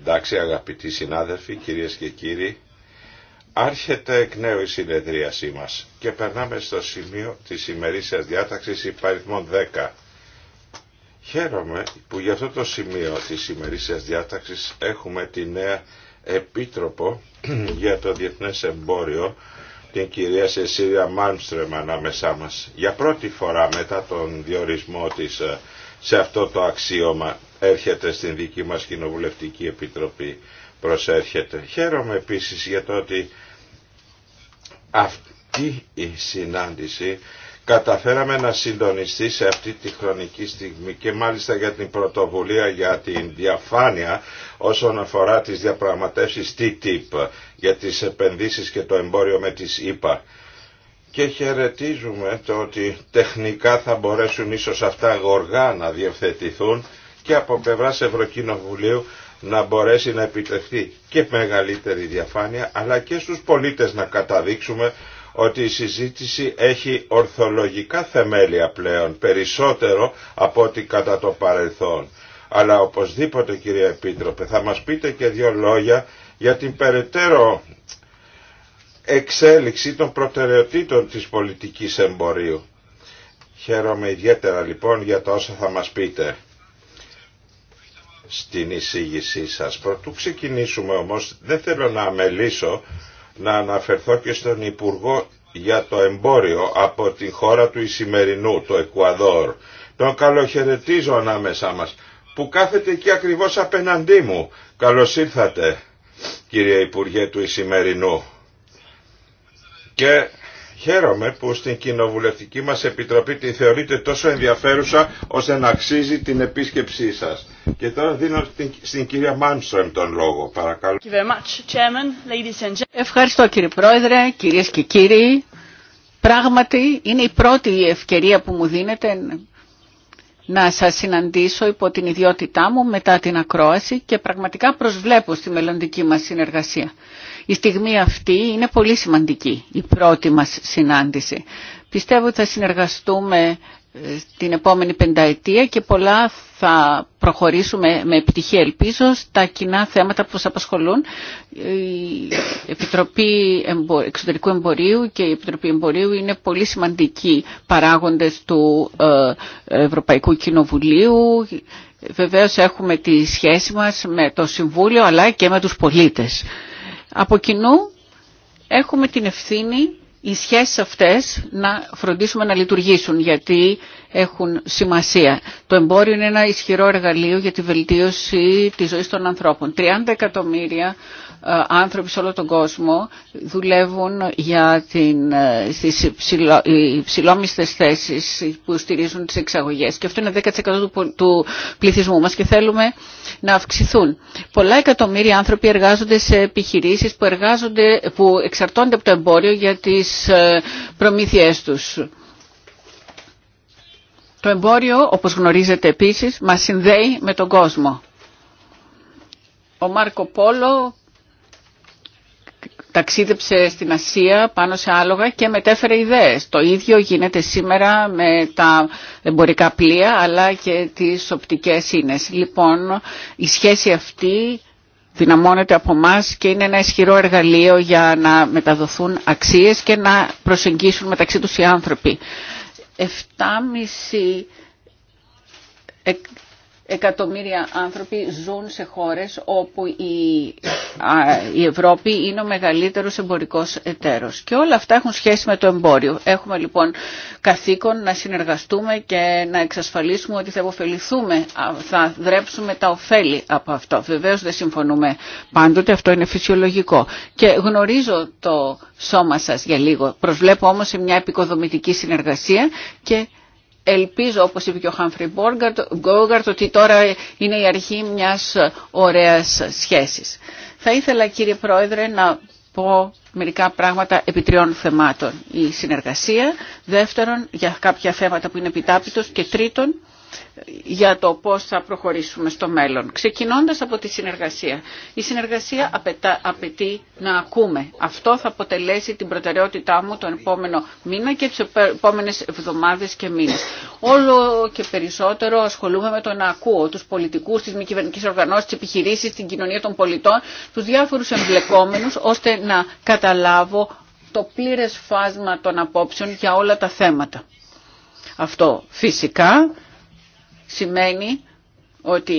Εντάξει αγαπητοί συνάδελφοι, κυρίες και κύριοι, άρχεται εκ νέου η συνεδρίασή μας και περνάμε στο σημείο της ημερήσια διάταξη υπαριθμών 10. Χαίρομαι που για αυτό το σημείο της ημερήσια διάταξη έχουμε τη νέα Επίτροπο για το Διεθνές Εμπόριο, την κυρία Σεσίλια Μάλμστρεμ ανάμεσά μας. Για πρώτη φορά μετά τον διορισμό ε, σε αυτό το αξίωμα έρχεται στην δική μας Κοινοβουλευτική Επιτροπή, προσέρχεται. Χαίρομαι επίσης για το ότι αυτή η συνάντηση καταφέραμε να συντονιστεί σε αυτή τη χρονική στιγμή και μάλιστα για την πρωτοβουλία για την διαφάνεια όσον αφορά τις διαπραγματεύσεις TTIP για τις επενδύσεις και το εμπόριο με τις ΗΠΑ και χαιρετίζουμε το ότι τεχνικά θα μπορέσουν ίσως αυτά γοργά να διευθετηθούν και από πλευρά Ευρωκοινοβουλίου να μπορέσει να επιτευχθεί και μεγαλύτερη διαφάνεια αλλά και στους πολίτες να καταδείξουμε ότι η συζήτηση έχει ορθολογικά θεμέλια πλέον περισσότερο από ό,τι κατά το παρελθόν. Αλλά οπωσδήποτε κύριε Επίτροπε θα μας πείτε και δύο λόγια για την περαιτέρω εξέλιξη των προτεραιοτήτων της πολιτικής εμπορίου. Χαίρομαι ιδιαίτερα λοιπόν για τα όσα θα μας πείτε στην εισήγησή σας. Πρωτού ξεκινήσουμε όμως, δεν θέλω να αμελήσω να αναφερθώ και στον Υπουργό για το εμπόριο από τη χώρα του Ισημερινού, το Εκουαδόρ. Τον καλοχαιρετίζω ανάμεσά μας, που κάθεται εκεί ακριβώς απέναντί μου. Καλώς ήρθατε, κύριε Υπουργέ του Ισημερινού και χαίρομαι που στην κοινοβουλευτική μας επιτροπή τη θεωρείτε τόσο ενδιαφέρουσα ώστε να αξίζει την επίσκεψή σας. Και τώρα δίνω στην κυρία Μάνστρομ τον λόγο, παρακαλώ. Ευχαριστώ κύριε Πρόεδρε, κυρίες και κύριοι. Πράγματι είναι η πρώτη ευκαιρία που μου δίνεται να σας συναντήσω υπό την ιδιότητά μου μετά την ακρόαση και πραγματικά προσβλέπω στη μελλοντική μας συνεργασία. Η στιγμή αυτή είναι πολύ σημαντική, η πρώτη μας συνάντηση. Πιστεύω ότι θα συνεργαστούμε την επόμενη πενταετία και πολλά θα προχωρήσουμε με επιτυχία ελπίζω στα κοινά θέματα που σας απασχολούν. Η Επιτροπή Εξωτερικού Εμπορίου και η Επιτροπή Εμπορίου είναι πολύ σημαντικοί παράγοντες του ε, Ευρωπαϊκού Κοινοβουλίου. Βεβαίως έχουμε τη σχέση μας με το Συμβούλιο αλλά και με τους πολίτες. Από κοινού έχουμε την ευθύνη οι σχέσεις αυτές να φροντίσουμε να λειτουργήσουν γιατί έχουν σημασία. Το εμπόριο είναι ένα ισχυρό εργαλείο για τη βελτίωση της ζωής των ανθρώπων. 30 εκατομμύρια ε, άνθρωποι σε όλο τον κόσμο δουλεύουν για την, ε, στις υψηλό, υψηλόμιστες θέσεις που στηρίζουν τις εξαγωγές. Και αυτό είναι 10% του, του πληθυσμού μας και θέλουμε να αυξηθούν. Πολλά εκατομμύρια άνθρωποι εργάζονται σε επιχειρήσεις που, εργάζονται, που εξαρτώνται από το εμπόριο για τις ε, προμήθειές τους. Το εμπόριο, όπως γνωρίζετε επίσης, μας συνδέει με τον κόσμο. Ο Μάρκο Πόλο ταξίδεψε στην Ασία πάνω σε άλογα και μετέφερε ιδέες. Το ίδιο γίνεται σήμερα με τα εμπορικά πλοία αλλά και τις οπτικές ίνες. Λοιπόν, η σχέση αυτή δυναμώνεται από εμά και είναι ένα ισχυρό εργαλείο για να μεταδοθούν αξίες και να προσεγγίσουν μεταξύ τους οι άνθρωποι. 7,5 εκατομμύρια άνθρωποι ζουν σε χώρες όπου η, Ευρώπη είναι ο μεγαλύτερος εμπορικός εταίρος. Και όλα αυτά έχουν σχέση με το εμπόριο. Έχουμε λοιπόν καθήκον να συνεργαστούμε και να εξασφαλίσουμε ότι θα υποφεληθούμε, θα δρέψουμε τα ωφέλη από αυτό. Βεβαίως δεν συμφωνούμε πάντοτε, αυτό είναι φυσιολογικό. Και γνωρίζω το σώμα σας για λίγο. Προσβλέπω όμως σε μια επικοδομητική συνεργασία και ελπίζω όπως είπε και ο Χάμφρι Γκόγκαρτ ότι τώρα είναι η αρχή μιας ωραίας σχέσης. Θα ήθελα κύριε Πρόεδρε να πω μερικά πράγματα επί τριών θεμάτων. Η συνεργασία, δεύτερον για κάποια θέματα που είναι επιτάπητος και τρίτον για το πώς θα προχωρήσουμε στο μέλλον. Ξεκινώντας από τη συνεργασία. Η συνεργασία απαιτά, απαιτεί να ακούμε. Αυτό θα αποτελέσει την προτεραιότητά μου τον επόμενο μήνα και τις επόμενες εβδομάδες και μήνες. Όλο και περισσότερο ασχολούμαι με το να ακούω τους πολιτικούς, τις μη κυβερνικές οργανώσεις, τις επιχειρήσεις, την κοινωνία των πολιτών, τους διάφορους εμπλεκόμενους, ώστε να καταλάβω το πλήρες φάσμα των απόψεων για όλα τα θέματα. Αυτό φυσικά σημαίνει ότι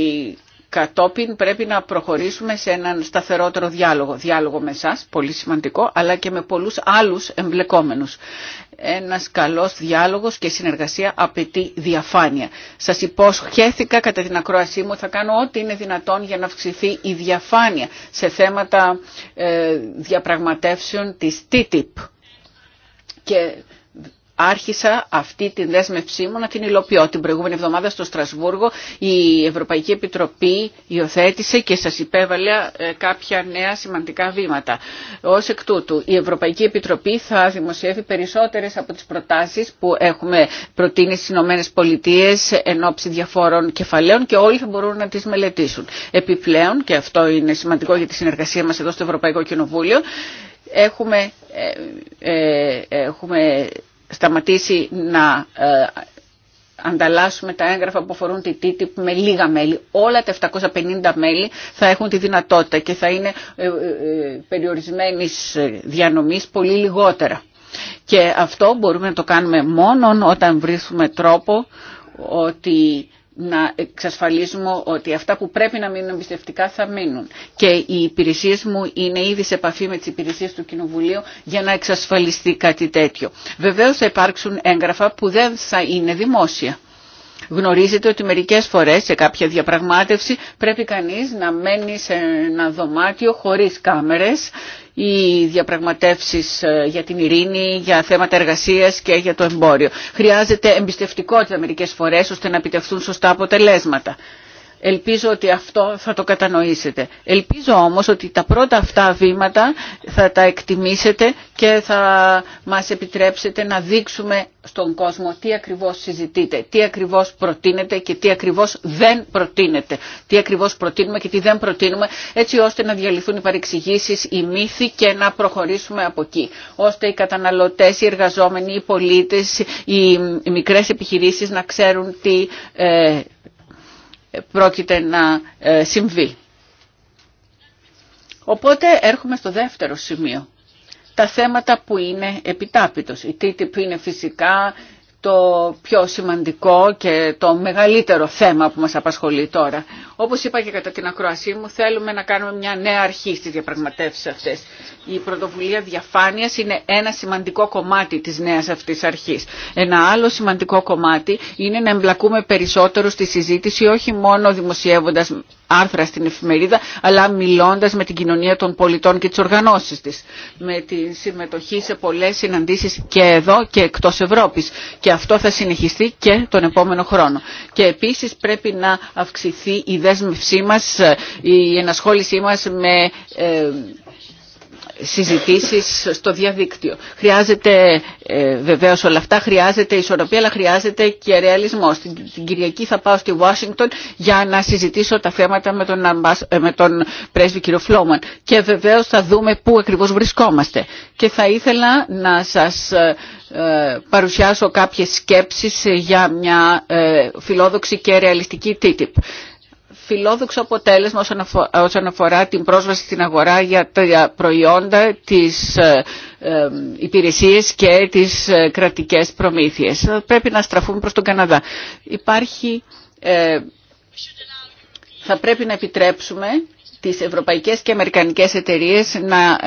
κατόπιν πρέπει να προχωρήσουμε σε έναν σταθερότερο διάλογο. Διάλογο με εσά, πολύ σημαντικό, αλλά και με πολλούς άλλους εμπλεκόμενους. Ένας καλός διάλογος και συνεργασία απαιτεί διαφάνεια. Σας υπόσχέθηκα κατά την ακρόασή μου θα κάνω ό,τι είναι δυνατόν για να αυξηθεί η διαφάνεια σε θέματα ε, διαπραγματεύσεων της TTIP. Και άρχισα αυτή τη δέσμευσή μου να την υλοποιώ. Την προηγούμενη εβδομάδα στο Στρασβούργο η Ευρωπαϊκή Επιτροπή υιοθέτησε και σας υπέβαλε ε, κάποια νέα σημαντικά βήματα. Ως εκ τούτου, η Ευρωπαϊκή Επιτροπή θα δημοσιεύει περισσότερες από τις προτάσεις που έχουμε προτείνει στις Ηνωμένες Πολιτείες εν ώψη διαφόρων κεφαλαίων και όλοι θα μπορούν να τις μελετήσουν. Επιπλέον, και αυτό είναι σημαντικό για τη συνεργασία μας εδώ στο Ευρωπαϊκό Κοινοβούλιο, έχουμε, ε, ε, έχουμε σταματήσει να ε, ανταλλάσσουμε τα έγγραφα που αφορούν τη TTIP με λίγα μέλη. Όλα τα 750 μέλη θα έχουν τη δυνατότητα και θα είναι ε, ε, περιορισμένης διανομής πολύ λιγότερα. Και αυτό μπορούμε να το κάνουμε μόνο όταν βρίσκουμε τρόπο ότι να εξασφαλίσουμε ότι αυτά που πρέπει να μείνουν εμπιστευτικά θα μείνουν. Και οι υπηρεσίε μου είναι ήδη σε επαφή με τι υπηρεσίε του Κοινοβουλίου για να εξασφαλιστεί κάτι τέτοιο. Βεβαίω θα υπάρξουν έγγραφα που δεν θα είναι δημόσια. Γνωρίζετε ότι μερικές φορές σε κάποια διαπραγμάτευση πρέπει κανείς να μένει σε ένα δωμάτιο χωρίς κάμερες οι διαπραγματεύσεις ε, για την ειρήνη, για θέματα εργασίας και για το εμπόριο. Χρειάζεται εμπιστευτικότητα μερικές φορές ώστε να επιτευχθούν σωστά αποτελέσματα. Ελπίζω ότι αυτό θα το κατανοήσετε. Ελπίζω όμως ότι τα πρώτα αυτά βήματα θα τα εκτιμήσετε και θα μας επιτρέψετε να δείξουμε στον κόσμο τι ακριβώς συζητείτε, τι ακριβώς προτείνετε και τι ακριβώς δεν προτείνετε, τι ακριβώς προτείνουμε και τι δεν προτείνουμε, έτσι ώστε να διαλυθούν οι παρεξηγήσει, οι μύθοι και να προχωρήσουμε από εκεί, ώστε οι καταναλωτές, οι εργαζόμενοι, οι πολίτες, οι μικρές επιχειρήσεις να ξέρουν τι ε, πρόκειται να ε, συμβεί. Οπότε έρχομαι στο δεύτερο σημείο. Τα θέματα που είναι επιτάπητος. Η που είναι φυσικά το πιο σημαντικό και το μεγαλύτερο θέμα που μας απασχολεί τώρα. Όπως είπα και κατά την ακροασή μου, θέλουμε να κάνουμε μια νέα αρχή στις διαπραγματεύσεις αυτές. Η πρωτοβουλία διαφάνειας είναι ένα σημαντικό κομμάτι της νέας αυτής αρχής. Ένα άλλο σημαντικό κομμάτι είναι να εμπλακούμε περισσότερο στη συζήτηση, όχι μόνο δημοσιεύοντας άρθρα στην εφημερίδα, αλλά μιλώντας με την κοινωνία των πολιτών και τις οργανώσεις της. Με τη συμμετοχή σε πολλές συναντήσεις και εδώ και εκτός Ευρώπης αυτό θα συνεχιστεί και τον επόμενο χρόνο. Και επίσης πρέπει να αυξηθεί η δέσμευσή μας, ε, η ενασχόλησή μας με ε, συζητήσεις στο διαδίκτυο. Χρειάζεται ε, βεβαίως όλα αυτά, χρειάζεται ισορροπία, αλλά χρειάζεται και ρεαλισμό. Στην, την Κυριακή θα πάω στη Ουάσιγκτον για να συζητήσω τα θέματα με τον, ε, με τον πρέσβη κύριο Φλόμαν. Και βεβαίως θα δούμε πού ακριβώς βρισκόμαστε. Και θα ήθελα να σας ε, ε, παρουσιάσω κάποιες σκέψεις για μια φιλόδοξη και ρεαλιστική TTIP φιλόδοξο αποτέλεσμα όσον αφορά την πρόσβαση στην αγορά για τα προϊόντα, τις ε, υπηρεσίες και τις ε, κρατικές προμήθειες. Πρέπει να στραφούμε προς τον Καναδά. Υπάρχει, ε, θα πρέπει να επιτρέψουμε τις ευρωπαϊκές και αμερικανικές εταιρείες να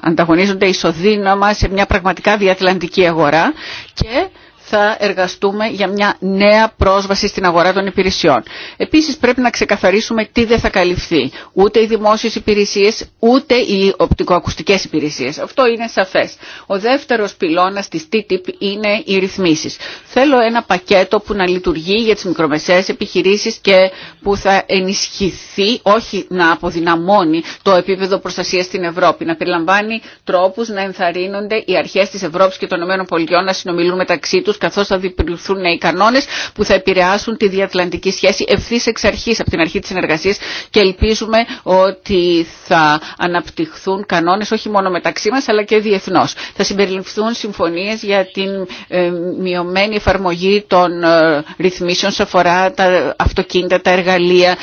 ανταγωνίζονται ισοδύναμα σε μια πραγματικά διατλαντική αγορά και θα εργαστούμε για μια νέα πρόσβαση στην αγορά των υπηρεσιών. Επίσης πρέπει να ξεκαθαρίσουμε τι δεν θα καλυφθεί. Ούτε οι δημόσιες υπηρεσίες, ούτε οι οπτικοακουστικές υπηρεσίες. Αυτό είναι σαφές. Ο δεύτερος πυλώνας της TTIP είναι οι ρυθμίσεις. Θέλω ένα πακέτο που να λειτουργεί για τις μικρομεσαίες επιχειρήσεις και που θα ενισχυθεί, όχι να αποδυναμώνει το επίπεδο προστασίας στην Ευρώπη. Να περιλαμβάνει τρόπους να ενθαρρύνονται οι αρχές της Ευρώπης και των ΗΠΑ να συνομιλούν μεταξύ τους Καθώ καθώς θα διπλουθούν οι κανόνες που θα επηρεάσουν τη διατλαντική σχέση ευθύ εξ αρχής, από την αρχή της συνεργασίας και ελπίζουμε ότι θα αναπτυχθούν κανόνες όχι μόνο μεταξύ μας αλλά και διεθνώς. Θα συμπεριληφθούν συμφωνίες για την ε, μειωμένη εφαρμογή των ε, ρυθμίσεων σε αφορά τα αυτοκίνητα, τα εργαλεία,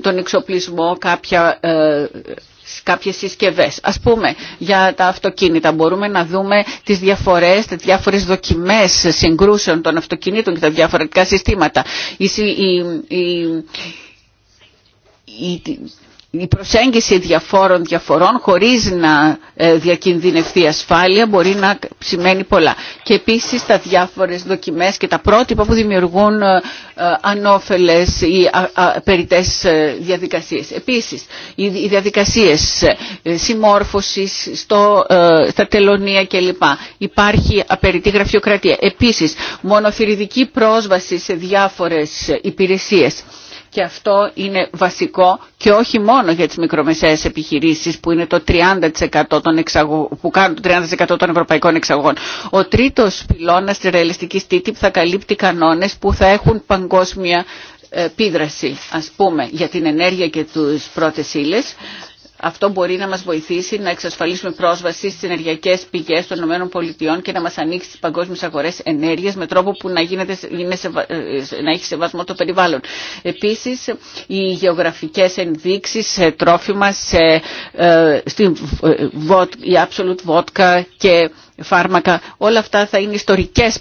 τον εξοπλισμό, κάποια ε, κάποιες συσκευές. Ας πούμε για τα αυτοκίνητα μπορούμε να δούμε τις διαφορές, τις διάφορες δοκιμές συγκρούσεων των αυτοκινήτων και τα διαφορετικά συστήματα. Η, η προσέγγιση διαφόρων διαφορών χωρίς να ε, διακινδυνευτεί ασφάλεια μπορεί να σημαίνει πολλά. Και επίσης τα διάφορες δοκιμές και τα πρότυπα που δημιουργούν ε, ε, ανώφελες ή περιτές διαδικασίες. Επίσης, οι διαδικασίες συμμόρφωσης στο, στα τελωνία κλπ. Υπάρχει απεριτή γραφειοκρατία. Επίσης, μονοφυριδική πρόσβαση σε διάφορες υπηρεσίες και αυτό είναι βασικό και όχι μόνο για τις μικρομεσαίες επιχειρήσεις που, είναι το 30% των εξαγω... που κάνουν το 30% των ευρωπαϊκών εξαγωγών. Ο τρίτος πυλώνας της ρεαλιστικής TTIP θα καλύπτει κανόνες που θα έχουν παγκόσμια ε, επίδραση, ας πούμε, για την ενέργεια και τους πρώτες ύλες. Αυτό μπορεί να μας βοηθήσει να εξασφαλίσουμε πρόσβαση στις ενεργειακές πηγές των ΗΠΑ και να μας ανοίξει τις παγκόσμιες αγορές ενέργειας με τρόπο που να, γίνεται, ε, να έχει σεβασμό το περιβάλλον. Επίσης, οι γεωγραφικές ενδείξεις σε τρόφιμα, ε, στην, ε, η Absolute Vodka και φάρμακα. Όλα αυτά θα είναι ιστορικές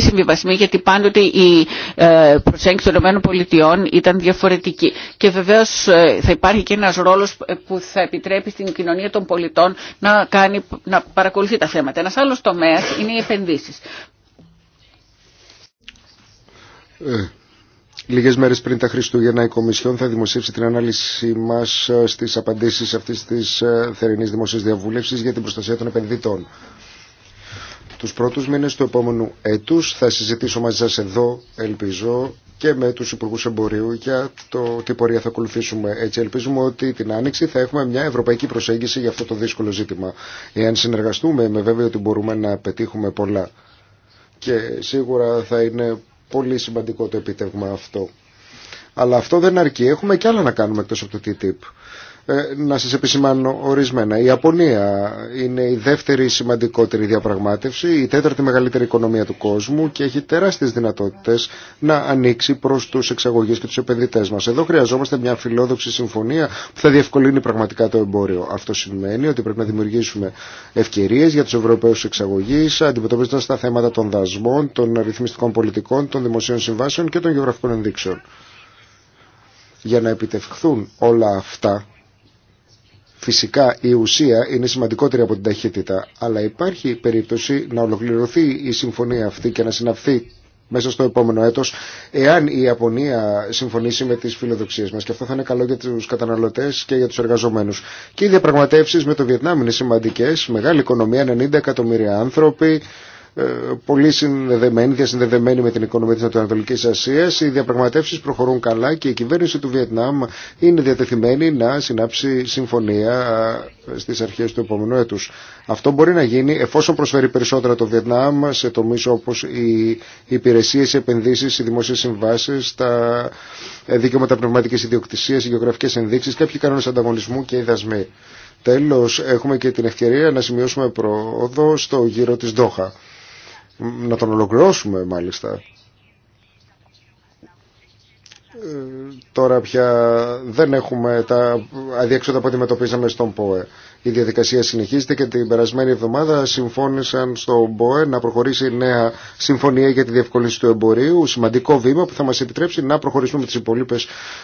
συμβιβασμοί γιατί πάντοτε η ε, προσέγγιση των ΗΠΑ ήταν διαφορετική. Και βεβαίως ε, θα υπάρχει και ένας ρόλος ε, που θα επιτρέπει στην κοινωνία των πολιτών να, κάνει, να παρακολουθεί τα θέματα. ένα άλλο τομέας είναι οι επενδύσει Λίγες μέρες πριν τα Χριστούγεννα η Κομισιόν θα δημοσίευσει την ανάλυση μας ε, στις απαντήσεις αυτής της ε, θερινής δημοσίας διαβούλευσης για την προστασία των επενδυτών. Τους πρώτους μήνες του επόμενου έτους θα συζητήσω μαζί σας εδώ, ελπίζω, και με τους Υπουργούς Εμπορίου για το τι πορεία θα ακολουθήσουμε. Έτσι ελπίζουμε ότι την Άνοιξη θα έχουμε μια ευρωπαϊκή προσέγγιση για αυτό το δύσκολο ζήτημα. Εάν συνεργαστούμε, με βέβαιο ότι μπορούμε να πετύχουμε πολλά. Και σίγουρα θα είναι πολύ σημαντικό το επίτευγμα αυτό. Αλλά αυτό δεν αρκεί. Έχουμε και άλλα να κάνουμε εκτός από το TTIP. Ε, να σας επισημάνω ορισμένα. Η Ιαπωνία είναι η δεύτερη σημαντικότερη διαπραγμάτευση, η τέταρτη μεγαλύτερη οικονομία του κόσμου και έχει τεράστιες δυνατότητες να ανοίξει προς τους εξαγωγείς και τους επενδυτές μας. Εδώ χρειαζόμαστε μια φιλόδοξη συμφωνία που θα διευκολύνει πραγματικά το εμπόριο. Αυτό σημαίνει ότι πρέπει να δημιουργήσουμε ευκαιρίες για τους Ευρωπαίους εξαγωγείς, αντιμετωπίζοντας τα θέματα των δασμών, των αριθμιστικών πολιτικών, των δημοσίων συμβάσεων και των γεωγραφικών ενδείξεων. Για να επιτευχθούν όλα αυτά Φυσικά η ουσία είναι σημαντικότερη από την ταχύτητα, αλλά υπάρχει περίπτωση να ολοκληρωθεί η συμφωνία αυτή και να συναυθεί μέσα στο επόμενο έτος εάν η Ιαπωνία συμφωνήσει με τις φιλοδοξίες μας και αυτό θα είναι καλό για τους καταναλωτές και για τους εργαζομένους και οι διαπραγματεύσεις με το Βιετνάμ είναι σημαντικές μεγάλη οικονομία, 90 εκατομμύρια άνθρωποι ε, πολύ συνδεδεμένη, διασυνδεδεμένη με την οικονομία της Ανατολικής Ασίας. Οι διαπραγματεύσεις προχωρούν καλά και η κυβέρνηση του Βιετνάμ είναι διατεθειμένη να συνάψει συμφωνία στις αρχές του επόμενου έτους. Αυτό μπορεί να γίνει εφόσον προσφέρει περισσότερα το Βιετνάμ σε τομείς όπως οι υπηρεσίες, οι επενδύσεις, οι δημόσιες συμβάσεις, τα δικαιώματα πνευματικής ιδιοκτησίας, οι γεωγραφικές ενδείξεις, κάποιοι κανόνες ανταγωνισμού και οι δασμοί. Τέλος, έχουμε και την ευκαιρία να σημειώσουμε πρόοδο στο γύρο της Δόχα να τον ολοκληρώσουμε μάλιστα. Ε, τώρα πια δεν έχουμε τα αδιέξοδα που αντιμετωπίζαμε στον ΠΟΕ. Η διαδικασία συνεχίζεται και την περασμένη εβδομάδα συμφώνησαν στον ΠΟΕ να προχωρήσει νέα συμφωνία για τη διευκολύνση του εμπορίου. Σημαντικό βήμα που θα μας επιτρέψει να προχωρήσουμε τις υπόλοιπε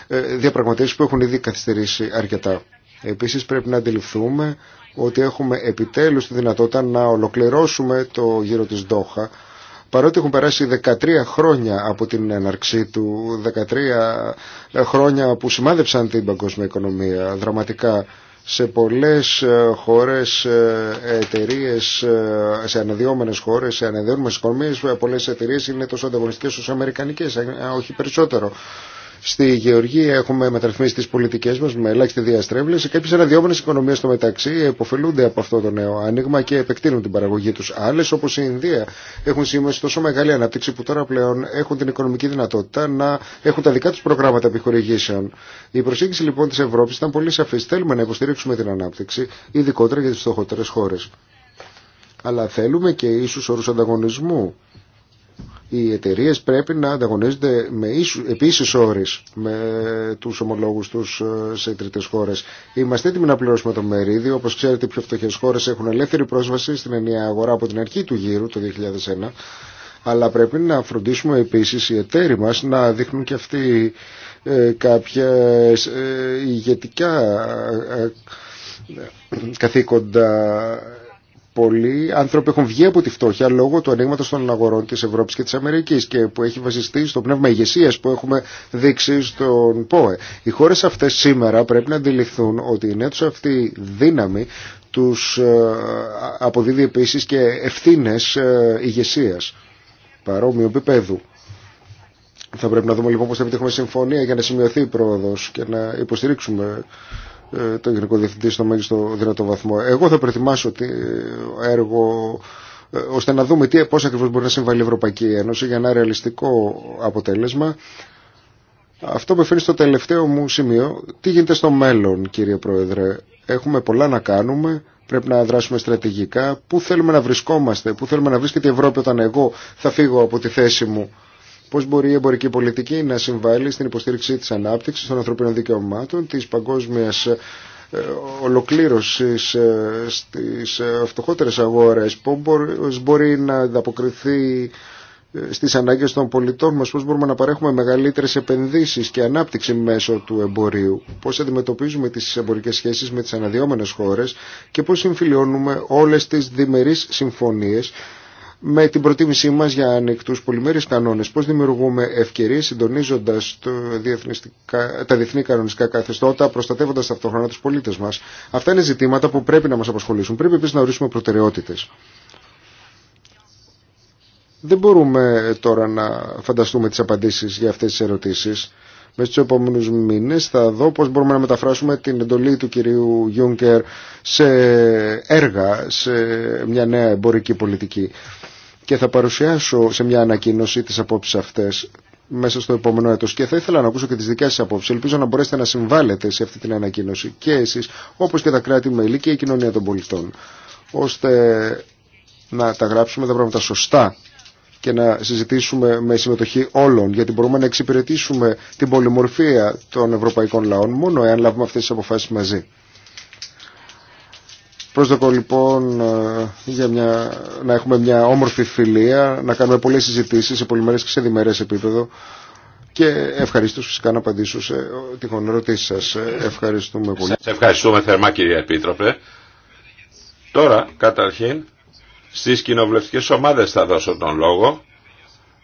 ε, διαπραγματεύσεις που έχουν ήδη καθυστερήσει αρκετά. Επίσης πρέπει να αντιληφθούμε ότι έχουμε επιτέλους τη δυνατότητα να ολοκληρώσουμε το γύρο της ΔΟΧΑ παρότι έχουν περάσει 13 χρόνια από την έναρξή του, 13 ε, χρόνια που σημάδεψαν την παγκόσμια οικονομία δραματικά σε πολλές ε, χώρες, ε, εταιρείε, σε αναδυόμενες χώρες, σε αναδυόμενες οικονομίες, πολλές εταιρείε είναι τόσο ανταγωνιστικές όσο αμερικανικές, όχι περισσότερο. Στη Γεωργία έχουμε μεταρρυθμίσει τις πολιτικές μας με ελάχιστη και Κάποιε αναδιόμενες οικονομίες στο μεταξύ υποφελούνται από αυτό το νέο άνοιγμα και επεκτείνουν την παραγωγή τους. Άλλες όπως η Ινδία, έχουν σήμερα τόσο μεγάλη ανάπτυξη που τώρα πλέον έχουν την οικονομική δυνατότητα να έχουν τα δικά τους προγράμματα επιχορηγήσεων. Η προσέγγιση λοιπόν της Ευρώπης ήταν πολύ σαφής. Θέλουμε να υποστηρίξουμε την ανάπτυξη, ειδικότερα για τις φτωχότερε χώρε. Αλλά θέλουμε και ίσου όρου ανταγωνισμού οι εταιρείε πρέπει να ανταγωνίζονται με επίση επίσης με τους ομολόγους τους ε, σε τρίτες χώρες. Είμαστε έτοιμοι να πληρώσουμε το μερίδιο. Όπως ξέρετε, οι πιο φτωχές χώρες έχουν ελεύθερη πρόσβαση στην ενιαία αγορά από την αρχή του γύρου το 2001. Αλλά πρέπει να φροντίσουμε επίσης οι εταίροι μας να δείχνουν και αυτοί ε, κάποια ε, ηγετικά ε, καθήκοντα πολλοί άνθρωποι έχουν βγει από τη φτώχεια λόγω του ανοίγματο των αγορών τη Ευρώπη και τη Αμερική και που έχει βασιστεί στο πνεύμα ηγεσία που έχουμε δείξει στον ΠΟΕ. Οι χώρε αυτέ σήμερα πρέπει να αντιληφθούν ότι η νέα του αυτή δύναμη του ε, αποδίδει επίση και ευθύνε ηγεσία παρόμοιου επίπεδου. Θα πρέπει να δούμε λοιπόν πώ θα επιτύχουμε συμφωνία για να σημειωθεί η πρόοδο και να υποστηρίξουμε ε, το Γενικό Διευθυντή στο μέγιστο δυνατό βαθμό. Εγώ θα προετοιμάσω ότι ε, έργο ε, ώστε να δούμε τι, πώς ακριβώς μπορεί να συμβάλλει η Ευρωπαϊκή Ένωση για ένα ρεαλιστικό αποτέλεσμα. Αυτό με φέρνει στο τελευταίο μου σημείο. Τι γίνεται στο μέλλον, κύριε Πρόεδρε. Έχουμε πολλά να κάνουμε. Πρέπει να δράσουμε στρατηγικά. Πού θέλουμε να βρισκόμαστε, πού θέλουμε να βρίσκεται η Ευρώπη όταν εγώ θα φύγω από τη θέση μου Πώ μπορεί η εμπορική πολιτική να συμβάλλει στην υποστήριξη τη ανάπτυξη των ανθρωπίνων δικαιωμάτων, της παγκόσμιας ε, ολοκλήρωσης ε, στις ε, φτωχότερε αγορές, πώς μπορεί να ανταποκριθεί στι ανάγκε των πολιτών μα πώ μπορούμε να παρέχουμε μεγαλύτερε επενδύσει και ανάπτυξη μέσω του εμπορίου, πώ αντιμετωπίζουμε τι εμπορικέ σχέσει με τι αναδυόμενε χώρε και πώ συμφιλιώνουμε όλε τι διμερεί συμφωνίε με την προτίμησή μας για ανοιχτούς πολυμέρειες κανόνες. Πώς δημιουργούμε ευκαιρίες συντονίζοντας το τα διεθνή κανονιστικά καθεστώτα, προστατεύοντας ταυτόχρονα τους πολίτες μας. Αυτά είναι ζητήματα που πρέπει να μας απασχολήσουν. Πρέπει επίσης να ορίσουμε προτεραιότητες. Δεν μπορούμε τώρα να φανταστούμε τις απαντήσεις για αυτές τις ερωτήσεις. Μέσα στους επόμενους μήνες θα δω πώς μπορούμε να μεταφράσουμε την εντολή του κυρίου Γιούνκερ σε έργα, σε μια νέα εμπορική πολιτική και θα παρουσιάσω σε μια ανακοίνωση τις απόψεις αυτές μέσα στο επόμενο έτος και θα ήθελα να ακούσω και τις δικές σας απόψεις. Ελπίζω να μπορέσετε να συμβάλλετε σε αυτή την ανακοίνωση και εσείς όπως και τα κράτη-μέλη και η κοινωνία των πολιτών ώστε να τα γράψουμε τα πράγματα σωστά και να συζητήσουμε με συμμετοχή όλων, γιατί μπορούμε να εξυπηρετήσουμε την πολυμορφία των ευρωπαϊκών λαών μόνο εάν λάβουμε αυτές τις αποφάσεις μαζί. Προσδοκώ λοιπόν ε, για μια, να έχουμε μια όμορφη φιλία, να κάνουμε πολλές συζητήσεις σε πολυμερές και σε διμερές επίπεδο και ευχαριστώ φυσικά να απαντήσω σε τυχόν ερωτήσεις σας. Ε, ευχαριστούμε πολύ. Σε ευχαριστούμε θερμά κύριε Επίτροπε. Τώρα καταρχήν στις κοινοβουλευτικές ομάδες θα δώσω τον λόγο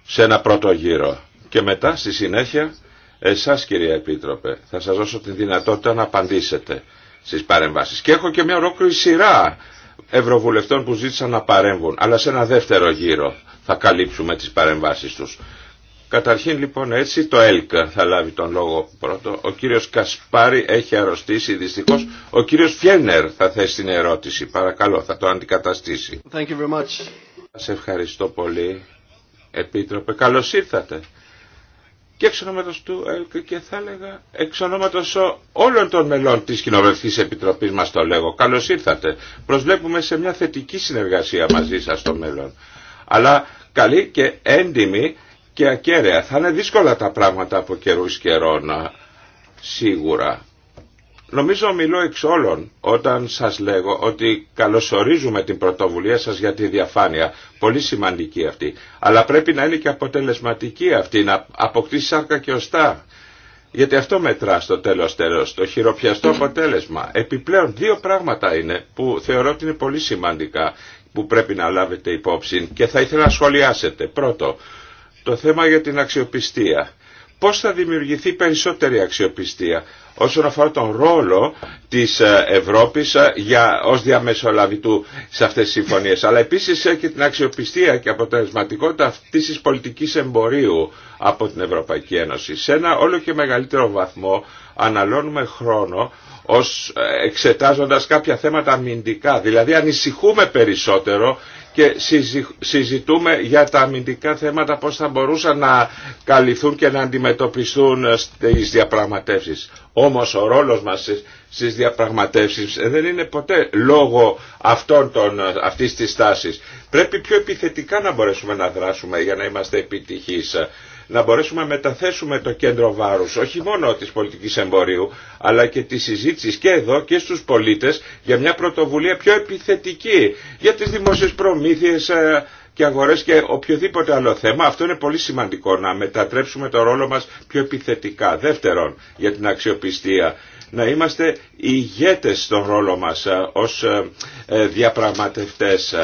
σε ένα πρώτο γύρο και μετά στη συνέχεια εσάς κυρία Επίτροπε θα σας δώσω τη δυνατότητα να απαντήσετε στις παρεμβάσεις. Και έχω και μια ολόκληρη σειρά ευρωβουλευτών που ζήτησαν να παρέμβουν, αλλά σε ένα δεύτερο γύρο θα καλύψουμε τις παρεμβάσεις τους. Καταρχήν λοιπόν έτσι το ΕΛΚ θα λάβει τον λόγο πρώτο. Ο κύριος Κασπάρη έχει αρρωστήσει δυστυχώς. Ο κύριος Φιένερ θα θέσει την ερώτηση. Παρακαλώ θα το αντικαταστήσει. Thank Σας ευχαριστώ πολύ. Επίτροπε καλώς ήρθατε και εξ ονόματος του ΕΛΚ και θα έλεγα εξ όλων των μελών της Κοινοβουλευτικής Επιτροπής μας το λέγω. Καλώς ήρθατε. Προσβλέπουμε σε μια θετική συνεργασία μαζί σας στο μέλλον. Αλλά καλή και έντιμη και ακέραια. Θα είναι δύσκολα τα πράγματα από καιρούς καιρών σίγουρα. Νομίζω μιλώ εξ όλων όταν σας λέγω ότι καλωσορίζουμε την πρωτοβουλία σας για τη διαφάνεια. Πολύ σημαντική αυτή. Αλλά πρέπει να είναι και αποτελεσματική αυτή, να αποκτήσει σάρκα και οστά. Γιατί αυτό μετρά στο τέλος τέλος, το χειροπιαστό αποτέλεσμα. Επιπλέον δύο πράγματα είναι που θεωρώ ότι είναι πολύ σημαντικά που πρέπει να λάβετε υπόψη και θα ήθελα να σχολιάσετε. Πρώτο, το θέμα για την αξιοπιστία πώς θα δημιουργηθεί περισσότερη αξιοπιστία όσον αφορά τον ρόλο της ε, Ευρώπης ε, για, ως διαμεσολαβητού σε αυτές τις συμφωνίες, αλλά επίσης και την αξιοπιστία και αποτελεσματικότητα αυτής της πολιτικής εμπορίου από την Ευρωπαϊκή Ένωση. Σε ένα όλο και μεγαλύτερο βαθμό αναλώνουμε χρόνο ως ε, εξετάζοντας κάποια θέματα αμυντικά. Δηλαδή ανησυχούμε περισσότερο και συζητούμε για τα αμυντικά θέματα πώς θα μπορούσαν να καλυφθούν και να αντιμετωπιστούν στις διαπραγματεύσεις. Όμως ο ρόλος μας στις διαπραγματεύσεις δεν είναι ποτέ λόγω αυτών των, αυτής της τάσης. Πρέπει πιο επιθετικά να μπορέσουμε να δράσουμε για να είμαστε επιτυχείς να μπορέσουμε να μεταθέσουμε το κέντρο βάρους όχι μόνο της πολιτικής εμπορίου αλλά και της συζήτησης και εδώ και στους πολίτες για μια πρωτοβουλία πιο επιθετική για τις δημόσιες προμήθειες ε, και αγορές και οποιοδήποτε άλλο θέμα. Αυτό είναι πολύ σημαντικό να μετατρέψουμε το ρόλο μας πιο επιθετικά. Δεύτερον, για την αξιοπιστία να είμαστε ηγέτες στον ρόλο μας ε, ως ε, διαπραγματευτές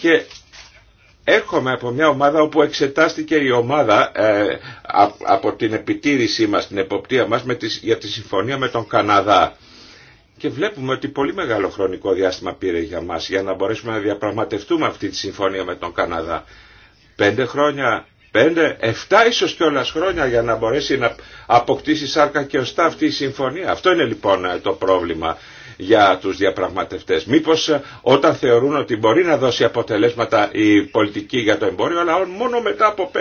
και Έρχομαι από μια ομάδα όπου εξετάστηκε η ομάδα ε, από την επιτήρησή μας, την εποπτεία μας με για τη συμφωνία με τον Καναδά. Και βλέπουμε ότι πολύ μεγάλο χρονικό διάστημα πήρε για μας για να μπορέσουμε να διαπραγματευτούμε αυτή τη συμφωνία με τον Καναδά. Πέντε χρόνια, πέντε, εφτά ίσως κιόλα χρόνια για να μπορέσει να αποκτήσει σάρκα και οστά αυτή η συμφωνία. Αυτό είναι λοιπόν ε, το πρόβλημα για τους διαπραγματευτές. Μήπως ε, όταν θεωρούν ότι μπορεί να δώσει αποτελέσματα η πολιτική για το εμπόριο, αλλά μόνο μετά από 5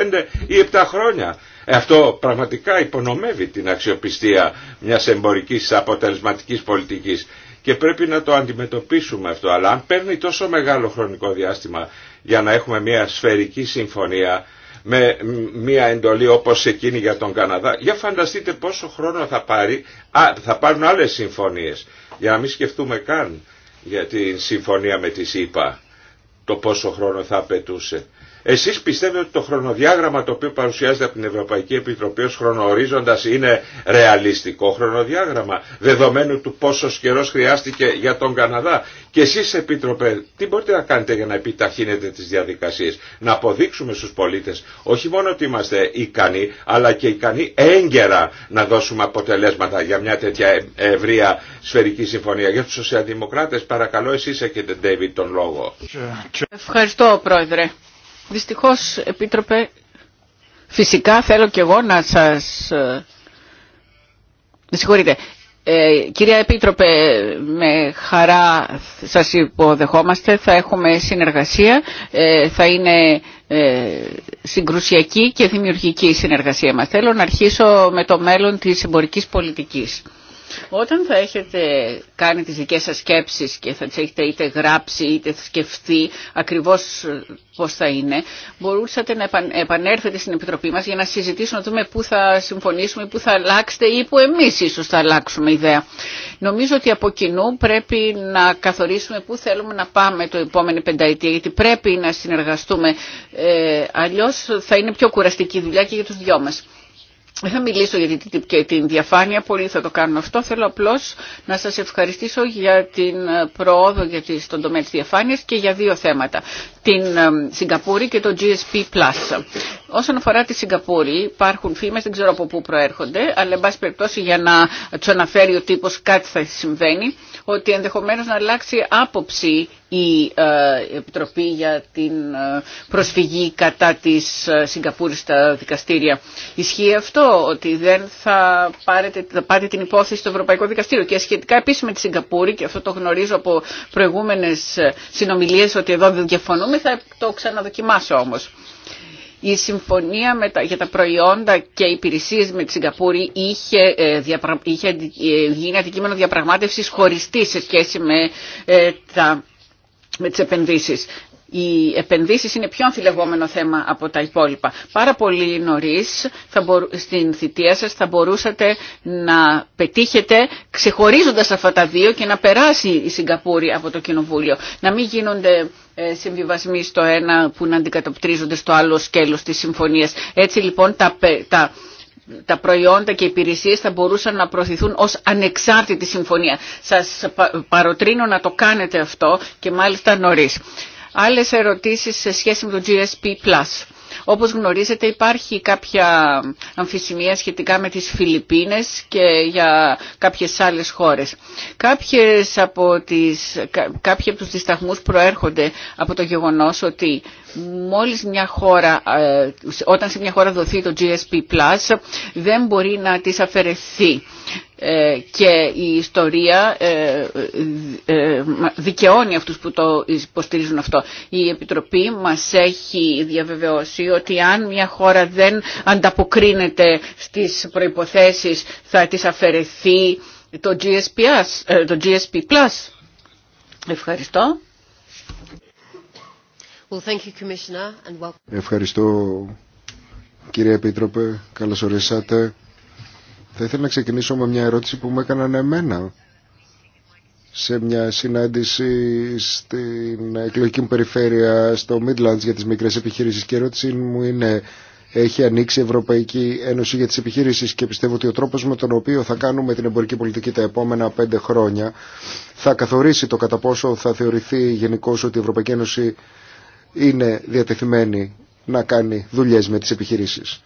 ή 7 χρόνια. Ε, αυτό πραγματικά υπονομεύει την αξιοπιστία μιας εμπορικής αποτελεσματικής πολιτικής και πρέπει να το αντιμετωπίσουμε αυτό. Αλλά αν παίρνει τόσο μεγάλο χρονικό διάστημα για να έχουμε μια σφαιρική συμφωνία με μια εντολή όπως εκείνη για τον Καναδά, για φανταστείτε πόσο χρόνο θα, πάρει, α, θα πάρουν άλλες συμφωνίες. Για να μην σκεφτούμε καν για την συμφωνία με τη ΣΥΠΑ το πόσο χρόνο θα απαιτούσε. Εσείς πιστεύετε ότι το χρονοδιάγραμμα το οποίο παρουσιάζεται από την Ευρωπαϊκή Επιτροπή ως χρονοορίζοντας είναι ρεαλιστικό χρονοδιάγραμμα δεδομένου του πόσο καιρό χρειάστηκε για τον Καναδά. Και εσείς Επίτροπε τι μπορείτε να κάνετε για να επιταχύνετε τις διαδικασίες. Να αποδείξουμε στους πολίτες όχι μόνο ότι είμαστε ικανοί αλλά και ικανοί έγκαιρα να δώσουμε αποτελέσματα για μια τέτοια ευρεία σφαιρική συμφωνία. Για τους σοσιαλδημοκράτες παρακαλώ εσείς έχετε David τον λόγο. Ευχαριστώ Πρόεδρε. Δυστυχώς, Επίτροπε, φυσικά θέλω και εγώ να σας... Ε, συγχωρείτε. Ε, κυρία Επίτροπε, με χαρά σας υποδεχόμαστε. Θα έχουμε συνεργασία. Ε, θα είναι συγκρουσιακή και δημιουργική συνεργασία μας. Θέλω να αρχίσω με το μέλλον της εμπορικής πολιτικής. Όταν θα έχετε κάνει τις δικές σας σκέψεις και θα τις έχετε είτε γράψει είτε σκεφτεί ακριβώς ε, πώς θα είναι, μπορούσατε να επανέλθετε στην Επιτροπή μας για να συζητήσουμε, να δούμε πού θα συμφωνήσουμε, πού θα αλλάξετε ή πού εμείς ίσως θα αλλάξουμε ιδέα. Νομίζω ότι από κοινού πρέπει να καθορίσουμε πού θέλουμε να πάμε το επόμενο πενταετία, γιατί πρέπει να συνεργαστούμε, ε, αλλιώς θα είναι πιο κουραστική δουλειά και για τους δυο μας. Δεν θα μιλήσω για την, την διαφάνεια, πολύ, θα το κάνω αυτό. Θέλω απλώς να σας ευχαριστήσω για την ε, προόδο για τη, στον τομέα της διαφάνειας και για δύο θέματα. Την ε, Σιγκαπούρη και το GSP+. Όσον αφορά τη Σιγκαπούρη, υπάρχουν φήμες, δεν ξέρω από πού προέρχονται, αλλά εν πάση περιπτώσει για να του αναφέρει ο τύπος κάτι θα συμβαίνει, ότι ενδεχομένως να αλλάξει άποψη ε, η Επιτροπή για την ε, προσφυγή κατά της ε, Σιγκαπούρης στα δικαστήρια. Ισχύει αυτό ότι δεν θα πάρετε, θα πάρετε την υπόθεση στο Ευρωπαϊκό Δικαστήριο και σχετικά επίσης με τη Σιγκαπούρη και αυτό το γνωρίζω από προηγούμενες συνομιλίες ότι εδώ δεν διαφωνούμε θα το ξαναδοκιμάσω όμως. Η συμφωνία με για τα προϊόντα και υπηρεσίες με τη Σιγκαπούρη είχε, είχε γίνει αντικείμενο διαπραγμάτευσης χωριστή σε σχέση με τα με τις επενδύσεις. Οι επενδύσεις είναι πιο αμφιλεγόμενο θέμα από τα υπόλοιπα. Πάρα πολύ νωρίς στην θητεία σας θα μπορούσατε να πετύχετε ξεχωρίζοντας αυτά τα δύο και να περάσει η Σιγκαπούρη από το Κοινοβούλιο. Να μην γίνονται ε, συμβιβασμοί στο ένα που να αντικατοπτρίζονται στο άλλο σκέλος της συμφωνίας. Έτσι λοιπόν τα, τα τα προϊόντα και οι υπηρεσίες θα μπορούσαν να προωθηθούν ως ανεξάρτητη συμφωνία. Σας παροτρύνω να το κάνετε αυτό και μάλιστα νωρίς. Άλλες ερωτήσεις σε σχέση με το GSP+. Όπως γνωρίζετε υπάρχει κάποια αμφισημία σχετικά με τις Φιλιππίνες και για κάποιες άλλες χώρες. Κάποιες από τις, κάποιοι από τους δισταγμούς προέρχονται από το γεγονός ότι μόλις μια χώρα, ε, όταν σε μια χώρα δοθεί το GSP+, δεν μπορεί να της αφαιρεθεί ε, και η ιστορία ε, δικαιώνει αυτούς που το υποστηρίζουν αυτό. Η Επιτροπή μας έχει διαβεβαιώσει ότι αν μια χώρα δεν ανταποκρίνεται στις προϋποθέσεις θα της αφαιρεθεί το GSP+. Το GSP+. Ευχαριστώ. Ευχαριστώ κύριε Επίτροπε, καλώς ορίσατε. Θα ήθελα να ξεκινήσω με μια ερώτηση που μου έκαναν εμένα σε μια συνάντηση στην εκλογική μου περιφέρεια στο Midlands για τις μικρές επιχειρήσεις και η ερώτησή μου είναι έχει ανοίξει η Ευρωπαϊκή Ένωση για τις επιχειρήσεις και πιστεύω ότι ο τρόπος με τον οποίο θα κάνουμε την εμπορική πολιτική τα επόμενα πέντε χρόνια θα καθορίσει το κατά πόσο θα θεωρηθεί γενικώ ότι η Ευρωπαϊκή Ένωση είναι διατεθειμένη να κάνει δουλειές με τις επιχειρήσεις.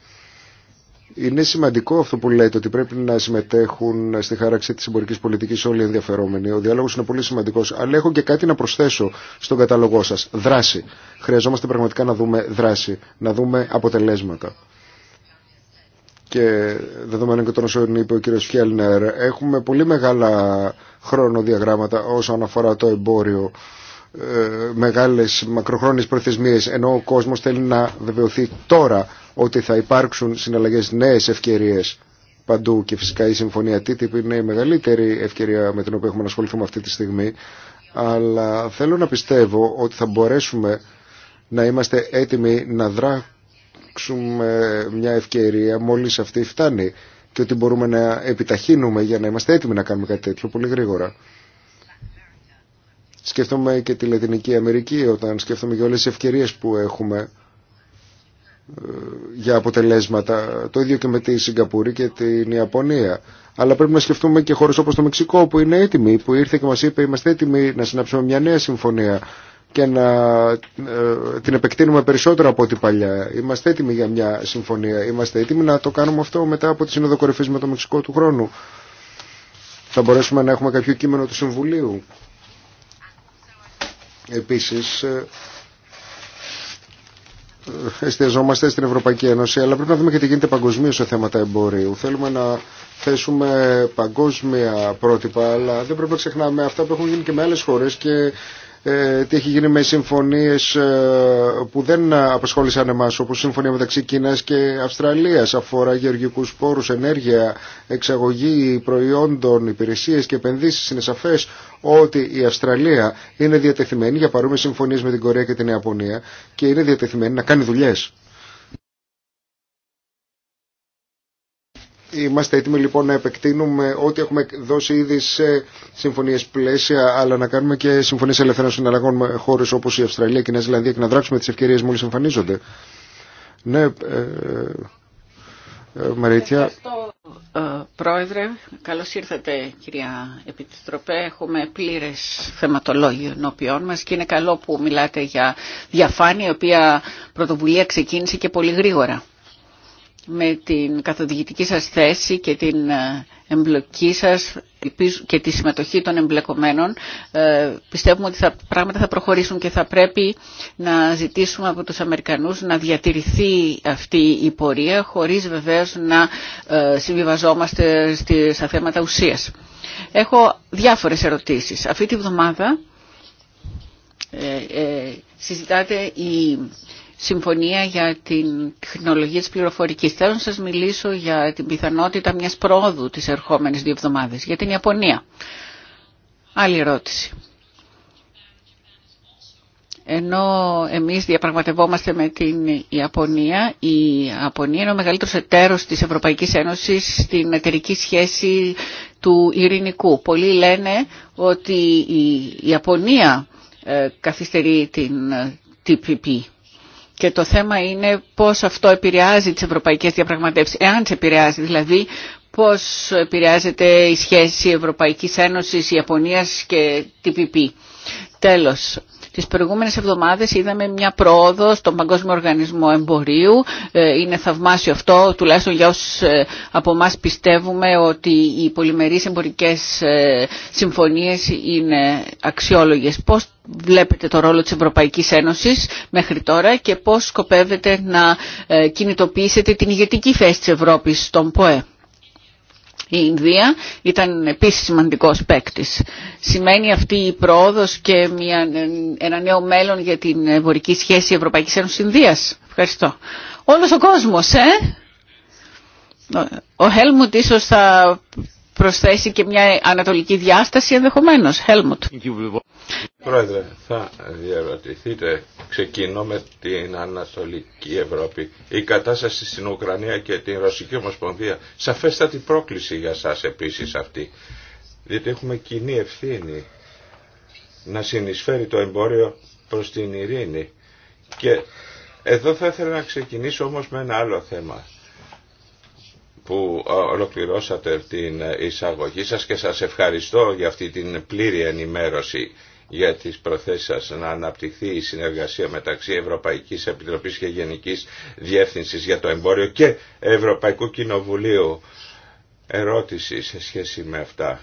Είναι σημαντικό αυτό που λέτε ότι πρέπει να συμμετέχουν στη χάραξη τη εμπορική πολιτική όλοι οι ενδιαφερόμενοι. Ο διάλογο είναι πολύ σημαντικό. Αλλά έχω και κάτι να προσθέσω στον καταλογό σα. Δράση. Χρειαζόμαστε πραγματικά να δούμε δράση, να δούμε αποτελέσματα. Και δεδομένου και τον όσων είπε ο κ. Φιέλνερ, έχουμε πολύ μεγάλα χρονοδιαγράμματα όσον αφορά το εμπόριο ε, μεγάλες μακροχρόνιες προθεσμίες ενώ ο κόσμος θέλει να βεβαιωθεί τώρα ότι θα υπάρξουν συναλλαγές νέες ευκαιρίες παντού και φυσικά η συμφωνία TTIP είναι η μεγαλύτερη ευκαιρία με την οποία έχουμε να ασχοληθούμε αυτή τη στιγμή αλλά θέλω να πιστεύω ότι θα μπορέσουμε να είμαστε έτοιμοι να δράξουμε μια ευκαιρία μόλις αυτή φτάνει και ότι μπορούμε να επιταχύνουμε για να είμαστε έτοιμοι να κάνουμε κάτι τέτοιο πολύ γρήγορα. Σκέφτομαι και τη Λατινική Αμερική όταν σκέφτομαι για όλες τις ευκαιρίες που έχουμε ε, για αποτελέσματα. Το ίδιο και με τη Σιγκαπούρη και την Ιαπωνία. Αλλά πρέπει να σκεφτούμε και χώρες όπως το Μεξικό που είναι έτοιμοι, που ήρθε και μας είπε είμαστε έτοιμοι να συνάψουμε μια νέα συμφωνία και να ε, την επεκτείνουμε περισσότερο από ό,τι παλιά. Είμαστε έτοιμοι για μια συμφωνία. Είμαστε έτοιμοι να το κάνουμε αυτό μετά από τη Σύνοδο Κορυφής με το Μεξικό του χρόνου. Θα μπορέσουμε να έχουμε κάποιο κείμενο του Συμβουλίου Επίσης, ε, ε, εστιαζόμαστε στην Ευρωπαϊκή Ένωση, αλλά πρέπει να δούμε και τι γίνεται παγκοσμίως σε θέματα εμπορίου. Θέλουμε να θέσουμε παγκόσμια πρότυπα, αλλά δεν πρέπει να ξεχνάμε αυτά που έχουν γίνει και με άλλε χώρε και ε, τι έχει γίνει με συμφωνίες ε, που δεν απασχόλησαν εμά, όπως η συμφωνία μεταξύ Κίνα και Αυστραλία αφορά γεωργικούς πόρους, ενέργεια, εξαγωγή προϊόντων, υπηρεσίες και επενδύσει Είναι σαφέ ότι η Αυστραλία είναι διατεθειμένη για παρουμε συμφωνίες με την Κορέα και την Ιαπωνία και είναι διατεθειμένη να κάνει δουλειέ. Είμαστε έτοιμοι λοιπόν να επεκτείνουμε ό,τι έχουμε δώσει ήδη σε συμφωνίες πλαίσια, αλλά να κάνουμε και συμφωνίες ελευθερών συναλλαγών με χώρες όπως η Αυστραλία και η Νέα Ζηλανδία και να δράξουμε τις ευκαιρίες μόλις εμφανίζονται. Ναι, ε, ε, ε Μαρίτια. Ευχαριστώ, ε, Πρόεδρε. Καλώς ήρθατε, κυρία Επιτροπέ. Έχουμε πλήρες θεματολόγιο ενώπιόν μας και είναι καλό που μιλάτε για διαφάνεια, η οποία πρωτοβουλία ξεκίνησε και πολύ γρήγορα με την καθοδηγητική σας θέση και την ε, εμπλοκή σας και τη συμμετοχή των εμπλεκομένων. Ε, πιστεύουμε ότι τα πράγματα θα προχωρήσουν και θα πρέπει να ζητήσουμε από τους Αμερικανούς να διατηρηθεί αυτή η πορεία χωρίς βεβαίως να ε, συμβιβαζόμαστε στα θέματα ουσίας. Έχω διάφορες ερωτήσεις. Αυτή τη βδομάδα συζητάτε συμφωνία για την τεχνολογία της πληροφορικής. Θέλω να σας μιλήσω για την πιθανότητα μιας πρόοδου τις ερχόμενες δύο εβδομάδες, για την Ιαπωνία. Άλλη ερώτηση. Ενώ εμείς διαπραγματευόμαστε με την Ιαπωνία, η Ιαπωνία είναι ο μεγαλύτερος εταίρος της Ευρωπαϊκής Ένωσης στην εταιρική σχέση του ειρηνικού. Πολλοί λένε ότι η Ιαπωνία ε, καθυστερεί την TPP. Και το θέμα είναι πώς αυτό επηρεάζει τις ευρωπαϊκές διαπραγματεύσεις, εάν τι επηρεάζει δηλαδή, πώς επηρεάζεται η σχέση Ευρωπαϊκής Ένωσης, Ιαπωνίας και TPP. Τέλος, Τις προηγούμενες εβδομάδες είδαμε μια πρόοδο στον Παγκόσμιο Οργανισμό Εμπορίου. Ε, είναι θαυμάσιο αυτό, τουλάχιστον για όσους ε, από εμά πιστεύουμε ότι οι πολυμερείς εμπορικές ε, συμφωνίες είναι αξιόλογες. Πώς βλέπετε το ρόλο της Ευρωπαϊκής Ένωσης μέχρι τώρα και πώς σκοπεύετε να κινητοποιήσετε την ηγετική θέση της Ευρώπης στον ΠΟΕ. Η Ινδία ήταν επίσης σημαντικός παίκτη. Σημαίνει αυτή η πρόοδος και μια, ένα νέο μέλλον για την εμπορική σχέση Ευρωπαϊκής Ένωσης Ινδίας. Ευχαριστώ. Όλος ο κόσμος, ε! Ο Χέλμουντ ίσως θα προσθέσει και μια ανατολική διάσταση ενδεχομένως. Χέλμουτ. Πρόεδρε, θα διαρωτηθείτε. Ξεκινώ με την Ανατολική Ευρώπη. Η κατάσταση στην Ουκρανία και την Ρωσική Ομοσπονδία. Σαφέστατη πρόκληση για σας επίσης αυτή. Διότι έχουμε κοινή ευθύνη να συνεισφέρει το εμπόριο προς την ειρήνη. Και εδώ θα ήθελα να ξεκινήσω όμως με ένα άλλο θέμα που ε, ολοκληρώσατε την εισαγωγή σας και σας ευχαριστώ για αυτή την πλήρη ενημέρωση για τις προθέσεις σας να αναπτυχθεί η συνεργασία μεταξύ Ευρωπαϊκής Επιτροπής και Γενικής Διεύθυνσης για το Εμπόριο και Ευρωπαϊκού Κοινοβουλίου. Ερώτηση σε σχέση με αυτά.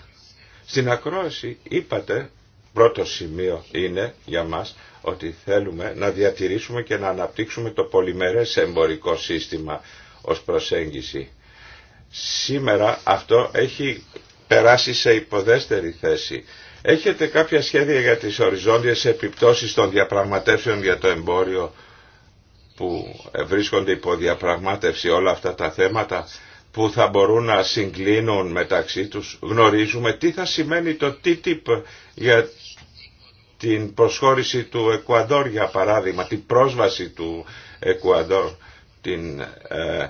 Στην ακρόαση είπατε, πρώτο σημείο είναι για μας, ότι θέλουμε να διατηρήσουμε και να αναπτύξουμε το πολυμερές εμπορικό σύστημα ως προσέγγιση Σήμερα αυτό έχει περάσει σε υποδέστερη θέση. Έχετε κάποια σχέδια για τις οριζόντιες επιπτώσεις των διαπραγματεύσεων για το εμπόριο που βρίσκονται υπό διαπραγμάτευση όλα αυτά τα θέματα που θα μπορούν να συγκλίνουν μεταξύ τους. Γνωρίζουμε τι θα σημαίνει το TTIP για την προσχώρηση του Εκουαδόρ για παράδειγμα, την πρόσβαση του Εκουαδόρ την ε,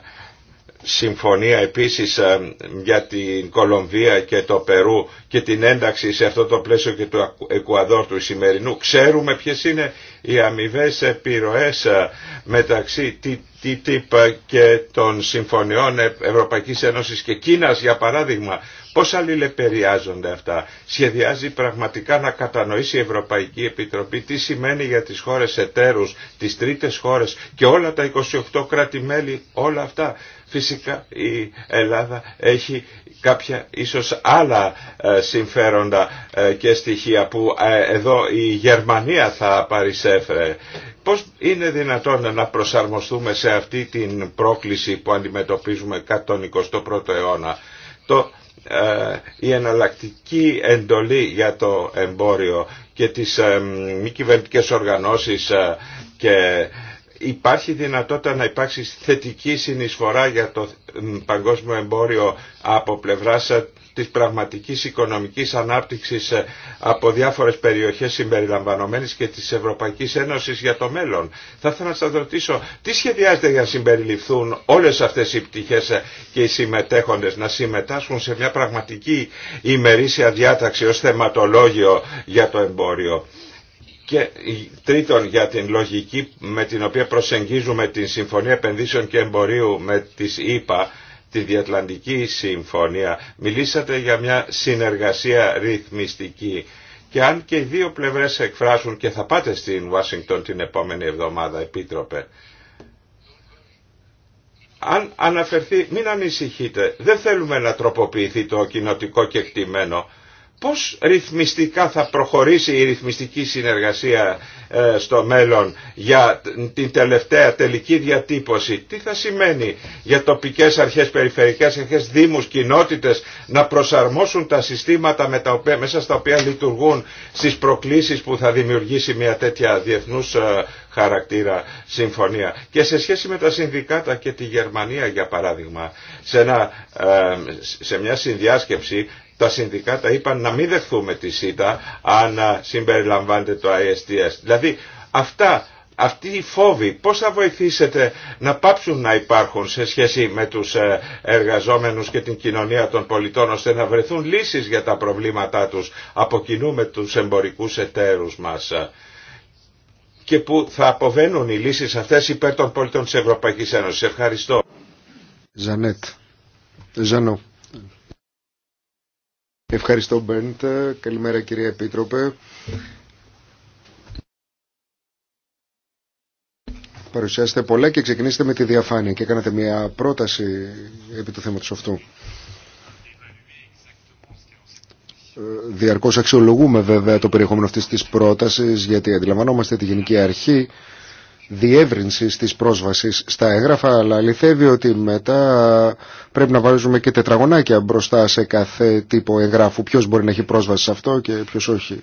συμφωνία επίσης ε, για την Κολομβία και το Περού και την ένταξη σε αυτό το πλαίσιο και του Εκουαδόρ του Ισημερινού. Ξέρουμε ποιες είναι οι αμοιβέ επιρροές ε, μεταξύ TTIP και των συμφωνιών ε- Ευρωπαϊκής Ένωσης και Κίνας για παράδειγμα. Πώς αλληλεπεριάζονται αυτά. Σχεδιάζει πραγματικά να κατανοήσει η Ευρωπαϊκή Επιτροπή τι σημαίνει για τις χώρες εταίρους, τις τρίτες χώρες και όλα τα 28 κράτη-μέλη όλα αυτά Φυσικά η Ελλάδα έχει κάποια ίσως άλλα ε, συμφέροντα ε, και στοιχεία που ε, εδώ η Γερμανία θα παρισέφερε. Πώς είναι δυνατόν να προσαρμοστούμε σε αυτή την πρόκληση που αντιμετωπίζουμε κατά τον 21ο αιώνα. Το, η εναλλακτική εντολή για το εμπόριο και τις ε, μη οργανώσεις και υπάρχει δυνατότητα να υπάρξει θετική συνεισφορά για το παγκόσμιο εμπόριο από πλευράς ε, της πραγματικής οικονομικής ανάπτυξης ε, από διάφορες περιοχές συμπεριλαμβανομένης και της Ευρωπαϊκής Ένωσης για το μέλλον. Θα ήθελα να σας ρωτήσω τι σχεδιάζεται για να συμπεριληφθούν όλες αυτές οι πτυχές ε, και οι συμμετέχοντες να συμμετάσχουν σε μια πραγματική ημερήσια διάταξη ως θεματολόγιο για το εμπόριο. Και τρίτον για την λογική με την οποία προσεγγίζουμε την Συμφωνία Επενδύσεων και Εμπορίου με τις ΗΠΑ, τη Διατλαντική Συμφωνία, μιλήσατε για μια συνεργασία ρυθμιστική. Και αν και οι δύο πλευρές εκφράσουν και θα πάτε στην Ουάσιγκτον την επόμενη εβδομάδα, Επίτροπε, αν αναφερθεί, μην ανησυχείτε, δεν θέλουμε να τροποποιηθεί το κοινοτικό κεκτημένο πώς ρυθμιστικά θα προχωρήσει η ρυθμιστική συνεργασία ε, στο μέλλον για την τελευταία τελική διατύπωση. Τι θα σημαίνει για τοπικές αρχές, περιφερειακές αρχές, δήμους, κοινότητες να προσαρμόσουν τα συστήματα με μέσα στα οποία λειτουργούν στις προκλήσεις που θα δημιουργήσει μια τέτοια διεθνούς ε, χαρακτήρα συμφωνία. Και σε σχέση με τα συνδικάτα και τη Γερμανία για παράδειγμα, σε, ε, σε μια συνδιάσκεψη τα συνδικάτα είπαν να μην δεχθούμε τη ΣΥΤΑ αν συμπεριλαμβάνεται το ISDS. Δηλαδή αυτά αυτοί οι φόβοι πώς θα βοηθήσετε να πάψουν να υπάρχουν σε σχέση με τους ε, εργαζόμενους και την κοινωνία των πολιτών ώστε να βρεθούν λύσεις για τα προβλήματά τους από κοινού με τους εμπορικούς εταίρους μας ε, και που θα αποβαίνουν οι λύσεις αυτές υπέρ των πολιτών της Ευρωπαϊκής Ένωσης. Ευχαριστώ. Ζανέτ. Ζανό. Ευχαριστώ Μπέρντ. Καλημέρα κυρία Επίτροπε. Παρουσιάσετε πολλά και ξεκινήστε με τη διαφάνεια και κάνατε μια πρόταση επί του θέματος αυτού. Ε, διαρκώς αξιολογούμε βέβαια το περιεχόμενο αυτής της πρότασης γιατί αντιλαμβανόμαστε τη γενική αρχή Διεύρυνση τη πρόσβαση στα έγγραφα, αλλά αληθεύει ότι μετά πρέπει να βάζουμε και τετραγωνάκια μπροστά σε κάθε τύπο εγγράφου, Ποιο μπορεί να έχει πρόσβαση σε αυτό και ποιο όχι.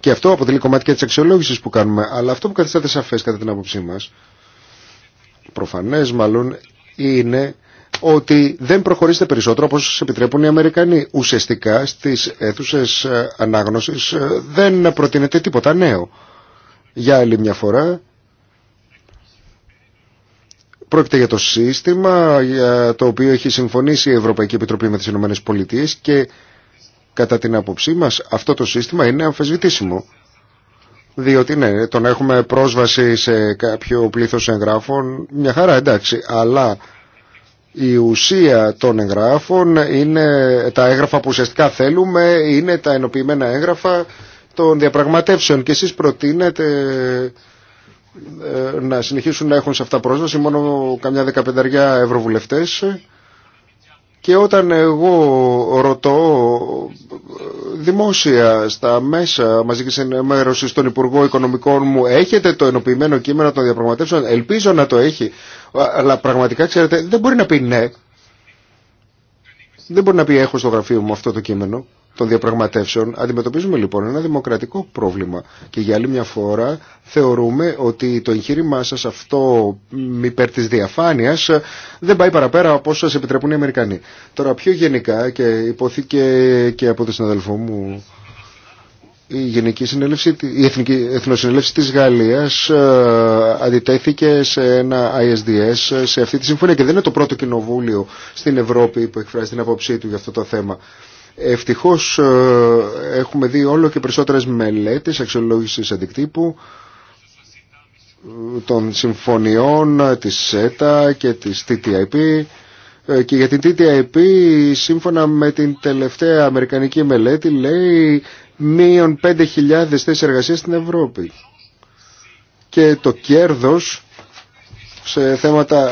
Και αυτό αποτελεί κομμάτι και της αξιολόγησης που κάνουμε, αλλά αυτό που καθιστάται σαφέ κατά την άποψή μα, προφανέ μάλλον, είναι ότι δεν προχωρήσετε περισσότερο όπως σας επιτρέπουν οι Αμερικανοί. Ουσιαστικά στις αίθουσες ανάγνωσης ε, δεν προτείνεται τίποτα νέο. Για άλλη μια φορά Πρόκειται για το σύστημα για το οποίο έχει συμφωνήσει η Ευρωπαϊκή Επιτροπή με τις Πολιτείες και κατά την άποψή μας αυτό το σύστημα είναι αμφισβητήσιμο. Διότι ναι, το να έχουμε πρόσβαση σε κάποιο πλήθος εγγράφων, μια χαρά εντάξει, αλλά η ουσία των εγγράφων είναι τα έγγραφα που ουσιαστικά θέλουμε, είναι τα ενοποιημένα έγγραφα των διαπραγματεύσεων και εσείς προτείνετε ε, να συνεχίσουν να έχουν σε αυτά πρόσβαση μόνο καμιά δεκαπενταριά ευρωβουλευτές και όταν εγώ ρωτώ δημόσια στα μέσα μαζικής ενημέρωσης στον Υπουργό Οικονομικών μου έχετε το ενοποιημένο κείμενο των διαπραγματεύσεων, ελπίζω να το έχει, αλλά πραγματικά ξέρετε δεν μπορεί να πει ναι. Δεν μπορεί να πει έχω στο γραφείο μου αυτό το κείμενο των διαπραγματεύσεων. Αντιμετωπίζουμε λοιπόν ένα δημοκρατικό πρόβλημα και για άλλη μια φορά θεωρούμε ότι το εγχείρημά σα αυτό υπέρ τη διαφάνεια δεν πάει παραπέρα από όσο σα επιτρέπουν οι Αμερικανοί. Τώρα πιο γενικά και υπόθηκε και από τον συναδελφό μου η, Γενική Συνέλευση, η Εθνική, Εθνοσυνέλευση της Γαλλίας ε, αντιτέθηκε σε ένα ISDS σε αυτή τη συμφωνία και δεν είναι το πρώτο κοινοβούλιο στην Ευρώπη που εκφράζει την απόψή του για αυτό το θέμα. Ευτυχώς ε, έχουμε δει όλο και περισσότερες μελέτες αξιολόγησης αντικτύπου ε, των συμφωνιών ε, της ΣΕΤΑ και της TTIP και για την TTIP σύμφωνα με την τελευταία αμερικανική μελέτη λέει μείον 5.000 θέσεις εργασίας στην Ευρώπη και το κέρδος σε θέματα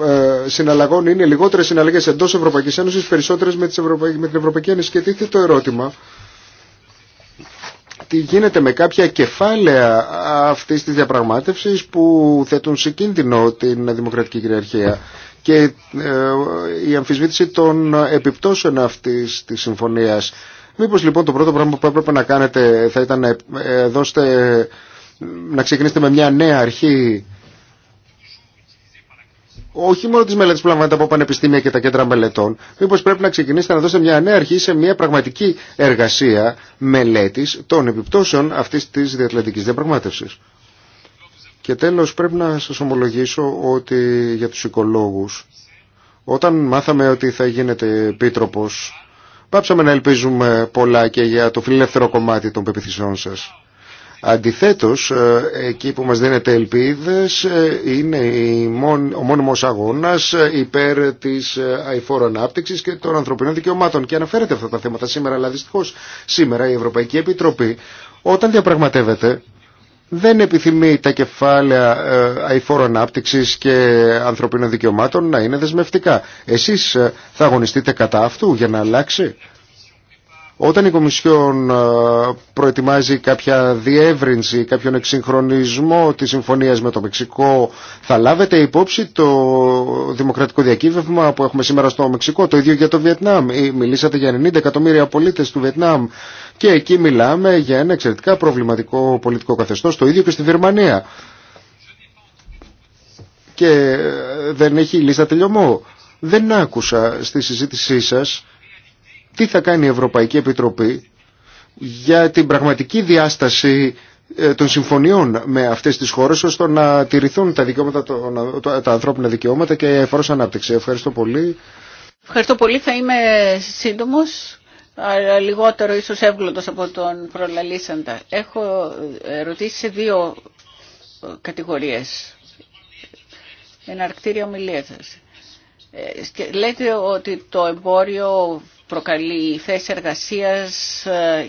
ε, ε, συναλλαγών είναι λιγότερες συναλλαγές εντός Ευρωπαϊκής Ένωσης, περισσότερες με, την Ευρωπαϊκή Ένωση. Και τίθεται το ερώτημα, τι γίνεται με κάποια κεφάλαια αυτής της διαπραγμάτευσης που θέτουν σε κίνδυνο την δημοκρατική κυριαρχία και ε, η αμφισβήτηση των επιπτώσεων αυτής της συμφωνίας. Μήπως λοιπόν το πρώτο πράγμα που έπρεπε να κάνετε θα ήταν να, να ξεκινήσετε με μια νέα αρχή όχι μόνο τι μελέτε που λαμβάνετε από πανεπιστήμια και τα κέντρα μελετών, μήπω πρέπει να ξεκινήσετε να δώσετε μια νέα αρχή σε μια πραγματική εργασία μελέτη των επιπτώσεων αυτή τη διατλαντική διαπραγμάτευση. Και τέλο, πρέπει να σα ομολογήσω ότι για του οικολόγου, όταν μάθαμε ότι θα γίνετε επίτροπο, πάψαμε να ελπίζουμε πολλά και για το φιλελεύθερο κομμάτι των πεπιθυσιών σα. Αντιθέτως, ε, εκεί που μας δίνεται ελπίδες ε, είναι ο μόνιμος αγώνας ε, υπέρ της αηφόρου ανάπτυξη και των ανθρωπινών δικαιωμάτων. Και αναφέρεται αυτά τα θέματα σήμερα, αλλά δυστυχώς σήμερα η Ευρωπαϊκή Επιτροπή όταν διαπραγματεύεται δεν επιθυμεί τα κεφάλαια αηφόρου ανάπτυξης και ανθρωπίνων δικαιωμάτων να είναι δεσμευτικά. Εσείς θα αγωνιστείτε κατά αυτού για να αλλάξει. Όταν η Κομισιόν ε, προετοιμάζει κάποια διεύρυνση, κάποιον εξυγχρονισμό της συμφωνίας με το Μεξικό, θα λάβετε υπόψη το δημοκρατικό διακύβευμα που έχουμε σήμερα στο Μεξικό, το ίδιο για το Βιετνάμ. Μιλήσατε για 90 εκατομμύρια πολίτες του Βιετνάμ και εκεί μιλάμε για ένα εξαιρετικά προβληματικό πολιτικό καθεστώς, το ίδιο και στη Βερμανία. Και ε, δεν έχει λίστα τελειωμό. Δεν άκουσα στη συζήτησή σας τι θα κάνει η Ευρωπαϊκή Επιτροπή για την πραγματική διάσταση ε, των συμφωνιών με αυτές τις χώρες ώστε να τηρηθούν τα, δικαιώματα, τα ανθρώπινα δικαιώματα και η ανάπτυξη. Ευχαριστώ πολύ. Ευχαριστώ πολύ. Θα είμαι σύντομος, λιγότερο ίσως εύγλωτος από τον προλαλήσαντα. Έχω ε, ρωτήσει σε δύο ε, κατηγορίες. Εναρκτήρια ομιλία σας. Λέτε ότι το εμπόριο προκαλεί θέση εργασίας ε,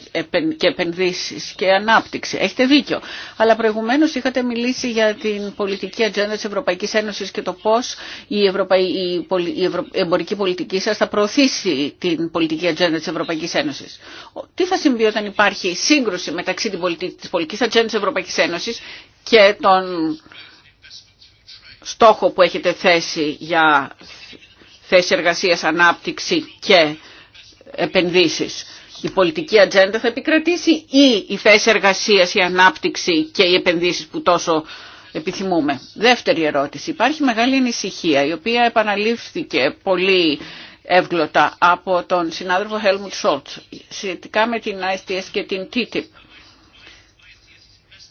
και επενδύσεις και ανάπτυξη. Έχετε δίκιο. Αλλά προηγουμένως είχατε μιλήσει για την πολιτική ατζέντα της Ευρωπαϊκής Ένωσης και το πώς η, εμπορική πολιτική σας θα προωθήσει την πολιτική ατζέντα της Ευρωπαϊκής Ένωσης. Τι θα συμβεί όταν υπάρχει σύγκρουση μεταξύ της πολιτικής ατζέντα της Ευρωπαϊκής Ένωσης και τον στόχο που έχετε θέσει για θέση εργασίας, ανάπτυξη και επενδύσεις. Η πολιτική ατζέντα θα επικρατήσει ή η θέση εργασίας, η ανάπτυξη και οι επενδύσεις που τόσο επιθυμούμε. Δεύτερη ερώτηση. Υπάρχει μεγάλη ανησυχία η οποία επαναλήφθηκε πολύ εύγλωτα από τον συνάδελφο Helmut Scholz σχετικά με την ISTS και την TTIP.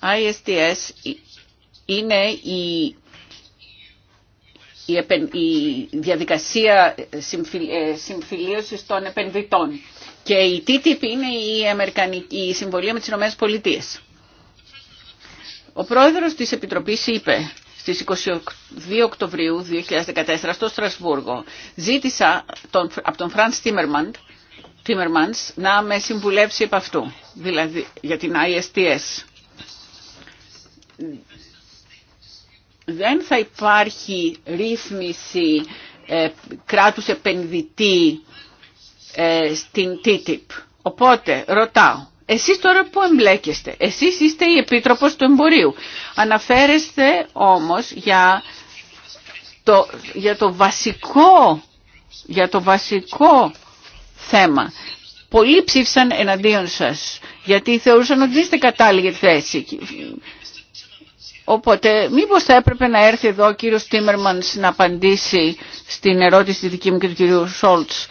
ISTS είναι η η διαδικασία ε, συμφιλίωσης των επενδυτών. Και η TTIP είναι η, η συμβολία με τις Ηνωμένες Πολιτείες. Ο πρόεδρος της Επιτροπής είπε στις 22 Οκτωβρίου 2014 στο Στρασβούργο ζήτησα τον, από τον Φρανς Τίμερμαντ να με συμβουλεύσει επ' αυτού, δηλαδή για την ISTS δεν θα υπάρχει ρύθμιση ε, κράτους επενδυτή ε, στην TTIP. Οπότε ρωτάω, εσείς τώρα που εμπλέκεστε, εσείς είστε η Επίτροπος του Εμπορίου. Αναφέρεστε όμως για το, για το, βασικό, για το βασικό θέμα. Πολλοί ψήφισαν εναντίον σας, γιατί θεωρούσαν ότι δεν είστε κατάλληλη θέση. Οπότε μήπως θα έπρεπε να έρθει εδώ ο κύριος Τίμερμανς να απαντήσει στην ερώτηση τη δική μου και του κυρίου Σόλτς.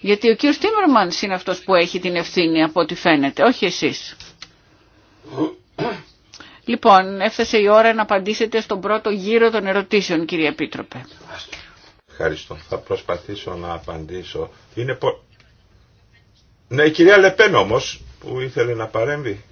Γιατί ο κύριος Τίμερμανς είναι αυτός που έχει την ευθύνη από ό,τι φαίνεται, όχι εσείς. Λοιπόν, έφτασε η ώρα να απαντήσετε στον πρώτο γύρο των ερωτήσεων, κύριε Επίτροπε. Ευχαριστώ. Θα προσπαθήσω να απαντήσω. πο... Ναι, η κυρία Λεπέν όμως, που ήθελε να παρέμβει.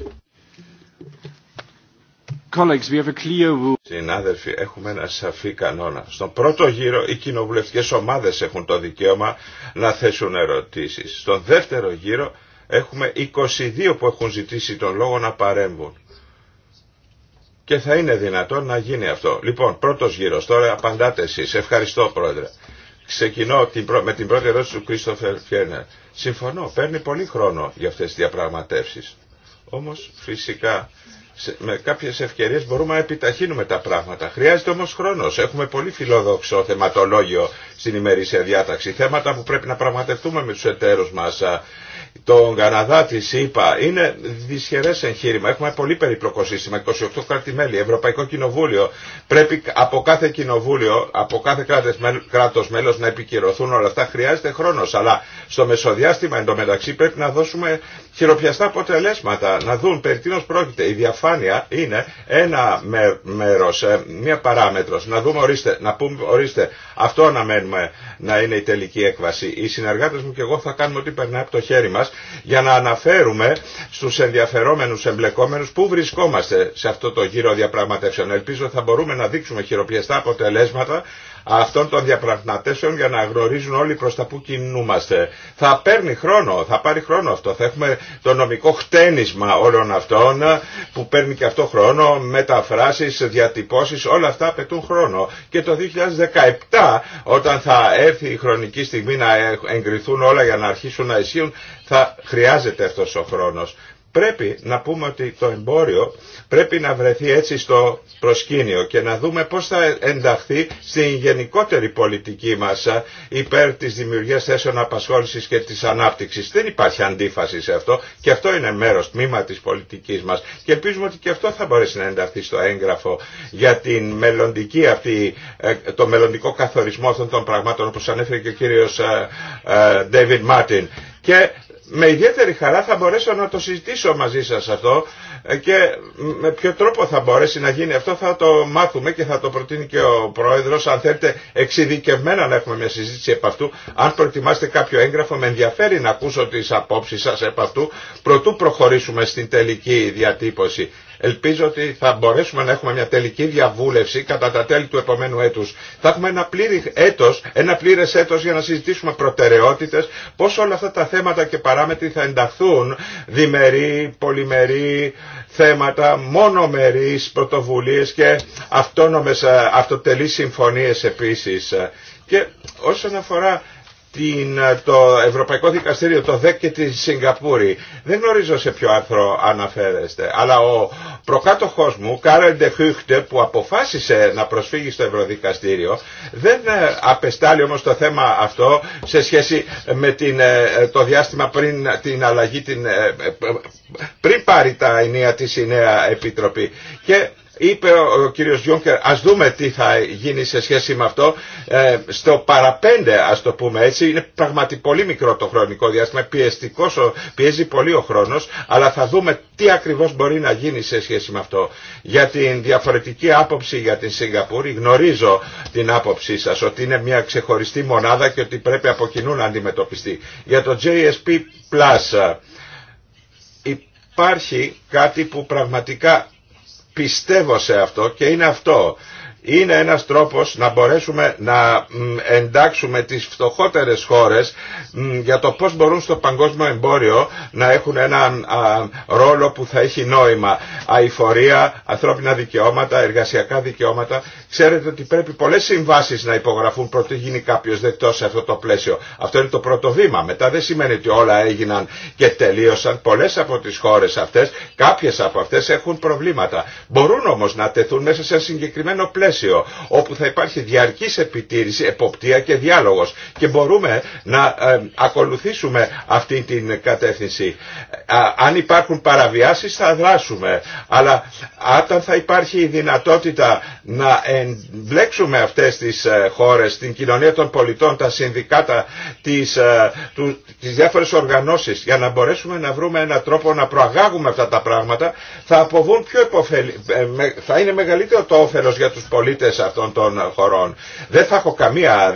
Συνάδελφοι, έχουμε ένα σαφή κανόνα. Στον πρώτο γύρο οι κοινοβουλευτικέ ομάδε έχουν το δικαίωμα να θέσουν ερωτήσει. Στον δεύτερο γύρο έχουμε 22 που έχουν ζητήσει τον λόγο να παρέμβουν. Και θα είναι δυνατόν να γίνει αυτό. Λοιπόν, πρώτο γύρος. Τώρα απαντάτε εσεί. Ευχαριστώ, Πρόεδρε. Ξεκινώ με την πρώτη ερώτηση του Κρίστοφερ Φιέρνερ. Συμφωνώ, παίρνει πολύ χρόνο για αυτέ τι διαπραγματεύσει. Όμως φυσικά με κάποιες ευκαιρίες μπορούμε να επιταχύνουμε τα πράγματα. Χρειάζεται όμως χρόνος. Έχουμε πολύ φιλόδοξο θεματολόγιο στην ημερήσια διάταξη. Θέματα που πρέπει να πραγματευτούμε με τους εταίρους μας τον Καναδά, τη είπα Είναι δυσχερέ εγχείρημα. Έχουμε πολύ περίπλοκο σύστημα. 28 κράτη-μέλη, Ευρωπαϊκό Κοινοβούλιο. Πρέπει από κάθε κοινοβούλιο, από κάθε κράτο μέλο να επικυρωθούν όλα αυτά. Χρειάζεται χρόνο. Αλλά στο μεσοδιάστημα εντωμεταξύ πρέπει να δώσουμε χειροπιαστά αποτελέσματα. Να δουν περί τίνο πρόκειται. Η διαφάνεια είναι ένα μέρο, ε, μία παράμετρο. Να δούμε, ορίστε, να πούμε, ορίστε, αυτό αναμένουμε να είναι η τελική έκβαση. Οι συνεργάτε μου και εγώ θα κάνουμε ό,τι περνάει από το χέρι μα για να αναφέρουμε στους ενδιαφερόμενους εμπλεκόμενους πού βρισκόμαστε σε αυτό το γύρο διαπραγματεύσεων. Ελπίζω θα μπορούμε να δείξουμε χειροπιαστά αποτελέσματα αυτών των διαπραγματεύσεων για να γνωρίζουν όλοι προς τα που κινούμαστε. Θα παίρνει χρόνο, θα πάρει χρόνο αυτό. Θα έχουμε το νομικό χτένισμα όλων αυτών που παίρνει και αυτό χρόνο, μεταφράσεις, διατυπώσεις, όλα αυτά απαιτούν χρόνο. Και το 2017 όταν θα έρθει η χρονική στιγμή να εγκριθούν όλα για να αρχίσουν να ισχύουν θα χρειάζεται αυτός ο χρόνος. Πρέπει να πούμε ότι το εμπόριο πρέπει να βρεθεί έτσι στο προσκήνιο και να δούμε πώς θα ενταχθεί στην γενικότερη πολιτική μας υπέρ της δημιουργίας θέσεων απασχόλησης και της ανάπτυξης. Δεν υπάρχει αντίφαση σε αυτό και αυτό είναι μέρος τμήμα της πολιτικής μας και ελπίζουμε ότι και αυτό θα μπορέσει να ενταχθεί στο έγγραφο για την μελλοντική αυτή, ε, το μελλοντικό καθορισμό αυτών των πραγμάτων όπως ανέφερε και ο κύριος ε, ε, David Martin. Και με ιδιαίτερη χαρά θα μπορέσω να το συζητήσω μαζί σας αυτό ε, και με ποιο τρόπο θα μπορέσει να γίνει αυτό θα το μάθουμε και θα το προτείνει και ο Πρόεδρος αν θέλετε εξειδικευμένα να έχουμε μια συζήτηση επ' αυτού αν προετοιμάσετε κάποιο έγγραφο με ενδιαφέρει να ακούσω τις απόψεις σας επ' αυτού προτού προχωρήσουμε στην τελική διατύπωση Ελπίζω ότι θα μπορέσουμε να έχουμε μια τελική διαβούλευση κατά τα τέλη του επόμενου έτους. Θα έχουμε ένα, πλήρη έτος, ένα πλήρες έτος για να συζητήσουμε προτεραιότητες, πώς όλα αυτά τα θέματα και παράμετροι θα ενταχθούν, διμερεί, πολυμερεί, θέματα, μονομερείς πρωτοβουλίες και αυτόνομες ε, αυτοτελεί συμφωνίες επίσης. Και όσον αφορά την, ε, το Ευρωπαϊκό Δικαστήριο, το ΔΕΚ και τη Σιγκαπούρη. Δεν γνωρίζω σε ποιο άρθρο αναφέρεστε, αλλά ο προκάτοχός μου, Κάρεντε Χούχτε, που αποφάσισε να προσφύγει στο Ευρωδικαστήριο, δεν ε, απεστάλλει όμως το θέμα αυτό σε σχέση με την, ε, το διάστημα πριν την αλλαγή, την, πριν πάρει τα ενία της η νέα Επιτροπή. Και είπε ο κύριος Γιούνκερ ας δούμε τι θα γίνει σε σχέση με αυτό ε, στο παραπέντε ας το πούμε έτσι είναι πραγματικά πολύ μικρό το χρονικό διάστημα πιεστικός, πιέζει πολύ ο χρόνος αλλά θα δούμε τι ακριβώς μπορεί να γίνει σε σχέση με αυτό για την διαφορετική άποψη για την Σιγκαπούρη γνωρίζω την άποψή σας ότι είναι μια ξεχωριστή μονάδα και ότι πρέπει από κοινού να αντιμετωπιστεί για το JSP Plus ε, υπάρχει κάτι που πραγματικά πιστεύω σε αυτό και είναι αυτό είναι ένας τρόπος να μπορέσουμε να εντάξουμε τις φτωχότερες χώρες για το πώς μπορούν στο παγκόσμιο εμπόριο να έχουν έναν ρόλο που θα έχει νόημα. Αηφορία, ανθρώπινα δικαιώματα, εργασιακά δικαιώματα. Ξέρετε ότι πρέπει πολλές συμβάσεις να υπογραφούν πρωτού γίνει κάποιος δεκτός σε αυτό το πλαίσιο. Αυτό είναι το πρώτο βήμα. Μετά δεν σημαίνει ότι όλα έγιναν και τελείωσαν. Πολλές από τις χώρες αυτές, κάποιες από αυτές έχουν προβλήματα. Μπορούν όμως να τεθούν μέσα σε ένα συγκεκριμένο πλαίσιο όπου θα υπάρχει διαρκής επιτήρηση, εποπτεία και διάλογος και μπορούμε να ε, ακολουθήσουμε αυτή την κατεύθυνση. αν υπάρχουν παραβιάσεις θα δράσουμε, αλλά όταν θα υπάρχει η δυνατότητα να εμπλέξουμε αυτές τις ε, χώρες, την κοινωνία των πολιτών, τα συνδικάτα, τις, ε, του, διάφορες οργανώσεις για να μπορέσουμε να βρούμε έναν τρόπο να προαγάγουμε αυτά τα πράγματα θα αποβούν πιο ε, θα είναι μεγαλύτερο το όφελος για τους πολίτες πολίτες αυτών των χωρών. Δεν θα έχω καμία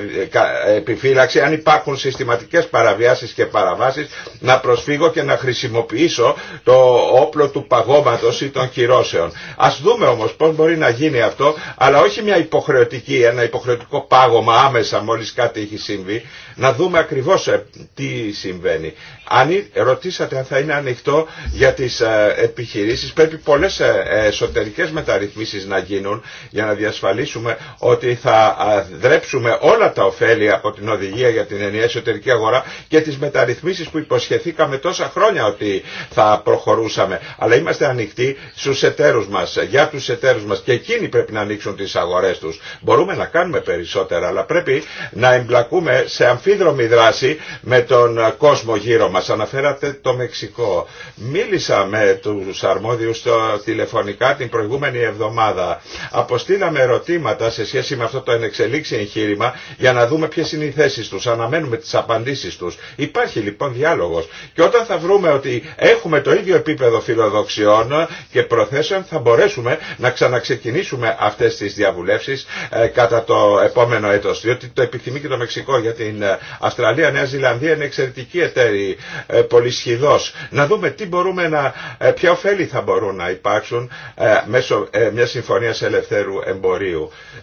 ε, επιφύλαξη αν υπάρχουν συστηματικές παραβιάσεις και παραβάσεις να προσφύγω και να χρησιμοποιήσω το όπλο του παγώματος ή των κυρώσεων. Ας δούμε όμως πώς μπορεί να γίνει αυτό, αλλά όχι μια υποχρεωτική, ένα υποχρεωτικό πάγωμα άμεσα μόλις κάτι έχει συμβεί, να δούμε ακριβώς ε, τι συμβαίνει. Αν ρωτήσατε αν θα είναι ανοιχτό για τις ε, επιχειρήσεις, πρέπει πολλές εσωτερικές μεταρρυθμίσεις να γίνουν για να διασ διασφαλίσουμε ότι θα δρέψουμε όλα τα ωφέλη από την οδηγία για την ενιαία εσωτερική αγορά και τις μεταρρυθμίσεις που υποσχεθήκαμε τόσα χρόνια ότι θα προχωρούσαμε. Αλλά είμαστε ανοιχτοί στους εταίρους μας, για τους εταίρους μας και εκείνοι πρέπει να ανοίξουν τις αγορές τους. Μπορούμε να κάνουμε περισσότερα, αλλά πρέπει να εμπλακούμε σε αμφίδρομη δράση με τον κόσμο γύρω μας. Αναφέρατε το Μεξικό. Μίλησα με τους αρμόδιους τηλεφωνικά την προηγούμενη εβδομάδα. Αποστήλαμε ερωτήματα σε σχέση με αυτό το ενεξελίξει εγχείρημα για να δούμε ποιε είναι οι θέσει του. Αναμένουμε τι απαντήσει του. Υπάρχει λοιπόν διάλογο. Και όταν θα βρούμε ότι έχουμε το ίδιο επίπεδο φιλοδοξιών και προθέσεων θα μπορέσουμε να ξαναξεκινήσουμε αυτέ τι διαβουλεύσει ε, κατά το επόμενο έτο. Διότι το επιθυμεί και το Μεξικό για την ε, Αυστραλία, Νέα Ζηλανδία είναι εξαιρετική εταίρη ε, Να δούμε τι μπορούμε να, ε, ποια ωφέλη θα μπορούν να υπάρξουν ε, μέσω μια συμφωνία ελευθέρου εμπορίου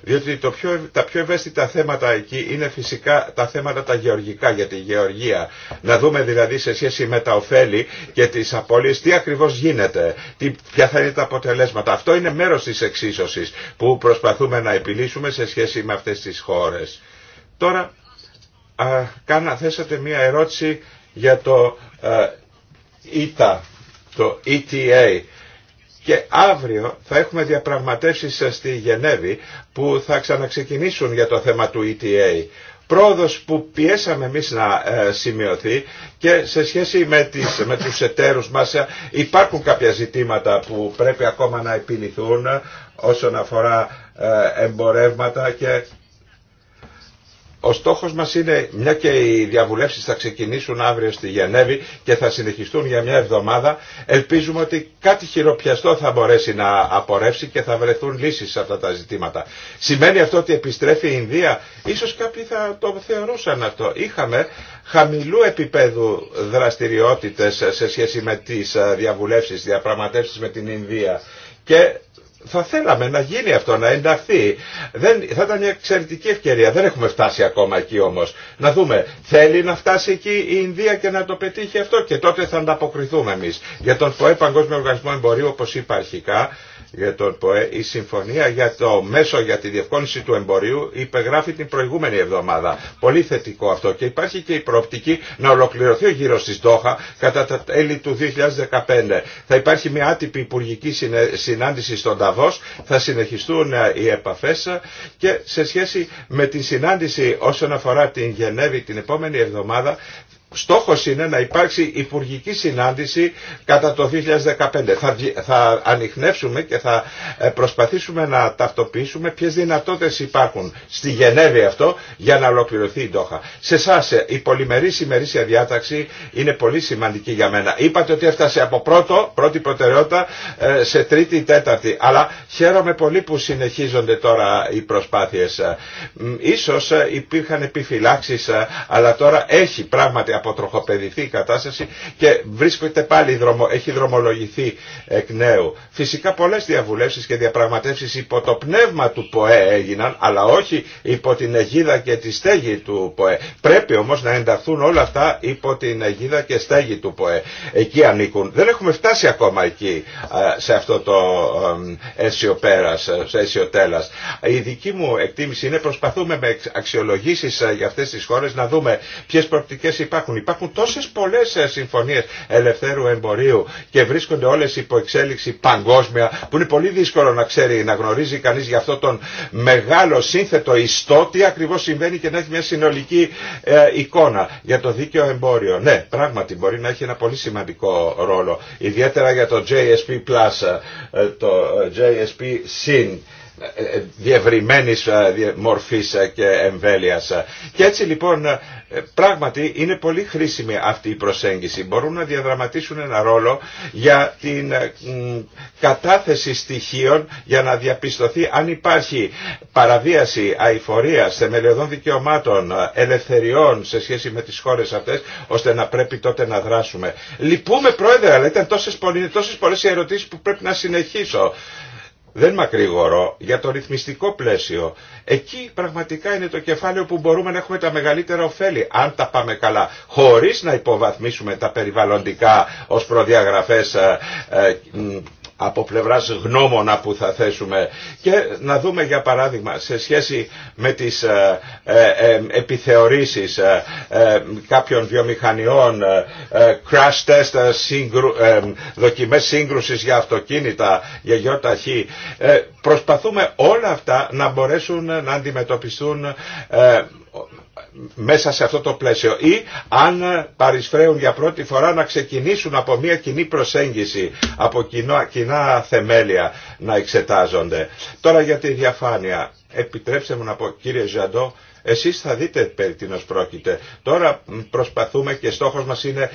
διότι το πιο, τα πιο ευαίσθητα θέματα εκεί είναι φυσικά τα θέματα τα γεωργικά για τη γεωργία. Να δούμε δηλαδή σε σχέση με τα ωφέλη και τις απώλειες τι ακριβώς γίνεται, τι, ποια θα είναι τα αποτελέσματα. Αυτό είναι μέρος της εξίσωσης που προσπαθούμε να επιλύσουμε σε σχέση με αυτές τις χώρες. Τώρα α, κάνα, θέσατε μία ερώτηση για το ε, το ETA και αύριο θα έχουμε διαπραγματεύσεις στη Γενέβη που θα ξαναξεκινήσουν για το θέμα του ETA. Πρόοδος που πιέσαμε εμείς να ε, σημειωθεί και σε σχέση με, τις, με τους εταίρους μας ε, υπάρχουν κάποια ζητήματα που πρέπει ακόμα να επιληθούν όσον αφορά ε, εμπορεύματα και ο στόχος μας είναι, μια και οι διαβουλεύσεις θα ξεκινήσουν αύριο στη Γενέβη και θα συνεχιστούν για μια εβδομάδα, ελπίζουμε ότι κάτι χειροπιαστό θα μπορέσει να απορρεύσει και θα βρεθούν λύσεις σε αυτά τα ζητήματα. Σημαίνει αυτό ότι επιστρέφει η Ινδία, ίσως κάποιοι θα το θεωρούσαν αυτό. Είχαμε χαμηλού επίπεδου δραστηριότητες σε σχέση με τις ε, διαβουλεύσεις, διαπραγματεύσεις με την Ινδία και θα θέλαμε να γίνει αυτό, να ενταχθεί. Δεν, θα ήταν μια εξαιρετική ευκαιρία. Δεν έχουμε φτάσει ακόμα εκεί όμω. Να δούμε, θέλει να φτάσει εκεί η Ινδία και να το πετύχει αυτό και τότε θα ανταποκριθούμε εμεί. Για τον ΠΟΕ Παγκόσμιο Οργανισμό Εμπορίου, όπω είπα αρχικά, για ε, τον ΠΟΕ, η συμφωνία για το μέσο για τη διευκόλυνση του εμπορίου υπεγράφει την προηγούμενη εβδομάδα. Πολύ θετικό αυτό και υπάρχει και η προοπτική να ολοκληρωθεί ο γύρος της Δόχα κατά τα τέλη του 2015. Θα υπάρχει μια άτυπη υπουργική συνάντηση στον Ταβός, θα συνεχιστούν ε, οι επαφές και σε σχέση με την συνάντηση όσον αφορά την Γενέβη την επόμενη εβδομάδα στόχος είναι να υπάρξει υπουργική συνάντηση κατά το 2015. Θα, θα ανοιχνεύσουμε και θα ε, προσπαθήσουμε να ταυτοποιήσουμε ποιες δυνατότητες υπάρχουν στη Γενέβη αυτό για να ολοκληρωθεί η Ντόχα. Σε εσά ε, η πολυμερή ημερήσια διάταξη είναι πολύ σημαντική για μένα. Είπατε ότι έφτασε από πρώτο, πρώτη προτεραιότητα ε, σε τρίτη, τέταρτη. Αλλά χαίρομαι πολύ που συνεχίζονται τώρα οι προσπάθειες. Ίσως υπήρχαν επιφυλάξεις αλλά τώρα έχει πράγματι αποτροχοπεδηθεί η κατάσταση και βρίσκεται πάλι, δρομο, έχει δρομολογηθεί εκ νέου. Φυσικά πολλές διαβουλεύσεις και διαπραγματεύσεις υπό το πνεύμα του ΠΟΕ έγιναν, αλλά όχι υπό την αιγίδα και τη στέγη του ΠΟΕ. Πρέπει όμως να ενταχθούν όλα αυτά υπό την αιγίδα και στέγη του ΠΟΕ. Εκεί ανήκουν. Δεν έχουμε φτάσει ακόμα εκεί, σε αυτό το αίσιο πέρας, σε αίσιο τέλας. Η δική μου εκτίμηση είναι προσπαθούμε με αξιολογήσεις ε, για αυτές τις χώρες να δούμε ποιε προοπτικές υπάρχουν υπάρχουν. Υπάρχουν τόσες πολλές ε, συμφωνίες ελευθέρου εμπορίου και βρίσκονται όλες υπό εξέλιξη παγκόσμια που είναι πολύ δύσκολο να ξέρει, να γνωρίζει κανείς για αυτό τον μεγάλο σύνθετο ιστό τι ακριβώς συμβαίνει και να έχει μια συνολική ε, εικόνα για το δίκαιο εμπόριο. Ναι, πράγματι μπορεί να έχει ένα πολύ σημαντικό ρόλο, ιδιαίτερα για το JSP+, Plus, ε, το JSP-SYN ε, ε, διευρυμένης ε, μορφής και εμβέλειας. Και έτσι λοιπόν πράγματι είναι πολύ χρήσιμη αυτή η προσέγγιση. Μπορούν να διαδραματίσουν ένα ρόλο για την κατάθεση στοιχείων για να διαπιστωθεί αν υπάρχει παραβίαση αηφορίας, θεμελιωδών δικαιωμάτων, ελευθεριών σε σχέση με τις χώρες αυτές, ώστε να πρέπει τότε να δράσουμε. Λυπούμε πρόεδρε, αλλά ήταν τόσες πολλές, τόσες ερωτήσεις που πρέπει να συνεχίσω δεν μακρηγορώ, για το ρυθμιστικό πλαίσιο. Εκεί πραγματικά είναι το κεφάλαιο που μπορούμε να έχουμε τα μεγαλύτερα ωφέλη, αν τα πάμε καλά, χωρίς να υποβαθμίσουμε τα περιβαλλοντικά ως προδιαγραφές ε, ε, από πλευράς γνώμονα που θα θέσουμε και να δούμε για παράδειγμα σε σχέση με τις ε, ε, ε επιθεωρήσεις ε, κάποιων βιομηχανιών crash test σύγκρου, δοκιμές σύγκρουσης για αυτοκίνητα για γιοταχή προσπαθούμε όλα αυτά να μπορέσουν να αντιμετωπιστούν μέσα σε αυτό το πλαίσιο ή αν παρισφρέουν για πρώτη φορά να ξεκινήσουν από μια κοινή προσέγγιση από κοινά, θεμέλια να εξετάζονται. Τώρα για τη διαφάνεια. Επιτρέψτε μου να πω κύριε Ζαντό εσείς θα δείτε περί τίνος πρόκειται. Τώρα προσπαθούμε και στόχος μας είναι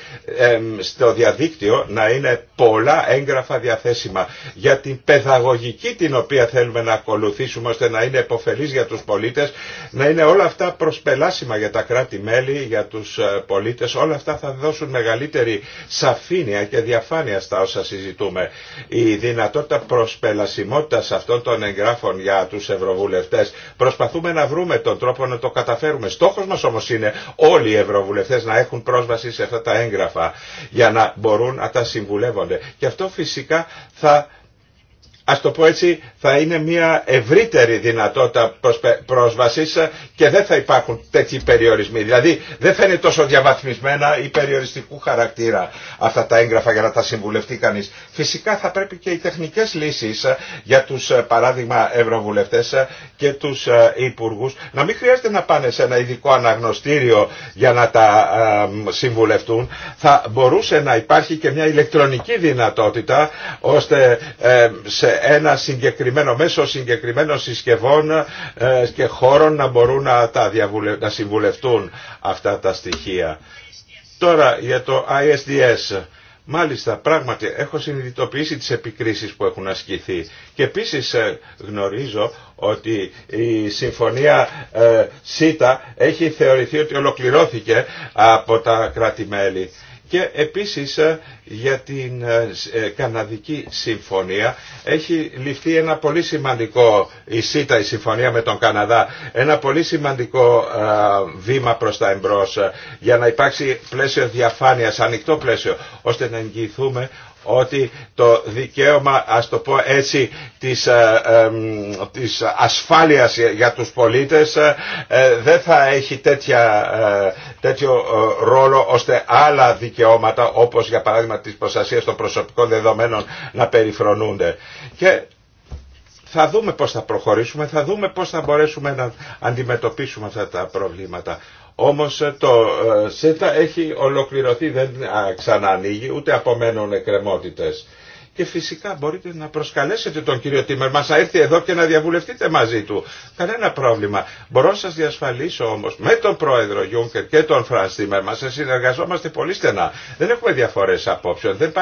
στο διαδίκτυο να είναι πολλά έγγραφα διαθέσιμα για την παιδαγωγική την οποία θέλουμε να ακολουθήσουμε ώστε να είναι επωφελής για τους πολίτες, να είναι όλα αυτά προσπελάσιμα για τα κράτη-μέλη, για τους ε, πολίτες. Όλα αυτά θα δώσουν μεγαλύτερη σαφήνεια και διαφάνεια στα όσα συζητούμε. Η δυνατότητα προσπελασιμότητας αυτών των εγγράφων για τους ευρωβουλευτές. Προσπαθούμε να βρούμε τον τρόπο να το καταφέρουμε. Στόχος μας όμως είναι όλοι οι ευρωβουλευτές να έχουν πρόσβαση σε αυτά τα έγγραφα για να μπορούν να τα συμβουλεύονται. Και αυτό φυσικά θα ας το πω έτσι, θα είναι μια ευρύτερη δυνατότητα πρόσβασης και δεν θα υπάρχουν τέτοιοι περιορισμοί. Δηλαδή δεν θα είναι τόσο διαβαθμισμένα ή περιοριστικού χαρακτήρα αυτά τα έγγραφα για να τα συμβουλευτεί κανείς. Φυσικά θα πρέπει και οι τεχνικές λύσεις για τους ε, παράδειγμα ευρωβουλευτές και τους ε, υπουργούς να μην χρειάζεται να πάνε σε ένα ειδικό αναγνωστήριο για να τα ε, συμβουλευτούν. Θα μπορούσε να υπάρχει και μια ηλεκτρονική δυνατότητα ώστε σε ένα συγκεκριμένο μέσο συγκεκριμένων συσκευών ε, και χώρων να μπορούν να, τα να συμβουλευτούν αυτά τα στοιχεία. Τώρα για το ISDS. Μάλιστα, πράγματι, έχω συνειδητοποιήσει τις επικρίσεις που έχουν ασκηθεί. Και επίσης ε, γνωρίζω ότι η συμφωνία ε, ΣΥΤΑ έχει θεωρηθεί ότι ολοκληρώθηκε από τα κράτη-μέλη και επίσης ε, για την ε, ε, Καναδική Συμφωνία έχει ληφθεί ένα πολύ σημαντικό η ΣΥΤΑ, η Συμφωνία με τον Καναδά ένα πολύ σημαντικό βήμα προς τα εμπρός για να υπάρξει πλαίσιο διαφάνειας, ανοιχτό πλαίσιο ώστε να εγγυηθούμε ότι το δικαίωμα, ας το πω έτσι, της, ε, ασφάλειας για τους πολίτες ε, ε, δεν θα έχει τέτοια, τέτοιο ρόλο ώστε άλλα δικαιώματα όπως για παράδειγμα της προστασίας των προσωπικών δεδομένων να περιφρονούνται. Και θα δούμε πώς θα προχωρήσουμε, θα δούμε πώς θα μπορέσουμε να αντιμετωπίσουμε αυτά τα προβλήματα. Όμως ε, το ε, ΣΕΤΑ έχει ολοκληρωθεί, δεν ξανανοίγει, ούτε απομένουν εκκρεμότητες. Και φυσικά μπορείτε να προσκαλέσετε τον κύριο Τίμερ μας να έρθει εδώ και να διαβουλευτείτε μαζί του. Κανένα πρόβλημα. Μπορώ να σας διασφαλίσω όμως με τον πρόεδρο Γιούνκερ και τον Φρανς Τίμερ μας ε, συνεργαζόμαστε πολύ στενά. Δεν έχουμε διαφορές απόψεων, δεν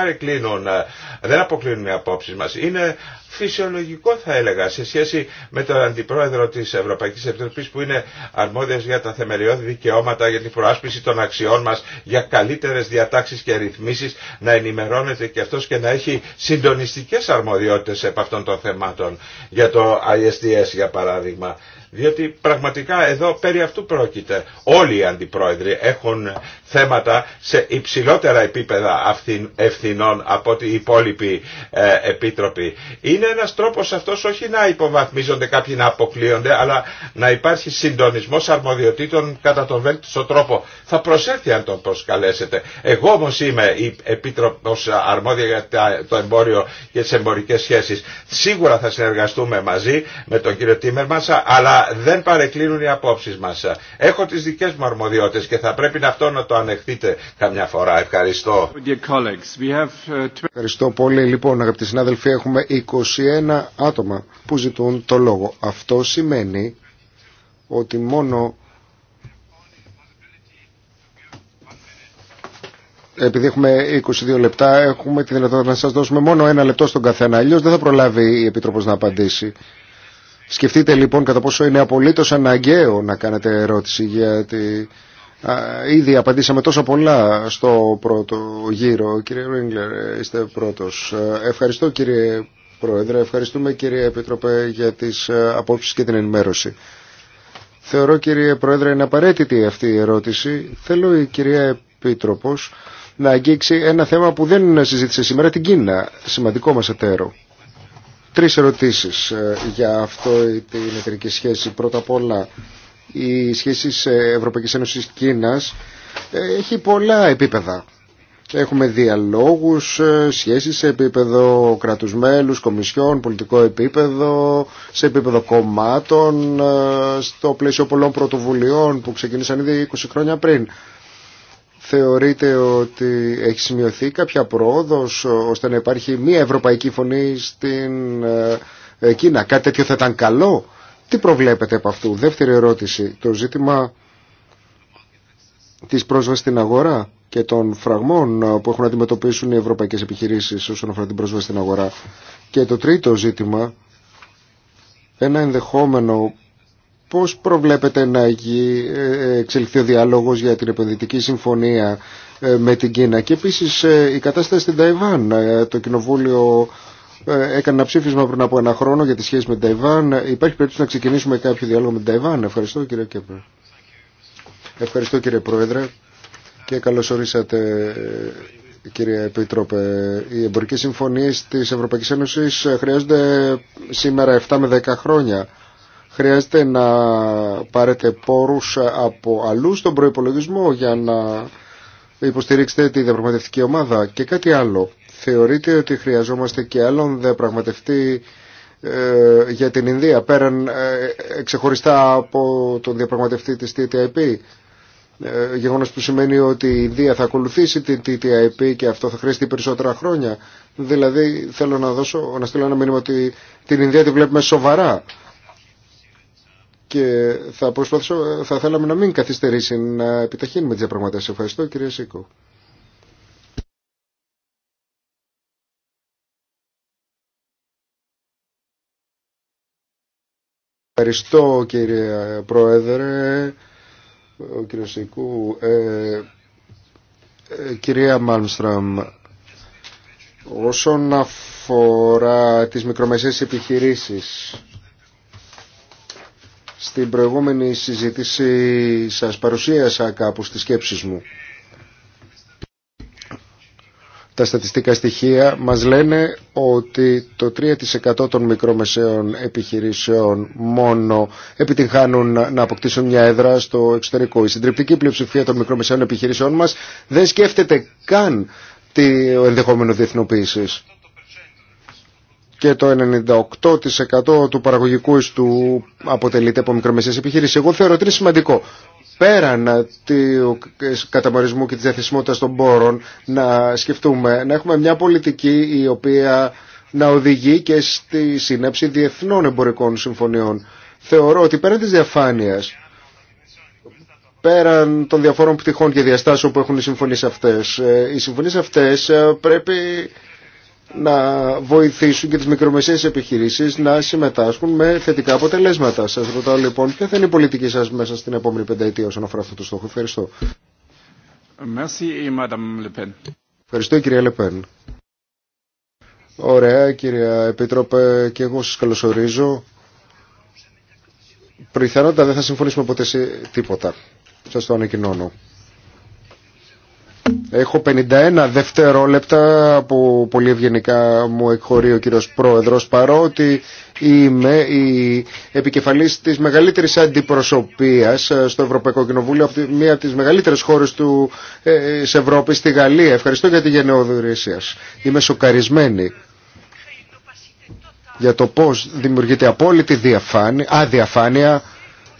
δεν αποκλίνουν οι απόψεις μας. Είναι φυσιολογικό θα έλεγα σε σχέση με τον Αντιπρόεδρο της Ευρωπαϊκής Επιτροπής που είναι αρμόδιος για τα θεμελιώδη δικαιώματα, για την προάσπιση των αξιών μας, για καλύτερες διατάξεις και ρυθμίσεις, να ενημερώνεται και αυτός και να έχει συντονιστικές αρμοδιότητες από αυτών των θεμάτων για το ISDS για παράδειγμα. Διότι πραγματικά εδώ περί αυτού πρόκειται. Όλοι οι αντιπρόεδροι έχουν θέματα σε υψηλότερα επίπεδα ευθυνών από ότι οι υπόλοιποι ε, επίτροποι. Είναι ένας τρόπος αυτός όχι να υποβαθμίζονται κάποιοι να αποκλείονται, αλλά να υπάρχει συντονισμός αρμοδιοτήτων κατά τον βέλτιστο τρόπο. Θα προσέλθει αν τον προσκαλέσετε. Εγώ όμως είμαι η Επίτροπος αρμόδια για το εμπόριο και τις εμπορικές σχέσεις. Σίγουρα θα συνεργαστούμε μαζί με τον κύριο Τίμερμασά, αλλά δεν παρεκκλίνουν οι απόψεις μας. Έχω τις δικές μου αρμοδιότητες και θα πρέπει να αυτό να το ανεχτείτε καμιά φορά. Ευχαριστώ. Uh, Ευχαριστώ πολύ. Λοιπόν, αγαπητοί συνάδελφοι, έχουμε 21 άτομα που ζητούν το λόγο. Αυτό σημαίνει ότι μόνο επειδή έχουμε 22 λεπτά, έχουμε τη δυνατότητα να σας δώσουμε μόνο ένα λεπτό στον καθένα. Αλλιώ δεν θα προλάβει η Επίτροπος να απαντήσει. Σκεφτείτε λοιπόν κατά πόσο είναι απολύτως αναγκαίο να κάνετε ερώτηση τη Ήδη απαντήσαμε τόσο πολλά στο πρώτο γύρο. Κύριε Ρίγκλερ, είστε πρώτος. Ε, ευχαριστώ κύριε Πρόεδρε, ευχαριστούμε κύριε Επίτροπε για τις ε, απόψεις και την ενημέρωση. Θεωρώ κύριε Πρόεδρε είναι απαραίτητη αυτή η ερώτηση. Θέλω η κυρία Επίτροπος να αγγίξει ένα θέμα που δεν συζήτησε σήμερα, την Κίνα, σημαντικό μας εταίρο. Τρεις ερωτήσεις ε, για αυτό την εταιρική σχέση. Πρώτα απ' όλα, οι σχέσεις ε, Ευρωπαϊκής Ένωσης Κίνας ε, έχει πολλά επίπεδα. Έχουμε διαλόγους, ε, σχέσεις σε επίπεδο κράτους μέλους, κομισιών, πολιτικό επίπεδο, σε επίπεδο κομμάτων, στο πλαίσιο πολλών πρωτοβουλειών που ξεκίνησαν ήδη 20 χρόνια πριν. Θεωρείτε ότι έχει σημειωθεί κάποια πρόοδος ώστε να υπάρχει μια ευρωπαϊκή φωνή στην Κίνα. Κάτι τέτοιο θα ήταν καλό τι προβλέπετε από αυτού. Δεύτερη ερώτηση. Το ζήτημα της πρόσβασης στην αγορά και των φραγμών που έχουν να αντιμετωπίσουν οι ευρωπαϊκές επιχειρήσεις όσον αφορά την πρόσβαση στην αγορά. Και το τρίτο ζήτημα, ένα ενδεχόμενο πώς προβλέπετε να εξελιχθεί ο διάλογος για την επενδυτική συμφωνία ε, με την Κίνα και επίσης ε, η κατάσταση στην Ταϊβάν. Ε, το Κοινοβούλιο ε, έκανε ένα ψήφισμα πριν από ένα χρόνο για τις σχέσεις με την Ταϊβάν. Ε, υπάρχει περίπτωση να ξεκινήσουμε κάποιο διάλογο με την Ταϊβάν. Ευχαριστώ κύριε Κέπρε. Ευχαριστώ κύριε Πρόεδρε και καλώς ορίσατε κύριε Επίτροπε. Οι εμπορικές συμφωνίες της Ευρωπαϊκής Ένωσης ε, χρειάζονται σήμερα 7 με 10 χρόνια. Χρειάζεται να πάρετε πόρους από αλλού στον προϋπολογισμό για να υποστηρίξετε τη διαπραγματευτική ομάδα και κάτι άλλο Θεωρείτε ότι χρειαζόμαστε και άλλον διαπραγματευτή ε, για την Ινδία πέραν ε, ξεχωριστά από τον διαπραγματευτή της TTIP ε, γεγονός που σημαίνει ότι η Ινδία θα ακολουθήσει την TTIP και αυτό θα χρειαστεί περισσότερα χρόνια δηλαδή θέλω να, δώσω, να στείλω ένα μήνυμα ότι την Ινδία τη βλέπουμε σοβαρά και θα, προσπαθήσω, θα θέλαμε να μην καθυστερήσει να επιταχύνουμε τις διαπραγματεύσεις. Ευχαριστώ κύριε Σίκο. Ευχαριστώ κύριε Πρόεδρε, ο Σικού. Ε, ε, κυρία Μάλμστραμ, όσον αφορά τις μικρομεσαίες επιχειρήσεις, στην προηγούμενη συζήτηση σας παρουσίασα κάπου στις σκέψεις μου τα στατιστικά στοιχεία μας λένε ότι το 3% των μικρομεσαίων επιχειρήσεων μόνο επιτυγχάνουν να αποκτήσουν μια έδρα στο εξωτερικό. Η συντριπτική πλειοψηφία των μικρομεσαίων επιχειρήσεων μας δεν σκέφτεται καν το ενδεχόμενο διεθνοποίησης. Και το 98% του παραγωγικού του αποτελείται από μικρομεσαίες επιχειρήσεις. Εγώ θεωρώ ότι είναι σημαντικό πέραν του καταμερισμού και της διαθεσιμότητας των πόρων να σκεφτούμε να έχουμε μια πολιτική η οποία να οδηγεί και στη σύναψη διεθνών εμπορικών συμφωνιών. Θεωρώ ότι πέραν της διαφάνειας, πέραν των διαφόρων πτυχών και διαστάσεων που έχουν οι συμφωνίες αυτές, ε, οι συμφωνίες αυτές ε, πρέπει να βοηθήσουν και τις μικρομεσαίες επιχειρήσεις να συμμετάσχουν με θετικά αποτελέσματα. Σας ρωτάω λοιπόν ποια θα είναι η πολιτική σας μέσα στην επόμενη πενταετία όσον αφορά αυτό το στόχο. Ευχαριστώ. Merci, Madame Ευχαριστώ κυρία Λεπέν. Ωραία κυρία Επίτροπε και εγώ σας καλωσορίζω. Προϊθανότητα δεν θα συμφωνήσουμε ποτέ σε τίποτα. Σας το ανακοινώνω. Έχω 51 δευτερόλεπτα που πολύ ευγενικά μου εκχωρεί ο κύριος Πρόεδρος παρότι είμαι η επικεφαλής της μεγαλύτερης αντιπροσωπείας στο Ευρωπαϊκό Κοινοβούλιο από μία από τις μεγαλύτερες χώρες του, ε, της Ευρώπης, στη Γαλλία. Ευχαριστώ για τη γενναιοδορία Είμαι σοκαρισμένη για το πώς δημιουργείται απόλυτη αδιαφάνεια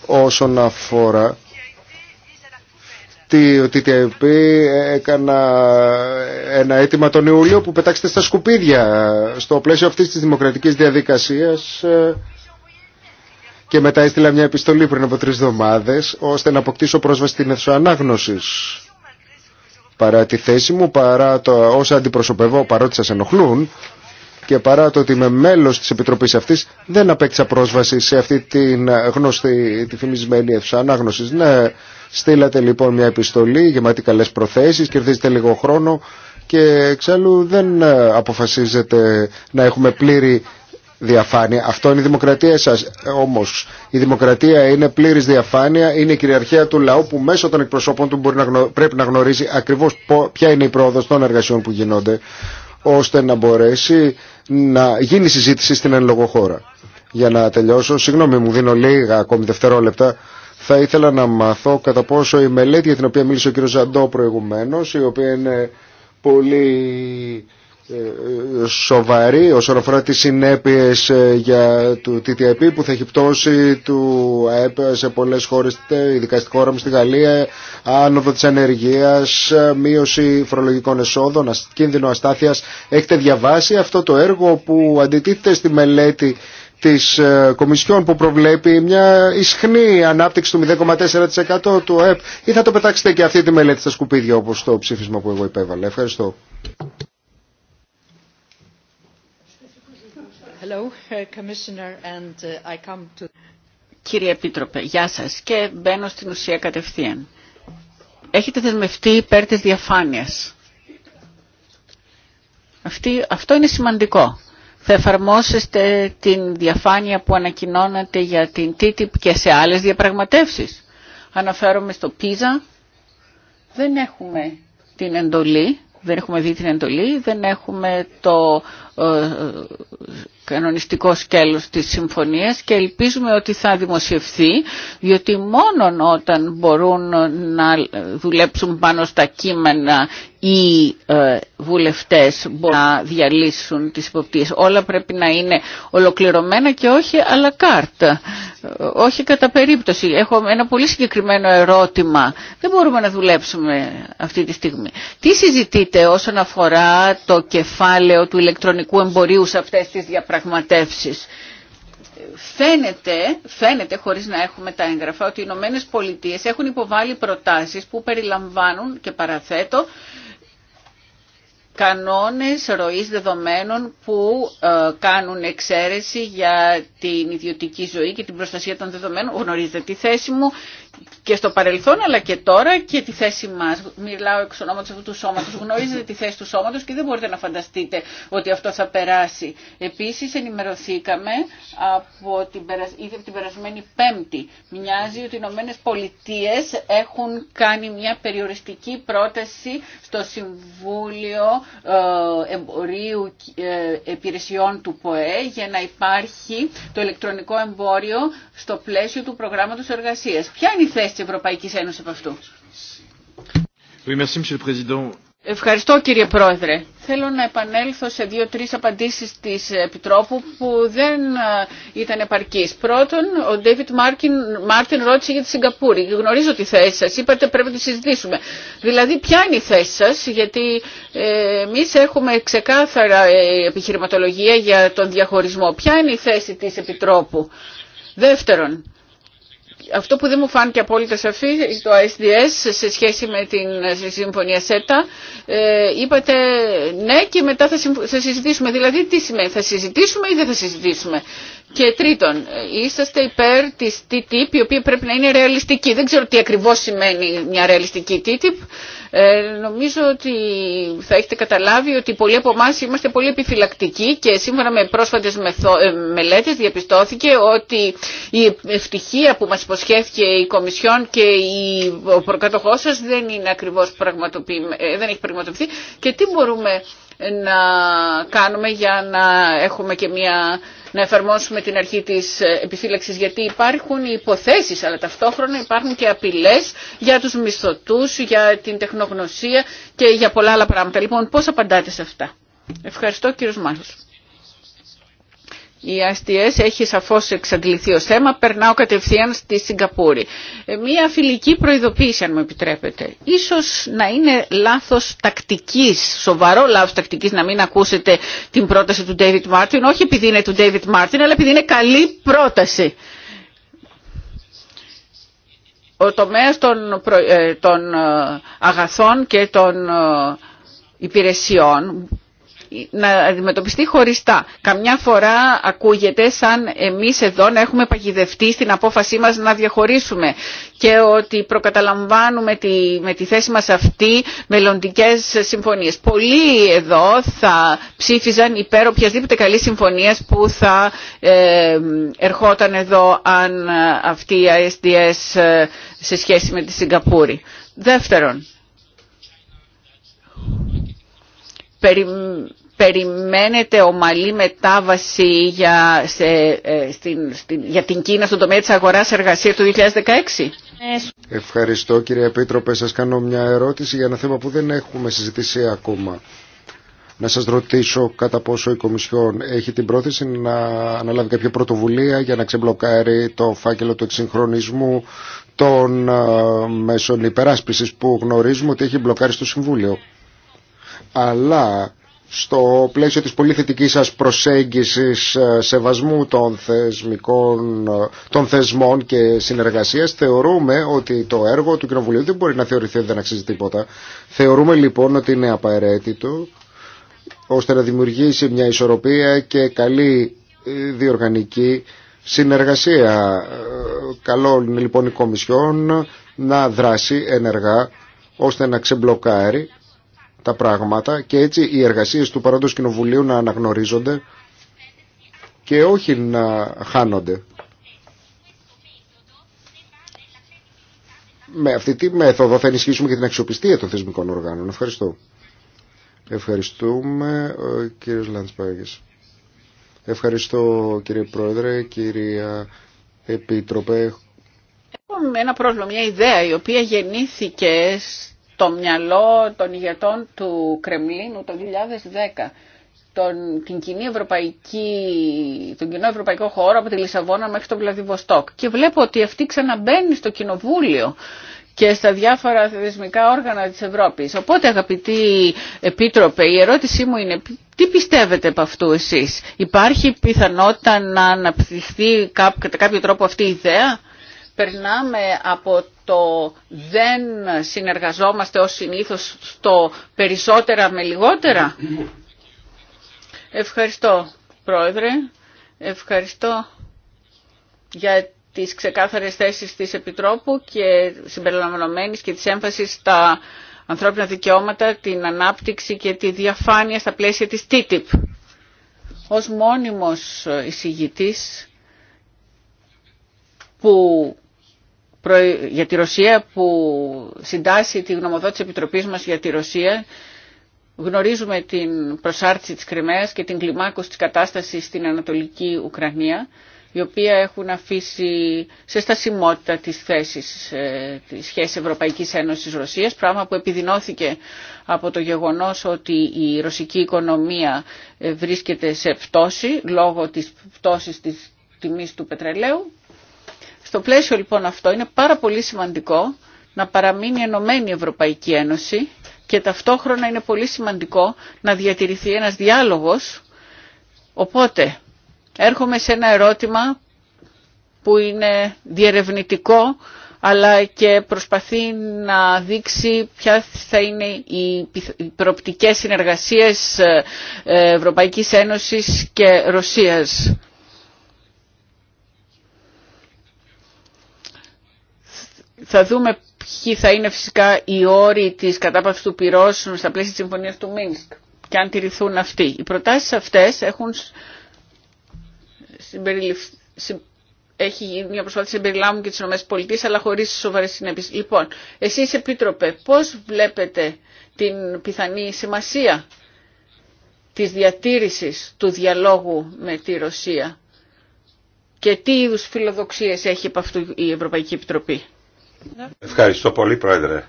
όσον αφορά ότι το πει, έκανα ένα αίτημα τον Ιούλιο που πετάξετε στα σκουπίδια στο πλαίσιο αυτής της δημοκρατικής διαδικασίας ε, και μετά έστειλα μια επιστολή πριν από τρεις εβδομάδες ώστε να αποκτήσω πρόσβαση στην αίθουσα ανάγνωσης παρά τη θέση μου, παρά το όσα αντιπροσωπεύω, παρότι σας ενοχλούν και παρά το ότι είμαι μέλος της Επιτροπής αυτής δεν απέκτησα πρόσβαση σε αυτή την γνωστή, τη φημισμένη αίθουσα ανάγνωσης. Ναι, Στείλατε λοιπόν μια επιστολή γεμάτη καλές προθέσεις, κερδίζετε λίγο χρόνο και εξάλλου δεν ε, αποφασίζετε να έχουμε πλήρη διαφάνεια. Αυτό είναι η δημοκρατία σας. Όμως η δημοκρατία είναι πλήρης διαφάνεια, είναι η κυριαρχία του λαού που μέσω των εκπροσώπων του μπορεί να πρέπει να γνωρίζει ακριβώς ποια είναι η πρόοδος των εργασιών που γινόνται ώστε να μπορέσει να γίνει συζήτηση στην εν λόγω χώρα. Για να τελειώσω, συγγνώμη μου δίνω λίγα ακόμη δευτερόλεπτα, θα ήθελα να μάθω κατά πόσο η μελέτη για την οποία μίλησε ο κ. Ζαντό προηγουμένως, η οποία είναι πολύ ε, ε, σοβαρή όσον αφορά τις συνέπειες ε, για το TTIP που θα έχει πτώσει του ΑΕΠ σε πολλές χώρες, ειδικά στη χώρα μου, στη Γαλλία, άνοδο της ανεργίας, μείωση φορολογικών εσόδων, κίνδυνο αστάθειας. Έχετε διαβάσει αυτό το έργο που αντιτίθεται στη μελέτη της ε, Κομισιόν που προβλέπει μια ισχνή ανάπτυξη του 0,4% του ΕΠ ή θα το πετάξετε και αυτή τη μελέτη στα σκουπίδια όπως το ψήφισμα που εγώ υπέβαλα. Ευχαριστώ. Hello, uh, Commissioner, and uh, I come to... Κύριε Επίτροπε, γεια σας και μπαίνω στην ουσία κατευθείαν. Έχετε δεσμευτεί υπέρ της διαφάνειας. αυτό είναι σημαντικό θα εφαρμόσετε την διαφάνεια που ανακοινώνατε για την TTIP και σε άλλες διαπραγματεύσεις. Αναφέρομαι στο PISA. Δεν έχουμε την εντολή, δεν έχουμε δει την εντολή, δεν έχουμε το ε, κανονιστικό σκέλος της συμφωνίας και ελπίζουμε ότι θα δημοσιευθεί, διότι μόνον όταν μπορούν να δουλέψουν πάνω στα κείμενα οι ε, βουλευτές μπορούν να διαλύσουν τις υποπτήσεις. Όλα πρέπει να είναι ολοκληρωμένα και όχι άλλα ε, Όχι κατά περίπτωση. Έχω ένα πολύ συγκεκριμένο ερώτημα. Δεν μπορούμε να δουλέψουμε αυτή τη στιγμή. Τι συζητείτε όσον αφορά το κεφάλαιο του ηλεκτρονικού εμπορίου σε αυτές τις διαπραγματεύσεις. Φαίνεται, φαίνεται χωρίς να έχουμε τα έγγραφα ότι οι Ηνωμένε Πολιτείε έχουν υποβάλει προτάσεις που περιλαμβάνουν και παραθέτω κανόνες ροής δεδομένων που ε, κάνουν εξαίρεση για την ιδιωτική ζωή και την προστασία των δεδομένων. Γνωρίζετε τη θέση μου και στο παρελθόν αλλά και τώρα και τη θέση μας. Μιλάω εξ ονόματος αυτού του σώματος. Γνωρίζετε τη θέση του σώματος και δεν μπορείτε να φανταστείτε ότι αυτό θα περάσει. Επίσης ενημερωθήκαμε από την, ήδη από την περασμένη πέμπτη. Μοιάζει ότι οι Ηνωμένε Πολιτείε έχουν κάνει μια περιοριστική πρόταση στο Συμβούλιο ε, Εμπορίου Επιρεσιών του ΠΟΕ για να υπάρχει το ηλεκτρονικό εμπόριο στο πλαίσιο του προγράμματος εργασία είναι η θέση της Ευρωπαϊκής Ένωσης από αυτού. Ευχαριστώ κύριε Πρόεδρε. Θέλω να επανέλθω σε δύο-τρεις απαντήσεις της Επιτρόπου που δεν ήταν επαρκείς. Πρώτον, ο Ντέιβιτ Μάρτιν, ρώτησε για τη Σιγκαπούρη. Γνωρίζω τη θέση σας, είπατε πρέπει να τη συζητήσουμε. Δηλαδή ποια είναι η θέση σας, γιατί ε, εμεί έχουμε ξεκάθαρα ε, επιχειρηματολογία για τον διαχωρισμό. Ποια είναι η θέση της Επιτρόπου. Δεύτερον, αυτό που δεν μου φάνηκε απόλυτα σαφή, το ISDS σε σχέση με την συμφωνία ΣΕΤΑ, ε, είπατε ναι και μετά θα, συζητήσουμε. Δηλαδή τι σημαίνει, θα συζητήσουμε ή δεν θα συζητήσουμε. Και τρίτον, είσαστε υπέρ της TTIP, η οποία πρέπει να είναι ρεαλιστική. Δεν ξέρω τι ακριβώς σημαίνει μια ρεαλιστική TTIP. Ε, νομίζω ότι θα έχετε καταλάβει ότι πολλοί από εμά είμαστε πολύ επιφυλακτικοί και σύμφωνα με πρόσφατες ε, μελέτες διαπιστώθηκε ότι η ευτυχία που μας υποσχέθηκε η Κομισιόν και η, ο προκατοχός σας δεν, είναι ακριβώς ε, δεν έχει πραγματοποιηθεί και τι μπορούμε να κάνουμε για να έχουμε και μια να εφαρμόσουμε την αρχή της επιφύλαξης γιατί υπάρχουν υποθέσεις αλλά ταυτόχρονα υπάρχουν και απειλές για τους μισθωτούς, για την τεχνογνωσία και για πολλά άλλα πράγματα. Λοιπόν, πώς απαντάτε σε αυτά. Ευχαριστώ κύριος Μάρος. Η ISTS έχει σαφώς εξαντληθεί ως θέμα, περνάω κατευθείαν στη Σιγκαπούρη. Ε, μία φιλική προειδοποίηση, αν μου επιτρέπετε. Ίσως να είναι λάθος τακτικής, σοβαρό λάθος τακτικής, να μην ακούσετε την πρόταση του David Μάρτιν, όχι επειδή είναι του David Μάρτιν, αλλά επειδή είναι καλή πρόταση. Ο τομέας των ε, ε, αγαθών και των υπηρεσιών να αντιμετωπιστεί χωριστά. Καμιά φορά ακούγεται σαν εμείς εδώ να έχουμε παγιδευτεί στην απόφασή μας να διαχωρίσουμε και ότι προκαταλαμβάνουμε τη, με τη θέση μας αυτή μελλοντικέ συμφωνίες. Πολλοί εδώ θα ψήφιζαν υπέρ οποιασδήποτε καλή συμφωνίας που θα ε, ερχόταν εδώ αν αυτή η ISDS ε, σε σχέση με τη Σιγκαπούρη. Δεύτερον, περιμένετε ομαλή μετάβαση ε, για, την Κίνα στον τομέα της αγοράς εργασίας του 2016. Ευχαριστώ κύριε Επίτροπε. Σας κάνω μια ερώτηση για ένα θέμα που δεν έχουμε συζητήσει ακόμα. Να σας ρωτήσω κατά πόσο η Κομισιόν έχει την πρόθεση να αναλάβει κάποια πρωτοβουλία για να ξεμπλοκάρει το φάκελο του εξυγχρονισμού των ε, μέσων υπεράσπισης που γνωρίζουμε ότι έχει μπλοκάρει στο Συμβούλιο. Αλλά στο πλαίσιο της πολύ θετική σας προσέγγισης ε, σεβασμού των, θεσμικών, ε, των θεσμών και συνεργασίας θεωρούμε ότι το έργο του Κοινοβουλίου δεν μπορεί να θεωρηθεί ότι δεν αξίζει τίποτα. Θεωρούμε λοιπόν ότι είναι απαραίτητο ώστε να δημιουργήσει μια ισορροπία και καλή ε, διοργανική συνεργασία. Καλό είναι λοιπόν η Κομισιόν να δράσει ενεργά ώστε να ξεμπλοκάρει τα πράγματα και έτσι οι εργασίες του παρόντος κοινοβουλίου να αναγνωρίζονται και όχι να χάνονται. Με αυτή τη μέθοδο θα ενισχύσουμε και την αξιοπιστία των θεσμικών οργάνων. Ευχαριστώ. Ευχαριστούμε ο κύριος Λαντσπάγης. Ευχαριστώ κύριε Πρόεδρε, κυρία Επίτροπε. Έχω ένα πρόβλημα, μια ιδέα η οποία γεννήθηκε το μυαλό των ηγετών του Κρεμλίνου το 2010 τον, την τον κοινό ευρωπαϊκό χώρο από τη Λισαβόνα μέχρι τον Βλαδιβοστόκ. Και βλέπω ότι αυτή ξαναμπαίνει στο κοινοβούλιο και στα διάφορα θεσμικά όργανα της Ευρώπης. Οπότε αγαπητοί επίτροπε, η ερώτησή μου είναι τι πιστεύετε από αυτού εσείς. Υπάρχει πιθανότητα να αναπτυχθεί κατά κάποιο τρόπο αυτή η ιδέα περνάμε από το δεν συνεργαζόμαστε ως συνήθως στο περισσότερα με λιγότερα. Ευχαριστώ Πρόεδρε, ευχαριστώ για τις ξεκάθαρες θέσεις της Επιτρόπου και συμπεριλαμβανομένης και της έμφασης στα ανθρώπινα δικαιώματα, την ανάπτυξη και τη διαφάνεια στα πλαίσια της TTIP. Ως μόνιμος εισηγητής που για τη Ρωσία που συντάσσει τη γνωμοδότηση της Επιτροπής μας για τη Ρωσία. Γνωρίζουμε την προσάρτηση της Κρυμαίας και την κλιμάκωση της κατάστασης στην Ανατολική Ουκρανία, η οποία έχουν αφήσει σε στασιμότητα τις θέσεις ε, της σχέσης Ευρωπαϊκής Ένωσης Ρωσίας, πράγμα που επιδεινώθηκε από το γεγονός ότι η ρωσική οικονομία ε, βρίσκεται σε πτώση λόγω της πτώσης της τιμής του πετρελαίου στο πλαίσιο λοιπόν αυτό είναι πάρα πολύ σημαντικό να παραμείνει ενωμένη η Ευρωπαϊκή Ένωση και ταυτόχρονα είναι πολύ σημαντικό να διατηρηθεί ένας διάλογος. Οπότε έρχομαι σε ένα ερώτημα που είναι διερευνητικό αλλά και προσπαθεί να δείξει ποια θα είναι οι προοπτικές συνεργασίες ε, ε, Ευρωπαϊκής Ένωσης και Ρωσίας. Θα δούμε ποιοι θα είναι φυσικά οι όροι της κατάπαυσης του πυρός στα πλαίσια της συμφωνίας του Μίνσκ και αν τηρηθούν αυτοί. Οι προτάσεις αυτές έχουν συμπεριληφθεί έχει γίνει μια προσπάθεια συμπεριλάμβουν και τις ΗΠΑ αλλά χωρί σοβαρέ συνέπειε. Λοιπόν, εσεί Επίτροπε, πώ βλέπετε την πιθανή σημασία τη διατήρηση του διαλόγου με τη Ρωσία και τι είδου φιλοδοξίε έχει από αυτού η Ευρωπαϊκή Επιτροπή. Ευχαριστώ πολύ Πρόεδρε.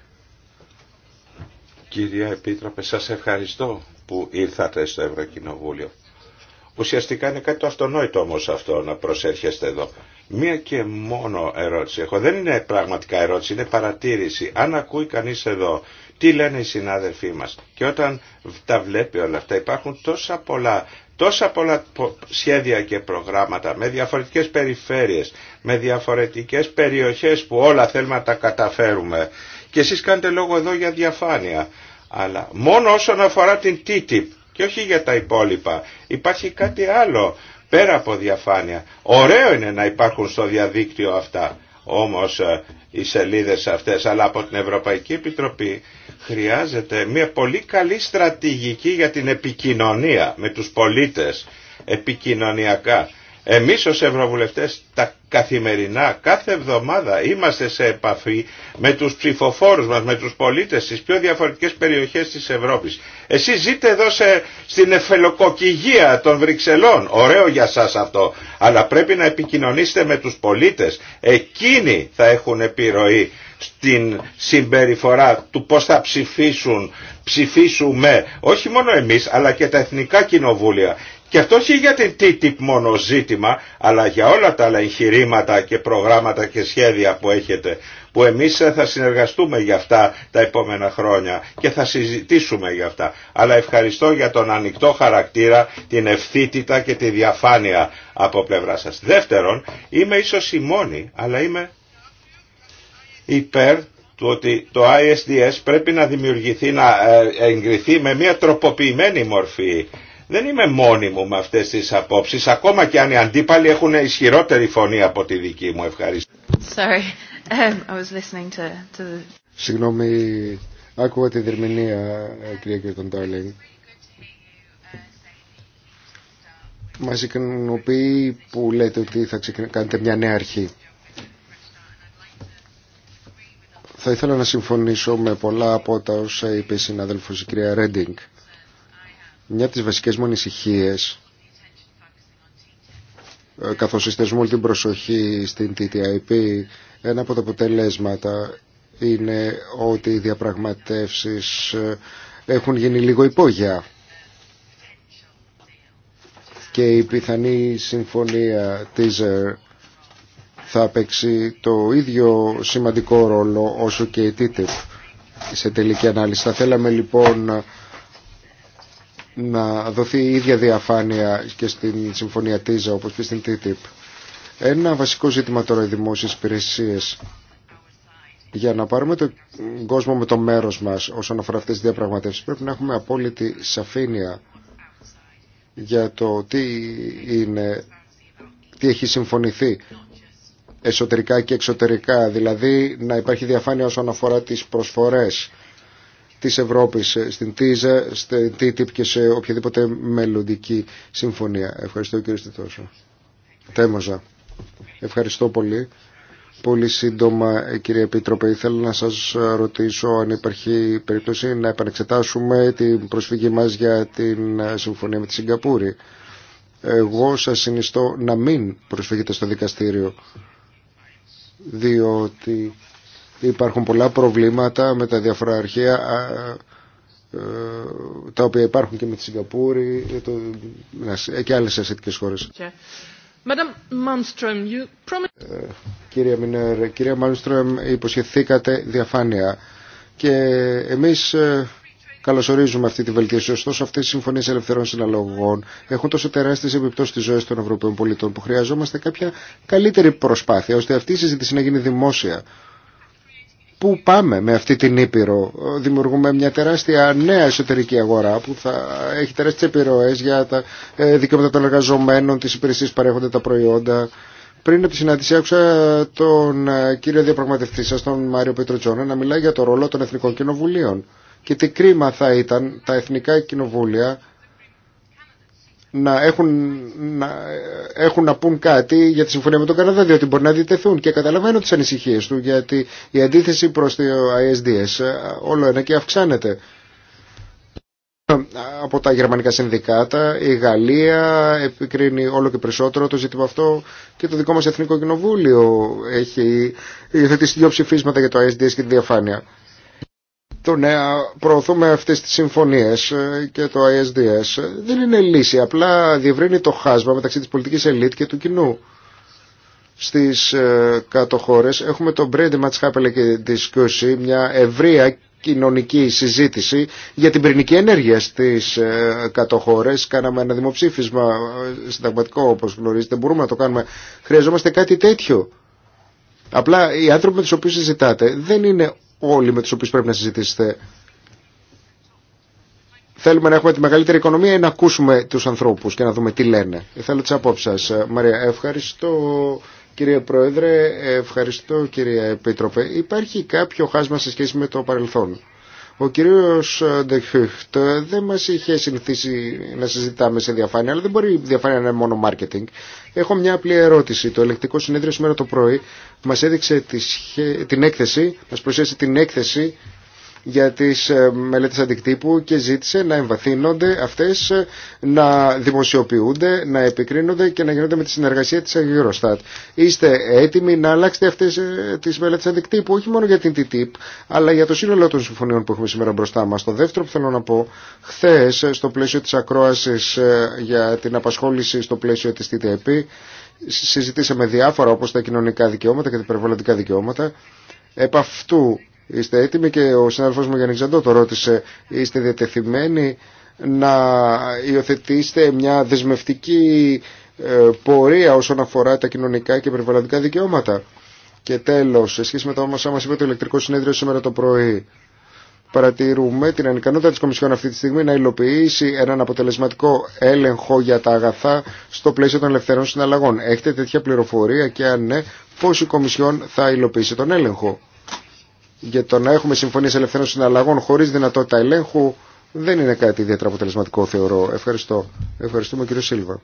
Κύριε Επίτροπε, σας ευχαριστώ που ήρθατε στο Ευρωκοινοβούλιο. Ουσιαστικά είναι κάτι το αυτονόητο όμως αυτό να προσέρχεστε εδώ. Μία και μόνο ερώτηση έχω. Δεν είναι πραγματικά ερώτηση, είναι παρατήρηση. Αν ακούει κανείς εδώ τι λένε οι συνάδελφοί μας και όταν τα βλέπει όλα αυτά υπάρχουν τόσα πολλά τόσα πολλά σχέδια και προγράμματα με διαφορετικές περιφέρειες, με διαφορετικές περιοχές που όλα θέλουμε να τα καταφέρουμε. Και εσείς κάνετε λόγο εδώ για διαφάνεια. Αλλά μόνο όσον αφορά την TTIP και όχι για τα υπόλοιπα. Υπάρχει κάτι άλλο πέρα από διαφάνεια. Ωραίο είναι να υπάρχουν στο διαδίκτυο αυτά. Όμως ε, οι σελίδες αυτές, αλλά από την Ευρωπαϊκή Επιτροπή χρειάζεται μια πολύ καλή στρατηγική για την επικοινωνία με τους πολίτες επικοινωνιακά εμείς ως Ευρωβουλευτές τα καθημερινά, κάθε εβδομάδα είμαστε σε επαφή με τους ψηφοφόρους μας, με τους πολίτες στις πιο διαφορετικές περιοχές της Ευρώπης. Εσείς ζείτε εδώ στην εφελοκοκυγία των Βρυξελών, ωραίο για σας αυτό, αλλά πρέπει να επικοινωνήσετε με τους πολίτες. Εκείνοι θα έχουν επιρροή στην συμπεριφορά του πώς θα ψηφίσουν, ψηφίσουμε, όχι μόνο εμείς αλλά και τα εθνικά κοινοβούλια. Και αυτό όχι για την TTIP μόνο ζήτημα, αλλά για όλα τα άλλα εγχειρήματα και προγράμματα και σχέδια που έχετε, που εμείς θα συνεργαστούμε για αυτά τα επόμενα χρόνια και θα συζητήσουμε για αυτά. Αλλά ευχαριστώ για τον ανοιχτό χαρακτήρα, την ευθύτητα και τη διαφάνεια από πλευρά σας. Δεύτερον, είμαι ίσως η μόνη, αλλά είμαι υπέρ του ότι το ISDS πρέπει να δημιουργηθεί, να ε, εγκριθεί με μια τροποποιημένη μορφή δεν είμαι μόνη μου με αυτές τις απόψεις, ακόμα και αν οι αντίπαλοι έχουν ισχυρότερη φωνή από τη δική μου. Ευχαριστώ. Sorry. Um, I was listening to, to... Συγγνώμη, άκουγα τη δερμηνία, ε, κυρία Κιρτον Τάρλινγκ. Μας ικανοποιεί που λέτε ότι θα κάνετε μια νέα αρχή. Θα ήθελα να συμφωνήσω με πολλά από τα όσα είπε η συνάδελφος η κυρία Ρέντινγκ. Μια από τις βασικές μου ανησυχίε ε, καθώς εστιάζουμε όλη την προσοχή στην TTIP, ένα από τα αποτελέσματα είναι ότι οι διαπραγματεύσεις ε, έχουν γίνει λίγο υπόγεια και η πιθανή συμφωνία teaser θα παίξει το ίδιο σημαντικό ρόλο όσο και η TTIP σε τελική ανάλυση. Θα θέλαμε λοιπόν να δοθεί η ίδια διαφάνεια και στην συμφωνία ΤΙΖΑ όπως και στην ΤΙΤΙΠ. Ένα βασικό ζήτημα τώρα οι δημόσιες υπηρεσίες για να πάρουμε τον κόσμο με το μέρος μας όσον αφορά αυτές τις διαπραγματεύσεις πρέπει να έχουμε απόλυτη σαφήνεια για το τι, είναι, τι έχει συμφωνηθεί εσωτερικά και εξωτερικά δηλαδή να υπάρχει διαφάνεια όσον αφορά τις προσφορές της Ευρώπης ε, στην ΤΙΖΑ, στην ΤΙΤΙΠ και σε οποιαδήποτε μελλοντική συμφωνία. Ευχαριστώ κύριε Στιτόσο. Τέμοζα. Ευχαριστώ πολύ. Πολύ σύντομα ε, κύριε Επίτροπε ήθελα να σας ρωτήσω αν υπάρχει περίπτωση να επανεξετάσουμε την προσφυγή μας για την ε, συμφωνία με τη Σιγκαπούρη. Εγώ σας συνιστώ να μην προσφύγετε στο δικαστήριο διότι Υπάρχουν πολλά προβλήματα με τα διάφορα αρχεία τα οποία υπάρχουν και με τη Σιγκαπούρη ε, και άλλες ασιατικές χώρες. Ε, κυρία Μινέρ, κυρία Μάλμστρομ, υποσχεθήκατε διαφάνεια και εμείς ε, καλωσορίζουμε αυτή τη βελτίωση. Ωστόσο, αυτέ οι συμφωνίε ελευθερών συναλλαγών έχουν τόσο τεράστιε επιπτώσει στι ζωέ των Ευρωπαίων πολιτών που χρειαζόμαστε κάποια καλύτερη προσπάθεια ώστε αυτή η συζήτηση να γίνει δημόσια πού πάμε με αυτή την Ήπειρο. Δημιουργούμε μια τεράστια νέα εσωτερική αγορά που θα έχει τεράστιες επιρροές για τα ε, δικαιώματα των εργαζομένων, τις υπηρεσίες που παρέχονται τα προϊόντα. Πριν από τη συνάντηση άκουσα τον ε, κύριο διαπραγματευτή σας, τον Μάριο Πετροτσόνα, να μιλάει για το ρόλο των Εθνικών Κοινοβουλίων. Και τι κρίμα θα ήταν τα Εθνικά Κοινοβούλια να έχουν, να έχουν να πούν κάτι για τη συμφωνία με τον Καναδά, διότι μπορεί να διτεθούν. Και καταλαβαίνω τις ανησυχίες του, γιατί η αντίθεση προς το ISDS ε, όλο ένα και αυξάνεται. Από τα γερμανικά συνδικάτα, η Γαλλία επικρίνει όλο και περισσότερο το ζήτημα αυτό και το δικό μας Εθνικό Κοινοβούλιο έχει υιοθετήσει δύο ψηφίσματα για το ISDS και τη διαφάνεια το να προωθούμε αυτές τις συμφωνίες ε, και το ISDS ε, δεν είναι λύση, απλά διευρύνει το χάσμα μεταξύ της πολιτικής ελίτ και του κοινού. Στις ε, κάτω έχουμε το Brady Match Happily και Discussion, μια ευρεία κοινωνική συζήτηση για την πυρηνική ενέργεια στις ε, κατοχώρες. Κάναμε ένα δημοψήφισμα συνταγματικό όπως γνωρίζετε. Μπορούμε να το κάνουμε. Χρειαζόμαστε κάτι τέτοιο. Απλά οι άνθρωποι με τους οποίους συζητάτε δεν είναι όλοι με τους οποίους πρέπει να συζητήσετε. Θέλουμε να έχουμε τη μεγαλύτερη οικονομία ή να ακούσουμε τους ανθρώπους και να δούμε τι λένε. Θέλω τις απόψεις σας. Μαρία, ευχαριστώ κύριε Πρόεδρε, ευχαριστώ κύριε Επίτροπε. Υπάρχει κάποιο χάσμα σε σχέση με το παρελθόν. Ο κύριος ε, Ντεχούχτ ε, δεν μας είχε συνηθίσει να συζητάμε σε διαφάνεια, αλλά δεν μπορεί η διαφάνεια να είναι μόνο marketing. Έχω μια απλή ερώτηση. Το ελεκτικό συνέδριο σήμερα το πρωί μας έδειξε την έκθεση, μας προσέσε την έκθεση για τις ε, μελέτες αντικτύπου και ζήτησε να εμβαθύνονται αυτές, ε, να δημοσιοποιούνται, να επικρίνονται και να γίνονται με τη συνεργασία της Eurostat. Είστε έτοιμοι να αλλάξετε αυτές ε, τις μελέτες αντικτύπου, όχι μόνο για την TTIP, αλλά για το σύνολο των συμφωνιών που έχουμε σήμερα μπροστά μας. Το δεύτερο που θέλω να πω, χθε στο πλαίσιο της ακρόασης για την απασχόληση στο πλαίσιο της TTIP, συζητήσαμε διάφορα όπως τα κοινωνικά δικαιώματα και τα περιβαλλοντικά δικαιώματα. Επ' αυτού Είστε έτοιμοι και ο συνάδελφός μου Γιάννη Ξαντώ το ρώτησε. Είστε διατεθειμένοι να υιοθετήσετε μια δεσμευτική ε, πορεία όσον αφορά τα κοινωνικά και περιβαλλοντικά δικαιώματα. Και τέλος, σε σχέση με το όμως μας είπε το ηλεκτρικό συνέδριο σήμερα το πρωί, παρατηρούμε την ανικανότητα της Κομισιόν αυτή τη στιγμή να υλοποιήσει έναν αποτελεσματικό έλεγχο για τα αγαθά στο πλαίσιο των ελευθερών συναλλαγών. Έχετε τέτοια πληροφορία και αν ναι, πώς η Κομισιόν θα υλοποιήσει τον έλεγχο για το να έχουμε συμφωνίες ελευθερών συναλλαγών χωρίς δυνατότητα ελέγχου δεν είναι κάτι ιδιαίτερα αποτελεσματικό θεωρώ. Ευχαριστώ. Ευχαριστούμε κύριο Σίλβα.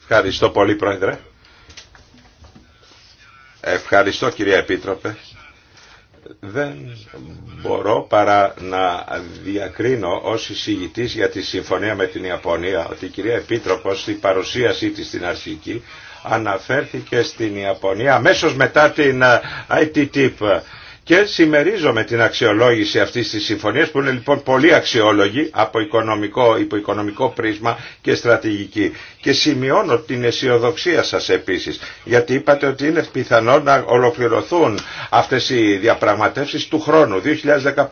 Ευχαριστώ πολύ πρόεδρε. Ευχαριστώ κυρία Επίτροπε. Δεν μπορώ παρά να διακρίνω ως εισηγητής για τη συμφωνία με την Ιαπωνία ότι η κυρία Επίτροπος στην παρουσίασή της στην αρχική αναφέρθηκε στην Ιαπωνία αμέσως μετά την ε, ITTIP και συμμερίζομαι την αξιολόγηση αυτής της συμφωνίας που είναι λοιπόν πολύ αξιόλογη από οικονομικό, υπό πρίσμα και στρατηγική. Και σημειώνω την αισιοδοξία σας επίσης γιατί είπατε ότι είναι πιθανό να ολοκληρωθούν αυτές οι διαπραγματεύσεις του χρόνου 2015.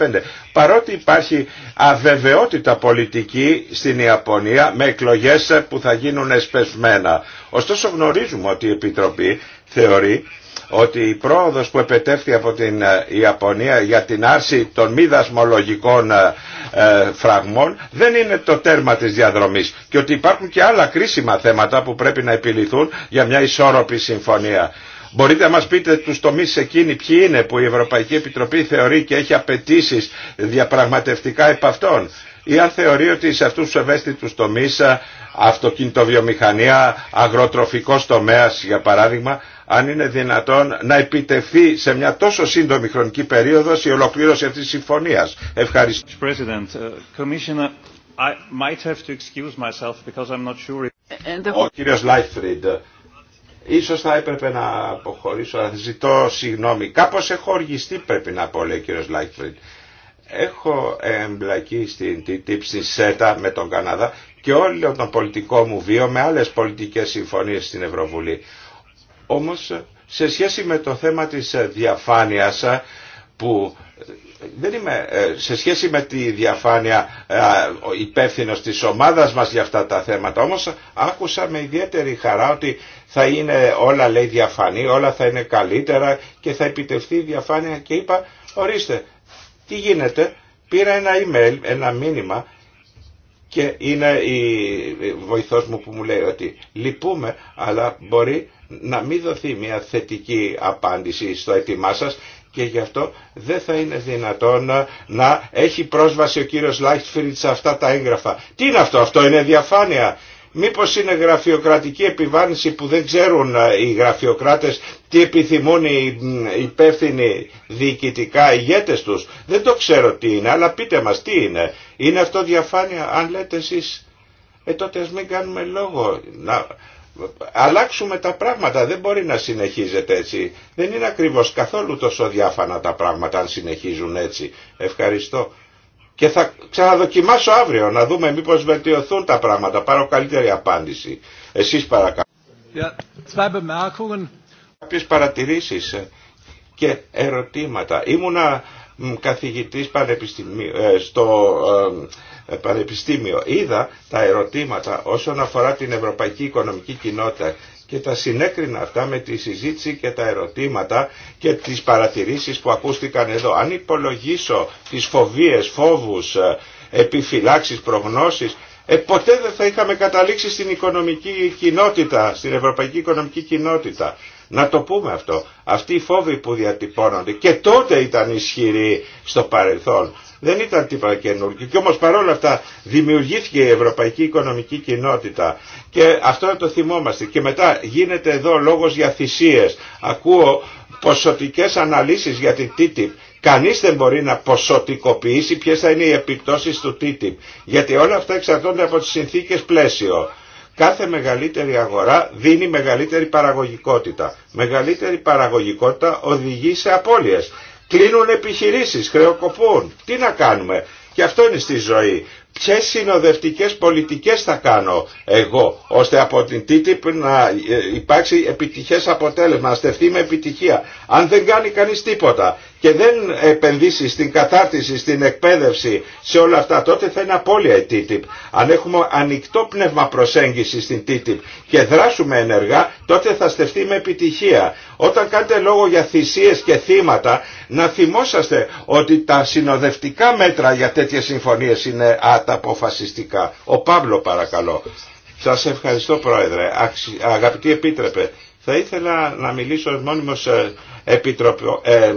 Παρότι υπάρχει αβεβαιότητα πολιτική στην Ιαπωνία με εκλογές που θα γίνουν εσπεσμένα. Ωστόσο γνωρίζουμε ότι η Επιτροπή θεωρεί ότι η πρόοδος που επετεύχθη από την ε, Ιαπωνία για την άρση των μη δασμολογικών ε, ε, φραγμών δεν είναι το τέρμα της διαδρομής και ότι υπάρχουν και άλλα κρίσιμα θέματα που πρέπει να επιληθούν για μια ισόρροπη συμφωνία. Μπορείτε να μας πείτε τους τομείς εκείνοι ποιοι είναι που η Ευρωπαϊκή Επιτροπή θεωρεί και έχει απαιτήσει διαπραγματευτικά επ' αυτών ή αν θεωρεί ότι σε αυτούς τους ευαίσθητους τομείς αυτοκινητοβιομηχανία, αγροτροφικός τομέας για παράδειγμα αν είναι δυνατόν να επιτεθεί σε μια τόσο σύντομη χρονική περίοδο η ολοκλήρωση αυτής της συμφωνίας. Ευχαριστώ. Ο κύριος Λάιφριντ, ίσως θα έπρεπε να αποχωρήσω, να ζητώ συγγνώμη. Κάπως έχω οργιστεί πρέπει να πω, λέει ο κύριος Λάιφριντ. Έχω εμπλακεί στην TTIP, στην ΣΕΤΑ με τον Καναδά και όλο τον πολιτικό μου βίο με άλλες πολιτικές συμφωνίες στην Ευρωβουλή. Όμως σε σχέση με το θέμα της ε, διαφάνειας ε, που ε, δεν είμαι σε σχέση με τη διαφάνεια υπεύθυνο της ομάδας μας για αυτά τα θέματα όμως άκουσα με ιδιαίτερη χαρά ότι θα είναι όλα λέει διαφανή, όλα θα είναι καλύτερα και θα επιτευχθεί η διαφάνεια και είπα ορίστε τι γίνεται πήρα ένα email, ένα μήνυμα και είναι η βοηθός μου που μου λέει ότι λυπούμε αλλά μπορεί να μην δοθεί μια θετική απάντηση στο έτοιμά σας και γι' αυτό δεν θα είναι δυνατόν να έχει πρόσβαση ο κύριος Λάιχτφριντ σε αυτά τα έγγραφα. Τι είναι αυτό, αυτό είναι διαφάνεια. Μήπως είναι γραφειοκρατική επιβάρυνση που δεν ξέρουν ε, οι γραφειοκράτες τι επιθυμούν οι υπεύθυνοι διοικητικά ηγέτες τους. Δεν το ξέρω τι είναι, αλλά πείτε μας τι είναι. Είναι αυτό διαφάνεια, αν λέτε εσείς, ε τότε μην κάνουμε λόγο. Να αλλάξουμε τα πράγματα. Δεν μπορεί να συνεχίζεται έτσι. Δεν είναι ακριβώς καθόλου τόσο διάφανα τα πράγματα αν συνεχίζουν έτσι. Ευχαριστώ. Και θα ξαναδοκιμάσω αύριο να δούμε μήπως βελτιωθούν τα πράγματα. Πάρω καλύτερη απάντηση. Εσείς παρακαλώ. Yeah, Κάποιες παρατηρήσεις και ερωτήματα. Ήμουνα καθηγητής πανεπιστημίου ε, στο ε, ε, πανεπιστήμιο. Είδα τα ερωτήματα όσον αφορά την Ευρωπαϊκή Οικονομική Κοινότητα και τα συνέκρινα αυτά με τη συζήτηση και τα ερωτήματα και τις παρατηρήσεις που ακούστηκαν εδώ. Αν υπολογίσω τις φοβίες, φόβους, ε, επιφυλάξεις, προγνώσεις, ε, ποτέ δεν θα είχαμε καταλήξει στην οικονομική κοινότητα, στην Ευρωπαϊκή Οικονομική Κοινότητα. Να το πούμε αυτό. Αυτοί οι φόβοι που διατυπώνονται και τότε ήταν ισχυροί στο παρελθόν δεν ήταν τίποτα καινούργιο. Και όμως παρόλα αυτά δημιουργήθηκε η Ευρωπαϊκή Οικονομική Κοινότητα και αυτό το θυμόμαστε. Και μετά γίνεται εδώ λόγος για θυσίες. Ακούω ποσοτικές αναλύσεις για την TTIP. Κανείς δεν μπορεί να ποσοτικοποιήσει ποιες θα είναι οι επιπτώσεις του TTIP. Γιατί όλα αυτά εξαρτώνται από τις συνθήκες πλαίσιο. Κάθε μεγαλύτερη αγορά δίνει μεγαλύτερη παραγωγικότητα. Μεγαλύτερη παραγωγικότητα οδηγεί σε απώλειες. Κλείνουν επιχειρήσεις, χρεοκοπούν. Τι να κάνουμε. Και αυτό είναι στη ζωή. Ποιε συνοδευτικέ πολιτικές θα κάνω εγώ, ώστε από την TTIP να ε, υπάρξει επιτυχές αποτέλεσμα, να στεφθεί με επιτυχία. Αν δεν κάνει κανείς τίποτα και δεν επενδύσει στην κατάρτιση, στην εκπαίδευση, σε όλα αυτά, τότε θα είναι απώλεια η TTIP. Αν έχουμε ανοιχτό πνεύμα προσέγγιση στην TTIP και δράσουμε ενεργά, τότε θα στεφτεί με επιτυχία. Όταν κάνετε λόγο για θυσίες και θύματα, να θυμόσαστε ότι τα συνοδευτικά μέτρα για τέτοιες συμφωνίες είναι αταποφασιστικά. Ο Παύλο παρακαλώ. Σας ευχαριστώ Πρόεδρε. Αγαπητοί Επίτρεπε, θα ήθελα να μιλήσω μόνιμο ε, επιτροπο, ε, ε,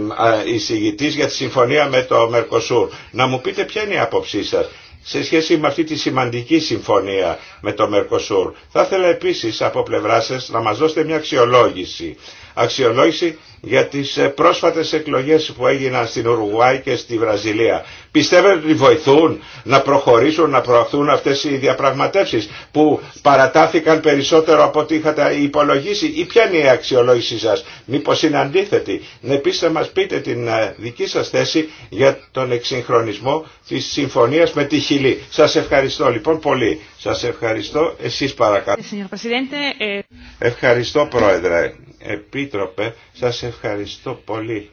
εισηγητής για τη συμφωνία με το Μερκοσούρ. Να μου πείτε ποια είναι η άποψή σας σε σχέση με αυτή τη σημαντική συμφωνία με το Μερκοσούρ. Θα ήθελα επίσης από πλευρά σας να μας δώσετε μια αξιολόγηση αξιολόγηση για τις ε, πρόσφατες εκλογές που έγιναν στην Ουρουγουάη και στη Βραζιλία. Πιστεύετε ότι βοηθούν να προχωρήσουν, να προαχθούν αυτές οι διαπραγματεύσεις που παρατάθηκαν περισσότερο από ό,τι είχατε υπολογίσει ή ποια είναι η αξιολόγησή σας. Μήπως είναι αντίθετη. Ναι, Επίσης θα μας πείτε την ε, δική σας θέση για τον εξυγχρονισμό της συμφωνίας με τη Χιλή. Σας ευχαριστώ λοιπόν πολύ. Σας ευχαριστώ. Εσείς παρακαλώ. Ε, ευχαριστώ Πρόεδρε. Επίτροπε, σας ευχαριστώ πολύ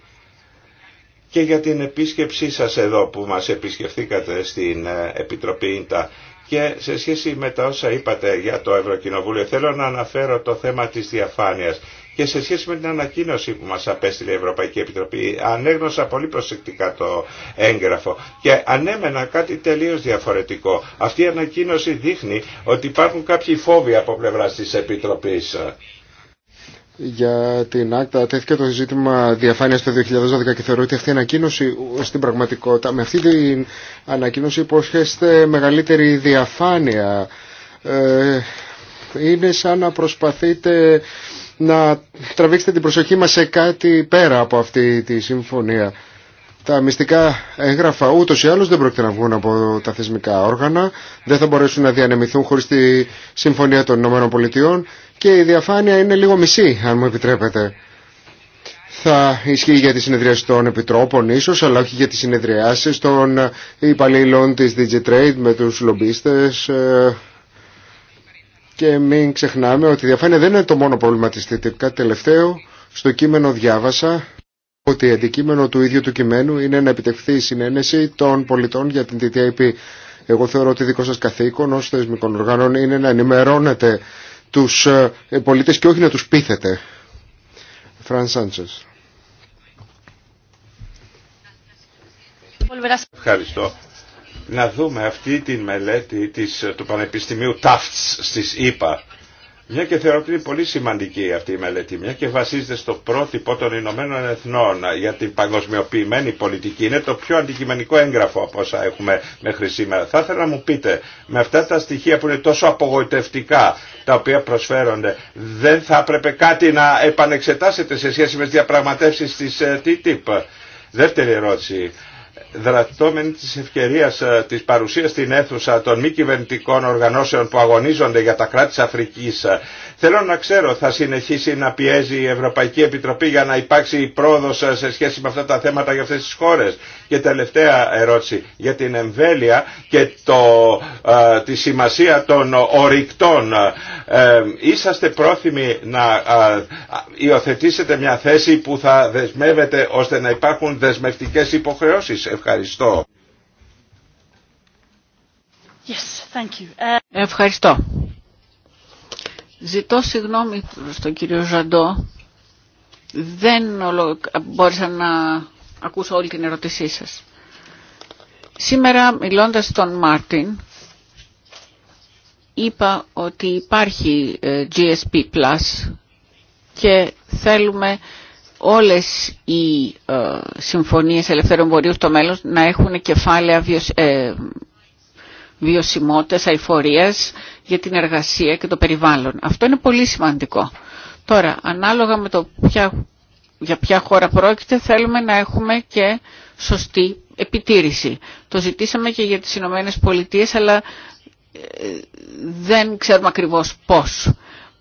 και για την επίσκεψή σας εδώ που μας επισκεφθήκατε στην ε, Επιτροπή Ίντα και σε σχέση με τα όσα είπατε για το Ευρωκοινοβούλιο θέλω να αναφέρω το θέμα της διαφάνειας και σε σχέση με την ανακοίνωση που μας απέστειλε η Ευρωπαϊκή Επιτροπή ανέγνωσα πολύ προσεκτικά το έγγραφο και ανέμενα κάτι τελείως διαφορετικό. Αυτή η ανακοίνωση δείχνει ότι υπάρχουν κάποιοι φόβοι από πλευρά της Επιτροπής για την ΑΚΤΑ τέθηκε το ζήτημα διαφάνεια το 2012 και θεωρώ ότι αυτή η ανακοίνωση στην πραγματικότητα, με αυτή την ανακοίνωση υπόσχεστε μεγαλύτερη διαφάνεια. Ε, είναι σαν να προσπαθείτε να τραβήξετε την προσοχή μας σε κάτι πέρα από αυτή τη συμφωνία. Τα μυστικά έγγραφα ούτω ή άλλω δεν πρόκειται να βγουν από τα θεσμικά όργανα, δεν θα μπορέσουν να διανεμηθούν χωρί τη Συμφωνία των ΗΠΑ και η διαφάνεια είναι λίγο μισή, αν μου επιτρέπετε. Θα ισχύει για τις συνεδριάσεις των επιτρόπων ίσως, αλλά όχι για τις συνεδριάσεις των υπαλλήλων της Digitrade με τους λομπίστες. Ε. Και μην ξεχνάμε ότι η διαφάνεια δεν είναι το μόνο πρόβλημα της TTIP. Κάτι τελευταίο, στο κείμενο διάβασα ότι αντικείμενο του ίδιου του κειμένου είναι να επιτευχθεί η συνένεση των πολιτών για την TTIP. Εγώ θεωρώ ότι δικό σας καθήκον ως θεσμικών οργάνων είναι να ενημερώνετε τους ε, πολίτες και όχι να τους πείθετε. Φραν Σάντσες. Ευχαριστώ. Να δούμε αυτή τη μελέτη της, του Πανεπιστημίου Ταφτς στις ΗΠΑ μια και θεωρώ ότι είναι πολύ σημαντική αυτή η μελέτη, μια και βασίζεται στο πρότυπο των Ηνωμένων Εθνών για την παγκοσμιοποιημένη πολιτική. Είναι το πιο αντικειμενικό έγγραφο από όσα έχουμε μέχρι σήμερα. Θα ήθελα να μου πείτε, με αυτά τα στοιχεία που είναι τόσο απογοητευτικά, τα οποία προσφέρονται, δεν θα έπρεπε κάτι να επανεξετάσετε σε σχέση με τις διαπραγματεύσεις της ε, TTIP. Δεύτερη ερώτηση δρατώμενη της ευκαιρίας ε, της παρουσίας στην αίθουσα των μη κυβερνητικών οργανώσεων που αγωνίζονται για τα κράτη της Αφρικής. Θέλω να ξέρω, θα συνεχίσει να πιέζει η Ευρωπαϊκή Επιτροπή για να υπάρξει πρόοδος ε, σε σχέση με αυτά τα θέματα για αυτές τις χώρες. Και τελευταία ερώτηση για την εμβέλεια και το, ε, τη σημασία των ορικτών. Ε, είσαστε πρόθυμοι να υιοθετήσετε μια θέση που θα δεσμεύεται ώστε να υπάρχουν δεσμευτικές υποχρεώσεις ευχαριστώ. Yes, thank you. Ε, ευχαριστώ. Ζητώ συγγνώμη στον κύριο Ζαντό. Δεν μπόρεσα να ακούσω όλη την ερώτησή σας. Σήμερα μιλώντας στον Μάρτιν, είπα ότι υπάρχει ε, GSP Plus και θέλουμε όλες οι ε, συμφωνίες ελευθερών βορείου στο μέλλον να έχουν κεφάλαια βιος, ε, βιωσιμότητας, αηφορίας για την εργασία και το περιβάλλον. Αυτό είναι πολύ σημαντικό. Τώρα, ανάλογα με το ποια, για ποια χώρα πρόκειται, θέλουμε να έχουμε και σωστή επιτήρηση. Το ζητήσαμε και για τις Ηνωμένε Πολιτείες, αλλά ε, δεν ξέρουμε ακριβώς πώς.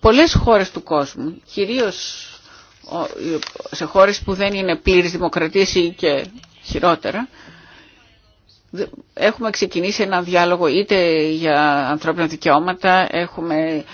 Πολλές χώρες του κόσμου, κυρίως σε χώρες που δεν είναι πλήρης δημοκρατίας ή και χειρότερα, έχουμε ξεκινήσει ένα διάλογο είτε για ανθρώπινα δικαιώματα, έχουμε,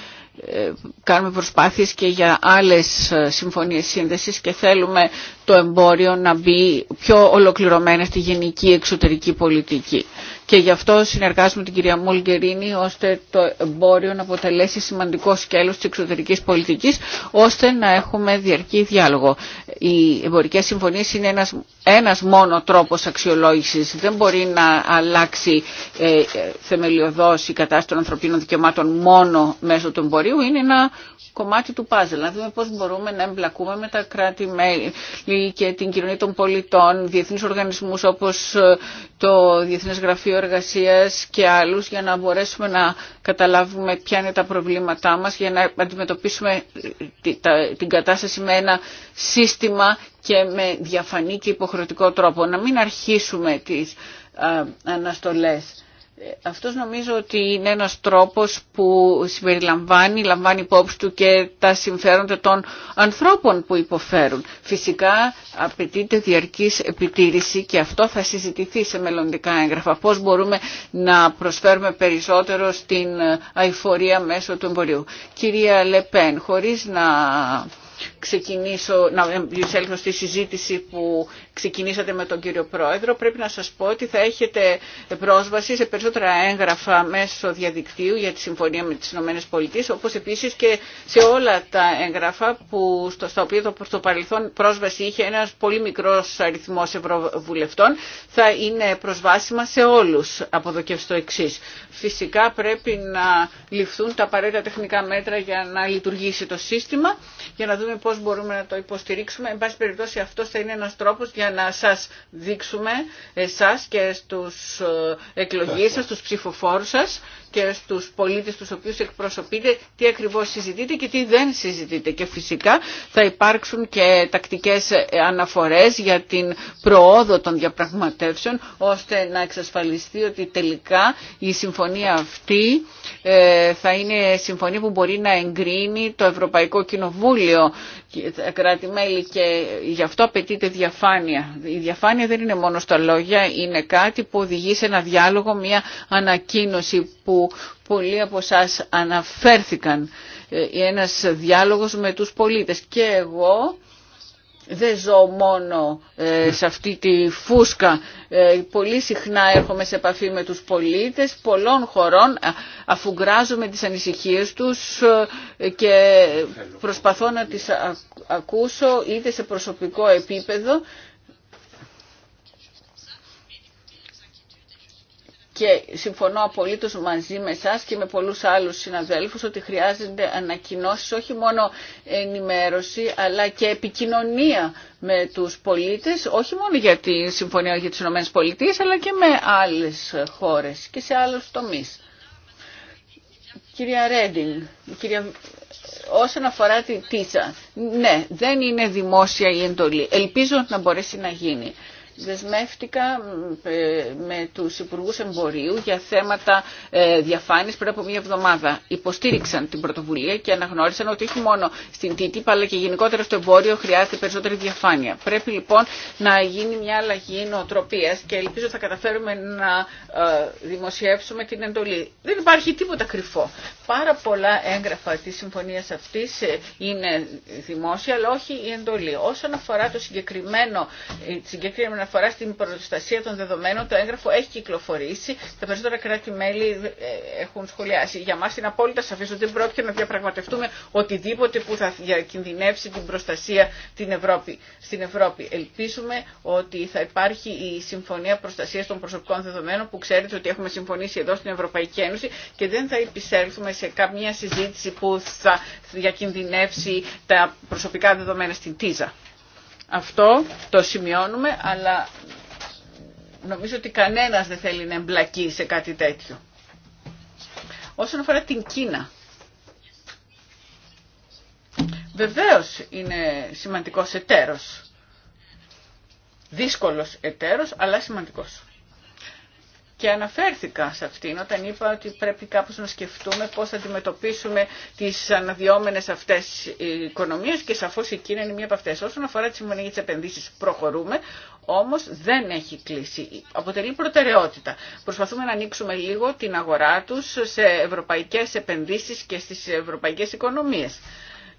ε, κάνουμε προσπάθειες και για άλλες ε, συμφωνίες σύνδεσης και θέλουμε το εμπόριο να μπει πιο ολοκληρωμένα στη γενική εξωτερική πολιτική και γι' αυτό συνεργάζομαι με την κυρία Μολγκερίνη ώστε το εμπόριο να αποτελέσει σημαντικό σκέλος της εξωτερικής πολιτικής ώστε να έχουμε διαρκή διάλογο. Οι εμπορικές συμφωνίες είναι ένας, μόνο τρόπος αξιολόγησης. Δεν μπορεί να αλλάξει ε, θεμελιωδώς η κατάσταση των ανθρωπίνων δικαιωμάτων μόνο μέσω του εμπορίου. Είναι ένα κομμάτι του πάζελ. Να δούμε πώς μπορούμε να εμπλακούμε με τα κράτη-μέλη και την κοινωνία των πολιτών, διεθνεί οργανισμού όπως ε, το Διεθνές Γραφείο και άλλους για να μπορέσουμε να καταλάβουμε ποια είναι τα προβλήματά μας για να αντιμετωπίσουμε την κατάσταση με ένα σύστημα και με διαφανή και υποχρεωτικό τρόπο. Να μην αρχίσουμε τις αναστολές αυτός νομίζω ότι είναι ένας τρόπος που συμπεριλαμβάνει, λαμβάνει υπόψη του και τα συμφέροντα των ανθρώπων που υποφέρουν. Φυσικά απαιτείται διαρκής επιτήρηση και αυτό θα συζητηθεί σε μελλοντικά έγγραφα. Πώς μπορούμε να προσφέρουμε περισσότερο στην αηφορία μέσω του εμπορίου. Κυρία Λεπέν, χωρίς να ξεκινήσω, να εισέλθω στη συζήτηση που ξεκινήσατε με τον κύριο Πρόεδρο, πρέπει να σας πω ότι θα έχετε πρόσβαση σε περισσότερα έγγραφα μέσω διαδικτύου για τη συμφωνία με τις ΗΠΑ, όπως επίσης και σε όλα τα έγγραφα που, στο, στα οποία το, στο παρελθόν πρόσβαση είχε ένας πολύ μικρός αριθμός ευρωβουλευτών, θα είναι προσβάσιμα σε όλους από εδώ και στο εξή. Φυσικά πρέπει να ληφθούν τα απαραίτητα τεχνικά μέτρα για να λειτουργήσει το σύστημα, για να δούμε μπορούμε να το υποστηρίξουμε. Εν πάση περιπτώσει αυτό θα είναι ένας τρόπος για να σας δείξουμε εσάς και στους ε, εκλογείς σας, στους ψηφοφόρους σας και στους πολίτες τους οποίους εκπροσωπείτε τι ακριβώς συζητείτε και τι δεν συζητείτε. Και φυσικά θα υπάρξουν και τακτικές αναφορές για την προόδο των διαπραγματεύσεων ώστε να εξασφαλιστεί ότι τελικά η συμφωνία αυτή ε, θα είναι συμφωνία που μπορεί να εγκρίνει το Ευρωπαϊκό Κοινοβούλιο κράτη-μέλη και γι' αυτό απαιτείται διαφάνεια. Η διαφάνεια δεν είναι μόνο στα λόγια, είναι κάτι που οδηγεί σε ένα διάλογο, μια ανακοίνωση που πολλοί από εσά αναφέρθηκαν. Ε, ένας διάλογος με τους πολίτες. Και εγώ δεν ζω μόνο ε, σε αυτή τη φούσκα. Ε, πολύ συχνά έρχομαι σε επαφή με τους πολίτες πολλών χωρών αφού με τις ανησυχίες τους και προσπαθώ να τις ακούσω είτε σε προσωπικό επίπεδο και συμφωνώ απολύτως μαζί με εσά και με πολλούς άλλους συναδέλφους ότι χρειάζεται ανακοινώσεις, όχι μόνο ενημέρωση αλλά και επικοινωνία με τους πολίτες, όχι μόνο για τη Συμφωνία για τις ΗΠΑ αλλά και με άλλες χώρες και σε άλλους τομείς. Κυρία Ρέντινγκ, όσον αφορά τη ΤΙΣΑ, ναι, δεν είναι δημόσια η εντολή. Ελπίζω να μπορέσει να γίνει. Δεσμεύτηκα ε, με τους υπουργού Εμπορίου για θέματα ε, διαφάνειας πριν από μία εβδομάδα. Υποστήριξαν την πρωτοβουλία και αναγνώρισαν ότι όχι μόνο στην TTIP αλλά και γενικότερα στο εμπόριο χρειάζεται περισσότερη διαφάνεια. Πρέπει λοιπόν να γίνει μια αλλαγή νοοτροπίας και ελπίζω θα καταφέρουμε να ε, δημοσιεύσουμε την εντολή. Δεν υπάρχει τίποτα κρυφό. Πάρα πολλά έγγραφα της συμφωνία αυτής είναι δημόσια αλλά όχι η εντολή. Όσον αφορά το συγκεκριμένο, συγκεκριμένο αφορά στην προστασία των δεδομένων, το έγγραφο έχει κυκλοφορήσει. Τα περισσότερα κράτη-μέλη ε, έχουν σχολιάσει. Για μα είναι απόλυτα σαφή ότι δεν πρόκειται να διαπραγματευτούμε οτιδήποτε που θα διακινδυνεύσει την προστασία στην Ευρώπη. Στην Ευρώπη. Ελπίζουμε ότι θα υπάρχει η Συμφωνία Προστασία των Προσωπικών Δεδομένων που ξέρετε ότι έχουμε συμφωνήσει εδώ στην Ευρωπαϊκή Ένωση και δεν θα επισέλθουμε σε καμία συζήτηση που θα διακινδυνεύσει τα προσωπικά δεδομένα στην ΤΙΖΑ. Αυτό το σημειώνουμε, αλλά νομίζω ότι κανένας δεν θέλει να εμπλακεί σε κάτι τέτοιο. Όσον αφορά την Κίνα, βεβαίως είναι σημαντικός εταίρος. Δύσκολος εταίρος, αλλά σημαντικός και αναφέρθηκα σε αυτήν όταν είπα ότι πρέπει κάπως να σκεφτούμε πώς θα αντιμετωπίσουμε τις αναδυόμενες αυτές οικονομίες και σαφώς η Κίνα είναι μία από αυτές. Όσον αφορά τις συμφωνία για τις επενδύσεις προχωρούμε, όμως δεν έχει κλείσει. Αποτελεί προτεραιότητα. Προσπαθούμε να ανοίξουμε λίγο την αγορά τους σε ευρωπαϊκές επενδύσεις και στις ευρωπαϊκές οικονομίες.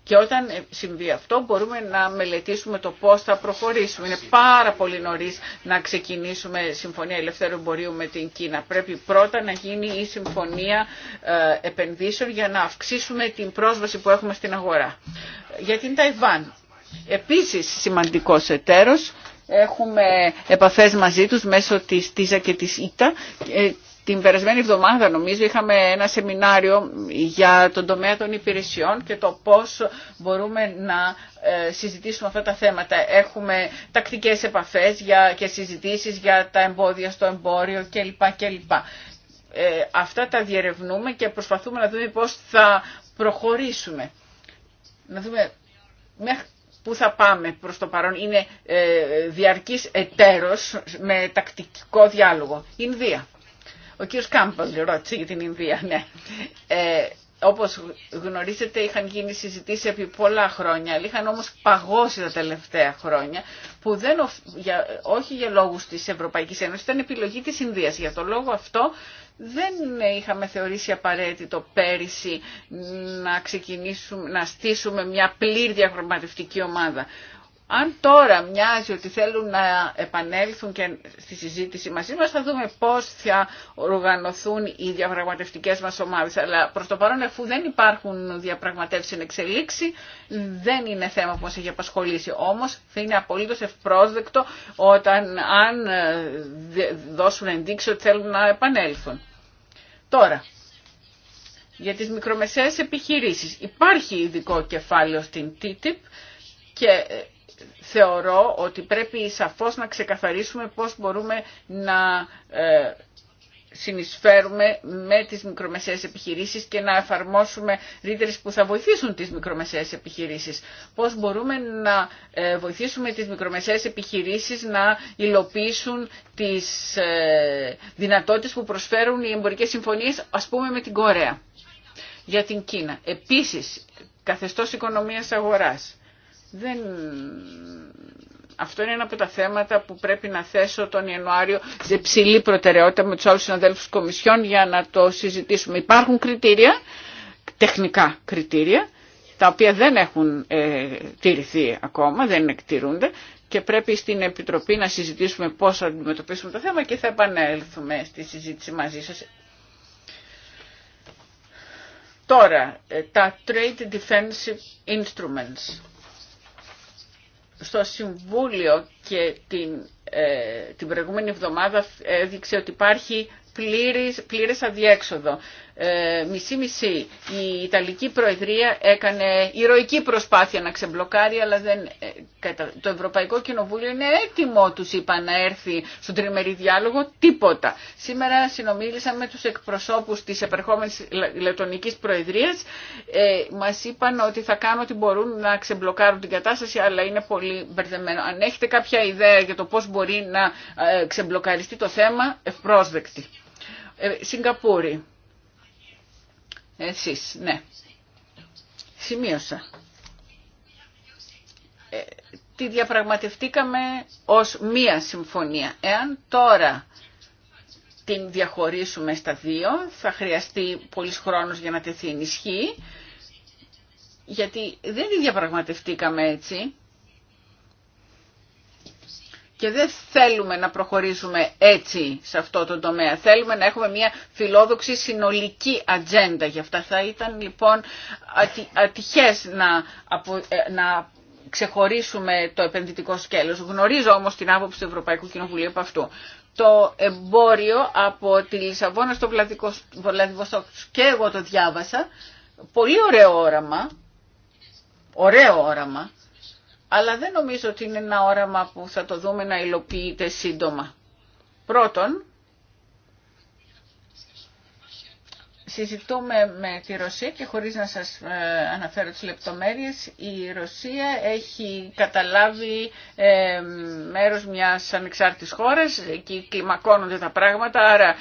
Και όταν συμβεί αυτό μπορούμε να μελετήσουμε το πώς θα προχωρήσουμε. Είναι πάρα πολύ νωρίς να ξεκινήσουμε συμφωνία ελευθέρου εμπορίου με την Κίνα. Πρέπει πρώτα να γίνει η συμφωνία ε, επενδύσεων για να αυξήσουμε την πρόσβαση που έχουμε στην αγορά. Για την Ταϊβάν, επίσης σημαντικός εταίρος, έχουμε επαφές μαζί τους μέσω της ΤΙΖΑ και της ΙΤΑ ε, την περασμένη εβδομάδα νομίζω είχαμε ένα σεμινάριο για τον τομέα των υπηρεσιών και το πώς μπορούμε να ε, συζητήσουμε αυτά τα θέματα. Έχουμε τακτικές επαφές για, και συζητήσεις για τα εμπόδια στο εμπόριο κλπ. Ε, αυτά τα διερευνούμε και προσπαθούμε να δούμε πώς θα προχωρήσουμε. Να δούμε μέχρι που θα πάμε προς το παρόν. Είναι ε, διαρκής εταίρος με τακτικό διάλογο. Ινδία. Ο κύριος Κάμπος ρώτησε για την Ινδία, ναι. Ε, όπως γνωρίζετε είχαν γίνει συζητήσει επί πολλά χρόνια, είχαν όμως παγώσει τα τελευταία χρόνια, που δεν, όχι για λόγους της Ευρωπαϊκής Ένωσης, ήταν επιλογή της Ινδίας. Για τον λόγο αυτό δεν είχαμε θεωρήσει απαραίτητο πέρυσι να, ξεκινήσουμε, να στήσουμε μια πλήρη διαπραγματευτική ομάδα. Αν τώρα μοιάζει ότι θέλουν να επανέλθουν και στη συζήτηση μαζί μας, θα δούμε πώς θα οργανωθούν οι διαπραγματευτικές μας ομάδες. Αλλά προς το παρόν, αφού δεν υπάρχουν διαπραγματεύσεις εν εξελίξη, δεν είναι θέμα που μας έχει απασχολήσει. Όμως θα είναι απολύτως ευπρόσδεκτο όταν αν ε, δώσουν ενδείξει ότι θέλουν να επανέλθουν. Τώρα, για τις μικρομεσαίες επιχειρήσεις. Υπάρχει ειδικό κεφάλαιο στην TTIP και ε, θεωρώ ότι πρέπει σαφώς να ξεκαθαρίσουμε πώς μπορούμε να ε, συνεισφέρουμε με τις μικρομεσαίες επιχειρήσεις και να εφαρμόσουμε ρήτρες που θα βοηθήσουν τις μικρομεσαίες επιχειρήσεις. Πώς μπορούμε να ε, βοηθήσουμε τις μικρομεσαίες επιχειρήσεις να υλοποιήσουν τις ε, δυνατότητες που προσφέρουν οι εμπορικές συμφωνίες, ας πούμε με την Κορέα, για την Κίνα. Επίσης, καθεστώς οικονομίας αγοράς. Δεν... Αυτό είναι ένα από τα θέματα που πρέπει να θέσω τον Ιανουάριο σε ψηλή προτεραιότητα με τους άλλους συναδέλφους της Κομισιόν για να το συζητήσουμε. Υπάρχουν κριτήρια, τεχνικά κριτήρια, τα οποία δεν έχουν ε, τηρηθεί ακόμα, δεν εκτηρούνται και πρέπει στην Επιτροπή να συζητήσουμε πώς θα αντιμετωπίσουμε το θέμα και θα επανέλθουμε στη συζήτηση μαζί σας. Τώρα, ε, τα Trade Defensive Instruments στο Συμβούλιο και την, ε, την προηγούμενη εβδομάδα έδειξε ότι υπάρχει πλήρης, πλήρες αδιέξοδο μισή-μισή. Ε, Η Ιταλική Προεδρία έκανε ηρωική προσπάθεια να ξεμπλοκάρει, αλλά δεν, ε, το Ευρωπαϊκό Κοινοβούλιο είναι έτοιμο, τους είπα, να έρθει στον τριμερή διάλογο, τίποτα. Σήμερα συνομίλησα με τους εκπροσώπους της επερχόμενης Λετωνικής Προεδρίας. Ε, μας είπαν ότι θα κάνουν ότι μπορούν να ξεμπλοκάρουν την κατάσταση, αλλά είναι πολύ μπερδεμένο. Αν έχετε κάποια ιδέα για το πώς μπορεί να ε, ξεμπλοκαριστεί το θέμα, ευπρόσδεκτη. Ε, Σιγκαπούρη. Εσείς, ναι. Σημείωσα. Ε, τη διαπραγματευτήκαμε ως μία συμφωνία. Εάν τώρα την διαχωρίσουμε στα δύο, θα χρειαστεί πολύς χρόνος για να τεθεί ενισχύ, γιατί δεν τη διαπραγματευτήκαμε έτσι. Και δεν θέλουμε να προχωρήσουμε έτσι σε αυτό το τομέα. Θέλουμε να έχουμε μια φιλόδοξη συνολική ατζέντα για αυτά. Θα ήταν λοιπόν ατυχές να, ε, να ξεχωρίσουμε το επενδυτικό σκέλος. Γνωρίζω όμως την άποψη του Ευρωπαϊκού Κοινοβουλίου από αυτού. Το εμπόριο από τη Λισαβόνα στο Βλαδιβοστόκ και εγώ το διάβασα. Πολύ ωραίο όραμα. Ωραίο όραμα αλλά δεν νομίζω ότι είναι ένα όραμα που θα το δούμε να υλοποιείται σύντομα. Πρώτον, συζητούμε με τη Ρωσία και χωρίς να σας ε, αναφέρω τις λεπτομέρειες, η Ρωσία έχει καταλάβει ε, μέρος μιας ανεξάρτητης χώρας, εκεί κλιμακώνονται τα πράγματα, άρα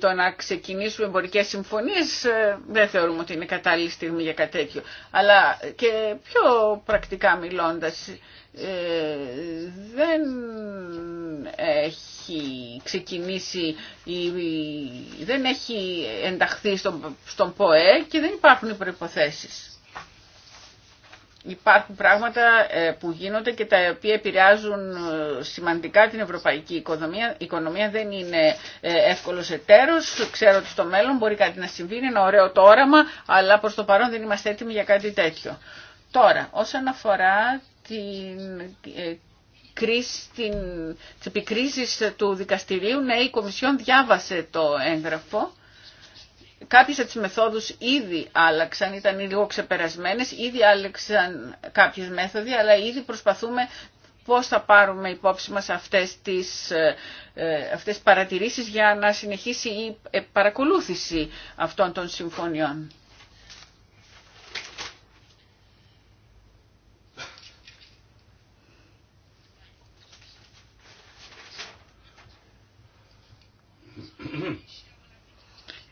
το να ξεκινήσουμε εμπορικές συμφωνίες ε, δεν θεωρούμε ότι είναι κατάλληλη στιγμή για κάτι τέτοιο. Αλλά και πιο πρακτικά μιλώντας, ε, δεν έχει ξεκινήσει, ή δεν έχει ενταχθεί στον, στον ΠΟΕ και δεν υπάρχουν οι προϋποθέσεις. Υπάρχουν πράγματα ε, που γίνονται και τα οποία επηρεάζουν ε, σημαντικά την ευρωπαϊκή οικονομία. Η οικονομία δεν είναι εύκολος εταίρος. Ξέρω ότι στο μέλλον μπορεί κάτι να συμβεί, είναι ένα ωραίο το όραμα, αλλά προς το παρόν δεν είμαστε έτοιμοι για κάτι τέτοιο. Τώρα, όσον αφορά την ε, κρίση, την, του δικαστηρίου, ναι, η Κομισιόν διάβασε το έγγραφο. Κάποιες από τις μεθόδους ήδη άλλαξαν, ήταν λίγο ξεπερασμένες, ήδη άλλαξαν κάποιες μέθοδοι, αλλά ήδη προσπαθούμε πώς θα πάρουμε υπόψη μας αυτές τις, ε, ε, αυτές τις παρατηρήσεις για να συνεχίσει η παρακολούθηση αυτών των συμφωνιών.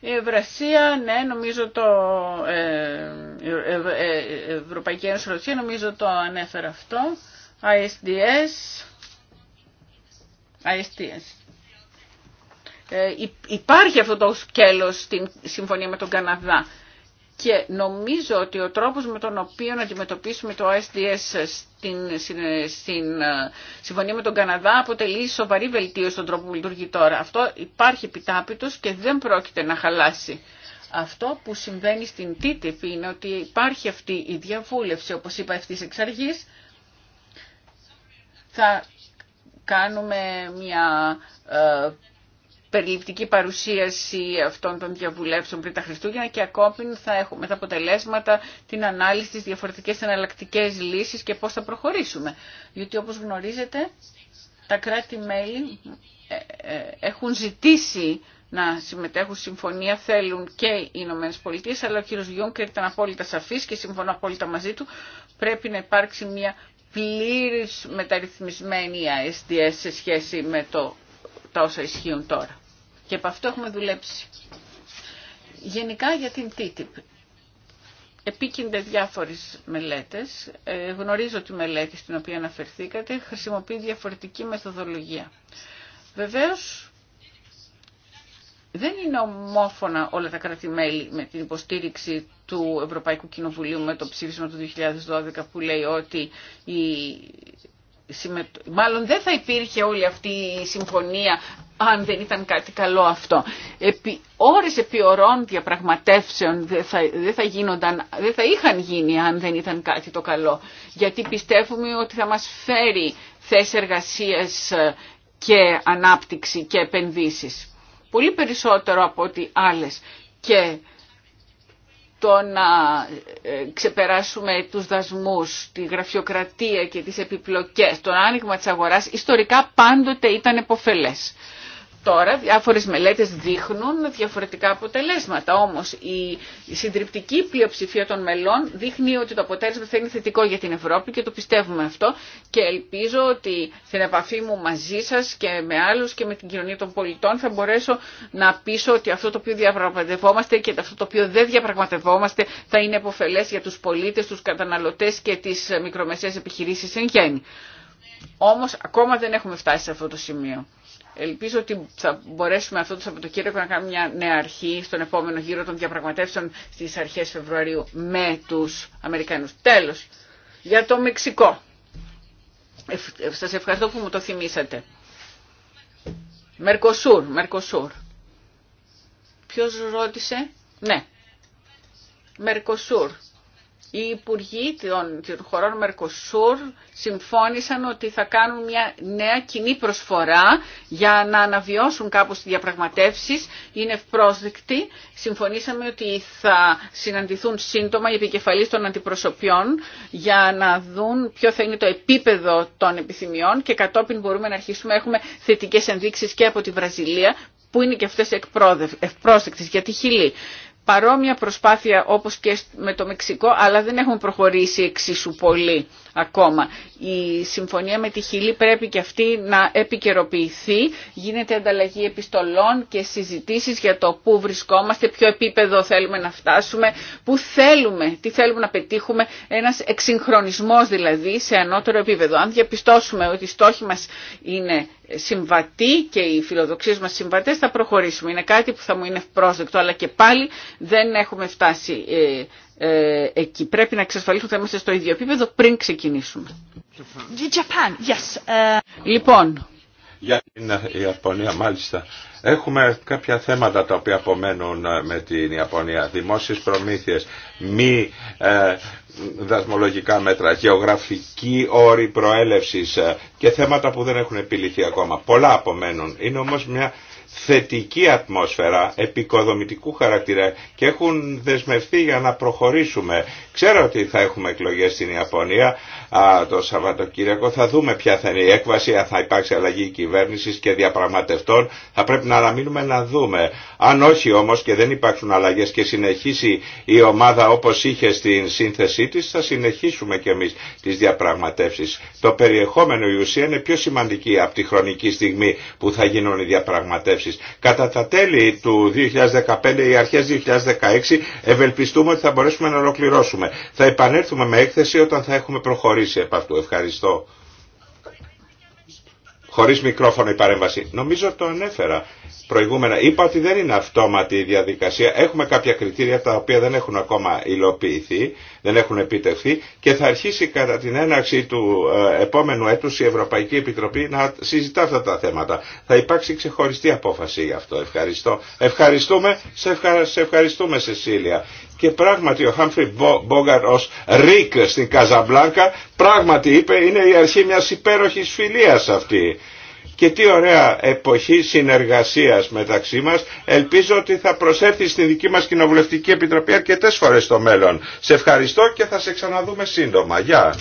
Η Ευρασία, ναι, νομίζω το... Ε, ε, ε, Ευρωπαϊκή Ένωση Ρωσία, νομίζω το ανέφερα αυτό. ISDS. ISDS. Ε, υπάρχει αυτό το σκέλος στην συμφωνία με τον Καναδά. Και νομίζω ότι ο τρόπος με τον οποίο να αντιμετωπίσουμε το SDS στην, στην, στην ε, συμφωνία με τον Καναδά αποτελεί σοβαρή βελτίωση στον τρόπο που λειτουργεί τώρα. Αυτό υπάρχει επιτάπητος και δεν πρόκειται να χαλάσει. Αυτό που συμβαίνει στην TTIP είναι ότι υπάρχει αυτή η διαβούλευση, όπως είπα ευθύς εξ αρχής. Θα κάνουμε μια ε, περιληπτική παρουσίαση αυτών των διαβουλεύσεων πριν τα Χριστούγεννα και ακόμη θα έχουμε τα αποτελέσματα, την ανάλυση, στις διαφορετικές εναλλακτικέ λύσεις και πώς θα προχωρήσουμε. Γιατί όπως γνωρίζετε τα κράτη-μέλη ε, ε, έχουν ζητήσει να συμμετέχουν συμφωνία θέλουν και οι Ηνωμένε Πολιτείε, αλλά ο κύριο Γιούνκερ ήταν απόλυτα σαφή και συμφωνώ απόλυτα μαζί του. Πρέπει να υπάρξει μια πλήρη μεταρρυθμισμένη ISDS σε σχέση με το, τα όσα ισχύουν τώρα. Και από αυτό έχουμε δουλέψει. Γενικά για την TTIP. Επίκυνται διάφορες μελέτες. Ε, γνωρίζω τη μελέτη στην οποία αναφερθήκατε. Χρησιμοποιεί διαφορετική μεθοδολογία. Βεβαίως, δεν είναι ομόφωνα όλα τα κράτη-μέλη με την υποστήριξη του Ευρωπαϊκού Κοινοβουλίου με το ψήφισμα του 2012 που λέει ότι η μάλλον δεν θα υπήρχε όλη αυτή η συμφωνία αν δεν ήταν κάτι καλό αυτό. Επί, ώρες επί ωρών διαπραγματεύσεων δεν θα, δεν, θα γίνονταν, δεν θα είχαν γίνει αν δεν ήταν κάτι το καλό. Γιατί πιστεύουμε ότι θα μας φέρει θέσεις εργασίας ε, και ανάπτυξη και επενδύσεις. Πολύ περισσότερο από ότι άλλες. Και το να ε, ξεπεράσουμε τους δασμούς, τη γραφειοκρατία και τις επιπλοκές, το άνοιγμα της αγοράς, ιστορικά πάντοτε ήταν εποφέλες. Τώρα διάφορες μελέτες δείχνουν διαφορετικά αποτελέσματα, όμως η συντριπτική πλειοψηφία των μελών δείχνει ότι το αποτέλεσμα θα είναι θετικό για την Ευρώπη και το πιστεύουμε αυτό και ελπίζω ότι στην επαφή μου μαζί σας και με άλλους και με την κοινωνία των πολιτών θα μπορέσω να πείσω ότι αυτό το οποίο διαπραγματευόμαστε και αυτό το οποίο δεν διαπραγματευόμαστε θα είναι επωφελές για τους πολίτες, τους καταναλωτές και τις μικρομεσαίες επιχειρήσεις εν γέννη. Όμως ακόμα δεν έχουμε φτάσει σε αυτό το σημείο. Ελπίζω ότι θα μπορέσουμε αυτό το Σαββατοκύριακο να κάνουμε μια νέα αρχή στον επόμενο γύρο των διαπραγματεύσεων στις αρχές Φεβρουαρίου με τους Αμερικανούς. Τέλος, για το Μεξικό. Ε, σας ευχαριστώ που μου το θυμήσατε. Μερκοσούρ, Μερκοσούρ. Ποιος ρώτησε? Ναι. Μερκοσούρ οι υπουργοί των, χωρών Μερκοσούρ συμφώνησαν ότι θα κάνουν μια νέα κοινή προσφορά για να αναβιώσουν κάπως τις διαπραγματεύσεις. Είναι ευπρόσδεκτη. Συμφωνήσαμε ότι θα συναντηθούν σύντομα οι επικεφαλής των αντιπροσωπιών για να δουν ποιο θα είναι το επίπεδο των επιθυμιών και κατόπιν μπορούμε να αρχίσουμε. Έχουμε θετικές ενδείξεις και από τη Βραζιλία που είναι και αυτές ευπρόσδεκτες για τη Χιλή παρόμοια προσπάθεια όπως και με το Μεξικό, αλλά δεν έχουν προχωρήσει εξίσου πολύ ακόμα. Η συμφωνία με τη Χιλή πρέπει και αυτή να επικαιροποιηθεί. Γίνεται ανταλλαγή επιστολών και συζητήσεις για το πού βρισκόμαστε, ποιο επίπεδο θέλουμε να φτάσουμε, πού θέλουμε, τι θέλουμε να πετύχουμε, ένας εξυγχρονισμός δηλαδή σε ανώτερο επίπεδο. Αν διαπιστώσουμε ότι οι στόχοι μας είναι συμβατή και οι φιλοδοξίε μας συμβατέ, θα προχωρήσουμε. Είναι κάτι που θα μου είναι πρόσδεκτο, αλλά και πάλι δεν έχουμε φτάσει ε, ε, εκεί. Πρέπει να εξασφαλίσουμε ότι θα είμαστε στο ίδιο επίπεδο πριν ξεκινήσουμε. Japan, yes. Ε. Λοιπόν, για την Ιαπωνία μάλιστα. Έχουμε κάποια θέματα τα οποία απομένουν ε, με την Ιαπωνία. Δημόσιες προμήθειες, μη ε, δασμολογικά μέτρα, γεωγραφική όρη προέλευσης ε, και θέματα που δεν έχουν επιληθεί ακόμα. Πολλά απομένουν. Είναι όμως μια θετική ατμόσφαιρα επικοδομητικού χαρακτήρα και έχουν δεσμευτεί για να προχωρήσουμε. Ξέρω ότι θα έχουμε εκλογές στην Ιαπωνία, α, το Σαββατοκύριακο. Θα δούμε ποια θα είναι η έκβαση, αν θα υπάρξει αλλαγή κυβέρνηση και διαπραγματευτών. Θα πρέπει να αναμείνουμε να δούμε. Αν όχι όμω και δεν υπάρξουν αλλαγέ και συνεχίσει η ομάδα όπω είχε στην σύνθεσή τη, θα συνεχίσουμε κι εμεί τι διαπραγματεύσει. Το περιεχόμενο η ουσία είναι πιο σημαντική από τη χρονική στιγμή που θα γίνουν οι διαπραγματεύσει. Κατά τα τέλη του 2015 ή αρχέ 2016 ευελπιστούμε ότι θα μπορέσουμε να ολοκληρώσουμε. Θα επανέλθουμε με έκθεση όταν θα έχουμε προχωρήσει χωρίς Ευχαριστώ. Χωρίς μικρόφωνο η παρέμβαση. Νομίζω το ανέφερα προηγούμενα. Είπα ότι δεν είναι αυτόματη η διαδικασία. Έχουμε κάποια κριτήρια τα οποία δεν έχουν ακόμα υλοποιηθεί, δεν έχουν επιτευχθεί και θα αρχίσει κατά την έναρξη του ε, επόμενου έτους η Ευρωπαϊκή Επιτροπή να συζητά αυτά τα θέματα. Θα υπάρξει ξεχωριστή απόφαση γι' αυτό. Ευχαριστώ. Ευχαριστούμε. Σε, ευχαριστούμε Σεσίλια και πράγματι ο Χάμφρι Μπόγκαρ ως Ρίκ στην Καζαμπλάνκα πράγματι είπε είναι η αρχή μιας υπέροχης φιλίας αυτή. Και τι ωραία εποχή συνεργασίας μεταξύ μας. Ελπίζω ότι θα προσέρθει στην δική μας Κοινοβουλευτική Επιτροπή αρκετές φορές στο μέλλον. Σε ευχαριστώ και θα σε ξαναδούμε σύντομα. Γεια.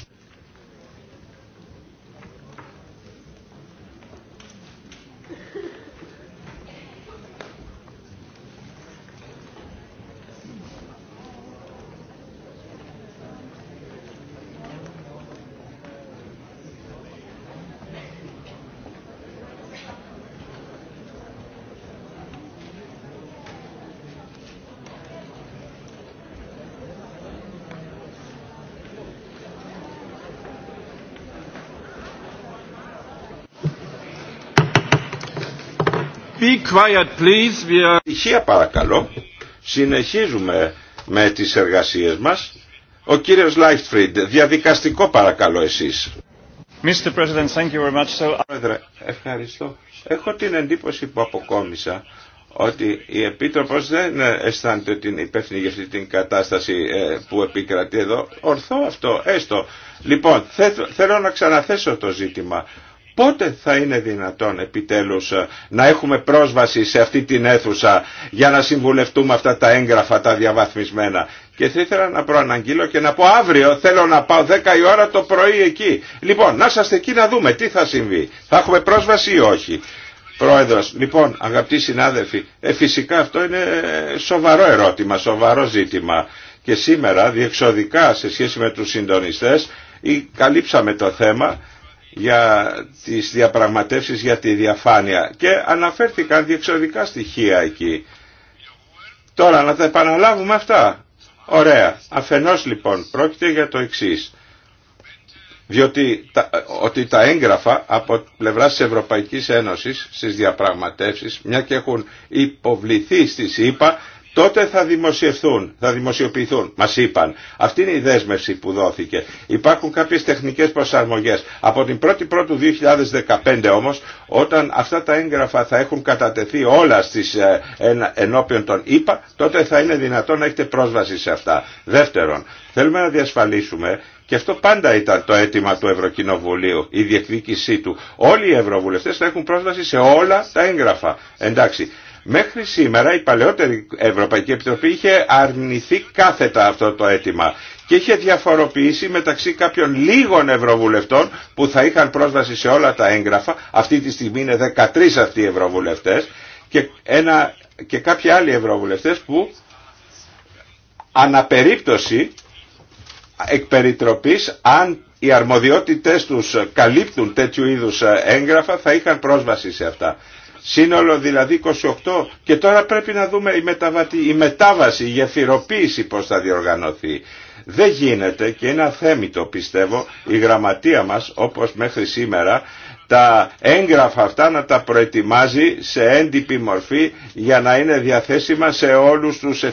παρακαλώ. Συνεχίζουμε με τις εργασίες μας. Ο κύριος Λάιχτφριντ, διαδικαστικό παρακαλώ εσείς. Mr. President, thank you very much. So... Uh, ευχαριστώ. Έχω την εντύπωση που αποκόμισα ότι η Επίτροπος δεν ε, αισθάνεται την υπεύθυνη για αυτή την κατάσταση ε, που επικρατεί εδώ. Ορθό αυτό, έστω. Λοιπόν, θέλω να ξαναθέσω το ζήτημα. Πότε θα είναι δυνατόν επιτέλους ε, να έχουμε πρόσβαση σε αυτή την αίθουσα για να συμβουλευτούμε αυτά τα έγγραφα, τα διαβαθμισμένα. Και θα ήθελα να προαναγγείλω και να πω αύριο θέλω να πάω 10 η ώρα το πρωί εκεί. Λοιπόν, να είστε εκεί να δούμε τι θα συμβεί. Θα έχουμε πρόσβαση ή όχι. Πρόεδρος, λοιπόν αγαπητοί συνάδελφοι, ε, φυσικά αυτό είναι ε, σοβαρό ερώτημα, σοβαρό ζήτημα. Και σήμερα διεξοδικά σε σχέση με τους συντονιστές καλύψαμε το θέμα για τις διαπραγματεύσεις για τη διαφάνεια και αναφέρθηκαν διεξοδικά στοιχεία εκεί. Τώρα να τα επαναλάβουμε αυτά. Ωραία. Αφενός λοιπόν πρόκειται για το εξής. Διότι τα, ότι τα έγγραφα από πλευρά της Ευρωπαϊκής Ένωσης στις διαπραγματεύσεις, μια και έχουν υποβληθεί στις ΗΠΑ, τότε θα δημοσιευθούν, θα δημοσιοποιηθούν. Μας είπαν. Αυτή είναι η δέσμευση που δόθηκε. Υπάρχουν κάποιες τεχνικές προσαρμογές. Από την 1η Πρώτου 2015 όμως, όταν αυτά τα έγγραφα θα έχουν κατατεθεί όλα στις ε, ενώπιον των ΙΠΑ, τότε θα είναι δυνατόν να έχετε πρόσβαση σε αυτά. Δεύτερον, θέλουμε να διασφαλίσουμε και αυτό πάντα ήταν το αίτημα του Ευρωκοινοβουλίου, η διεκδίκησή του. Όλοι οι Ευρωβουλευτές θα έχουν πρόσβαση σε όλα τα έγγραφα. Εντάξει, Μέχρι σήμερα η παλαιότερη Ευρωπαϊκή Επιτροπή είχε αρνηθεί κάθετα αυτό το αίτημα και είχε διαφοροποιήσει μεταξύ κάποιων λίγων ευρωβουλευτών που θα είχαν πρόσβαση σε όλα τα έγγραφα, αυτή τη στιγμή είναι 13 αυτοί οι ευρωβουλευτές και, και κάποιοι άλλοι ευρωβουλευτές που αναπερίπτωση εκ αν οι αρμοδιότητες τους καλύπτουν τέτοιου είδους έγγραφα θα είχαν πρόσβαση σε αυτά. Σύνολο δηλαδή 28 και τώρα πρέπει να δούμε η, η μετάβαση, η γεφυροποίηση πώς θα διοργανωθεί. Δεν γίνεται και είναι αθέμητο πιστεύω η γραμματεία μας όπως μέχρι σήμερα τα έγγραφα αυτά να τα προετοιμάζει σε έντυπη μορφή για να είναι διαθέσιμα σε όλους τους 751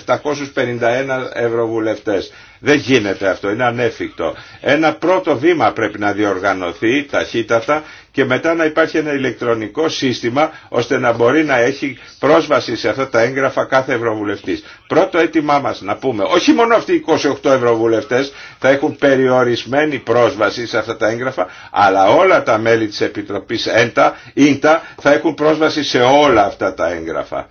ευρωβουλευτές. Δεν γίνεται αυτό, είναι ανέφικτο. Ένα πρώτο βήμα πρέπει να διοργανωθεί ταχύτατα και μετά να υπάρχει ένα ηλεκτρονικό σύστημα ώστε να μπορεί να έχει πρόσβαση σε αυτά τα έγγραφα κάθε ευρωβουλευτής. Πρώτο έτοιμά μας να πούμε, όχι μόνο αυτοί οι 28 ευρωβουλευτές θα έχουν περιορισμένη πρόσβαση σε αυτά τα έγγραφα, αλλά όλα τα μέλη της Επιτροπής ΕΝΤΑ, ΙΝΤΑ θα έχουν πρόσβαση σε όλα αυτά τα έγγραφα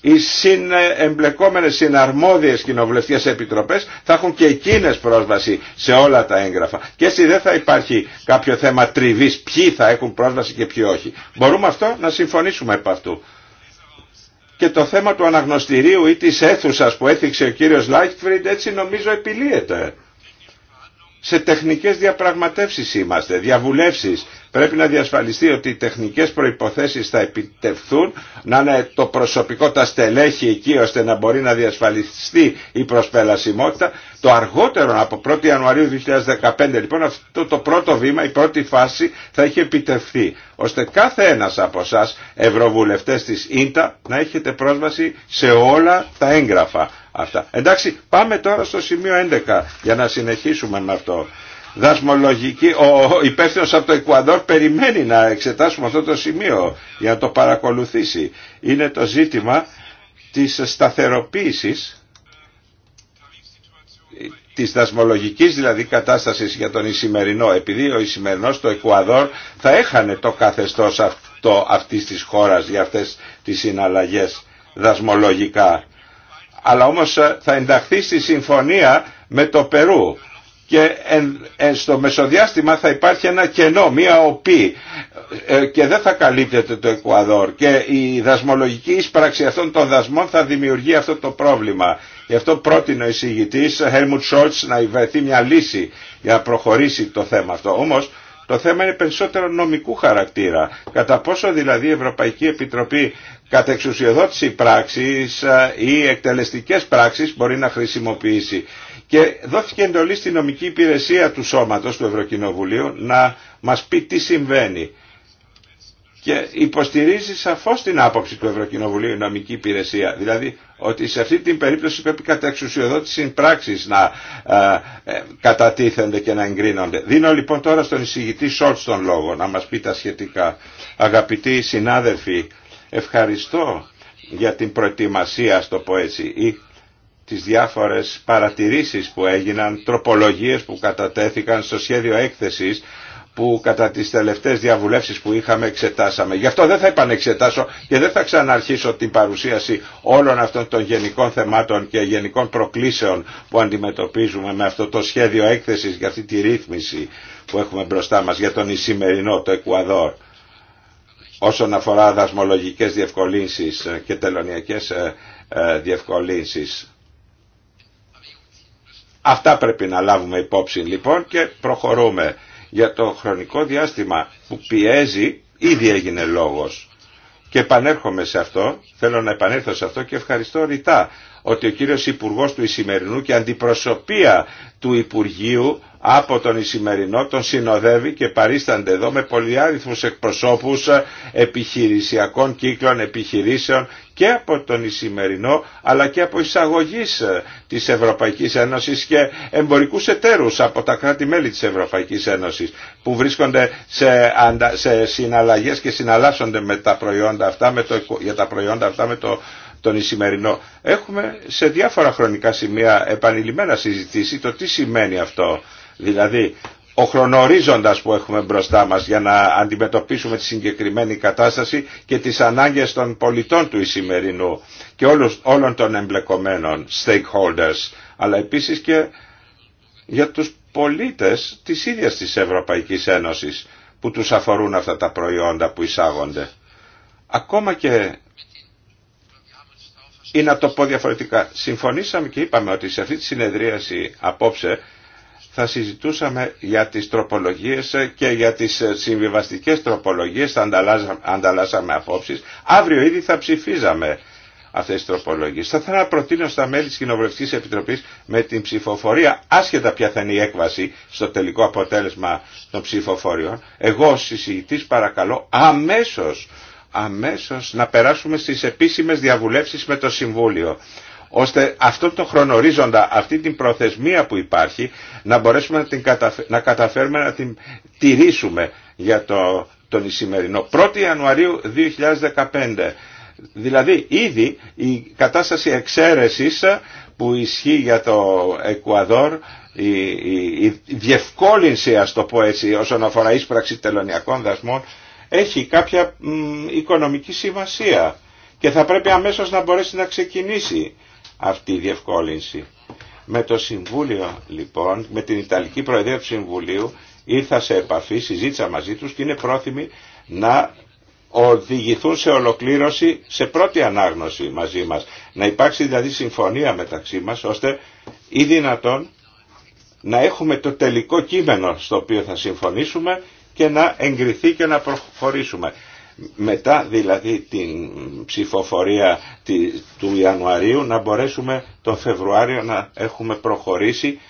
οι συν, εμπλεκόμενες συναρμόδιες κοινοβουλευτικές επιτροπές θα έχουν και εκείνες πρόσβαση σε όλα τα έγγραφα. Και έτσι δεν θα υπάρχει κάποιο θέμα τριβής ποιοι θα έχουν πρόσβαση και ποιοι όχι. Μπορούμε αυτό να συμφωνήσουμε επ' αυτού. Και το θέμα του αναγνωστηρίου ή της αίθουσας που έθιξε ο κύριος Λάιχτφριντ έτσι νομίζω επιλύεται. Σε τεχνικές διαπραγματεύσεις είμαστε, διαβουλεύσεις Πρέπει να διασφαλιστεί ότι οι τεχνικές προϋποθέσεις θα επιτευχθούν, να είναι το προσωπικό τα στελέχη εκεί ώστε να μπορεί να διασφαλιστεί η προσπελασιμότητα. Το αργότερο από 1η Ιανουαρίου 2015 λοιπόν αυτό το πρώτο βήμα, η πρώτη φάση θα έχει επιτευχθεί ώστε κάθε ένας από εσά ευρωβουλευτές της ΙΝΤΑ να έχετε πρόσβαση σε όλα τα έγγραφα αυτά. Εντάξει πάμε τώρα στο σημείο 11 για να συνεχίσουμε με αυτό δασμολογική, ο υπεύθυνο από το Εκουαδόρ περιμένει να εξετάσουμε αυτό το σημείο για να το παρακολουθήσει. Είναι το ζήτημα της σταθεροποίησης της δασμολογικής δηλαδή κατάστασης για τον Ισημερινό επειδή ο Ισημερινός το Εκουαδόρ θα έχανε το καθεστώς αυτό αυτής της χώρας για αυτές τις συναλλαγές δασμολογικά αλλά όμως ε, θα ενταχθεί στη συμφωνία με το Περού και στο μεσοδιάστημα θα υπάρχει ένα κενό, μία οπή ε, και δεν θα καλύπτεται το Εκουαδόρ και η δασμολογική εισπράξη αυτών των δασμών θα δημιουργεί αυτό το πρόβλημα. Γι' αυτό πρότεινε ο εισηγητής Helmut Scholz να βρεθεί μια λύση για να προχωρήσει το θέμα αυτό. Όμως το θέμα είναι περισσότερο νομικού χαρακτήρα. Κατά πόσο δηλαδή η Ευρωπαϊκή Επιτροπή κατά εξουσιοδότηση πράξης ε, ή εκτελεστικές πράξεις μπορεί να χρησιμοποιήσει και δόθηκε εντολή στην νομική υπηρεσία του σώματος του Ευρωκοινοβουλίου να μας πει τι συμβαίνει. Και υποστηρίζει σαφώς την άποψη του Ευρωκοινοβουλίου η νομική υπηρεσία. Δηλαδή ότι σε αυτή την περίπτωση πρέπει κατά εξουσιοδότηση πράξη να ε, ε, κατατίθενται και να εγκρίνονται. Δίνω λοιπόν τώρα στον εισηγητή Σόλτ τον λόγο να μας πει τα σχετικά. Αγαπητοί συνάδελφοι, ευχαριστώ για την προετοιμασία, στο πω έτσι, ή τις διάφορες παρατηρήσεις που έγιναν, τροπολογίες που κατατέθηκαν στο σχέδιο έκθεσης που κατά τις τελευταίες διαβουλεύσεις που είχαμε εξετάσαμε. Γι' αυτό δεν θα επανεξετάσω και δεν θα ξαναρχίσω την παρουσίαση όλων αυτών των γενικών θεμάτων και γενικών προκλήσεων που αντιμετωπίζουμε με αυτό το σχέδιο έκθεσης για αυτή τη ρύθμιση που έχουμε μπροστά μας για τον Ισημερινό, το Εκουαδόρ όσον αφορά δασμολογικές διευκολύνσεις και τελωνιακές ε, ε, διευκολύνσεις. Αυτά πρέπει να λάβουμε υπόψη λοιπόν και προχωρούμε για το χρονικό διάστημα που πιέζει ήδη έγινε λόγος. Και επανέρχομαι σε αυτό, θέλω να επανέλθω σε αυτό και ευχαριστώ ρητά ότι ο κύριος Υπουργός του Ισημερινού και αντιπροσωπεία του Υπουργείου από τον Ισημερινό τον συνοδεύει και παρίστανται εδώ με πολυάριθμους εκπροσώπους ε, επιχειρησιακών κύκλων επιχειρήσεων και από τον Ισημερινό αλλά και από εισαγωγή ε, της Ευρωπαϊκής Ένωσης και εμπορικούς εταίρους από τα κράτη-μέλη της Ευρωπαϊκής Ένωσης που βρίσκονται σε, αντα... συναλλαγές και συναλλάσσονται με τα προϊόντα αυτά, με το... για τα προϊόντα αυτά με το τον Ισημερινό. Έχουμε σε διάφορα χρονικά σημεία επανειλημμένα συζητήσει το τι σημαίνει αυτό Δηλαδή, ο χρονορίζοντας που έχουμε μπροστά μας για να αντιμετωπίσουμε τη συγκεκριμένη κατάσταση και τις ανάγκες των πολιτών του Ισημερινού και όλους, όλων των εμπλεκομένων stakeholders, αλλά επίσης και για τους πολίτες της ίδιας της Ευρωπαϊκής Ένωσης που τους αφορούν αυτά τα προϊόντα που εισάγονται. Ακόμα και ή να το πω διαφορετικά. Συμφωνήσαμε και είπαμε ότι σε αυτή τη συνεδρίαση απόψε θα συζητούσαμε για τις τροπολογίες και για τις συμβιβαστικές τροπολογίες, θα ανταλλάσσαμε απόψεις. Αύριο ήδη θα ψηφίζαμε αυτές τις τροπολογίες. Θα ήθελα να προτείνω στα μέλη της Κοινοβουλευτικής Επιτροπής με την ψηφοφορία, άσχετα ποια θα είναι η έκβαση στο τελικό αποτέλεσμα των ψηφοφοριών, εγώ ως συζητητής παρακαλώ αμέσως, αμέσως να περάσουμε στις επίσημες διαβουλεύσεις με το Συμβούλιο ώστε αυτό το χρονορίζοντα, αυτή την προθεσμία που υπάρχει να μπορέσουμε να, την καταφέρουμε, να καταφέρουμε να την τηρήσουμε για το, τον Ισημερινό. 1η Ιανουαρίου 2015. Δηλαδή ήδη η κατάσταση εξαίρεσης που ισχύει για το Εκουαδόρ η, η, διευκόλυνση ας το πω έτσι όσον αφορά ίσπραξη τελωνιακών δασμών έχει κάποια οικονομική σημασία και θα πρέπει αμέσως να μπορέσει να ξεκινήσει αυτή η διευκόλυνση. Με το Συμβούλιο λοιπόν, με την Ιταλική Προεδρία του Συμβουλίου ήρθα σε επαφή, συζήτησα μαζί τους και είναι πρόθυμοι να οδηγηθούν σε ολοκλήρωση σε πρώτη ανάγνωση μαζί μας. Να υπάρξει δηλαδή συμφωνία μεταξύ μας ώστε ή δυνατόν να έχουμε το τελικό κείμενο στο οποίο θα συμφωνήσουμε και να εγκριθεί και να προχωρήσουμε μετά δηλαδή την ψηφοφορία του Ιανουαρίου να μπορέσουμε το Φεβρουάριο να έχουμε προχωρήσει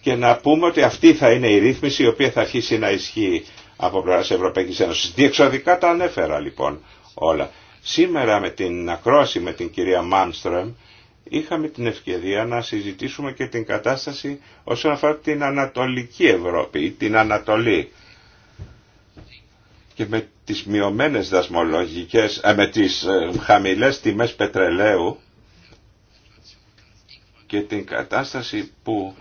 και να πούμε ότι αυτή θα είναι η ρύθμιση η οποία θα αρχίσει να ισχύει από πλευρά Ευρωπαϊκή Ένωση. Διεξοδικά τα ανέφερα λοιπόν όλα. Σήμερα με την ακρόαση με την κυρία Μάνστρεμ είχαμε την ευκαιρία να συζητήσουμε και την κατάσταση όσον αφορά την Ανατολική Ευρώπη, την Ανατολή και με τις μειωμένες δασμολογικές, ε, με τις ε, χαμηλές τιμές πετρελαίου και την κατάσταση που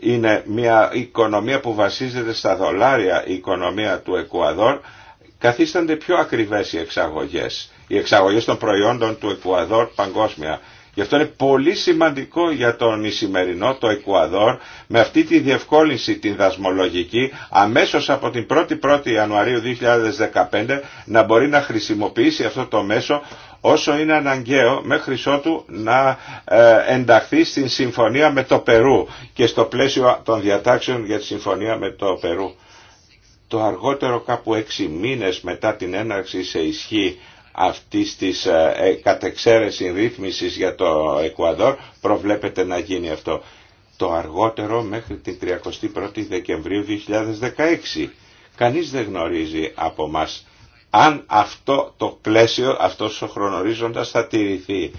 είναι μια οικονομία που βασίζεται στα δολάρια, η οικονομία του Εκουαδόρ, καθίστανται πιο ακριβές οι εξαγωγές. Οι εξαγωγές των προϊόντων του Εκουαδόρ παγκόσμια Γι' αυτό είναι πολύ σημαντικό για τον Ισημερινό, το Εκουαδόρ, με αυτή τη διευκόλυνση την δασμολογική, αμέσως από την 1η-1η Ιανουαρίου 2015, να μπορεί να χρησιμοποιήσει αυτό το μέσο όσο είναι αναγκαίο μέχρι ότου να ε, ενταχθεί στην συμφωνία με το Περού και στο πλαίσιο των διατάξεων για τη συμφωνία με το Περού. Το αργότερο κάπου έξι μήνες μετά την έναρξη σε ισχύ αυτής της ε, ε, κατεξαίρεση ρύθμισης για το Εκουαδόρ προβλέπεται να γίνει αυτό το αργότερο μέχρι την 31η Δεκεμβρίου 2016. Κανείς δεν γνωρίζει από μας αν αυτό το πλαίσιο, αυτός ο χρονορίζοντας θα τηρηθεί.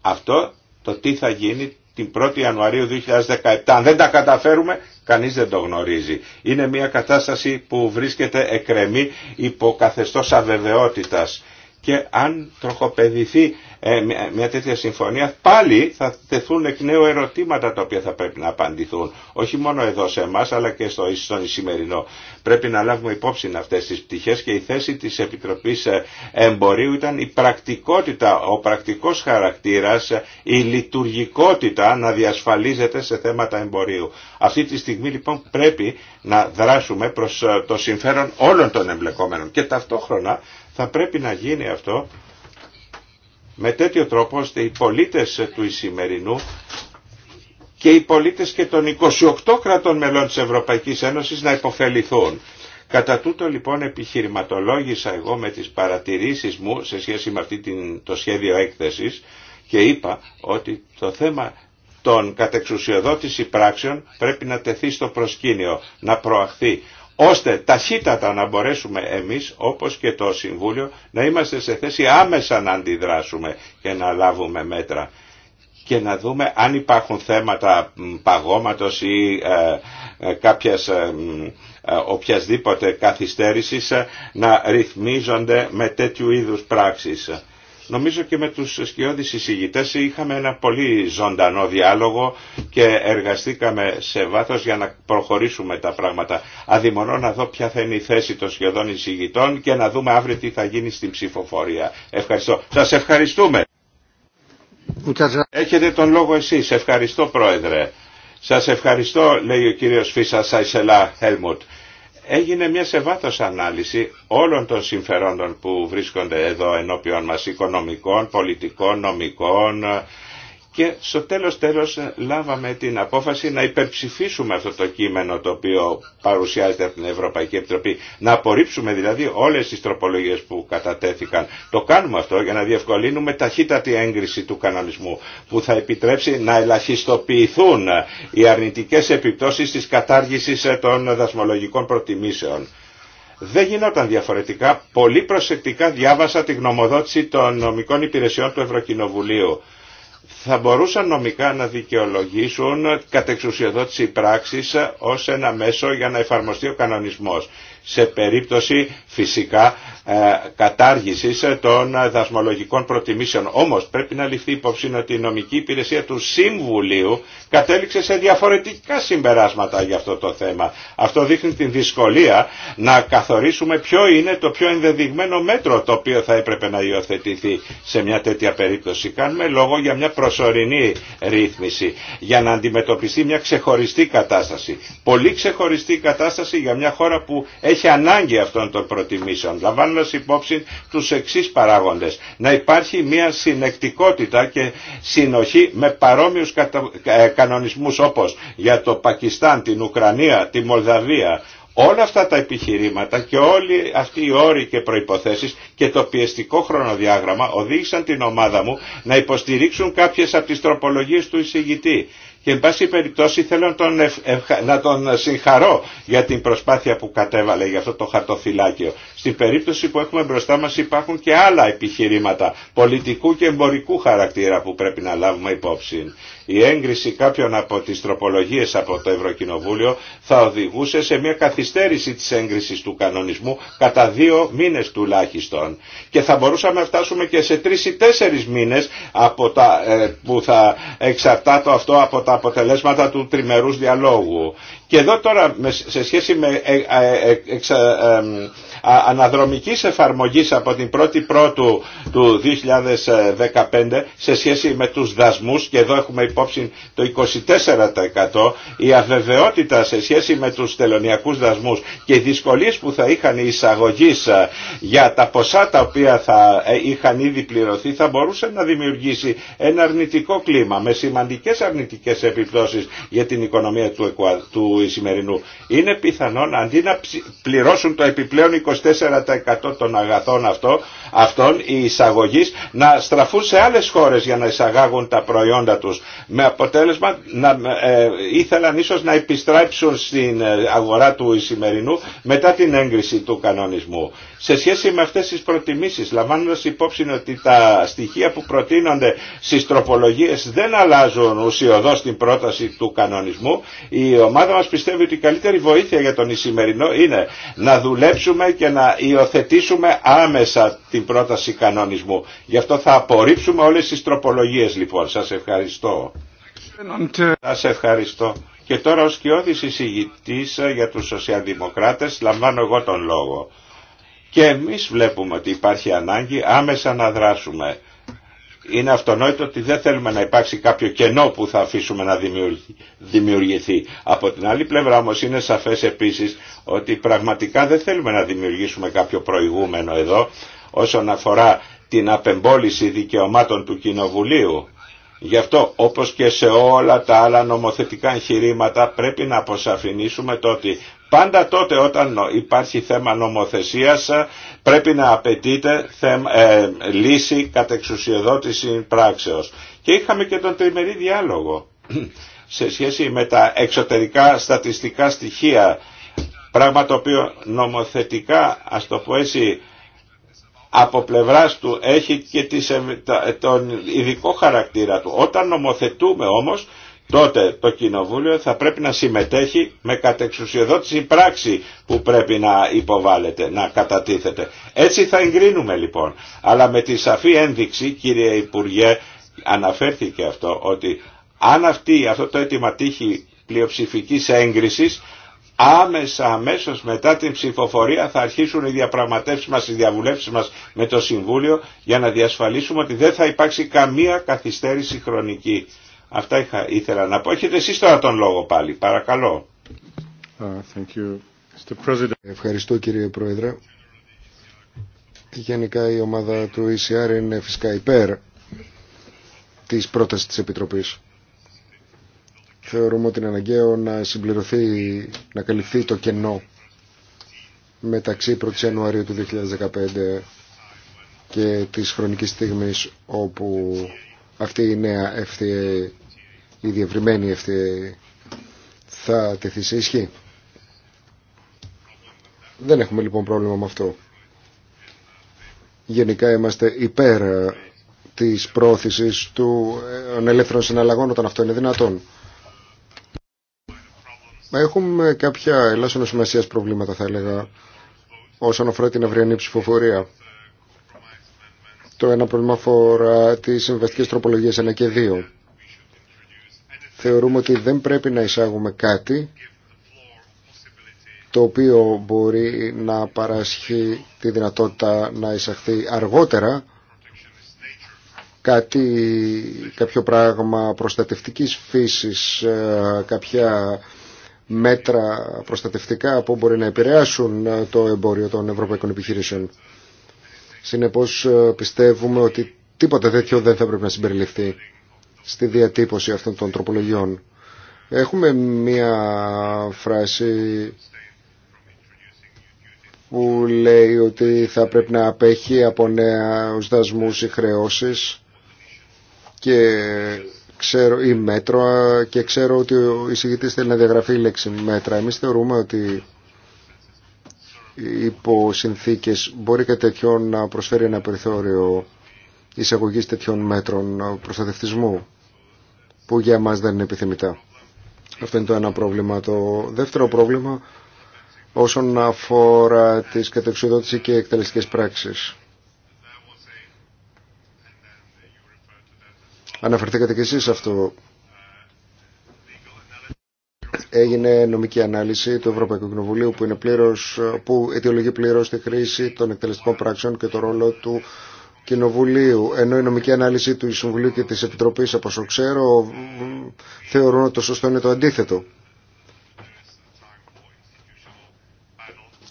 Αυτό το τι θα γίνει την 1η Ιανουαρίου 2017. Αν δεν τα καταφέρουμε, κανείς δεν το γνωρίζει. Είναι μια κατάσταση που βρίσκεται εκρεμή υπό καθεστώς αβεβαιότητας και αν τροχοπεδηθεί ε, μια τέτοια συμφωνία πάλι θα τεθούν εκ νέου ερωτήματα τα οποία θα πρέπει να απαντηθούν όχι μόνο εδώ σε εμά, αλλά και στο, στον Ισημερινό. Πρέπει να λάβουμε υπόψη αυτές τις πτυχές και η θέση της Επιτροπής ε, Εμπορίου ήταν η πρακτικότητα, ο πρακτικός χαρακτήρας, ε, η λειτουργικότητα να διασφαλίζεται σε θέματα εμπορίου. Αυτή τη στιγμή λοιπόν πρέπει να δράσουμε προς το συμφέρον όλων των εμπλεκόμενων και ταυτόχρονα θα πρέπει να γίνει αυτό με τέτοιο τρόπο ώστε οι πολίτες του Ισημερινού και οι πολίτες και των 28 κρατών μελών της Ευρωπαϊκής Ένωσης να υποφεληθούν. Κατά τούτο λοιπόν επιχειρηματολόγησα εγώ με τις παρατηρήσεις μου σε σχέση με αυτή την, το σχέδιο έκθεσης και είπα ότι το θέμα των κατεξουσιοδότηση πράξεων πρέπει να τεθεί στο προσκήνιο, να προαχθεί ώστε ταχύτατα να μπορέσουμε εμείς όπως και το Συμβούλιο να είμαστε σε θέση άμεσα να αντιδράσουμε και να λάβουμε μέτρα και να δούμε αν υπάρχουν θέματα παγώματος ή ε, ε, κάποιας ε, οποιασδήποτε καθυστέρησης να ρυθμίζονται με τέτοιου είδους πράξεις Νομίζω και με τους σκιώδεις εισηγητές είχαμε ένα πολύ ζωντανό διάλογο και εργαστήκαμε σε βάθος για να προχωρήσουμε τα πράγματα. Αδειμονώ να δω ποια θα είναι η θέση των σχεδόν εισηγητών και να δούμε αύριο τι θα γίνει στην ψηφοφορία. Ευχαριστώ. Σας ευχαριστούμε. Έχετε τον λόγο εσείς. Ευχαριστώ Πρόεδρε. Σας ευχαριστώ, λέει ο κύριος Φίσα Σαϊσελά Χέλμουτ έγινε μια σε ανάλυση όλων των συμφερόντων που βρίσκονται εδώ ενώπιον μας οικονομικών, πολιτικών, νομικών, και στο τέλος τέλος ε, λάβαμε την απόφαση να υπερψηφίσουμε αυτό το κείμενο το οποίο παρουσιάζεται από την Ευρωπαϊκή Επιτροπή. Να απορρίψουμε δηλαδή όλες τις τροπολογίες που κατατέθηκαν. Το κάνουμε αυτό για να διευκολύνουμε ταχύτατη έγκριση του κανονισμού που θα επιτρέψει να ελαχιστοποιηθούν οι αρνητικές επιπτώσεις της κατάργησης ε, των δασμολογικών προτιμήσεων. Δεν γινόταν διαφορετικά. Πολύ προσεκτικά διάβασα τη γνωμοδότηση των νομικών υπηρεσιών του Ευρωκοινοβουλίου θα μπορούσαν νομικά να δικαιολογήσουν εξουσιοδότηση πράξης ως ένα μέσο για να εφαρμοστεί ο κανονισμός σε περίπτωση φυσικά ε, κατάργησης των δασμολογικών προτιμήσεων. Όμως πρέπει να ληφθεί υπόψη ότι η νομική υπηρεσία του Συμβουλίου κατέληξε σε διαφορετικά συμπεράσματα για αυτό το θέμα. Αυτό δείχνει την δυσκολία να καθορίσουμε ποιο είναι το πιο ενδεδειγμένο μέτρο το οποίο θα έπρεπε να υιοθετηθεί σε μια τέτοια περίπτωση. Κάνουμε λόγο για μια προσωρινή ρύθμιση για να αντιμετωπιστεί μια ξεχωριστή κατάσταση. Πολύ ξεχωριστή κατάσταση για μια χώρα που έχει ανάγκη αυτών των προτιμήσεων λαμβάνοντας υπόψη τους εξής παράγοντες. Να υπάρχει μια συνεκτικότητα και συνοχή με παρόμοιους ε, κανονισμούς όπως για το Πακιστάν, την Ουκρανία, τη Μολδαβία, Όλα αυτά τα επιχειρήματα και όλοι αυτοί οι όροι και προϋποθέσεις και το πιεστικό χρονοδιάγραμμα οδήγησαν την ομάδα μου να υποστηρίξουν κάποιες από τις τροπολογίες του εισηγητή και εν πάση περιπτώσει θέλω να τον, να τον συγχαρώ για την προσπάθεια που κατέβαλε για αυτό το χαρτοφυλάκιο. Στην περίπτωση που έχουμε μπροστά μας υπάρχουν και άλλα επιχειρήματα πολιτικού και εμπορικού χαρακτήρα που πρέπει να λάβουμε υπόψη η έγκριση κάποιων από τις τροπολογίες από το Ευρωκοινοβούλιο θα οδηγούσε σε μια καθυστέρηση της έγκρισης του κανονισμού κατά δύο μήνες τουλάχιστον. Και θα μπορούσαμε να φτάσουμε και σε τρεις ή τέσσερις μήνες από τα, ε, που θα εξαρτάται αυτό από τα αποτελέσματα του τριμερούς διαλόγου. Και εδώ τώρα σε σχέση με ε, ε, ε, αναδρομικής εφαρμογής από την 1η Πρώτου του 2015 σε σχέση με τους δασμούς και εδώ έχουμε υπόψη το 24% η αβεβαιότητα σε σχέση με τους τελωνιακούς δασμούς και οι δυσκολίες που θα είχαν οι εισαγωγείς για τα ποσά τα οποία θα είχαν ήδη πληρωθεί θα μπορούσε να δημιουργήσει ένα αρνητικό κλίμα με σημαντικές αρνητικές επιπτώσεις για την οικονομία του του Είναι πιθανόν αντί να πληρώσουν το επιπλέον 24% των αγαθών αυτό αυτών οι εισαγωγείς να στραφούν σε άλλε χώρε για να εισαγάγουν τα προϊόντα του. με αποτέλεσμα να ε, ήθελαν ίσως να επιστρέψουν στην ε, αγορά του Ισημερινού μετά την έγκριση του κανονισμού. Σε σχέση με αυτέ τι προτιμήσει, λαμβάνοντα υπόψη ότι τα στοιχεία που προτείνονται στι τροπολογίε δεν αλλάζουν ουσιοδό την πρόταση του κανονισμού η ομάδα μα πιστεύει ότι η καλύτερη βοήθεια για τον Ισημερινό είναι να δουλέψουμε και να υιοθετήσουμε άμεσα την πρόταση κανονισμού. Γι' αυτό θα απορρίψουμε όλες τις τροπολογίες λοιπόν. Σας ευχαριστώ. Σας ευχαριστώ. Και τώρα ως κοιόδης εισηγητής για τους σοσιαλδημοκράτες λαμβάνω εγώ τον λόγο. Και εμείς βλέπουμε ότι υπάρχει ανάγκη άμεσα να δράσουμε. Είναι αυτονόητο ότι δεν θέλουμε να υπάρξει κάποιο κενό που θα αφήσουμε να δημιουργηθεί. Από την άλλη πλευρά όμως είναι σαφές επίσης ότι πραγματικά δεν θέλουμε να δημιουργήσουμε κάποιο προηγούμενο εδώ όσον αφορά την απεμπόληση δικαιωμάτων του Κοινοβουλίου. Γι' αυτό όπως και σε όλα τα άλλα νομοθετικά εγχειρήματα πρέπει να αποσαφηνίσουμε το ότι πάντα τότε όταν υπάρχει θέμα νομοθεσίας πρέπει να απαιτείται ε, λύση κατεξουσιοδότηση πράξεως. Και είχαμε και τον τριμερή διάλογο σε σχέση με τα εξωτερικά στατιστικά στοιχεία, πράγμα το οποίο νομοθετικά, ας το πω έτσι, από πλευράς του έχει και τις, τον ειδικό χαρακτήρα του. Όταν νομοθετούμε όμως τότε το Κοινοβούλιο θα πρέπει να συμμετέχει με κατεξουσιοδότηση πράξη που πρέπει να υποβάλλεται, να κατατίθεται. Έτσι θα εγκρίνουμε λοιπόν. Αλλά με τη σαφή ένδειξη κύριε Υπουργέ αναφέρθηκε αυτό ότι αν αυτή, αυτό το αίτημα τύχει πλειοψηφικής έγκρισης άμεσα, αμέσως μετά την ψηφοφορία θα αρχίσουν οι διαπραγματεύσεις μας, οι διαβουλεύσεις μας με το Συμβούλιο για να διασφαλίσουμε ότι δεν θα υπάρξει καμία καθυστέρηση χρονική. Αυτά είχα, ήθελα να πω. Έχετε εσείς τώρα τον λόγο πάλι. Παρακαλώ. Uh, thank you. Ευχαριστώ κύριε Πρόεδρε. Γενικά η ομάδα του ECR είναι φυσικά υπέρ της πρότασης της Επιτροπής θεωρούμε ότι είναι αναγκαίο να συμπληρωθεί, να καλυφθεί το κενό μεταξύ 1η Ιανουαρίου του 2015 και της χρονικής στιγμής όπου αυτή η νέα FTA, η διευρυμένη FTA θα τεθεί σε ισχύ. Δεν έχουμε λοιπόν πρόβλημα με αυτό. Γενικά είμαστε υπέρ της πρόθεσης του ε, ελεύθερων συναλλαγών όταν αυτό είναι δυνατόν. Έχουμε κάποια ελάσσονα σημασία προβλήματα, θα έλεγα, όσον αφορά την αυριανή ψηφοφορία. Το ένα πρόβλημα αφορά τι συμβαστικέ τροπολογίε 1 και 2. Θεωρούμε ότι δεν πρέπει να εισάγουμε κάτι το οποίο μπορεί να παράσχει τη δυνατότητα να εισαχθεί αργότερα κάτι, κάποιο πράγμα προστατευτικής φύσης, ε, κάποια μέτρα προστατευτικά που μπορεί να επηρεάσουν ε, το εμπόριο των ευρωπαϊκών επιχειρήσεων. Συνεπώς ε, πιστεύουμε ότι τίποτα τέτοιο δεν θα πρέπει να συμπεριληφθεί στη διατύπωση αυτών των τροπολογιών. Έχουμε μία φράση που λέει ότι θα πρέπει να απέχει από νέα δασμούς ή χρεώσεις και ξέρω, ή μέτρο και ξέρω ότι ο εισηγητής θέλει να διαγραφεί η λέξη μέτρα. Εμείς θεωρούμε ότι υπό συνθήκες μπορεί και τέτοιο να προσφέρει ένα περιθώριο εισαγωγή τέτοιων μέτρων προστατευτισμού που για μας δεν είναι επιθυμητά. Αυτό είναι το ένα πρόβλημα. Το δεύτερο πρόβλημα όσον αφορά τις κατεξοδότηση και εκτελεστικές πράξεις. Αναφερθήκατε και εσείς αυτό. Έγινε νομική ανάλυση του Ευρωπαϊκού Κοινοβουλίου που, είναι πλήρως, που αιτιολογεί πλήρως τη χρήση των εκτελεστικών πράξεων και το ρόλο του Κοινοβουλίου, ενώ η νομική ανάλυση του Συμβουλίου και της Επιτροπής, από όσο ξέρω, θεωρούν ότι το σωστό είναι το αντίθετο.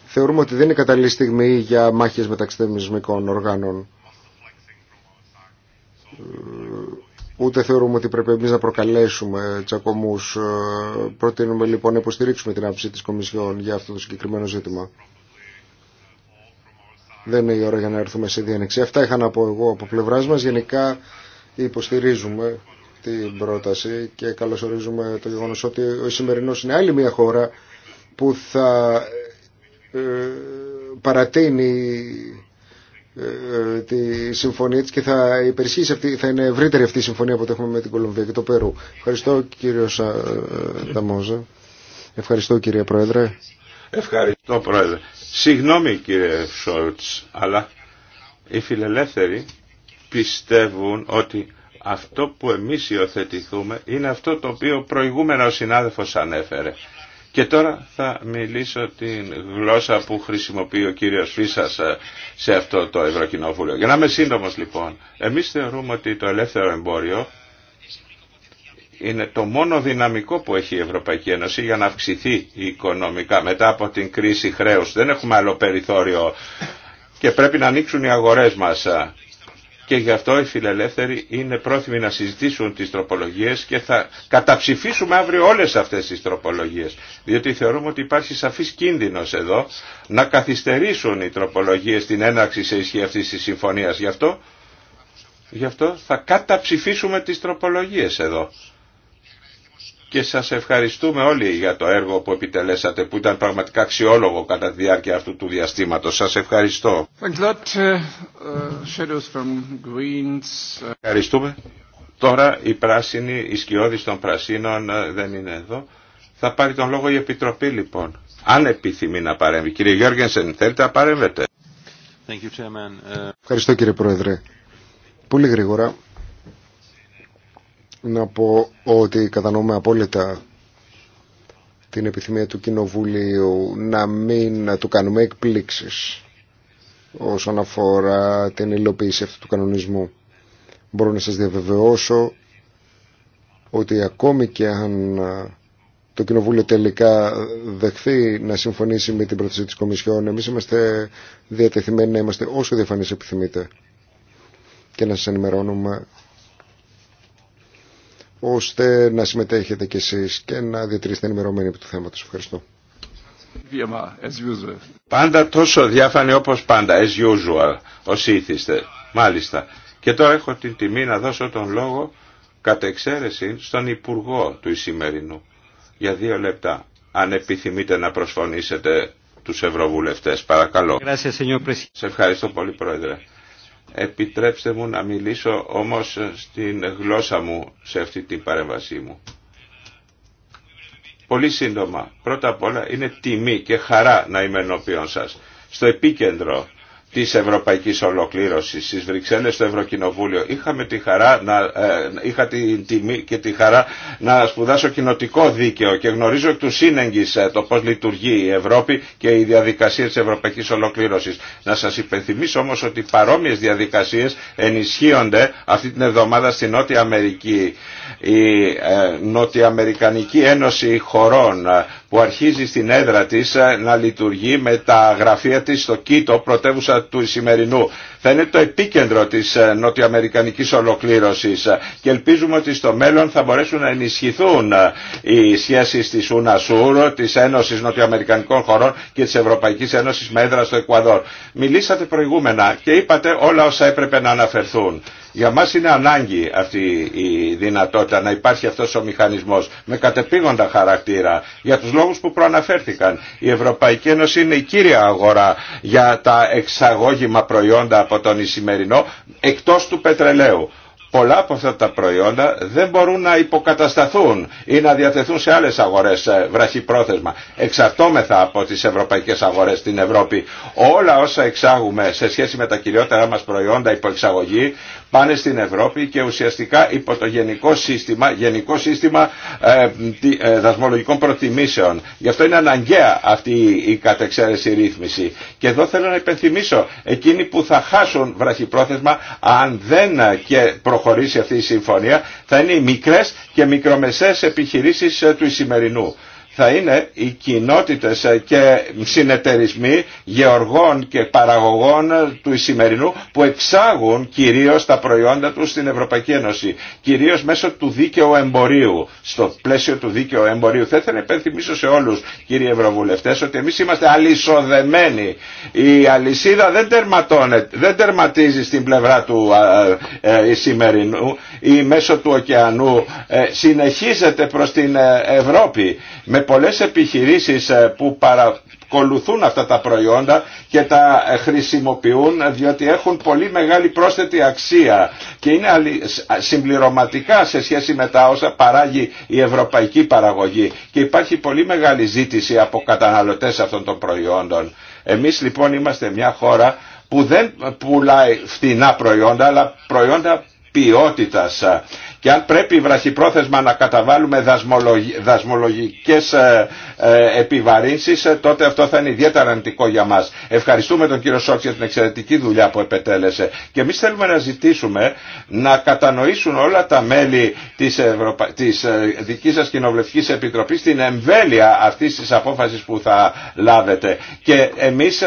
Θεωρούμε ότι δεν είναι κατάλληλη στιγμή για μάχες μεταξύ θεμισμικών οργάνων. Ούτε θεωρούμε ότι πρέπει εμεί να προκαλέσουμε τσακωμού. Ε, προτείνουμε λοιπόν να υποστηρίξουμε την άψη τη Κομισιόν για αυτό το συγκεκριμένο ζήτημα. Δεν είναι η ώρα για να έρθουμε σε διένεξη. Αυτά είχα να πω εγώ από πλευρά μα. Γενικά υποστηρίζουμε την πρόταση και καλωσορίζουμε το γεγονό ότι ο σημερινό είναι άλλη μια χώρα που θα ε, παρατείνει ε, ε, τη συμφωνία της και θα υπερισχύσει αυτή, θα είναι ευρύτερη αυτή η συμφωνία που έχουμε με την Κολομβία και το Περού. Ευχαριστώ κύριο ε, Ταμόζα. Ευχαριστώ κύριε Πρόεδρε. Ευχαριστώ Πρόεδρε. Συγγνώμη κύριε Σόλτς, αλλά οι φιλελεύθεροι πιστεύουν ότι αυτό που εμείς υιοθετηθούμε είναι αυτό το οποίο προηγούμενα ο συνάδελφος ανέφερε. Και τώρα θα μιλήσω την γλώσσα που χρησιμοποιεί ο κύριος Φίσας ε, σε αυτό το Ευρωκοινοβούλιο. Για να είμαι σύντομος λοιπόν, εμείς θεωρούμε ότι το ελεύθερο εμπόριο είναι το μόνο δυναμικό που έχει η Ευρωπαϊκή Ένωση για να αυξηθεί οικονομικά μετά από την κρίση χρέους. Δεν έχουμε άλλο περιθώριο και πρέπει να ανοίξουν οι αγορές μας ε, και γι' αυτό οι φιλελεύθεροι είναι πρόθυμοι να συζητήσουν τις τροπολογίες και θα καταψηφίσουμε αύριο όλες αυτές τις τροπολογίες διότι θεωρούμε ότι υπάρχει σαφής κίνδυνος εδώ να καθυστερήσουν οι τροπολογίες την έναρξη σε ισχύ αυτής της συμφωνίας γι' αυτό, γι αυτό θα καταψηφίσουμε τις τροπολογίες εδώ και σας ευχαριστούμε όλοι για το έργο που επιτελέσατε που ήταν πραγματικά αξιόλογο κατά τη διάρκεια αυτού του διαστήματος. Σας ευχαριστώ. Uh, uh, uh. Ευχαριστούμε. Τώρα η πράσινη, η σκιώδης των πρασίνων δεν είναι εδώ. Θα πάρει τον λόγο η Επιτροπή λοιπόν. Αν επιθυμεί να παρέμβει. Κύριε Γιώργενσεν, θέλετε να παρέμβετε. Ευχαριστώ κύριε Πρόεδρε. Πολύ γρήγορα να πω ότι κατανοούμε απόλυτα την επιθυμία του Κοινοβουλίου να μην του κάνουμε εκπλήξεις όσον αφορά την υλοποίηση αυτού του κανονισμού. Μπορώ να σας διαβεβαιώσω ότι ακόμη και αν το Κοινοβούλιο τελικά δεχθεί να συμφωνήσει με την πρόταση της Κομισιόν, εμείς είμαστε διατεθειμένοι να είμαστε όσο διαφανείς επιθυμείτε και να σας ενημερώνουμε ώστε να συμμετέχετε κι εσείς και να διατηρήσετε ενημερωμένοι από το θέμα του Ευχαριστώ. Πάντα τόσο διάφανη όπως πάντα, as usual, όσοι ήθιστε. Μάλιστα. Και τώρα έχω την τιμή να δώσω τον λόγο κατ' εξαίρεση στον Υπουργό του Ισημερινού για δύο λεπτά. Αν επιθυμείτε να προσφωνήσετε τους Ευρωβουλευτές, παρακαλώ. Σε ευχαριστώ πολύ, Πρόεδρε. Επιτρέψτε μου να μιλήσω όμως στην γλώσσα μου σε αυτή την παρέμβασή μου. Πολύ σύντομα. Πρώτα απ' όλα είναι τιμή και χαρά να είμαι ενώπιον σας. Στο επίκεντρο της ευρωπαϊκής ολοκλήρωσης στις Βρυξέλλες στο Ευρωκοινοβούλιο. Είχαμε τη χαρά να, ε, είχα την τιμή και τη χαρά να σπουδάσω κοινοτικό δίκαιο και γνωρίζω εκ του σύνεγγυς ε, το πώς λειτουργεί η Ευρώπη και η διαδικασία της ευρωπαϊκής ολοκλήρωσης. Να σας υπενθυμίσω όμως ότι παρόμοιες διαδικασίες ενισχύονται αυτή την εβδομάδα στη Νότια Αμερική. Η ε, Νοτιοαμερικανική Ένωση Χωρών που αρχίζει στην έδρα της ε, να λειτουργεί με τα γραφεία της στο Κίτο, πρωτεύουσα του σημερινού. Θα είναι το επίκεντρο της ε, νοτιοαμερικανικής ολοκλήρωσης ε, και ελπίζουμε ότι στο μέλλον θα μπορέσουν να ενισχυθούν οι σχέσεις της UNASUR, της Ένωσης Νοτιοαμερικανικών Χωρών και της Ευρωπαϊκής Ένωσης με έδρα στο Εκουαδόρ. Μιλήσατε προηγούμενα και είπατε όλα όσα έπρεπε να αναφερθούν. Για μας είναι ανάγκη αυτή η δυνατότητα να υπάρχει αυτός ο μηχανισμός με κατεπήγοντα χαρακτήρα για τους λόγους που προαναφέρθηκαν. Η Ευρωπαϊκή Ένωση είναι η κύρια αγορά για τα εξαγώγημα προϊόντα από τον Ισημερινό εκτός του πετρελαίου πολλά από αυτά τα προϊόντα δεν μπορούν να υποκατασταθούν ή να διατεθούν σε άλλες αγορές ε, βραχυπρόθεσμα. Εξαρτώμεθα από τις ευρωπαϊκές αγορές στην Ευρώπη. Όλα όσα εξάγουμε σε σχέση με τα κυριότερα μας προϊόντα υποεξαγωγή πάνε στην Ευρώπη και ουσιαστικά υπό το γενικό σύστημα, γενικό σύστημα ε, ε, δασμολογικών προτιμήσεων. Γι' αυτό είναι αναγκαία αυτή η κατεξαίρεση ρύθμιση. Και εδώ θέλω να υπενθυμίσω εκείνοι που θα χάσουν βραχυπρόθεσμα αν δεν ε, και προχωρήσει αυτή η συμφωνία θα είναι οι μικρές και μικρομεσαίες επιχειρήσεις του Ισημερινού θα είναι οι κοινότητες και συνεταιρισμοί γεωργών και παραγωγών του Ισημερινού που εξάγουν κυρίως τα προϊόντα τους στην Ευρωπαϊκή Ένωση, κυρίως μέσω του δίκαιου εμπορίου, στο πλαίσιο του δίκαιου εμπορίου. Θα ήθελα να υπενθυμίσω σε όλους κύριοι Ευρωβουλευτές ότι εμείς είμαστε αλυσοδεμένοι. Η αλυσίδα δεν, δεν τερματίζει στην πλευρά του ε, Ισημερινού ή μέσω του ωκεανού. Ε, συνεχίζεται προς την ε, Ευρώπη με πολλές επιχειρήσεις ε, που παρακολουθούν αυτά τα προϊόντα και τα ε, χρησιμοποιούν διότι έχουν πολύ μεγάλη πρόσθετη αξία και είναι συμπληρωματικά σε σχέση με τα όσα παράγει η ευρωπαϊκή παραγωγή και υπάρχει πολύ μεγάλη ζήτηση από καταναλωτές αυτών των προϊόντων. Εμείς λοιπόν είμαστε μια χώρα που δεν πουλάει φθηνά προϊόντα αλλά προϊόντα ποιότητας και αν πρέπει βραχυπρόθεσμα να καταβάλουμε δασμολογικές ε, ε, επιβαρύνσεις ε, τότε αυτό θα είναι ιδιαίτερα αρνητικό για μας. Ευχαριστούμε τον κύριο Σόξ για την εξαιρετική δουλειά που επετέλεσε και εμεί θέλουμε να ζητήσουμε να κατανοήσουν όλα τα μέλη της, Ευρωπα... της δικής σας Κοινοβουλευτικής Επιτροπής την εμβέλεια αυτής της απόφασης που θα λάβετε και εμείς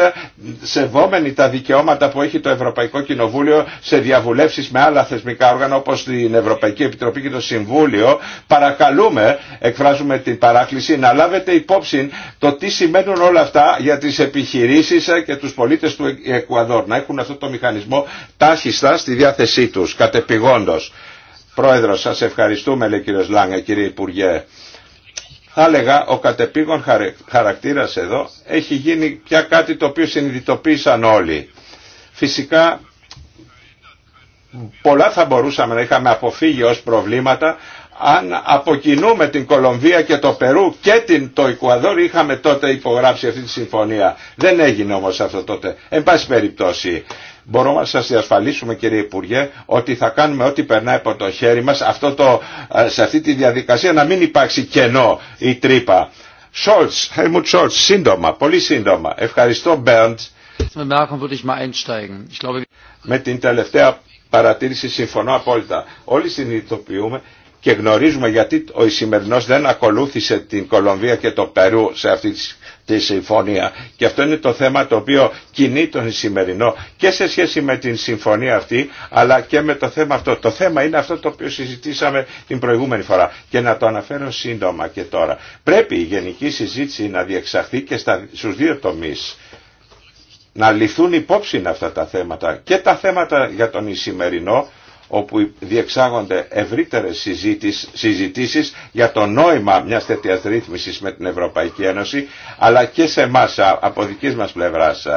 σεβόμενοι τα δικαιώματα που έχει το Ευρωπαϊκό Κοινοβούλιο σε διαβουλεύσεις με άλλα θεσμικά όργανα όπως την Ευρωπαϊκή Επιτροπή και το Συμβούλιο παρακαλούμε, εκφράζουμε την παράκληση να λάβετε υπόψη το τι σημαίνουν όλα αυτά για τις επιχειρήσεις και τους πολίτες του Εκουαδόρ να έχουν αυτό το μηχανισμό τάχιστα στη διάθεσή τους, κατεπηγόντως. Πρόεδρος, σας ευχαριστούμε λέει κύριος Λάγκα, κύριε Υπουργέ. Θα έλεγα ο κατεπήγον χαρακτήρας εδώ έχει γίνει πια κάτι το οποίο συνειδητοποίησαν όλοι. Φυσικά πολλά θα μπορούσαμε να είχαμε αποφύγει ως προβλήματα αν αποκινούμε την Κολομβία και το Περού και την, το Οικουαδόρ είχαμε τότε υπογράψει αυτή τη συμφωνία. Δεν έγινε όμως αυτό τότε. Εν πάση περιπτώσει μπορούμε να σας διασφαλίσουμε κύριε Υπουργέ ότι θα κάνουμε ό,τι περνάει από το χέρι μας αυτό το, ε, σε αυτή τη διαδικασία να μην υπάρξει κενό ή τρύπα. Σόλτς, Σόλτς, σύντομα, πολύ σύντομα. Ευχαριστώ Μπέρντ. Με την τελευταία παρατήρηση συμφωνώ απόλυτα. Όλοι συνειδητοποιούμε και γνωρίζουμε γιατί ο Ισημερινός δεν ακολούθησε την Κολομβία και το Περού σε αυτή τη συμφωνία. Και αυτό είναι το θέμα το οποίο κινεί τον Ισημερινό και σε σχέση με την συμφωνία αυτή αλλά και με το θέμα αυτό. Το θέμα είναι αυτό το οποίο συζητήσαμε την προηγούμενη φορά και να το αναφέρω σύντομα και τώρα. Πρέπει η γενική συζήτηση να διεξαχθεί και στους δύο τομείς να λυθούν υπόψη αυτά τα θέματα και τα θέματα για τον Ισημερινό όπου διεξάγονται ευρύτερες συζητήσεις για το νόημα μιας τέτοιας ρύθμισης με την Ευρωπαϊκή Ένωση αλλά και σε εμά από δικής μας πλευράς.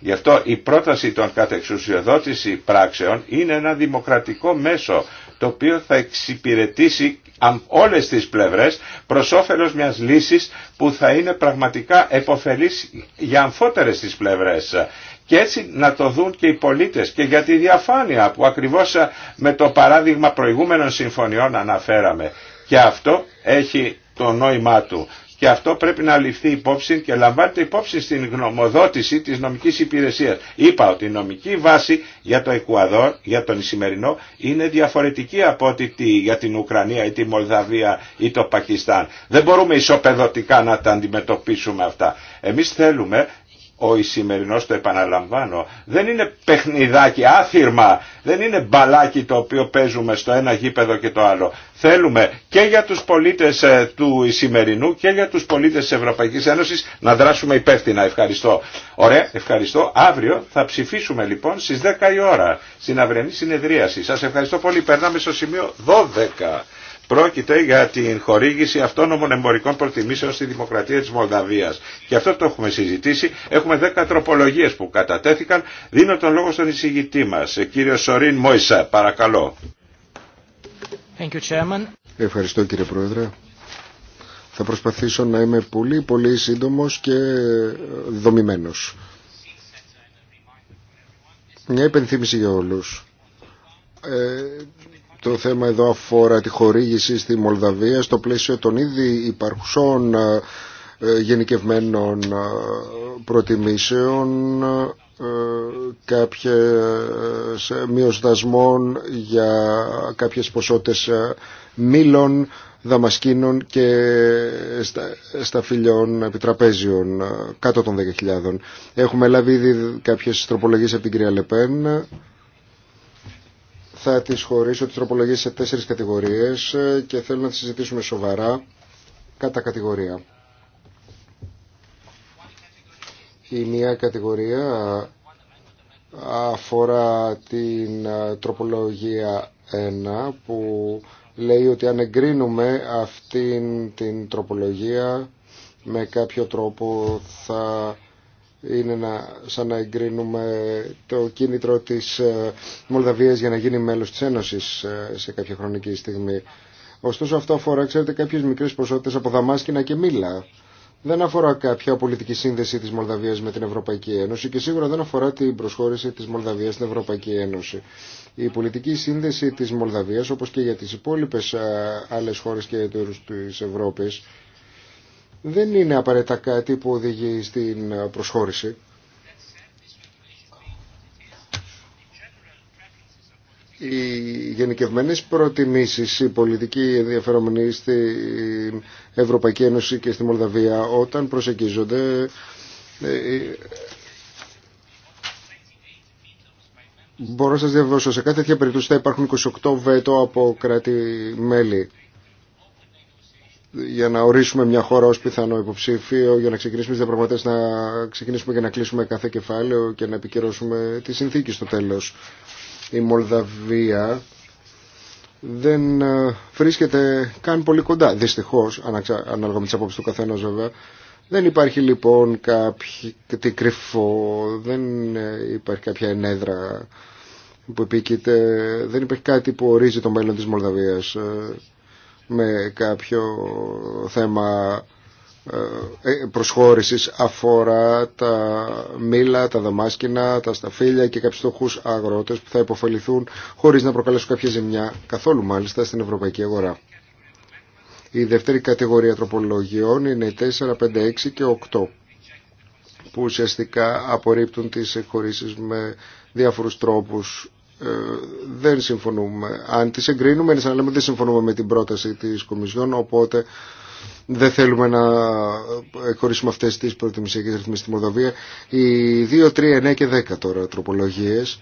Γι' αυτό η πρόταση των κατεξουσιοδότηση πράξεων είναι ένα δημοκρατικό μέσο το οποίο θα εξυπηρετήσει όλες τις πλευρές προς όφελος μιας λύσης που θα είναι πραγματικά επωφελής για αμφότερες τις πλευρές. Και έτσι να το δουν και οι πολίτες και για τη διαφάνεια που ακριβώς με το παράδειγμα προηγούμενων συμφωνιών αναφέραμε. Και αυτό έχει το νόημά του και αυτό πρέπει να ληφθεί υπόψη και λαμβάνεται υπόψη στην γνωμοδότηση της νομικής υπηρεσίας. Είπα ότι η νομική βάση για το Εκουαδόρ, για τον Ισημερινό, είναι διαφορετική από ό,τι για την Ουκρανία ή τη Μολδαβία ή το Πακιστάν. Δεν μπορούμε ισοπεδωτικά να τα αντιμετωπίσουμε αυτά. Εμείς θέλουμε ο Ισημερινός το επαναλαμβάνω δεν είναι παιχνιδάκι άθυρμα δεν είναι μπαλάκι το οποίο παίζουμε στο ένα γήπεδο και το άλλο θέλουμε και για τους πολίτες ε, του Ισημερινού και για τους πολίτες της Ευρωπαϊκής Ένωσης να δράσουμε υπεύθυνα ευχαριστώ ωραία ευχαριστώ αύριο θα ψηφίσουμε λοιπόν στις 10 η ώρα στην αυριανή συνεδρίαση σας ευχαριστώ πολύ περνάμε στο σημείο 12 Πρόκειται για την χορήγηση αυτόνομων εμπορικών προτιμήσεων στη Δημοκρατία της Μολδαβίας. Και αυτό το έχουμε συζητήσει. Έχουμε δέκα τροπολογίες που κατατέθηκαν. Δίνω τον λόγο στον εισηγητή μας, κύριο Σορίν Μόισα. Παρακαλώ. Thank you, Ευχαριστώ κύριε Πρόεδρε. Θα προσπαθήσω να είμαι πολύ πολύ σύντομος και ε, δομημένος. Μια υπενθύμηση για όλους. Ε, το θέμα εδώ αφορά τη χορήγηση στη Μολδαβία στο πλαίσιο των ήδη υπαρχουσών ε, ε, γενικευμένων ε, προτιμήσεων κάποιες μειοστασμών για κάποιες ποσότητες μήλων, δαμασκίνων και σταφυλιών επιτραπέζιων κάτω των 10.000. Έχουμε λάβει ήδη κάποιες τροπολογίες από την κυρία Λεπέν θα τις χωρίσω τις τροπολογίες σε τέσσερις κατηγορίες ε, και θέλω να τις συζητήσουμε σοβαρά κατά κατηγορία. Η μία κατηγορία αφορά την ε, τροπολογία 1 που λέει ότι αν εγκρίνουμε αυτήν την τροπολογία με κάποιο τρόπο θα είναι να, σαν να εγκρίνουμε το κίνητρο της ε, Μολδαβίας για να γίνει μέλος της Ένωσης ε, σε κάποια χρονική στιγμή. Ωστόσο αυτό αφορά, ξέρετε, κάποιες μικρές ποσότητες από Δαμάσκηνα και Μήλα. Δεν αφορά κάποια πολιτική σύνδεση της Μολδαβίας με την Ευρωπαϊκή Ένωση και σίγουρα δεν αφορά την προσχώρηση της Μολδαβίας στην Ευρωπαϊκή Ένωση. Η πολιτική σύνδεση της Μολδαβίας, όπως και για τις υπόλοιπες ε, άλλες χώρες και της Ευρώπης, δεν είναι απαραίτητα κάτι που οδηγεί στην προσχώρηση. οι γενικευμένες προτιμήσεις οι πολιτικοί ενδιαφερόμενοι στην Ευρωπαϊκή Ένωση και στη Μολδαβία όταν προσεγγίζονται ε, ε, μπορώ να σας διαβεβαιώσω σε κάθε τέτοια περίπτωση θα υπάρχουν 28 βέτο από κράτη-μέλη για να ορίσουμε μια χώρα ως πιθανό υποψήφιο, για να ξεκινήσουμε τις διαπραγματεύσεις, να ξεκινήσουμε και να κλείσουμε κάθε κεφάλαιο και να επικυρώσουμε τη συνθήκη στο τέλος. Η Μολδαβία δεν ε, βρίσκεται καν πολύ κοντά, δυστυχώς, ανάλογα με τις απόψεις του καθένα, βέβαια. Δεν υπάρχει λοιπόν κάτι κρυφό, δεν ε, υπάρχει κάποια ενέδρα που επίκειται, δεν υπάρχει κάτι που ορίζει το μέλλον της Μολδαβίας. Ε, με κάποιο θέμα ε, ε, προσχώρησης αφορά τα μήλα, τα δαμάσκηνα, τα σταφύλια και κάποιους στοχούς αγρότες που θα υποφεληθούν χωρίς να προκαλέσουν κάποια ζημιά καθόλου μάλιστα στην ευρωπαϊκή αγορά. Η δεύτερη κατηγορία τροπολογιών είναι 4, 5, 6 και 8 που ουσιαστικά απορρίπτουν τις εκχωρήσεις με διάφορους τρόπους ε, δεν συμφωνούμε. Αν τις εγκρίνουμε είναι σαν να λέμε δεν συμφωνούμε με την πρόταση της Κομισιόν οπότε δεν θέλουμε να χωρίσουμε αυτές τις προτιμησιακές ρυθμίσεις στη Μολδαβία. Οι 2, 3, 9 και 10 τώρα τροπολογίες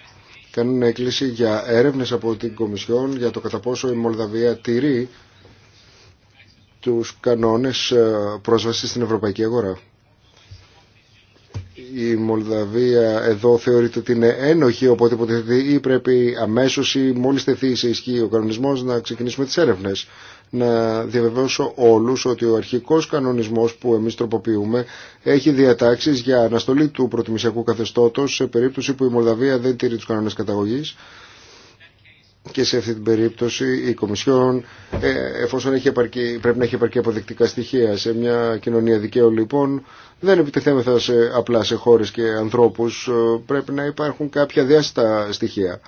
κάνουν έκκληση για έρευνες από την Κομισιόν για το κατά πόσο η Μολδαβία τηρεί τους κανόνες ε, πρόσβασης στην ευρωπαϊκή αγορά η Μολδαβία εδώ θεωρείται ότι είναι ένοχη οπότε υποτεθεί ή πρέπει αμέσως ή μόλις τεθεί σε ισχύ ο κανονισμός να ξεκινήσουμε τις έρευνες. Να διαβεβαιώσω όλους ότι ο αρχικός κανονισμός που εμείς τροποποιούμε έχει διατάξεις για αναστολή του προτιμησιακού καθεστώτος σε περίπτωση που η Μολδαβία δεν τηρεί τους κανόνες καταγωγής και σε αυτή την περίπτωση η Κομισιόν ε, εφόσον έχει πρέπει να έχει επαρκή αποδεικτικά στοιχεία σε μια κοινωνία δικαίου λοιπόν δεν επιτεθέμεθα σε, απλά σε χώρες και ανθρώπους ε, πρέπει να υπάρχουν κάποια διάστα στοιχεία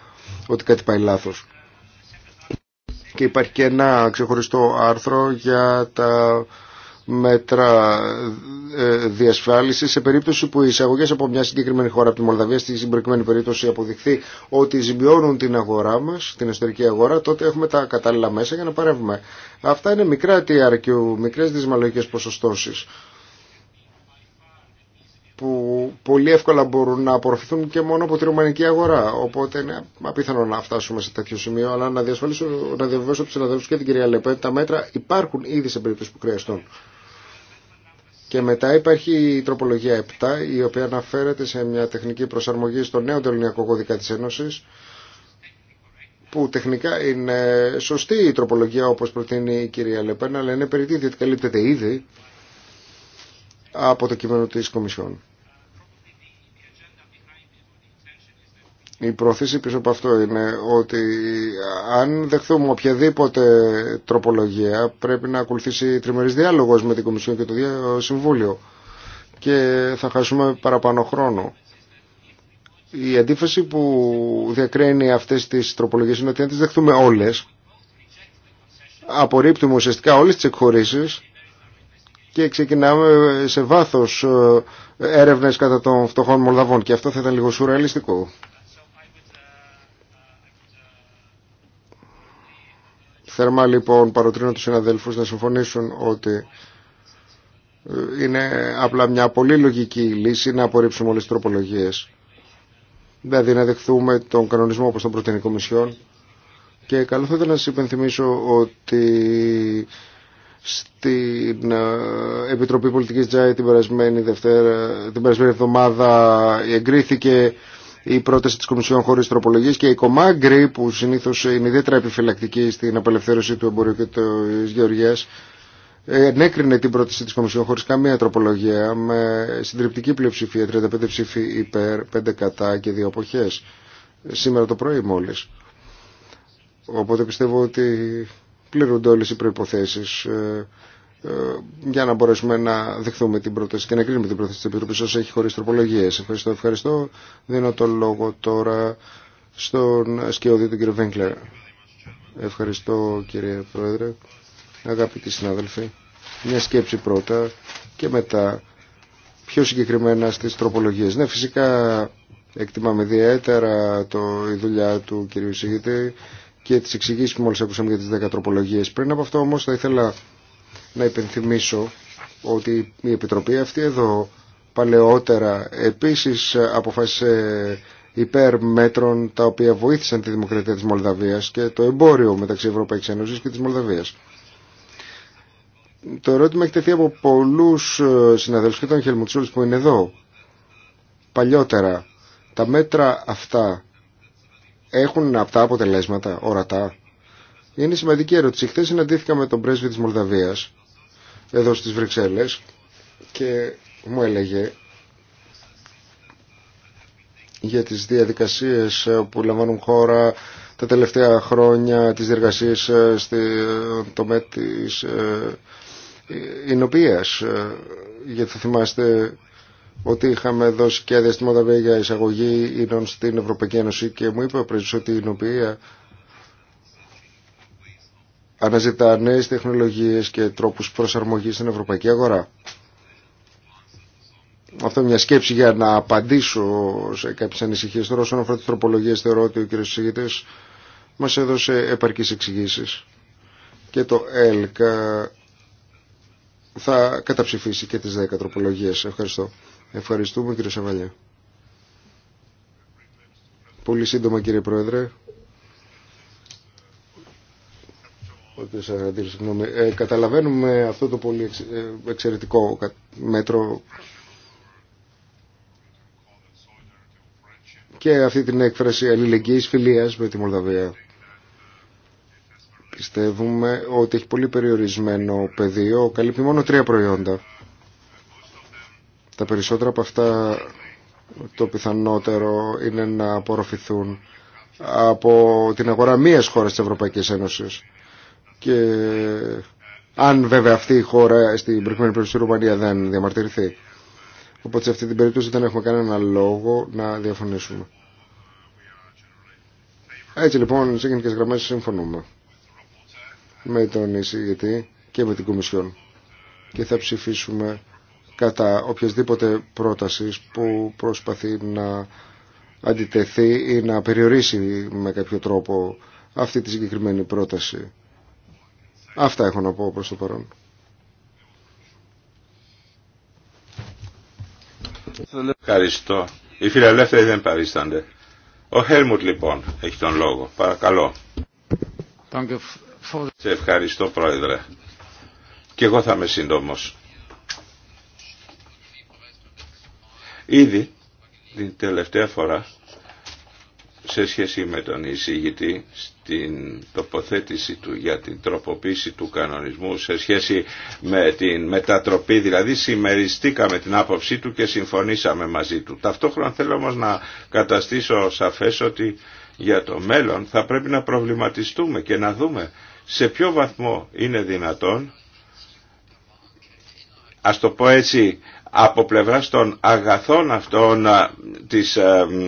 ότι κάτι πάει λάθος και υπάρχει και ένα ξεχωριστό άρθρο για τα μέτρα ε, διασφάλισης σε περίπτωση που οι εισαγωγές από μια συγκεκριμένη χώρα από τη Μολδαβία στη συγκεκριμένη περίπτωση αποδειχθεί ότι ζημιώνουν την αγορά μας, την εσωτερική αγορά, τότε έχουμε τα κατάλληλα μέσα για να παρεύουμε. Αυτά είναι μικρά TRQ, μικρές δυσμαλογικές ποσοστώσεις που πολύ εύκολα μπορούν να απορροφηθούν και μόνο από τη ρουμανική αγορά. Οπότε είναι απίθανο να φτάσουμε σε τέτοιο σημείο, αλλά να διασφαλίσω, να διαβεβαιώσω του συναδέλφου και την κυρία Λεπέ, τα μέτρα υπάρχουν ήδη σε περίπτωση που χρειαστούν. Και μετά υπάρχει η τροπολογία 7, η οποία αναφέρεται σε μια τεχνική προσαρμογή στο νέο τελωνιακό κώδικα της Ένωσης, που τεχνικά είναι σωστή η τροπολογία όπως προτείνει η κυρία Λεπέν, αλλά είναι περιττή διότι καλύπτεται ήδη από το κείμενο της Κομισιόν. Η πρόθεση πίσω από αυτό είναι ότι αν δεχθούμε οποιαδήποτε τροπολογία πρέπει να ακολουθήσει τριμερής διάλογος με την Κομισιόν και το Συμβούλιο και θα χάσουμε παραπάνω χρόνο. Η αντίφαση που διακρίνει αυτές τις τροπολογίες είναι ότι αν τις δεχθούμε όλες απορρίπτουμε ουσιαστικά όλες τις εκχωρήσεις και ξεκινάμε σε βάθος ε, έρευνες κατά των φτωχών Μολδαβών και αυτό θα ήταν λίγο σουρεαλιστικό. Θερμά λοιπόν παροτρύνω τους συναδέλφους να συμφωνήσουν ότι ε, είναι απλά μια πολύ λογική λύση να απορρίψουμε όλες τις τροπολογίες. Δηλαδή να δεχθούμε τον κανονισμό όπως τον προτείνει η Κομισιόν. Και καλό θα ήθελα να σας υπενθυμίσω ότι στην ε, Επιτροπή Πολιτικής Τζάι την περασμένη, Δευτέρα, την περασμένη εβδομάδα εγκρίθηκε η πρόταση της Κομισιόν χωρίς τροπολογίες και η Κομάγκρη που συνήθως είναι ιδιαίτερα επιφυλακτική στην απελευθέρωση του εμπορίου και της γεωργίας ε, ενέκρινε την πρόταση της Κομισιόν χωρίς καμία τροπολογία με συντριπτική πλειοψηφία 35 ψήφοι υπέρ, 5 κατά και 2 αποχές σήμερα το πρωί μόλις. Οπότε πιστεύω ότι πληρούνται όλες οι προϋποθέσεις ε, ε, για να μπορέσουμε να δεχθούμε την πρόταση και να κρίνουμε την πρόταση της Επιτροπής όσο έχει χωρίς τροπολογίες. Ευχαριστώ, ευχαριστώ. Δίνω το λόγο τώρα στον σκιώδη του κ. Βέγκλερ. Ευχαριστώ κύριε Πρόεδρε, αγαπητοί συνάδελφοι. Μια σκέψη πρώτα και μετά πιο συγκεκριμένα στις τροπολογίες. Ναι, φυσικά εκτιμάμε ιδιαίτερα το, η δουλειά του κυρίου Σιγητή και τις εξηγήσεις που μόλις ακούσαμε για τις 10 τροπολογίες. Πριν από αυτό όμως θα ήθελα να υπενθυμίσω ότι η Επιτροπή αυτή εδώ παλαιότερα επίσης αποφάσισε υπέρ μέτρων τα οποία βοήθησαν τη δημοκρατία της Μολδαβίας και το εμπόριο μεταξύ Ευρωπαϊκής Ένωσης και της Μολδαβίας. Το ερώτημα έχει τεθεί από πολλούς ε, συναδέλφους και τον Χελμουτσούλης που είναι εδώ. Παλιότερα τα μέτρα αυτά έχουν αυτά αποτελέσματα, ορατά. Είναι σημαντική ερώτηση. Χθε συναντήθηκα με τον πρέσβη της Μολδαβίας εδώ στις Βρυξέλλες και μου έλεγε για τις διαδικασίες που λαμβάνουν χώρα τα τελευταία χρόνια, τις διεργασίες ε, στο τομέα της ε, ε, Γιατί θα θυμάστε ότι είχαμε δώσει και διαστήματα για εισαγωγή ίνων στην Ευρωπαϊκή Ένωση και μου είπε ο ότι η εινοποιία αναζητά νέε τεχνολογίες και τρόπους προσαρμογής στην ευρωπαϊκή αγορά. Αυτό είναι μια σκέψη για να απαντήσω σε κάποιε ανησυχίε. Τώρα όσον αφορά τι τροπολογίες θεωρώ ότι ο κ. Σιγητή μας έδωσε επαρκείς εξηγήσει. και το ΕΛΚΑ ε, θα καταψηφίσει και τις 10 τροπολογίε. Ευχαριστώ. Ευχαριστούμε κύριε Σαβαλιά. Πολύ σύντομα κύριε Πρόεδρε. ε, καταλαβαίνουμε αυτό το πολύ ε, εξαιρετικό μέτρο και αυτή την έκφραση αλληλεγγύης φιλίας με τη Μολδαβία. Πιστεύουμε ότι έχει πολύ περιορισμένο πεδίο, καλύπτει μόνο τρία προϊόντα. Τα περισσότερα από αυτά το πιθανότερο είναι να απορροφηθούν από την αγορά μίας χώρας της Ευρωπαϊκής Ένωσης και αν βέβαια αυτή η χώρα στην προηγούμενη περίπτωση Ρουμανία δεν διαμαρτυρηθεί. Οπότε σε αυτή την περίπτωση δεν έχουμε κανένα λόγο να διαφωνήσουμε. Έτσι λοιπόν σε γενικές γραμμές συμφωνούμε με τον εισηγητή και με την Κομισιόν και θα ψηφίσουμε κατά οποιασδήποτε πρότασης που προσπαθεί να αντιτεθεί ή να περιορίσει με κάποιο τρόπο αυτή τη συγκεκριμένη πρόταση Αυτά έχω να πω προς το παρόν. Ευχαριστώ. Οι φιλελεύθεροι δεν παρίστανται. Ο Χέλμουτ λοιπόν έχει τον λόγο. Παρακαλώ. Σε ευχαριστώ πρόεδρε. Και εγώ θα είμαι σύντομος. Ήδη την τελευταία φορά σε σχέση με τον εισηγητή στην τοποθέτηση του για την τροποποίηση του κανονισμού σε σχέση με την μετατροπή δηλαδή συμμεριστήκαμε την άποψή του και συμφωνήσαμε μαζί του ταυτόχρονα θέλω όμως να καταστήσω σαφές ότι για το μέλλον θα πρέπει να προβληματιστούμε και να δούμε σε ποιο βαθμό είναι δυνατόν ας το πω έτσι από πλευράς των αγαθών αυτών της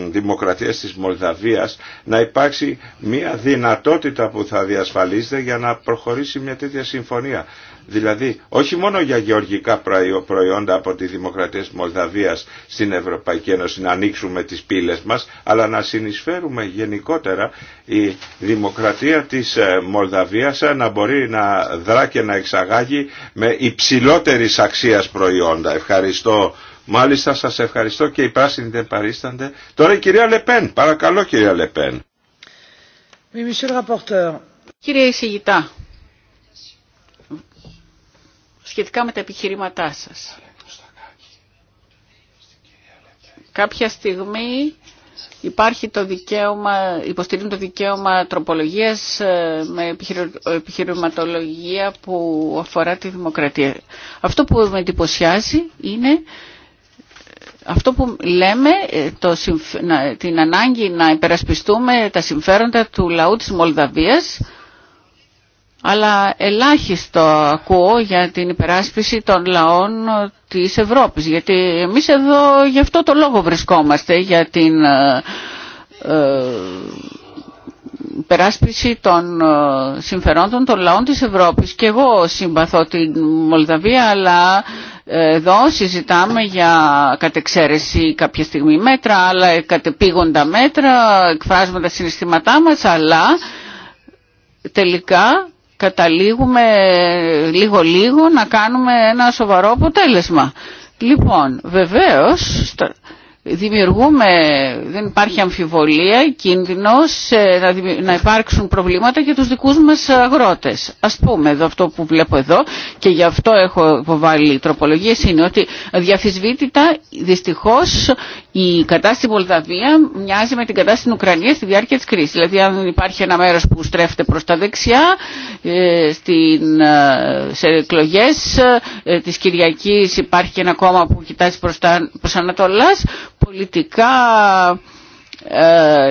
δημοκρατίας της Μολδαβίας να υπάρξει μια δυνατότητα που θα διασφαλίζεται για να προχωρήσει μια τέτοια συμφωνία. Δηλαδή όχι μόνο για γεωργικά προϊόντα από τη Δημοκρατία της Μολδαβίας στην Ευρωπαϊκή Ένωση να ανοίξουμε τις πύλες μας, αλλά να συνεισφέρουμε γενικότερα η Δημοκρατία της ε, Μολδαβίας ε, να μπορεί να δρά και να εξαγάγει με υψηλότερης αξία προϊόντα. Ευχαριστώ. Μάλιστα σας ευχαριστώ και οι πράσινοι δεν παρίστανται. Τώρα η κυρία Λεπέν. Παρακαλώ κυρία Λεπέν. Κύριε Ισηγητά, σχετικά με τα επιχειρήματά σας. Κάποια στιγμή υπάρχει το δικαίωμα, υποστηρίζουν το δικαίωμα τροπολογίας ε, με επιχειρηματολογία που αφορά τη δημοκρατία. Αυτό που με εντυπωσιάζει είναι ε, αυτό που λέμε, ε, το, την ανάγκη να υπερασπιστούμε τα συμφέροντα του λαού της Μολδαβίας αλλά ελάχιστο ακούω για την υπεράσπιση των λαών της Ευρώπης. Γιατί εμείς εδώ γι' αυτό το λόγο βρισκόμαστε, για την ε, ε, υπεράσπιση των ε, συμφερόντων των λαών της Ευρώπης. Και εγώ συμπαθώ την Μολδαβία, αλλά εδώ συζητάμε για κατεξαίρεση κάποια στιγμή μέτρα, αλλά κατεπήγοντα μέτρα, εκφράζουμε τα συναισθήματά μας, αλλά τελικά καταλήγουμε λίγο-λίγο να κάνουμε ένα σοβαρό αποτέλεσμα. Λοιπόν, βεβαίως δημιουργούμε, δεν υπάρχει αμφιβολία, κίνδυνος να υπάρξουν προβλήματα για τους δικούς μας αγρότες. Ας πούμε, εδώ αυτό που βλέπω εδώ και γι' αυτό έχω υποβάλει τροπολογίες είναι ότι διαφυσβήτητα δυστυχώς η κατάσταση Μολδαβία μοιάζει με την κατάσταση στην Ουκρανία στη διάρκεια της κρίσης. Δηλαδή αν υπάρχει ένα μέρος που στρέφεται προς τα δεξιά ε, στην, ε, σε εκλογέ ε, της Κυριακής υπάρχει ένα κόμμα που κοιτάζει προς, τα, προς Ανατολάς πολιτικά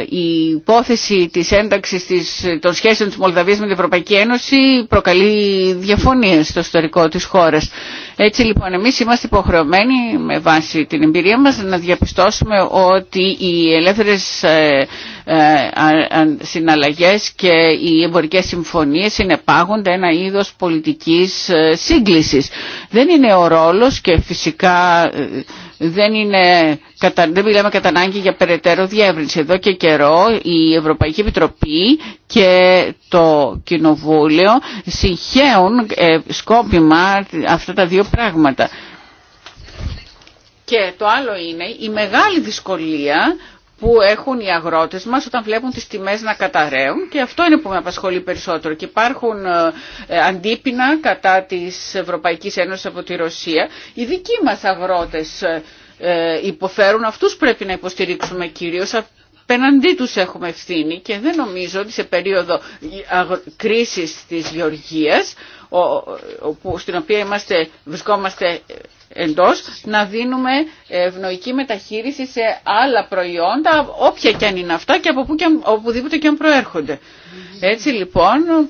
η υπόθεση της ένταξης της, των σχέσεων της Μολδαβίας με την Ευρωπαϊκή Ένωση προκαλεί διαφωνίες στο ιστορικό της χώρας. Έτσι λοιπόν εμείς είμαστε υποχρεωμένοι με βάση την εμπειρία μας να διαπιστώσουμε ότι οι ελεύθερες ε, ε, συναλλαγές και οι εμπορικές συμφωνίες είναι πάγοντα ένα είδος πολιτικής ε, σύγκλησης. Δεν είναι ο ρόλος και φυσικά δεν, είναι, δεν μιλάμε κατά ανάγκη για περαιτέρω διεύρυνση. Εδώ και καιρό η Ευρωπαϊκή Επιτροπή και το Κοινοβούλιο συγχαίουν ε, σκόπιμα αυτά τα δύο πράγματα. Και το άλλο είναι η μεγάλη δυσκολία που έχουν οι αγρότες μας όταν βλέπουν τις τιμές να καταραίουν και αυτό είναι που με απασχολεί περισσότερο και υπάρχουν ε, ε, αντίπεινα κατά της Ευρωπαϊκής Ένωσης από τη Ρωσία. Οι δικοί μας αγρότες ε, υποφέρουν, αυτούς πρέπει να υποστηρίξουμε κυρίως Πεναντί τους έχουμε ευθύνη και δεν νομίζω ότι σε περίοδο κρίσης της γεωργίας όπου, στην οποία είμαστε, βρισκόμαστε εντός, να δίνουμε ευνοϊκή μεταχείριση σε άλλα προϊόντα, όποια και αν είναι αυτά και από που και, οπουδήποτε και αν προέρχονται. Έτσι λοιπόν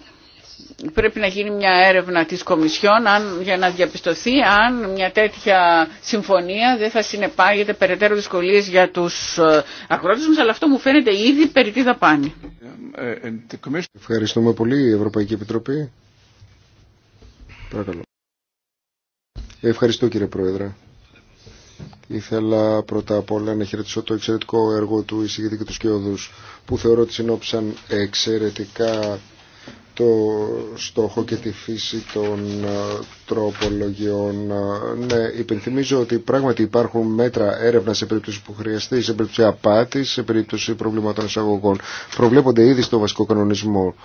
πρέπει να γίνει μια έρευνα της Κομισιόν αν, για να διαπιστωθεί αν μια τέτοια συμφωνία δεν θα συνεπάγεται περαιτέρω δυσκολίε για τους ε, αγρότες μας, αλλά αυτό μου φαίνεται ήδη περί τι δαπάνη. Ευχαριστούμε πολύ η Ευρωπαϊκή Επιτροπή. Παρακαλώ. Ευχαριστώ κύριε Πρόεδρε. Ήθελα πρώτα απ' όλα να χαιρετήσω το εξαιρετικό έργο του εισηγητή και του Σκιώδους που θεωρώ ότι συνόψαν εξαιρετικά το στόχο και τη φύση των ε, τροπολογιών. Ε, ναι, υπενθυμίζω ότι πράγματι υπάρχουν μέτρα έρευνα σε περίπτωση που χρειαστεί, σε περίπτωση απάτη, σε περίπτωση προβλήματων εισαγωγών. Προβλέπονται ήδη στο βασικό κανονισμό.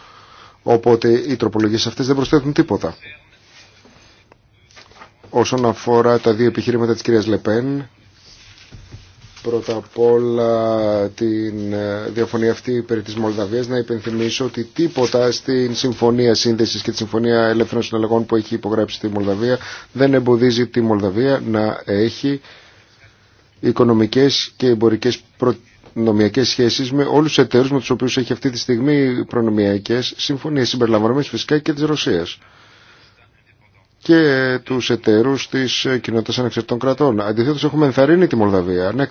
Οπότε οι τροπολογίες αυτές δεν προσθέτουν τίποτα. Όσον αφορά τα δύο επιχείρηματα τη κυρία Λεπέν, Πρώτα απ' όλα την ε, διαφωνία αυτή περί της Μολδαβίας να υπενθυμίσω ότι τίποτα στην Συμφωνία Σύνδεσης και τη Συμφωνία Ελεύθερων Συναλλαγών που έχει υπογράψει τη Μολδαβία δεν εμποδίζει τη Μολδαβία να έχει οικονομικές και εμπορικές προνομιακές σχέσεις με όλους τους εταίρους με τους οποίους έχει αυτή τη στιγμή προνομιακές συμφωνίες συμπεριλαμβανομένες φυσικά και της Ρωσίας και του εταιρού τη κοινότητα ανεξαρτητών κρατών. Αντιθέτω έχουμε ενθαρρύνει τη Μολδαβία, ναι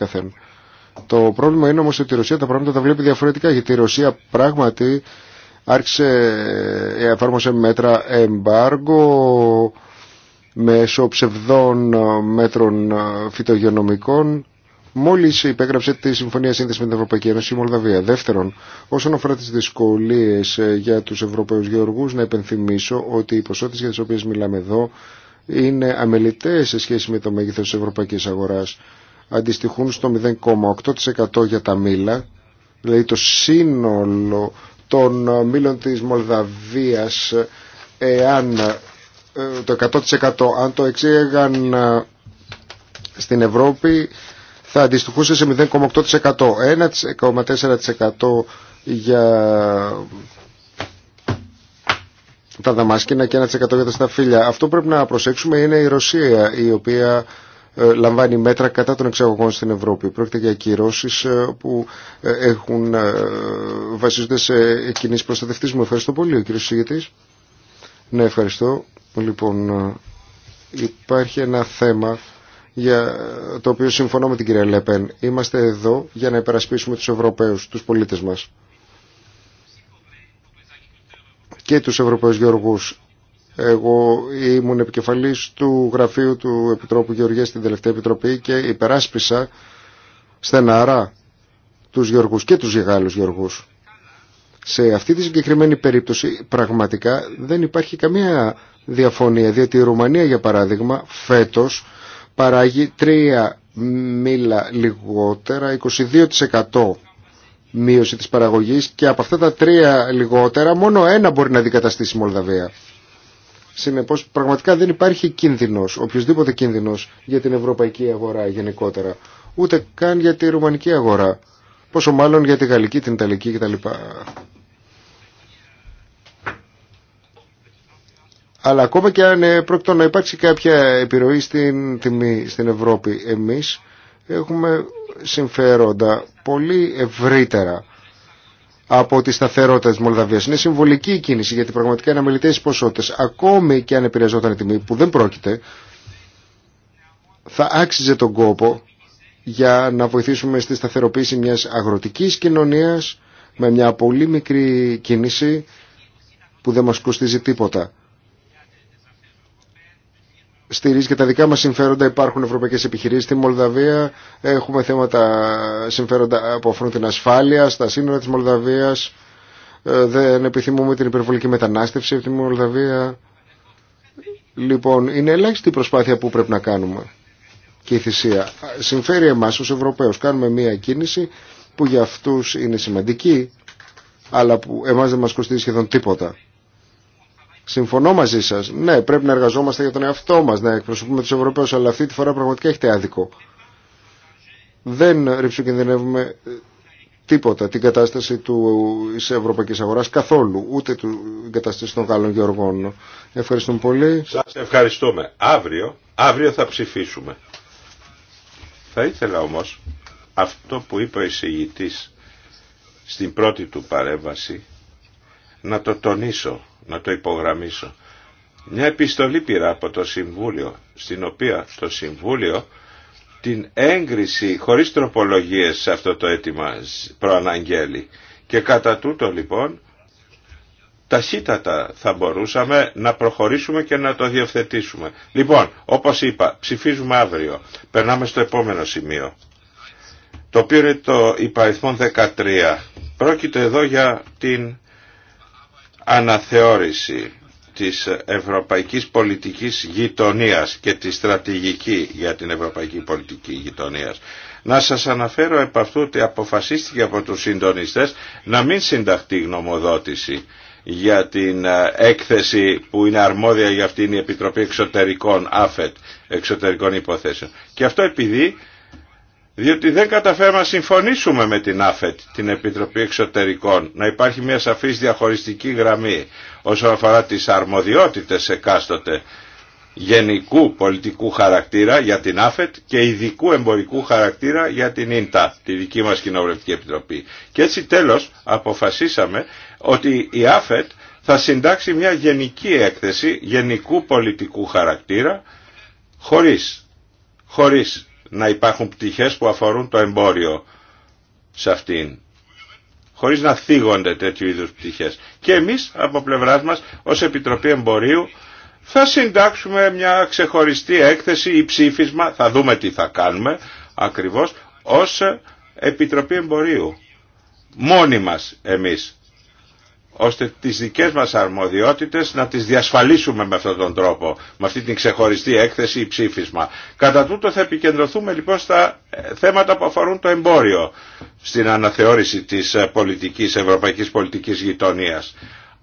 Το πρόβλημα είναι όμω ότι η Ρωσία τα πράγματα τα βλέπει διαφορετικά, γιατί η Ρωσία πράγματι άρχισε, ε, εφάρμοσε μέτρα εμπάργκο μέσω ψευδών ε, μέτρων ε, φυτογενομικών μόλις υπέγραψε τη Συμφωνία Σύνδεσης με την Ευρωπαϊκή Ένωση η Μολδαβία. Δεύτερον, όσον αφορά τις δυσκολίες ε, για τους Ευρωπαίους Γεωργούς, να επενθυμίσω ότι οι ποσότητες για τις οποίες μιλάμε εδώ είναι αμελητές σε σχέση με το μέγεθος της ευρωπαϊκής αγοράς. Αντιστοιχούν στο 0,8% για τα μήλα, δηλαδή το σύνολο των ε, μήλων της Μολδαβίας, ε, εάν το 100% αν το εξήγαγαν στην Ευρώπη θα αντιστοιχούσε σε 0,8%. 1,4% για τα δαμάσκηνα και 1% για τα σταφύλια. Αυτό που πρέπει να προσέξουμε είναι η Ρωσία η οποία ε, λαμβάνει μέτρα κατά των εξαγωγών στην Ευρώπη. Πρόκειται για κυρώσεις ε, που ε, έχουν, βασίζονται σε κινήσεις προστατευτισμού. Ευχαριστώ πολύ ο κύριος Συγητής. Ναι, ευχαριστώ. Λοιπόν, υπάρχει ένα θέμα για το οποίο συμφωνώ με την κυρία Λέπεν. Είμαστε εδώ για να υπερασπίσουμε τους Ευρωπαίους, τους πολίτες μας και τους Ευρωπαίους Γεωργούς. Εγώ ήμουν επικεφαλής του γραφείου του Επιτρόπου Γεωργίας στην τελευταία επιτροπή και υπεράσπισα στεναρά τους Γεωργούς και τους Γεγάλους Γεωργούς. Σε αυτή τη συγκεκριμένη περίπτωση πραγματικά δεν υπάρχει καμία διαφωνία, διότι η Ρουμανία για παράδειγμα φέτος παράγει 3 μίλα λιγότερα, 22% μείωση της παραγωγής και από αυτά τα τρία λιγότερα μόνο ένα μπορεί να δικαταστήσει η Μολδαβία. Συνεπώς πραγματικά δεν υπάρχει κίνδυνος, οποιοδήποτε κίνδυνος για την ευρωπαϊκή αγορά γενικότερα, ούτε καν για τη ρουμανική αγορά, πόσο μάλλον για τη γαλλική, την ιταλική κτλ. Αλλά ακόμα και αν ε, πρόκειται να υπάρξει κάποια επιρροή στην τιμή στην Ευρώπη, εμείς έχουμε συμφέροντα πολύ ευρύτερα από τη σταθερότητα της Μολδαβίας. Είναι συμβολική η κίνηση γιατί πραγματικά είναι αμελητές ποσότητες. Ακόμη και αν επηρεαζόταν η τιμή που δεν πρόκειται, θα άξιζε τον κόπο για να βοηθήσουμε στη σταθεροποίηση μιας αγροτικής κοινωνίας με μια πολύ μικρή κίνηση που δεν μας κοστίζει τίποτα στηρίζει και τα δικά μας συμφέροντα. Υπάρχουν ευρωπαϊκές επιχειρήσεις στη Μολδαβία. Έχουμε θέματα συμφέροντα που αφορούν την ασφάλεια στα σύνορα της Μολδαβίας. Ε, δεν επιθυμούμε την υπερβολική μετανάστευση από τη Μολδαβία. Λοιπόν, είναι ελάχιστη η προσπάθεια που πρέπει να κάνουμε και η θυσία. Συμφέρει εμάς ως Ευρωπαίους. Κάνουμε μια κίνηση που για αυτούς είναι σημαντική, αλλά που εμάς δεν μας κοστίζει σχεδόν τίποτα. Συμφωνώ μαζί σα. Ναι, πρέπει να εργαζόμαστε για τον εαυτό μα, να εκπροσωπούμε του Ευρωπαίου, αλλά αυτή τη φορά πραγματικά έχετε άδικο. Δεν ρηψοκινδυνεύουμε ε, τίποτα την κατάσταση τη ευρωπαϊκή αγορά καθόλου, ούτε την κατάσταση των Γάλλων Γεωργών. Ευχαριστούμε πολύ. Σα ευχαριστούμε. Αύριο, αύριο θα ψηφίσουμε. Θα ήθελα όμω αυτό που είπε ο εισηγητή στην πρώτη του παρέμβαση να το τονίσω να το υπογραμμίσω. Μια επιστολή πήρα από το Συμβούλιο, στην οποία στο Συμβούλιο την έγκριση χωρίς τροπολογίες σε αυτό το αίτημα προαναγγέλει. Και κατά τούτο λοιπόν ταχύτατα θα μπορούσαμε να προχωρήσουμε και να το διευθετήσουμε. Λοιπόν, όπως είπα, ψηφίζουμε αύριο. Περνάμε στο επόμενο σημείο. Το οποίο είναι το υπαριθμό 13. Πρόκειται εδώ για την αναθεώρηση της ευρωπαϊκής πολιτικής γειτονίας και τη στρατηγική για την ευρωπαϊκή πολιτική γειτονίας. Να σας αναφέρω επ' αυτού ότι αποφασίστηκε από τους συντονιστές να μην συνταχτεί γνωμοδότηση για την ε, έκθεση που είναι αρμόδια για αυτήν η Επιτροπή Εξωτερικών, ΑΦΕΤ, Εξωτερικών Υποθέσεων. Και αυτό επειδή διότι δεν καταφέραμε να συμφωνήσουμε με την ΑΦΕΤ, την Επιτροπή Εξωτερικών, να υπάρχει μια σαφής διαχωριστική γραμμή όσον αφορά τις αρμοδιότητες εκάστοτε γενικού πολιτικού χαρακτήρα για την ΑΦΕΤ και ειδικού εμπορικού χαρακτήρα για την ΙΝΤΑ, τη δική μας Κοινοβουλευτική Επιτροπή. Και έτσι τέλος αποφασίσαμε ότι η ΑΦΕΤ θα συντάξει μια γενική έκθεση γενικού πολιτικού χαρακτήρα χωρίς, χωρίς να υπάρχουν πτυχές που αφορούν το εμπόριο σε αυτήν χωρίς να θίγονται τέτοιου είδους πτυχές. Και εμείς από πλευράς μας ως Επιτροπή Εμπορίου θα συντάξουμε μια ξεχωριστή έκθεση ή ψήφισμα, θα δούμε τι θα κάνουμε ακριβώς, ως Επιτροπή Εμπορίου. Μόνοι μας εμείς ώστε τις δικές μας αρμοδιότητες να τις διασφαλίσουμε με αυτόν τον τρόπο, με αυτή την ξεχωριστή έκθεση ή ψήφισμα. Κατά τούτο θα επικεντρωθούμε λοιπόν στα ε, θέματα που αφορούν το εμπόριο στην αναθεώρηση της ε, πολιτικής, ευρωπαϊκής πολιτικής γειτονίας.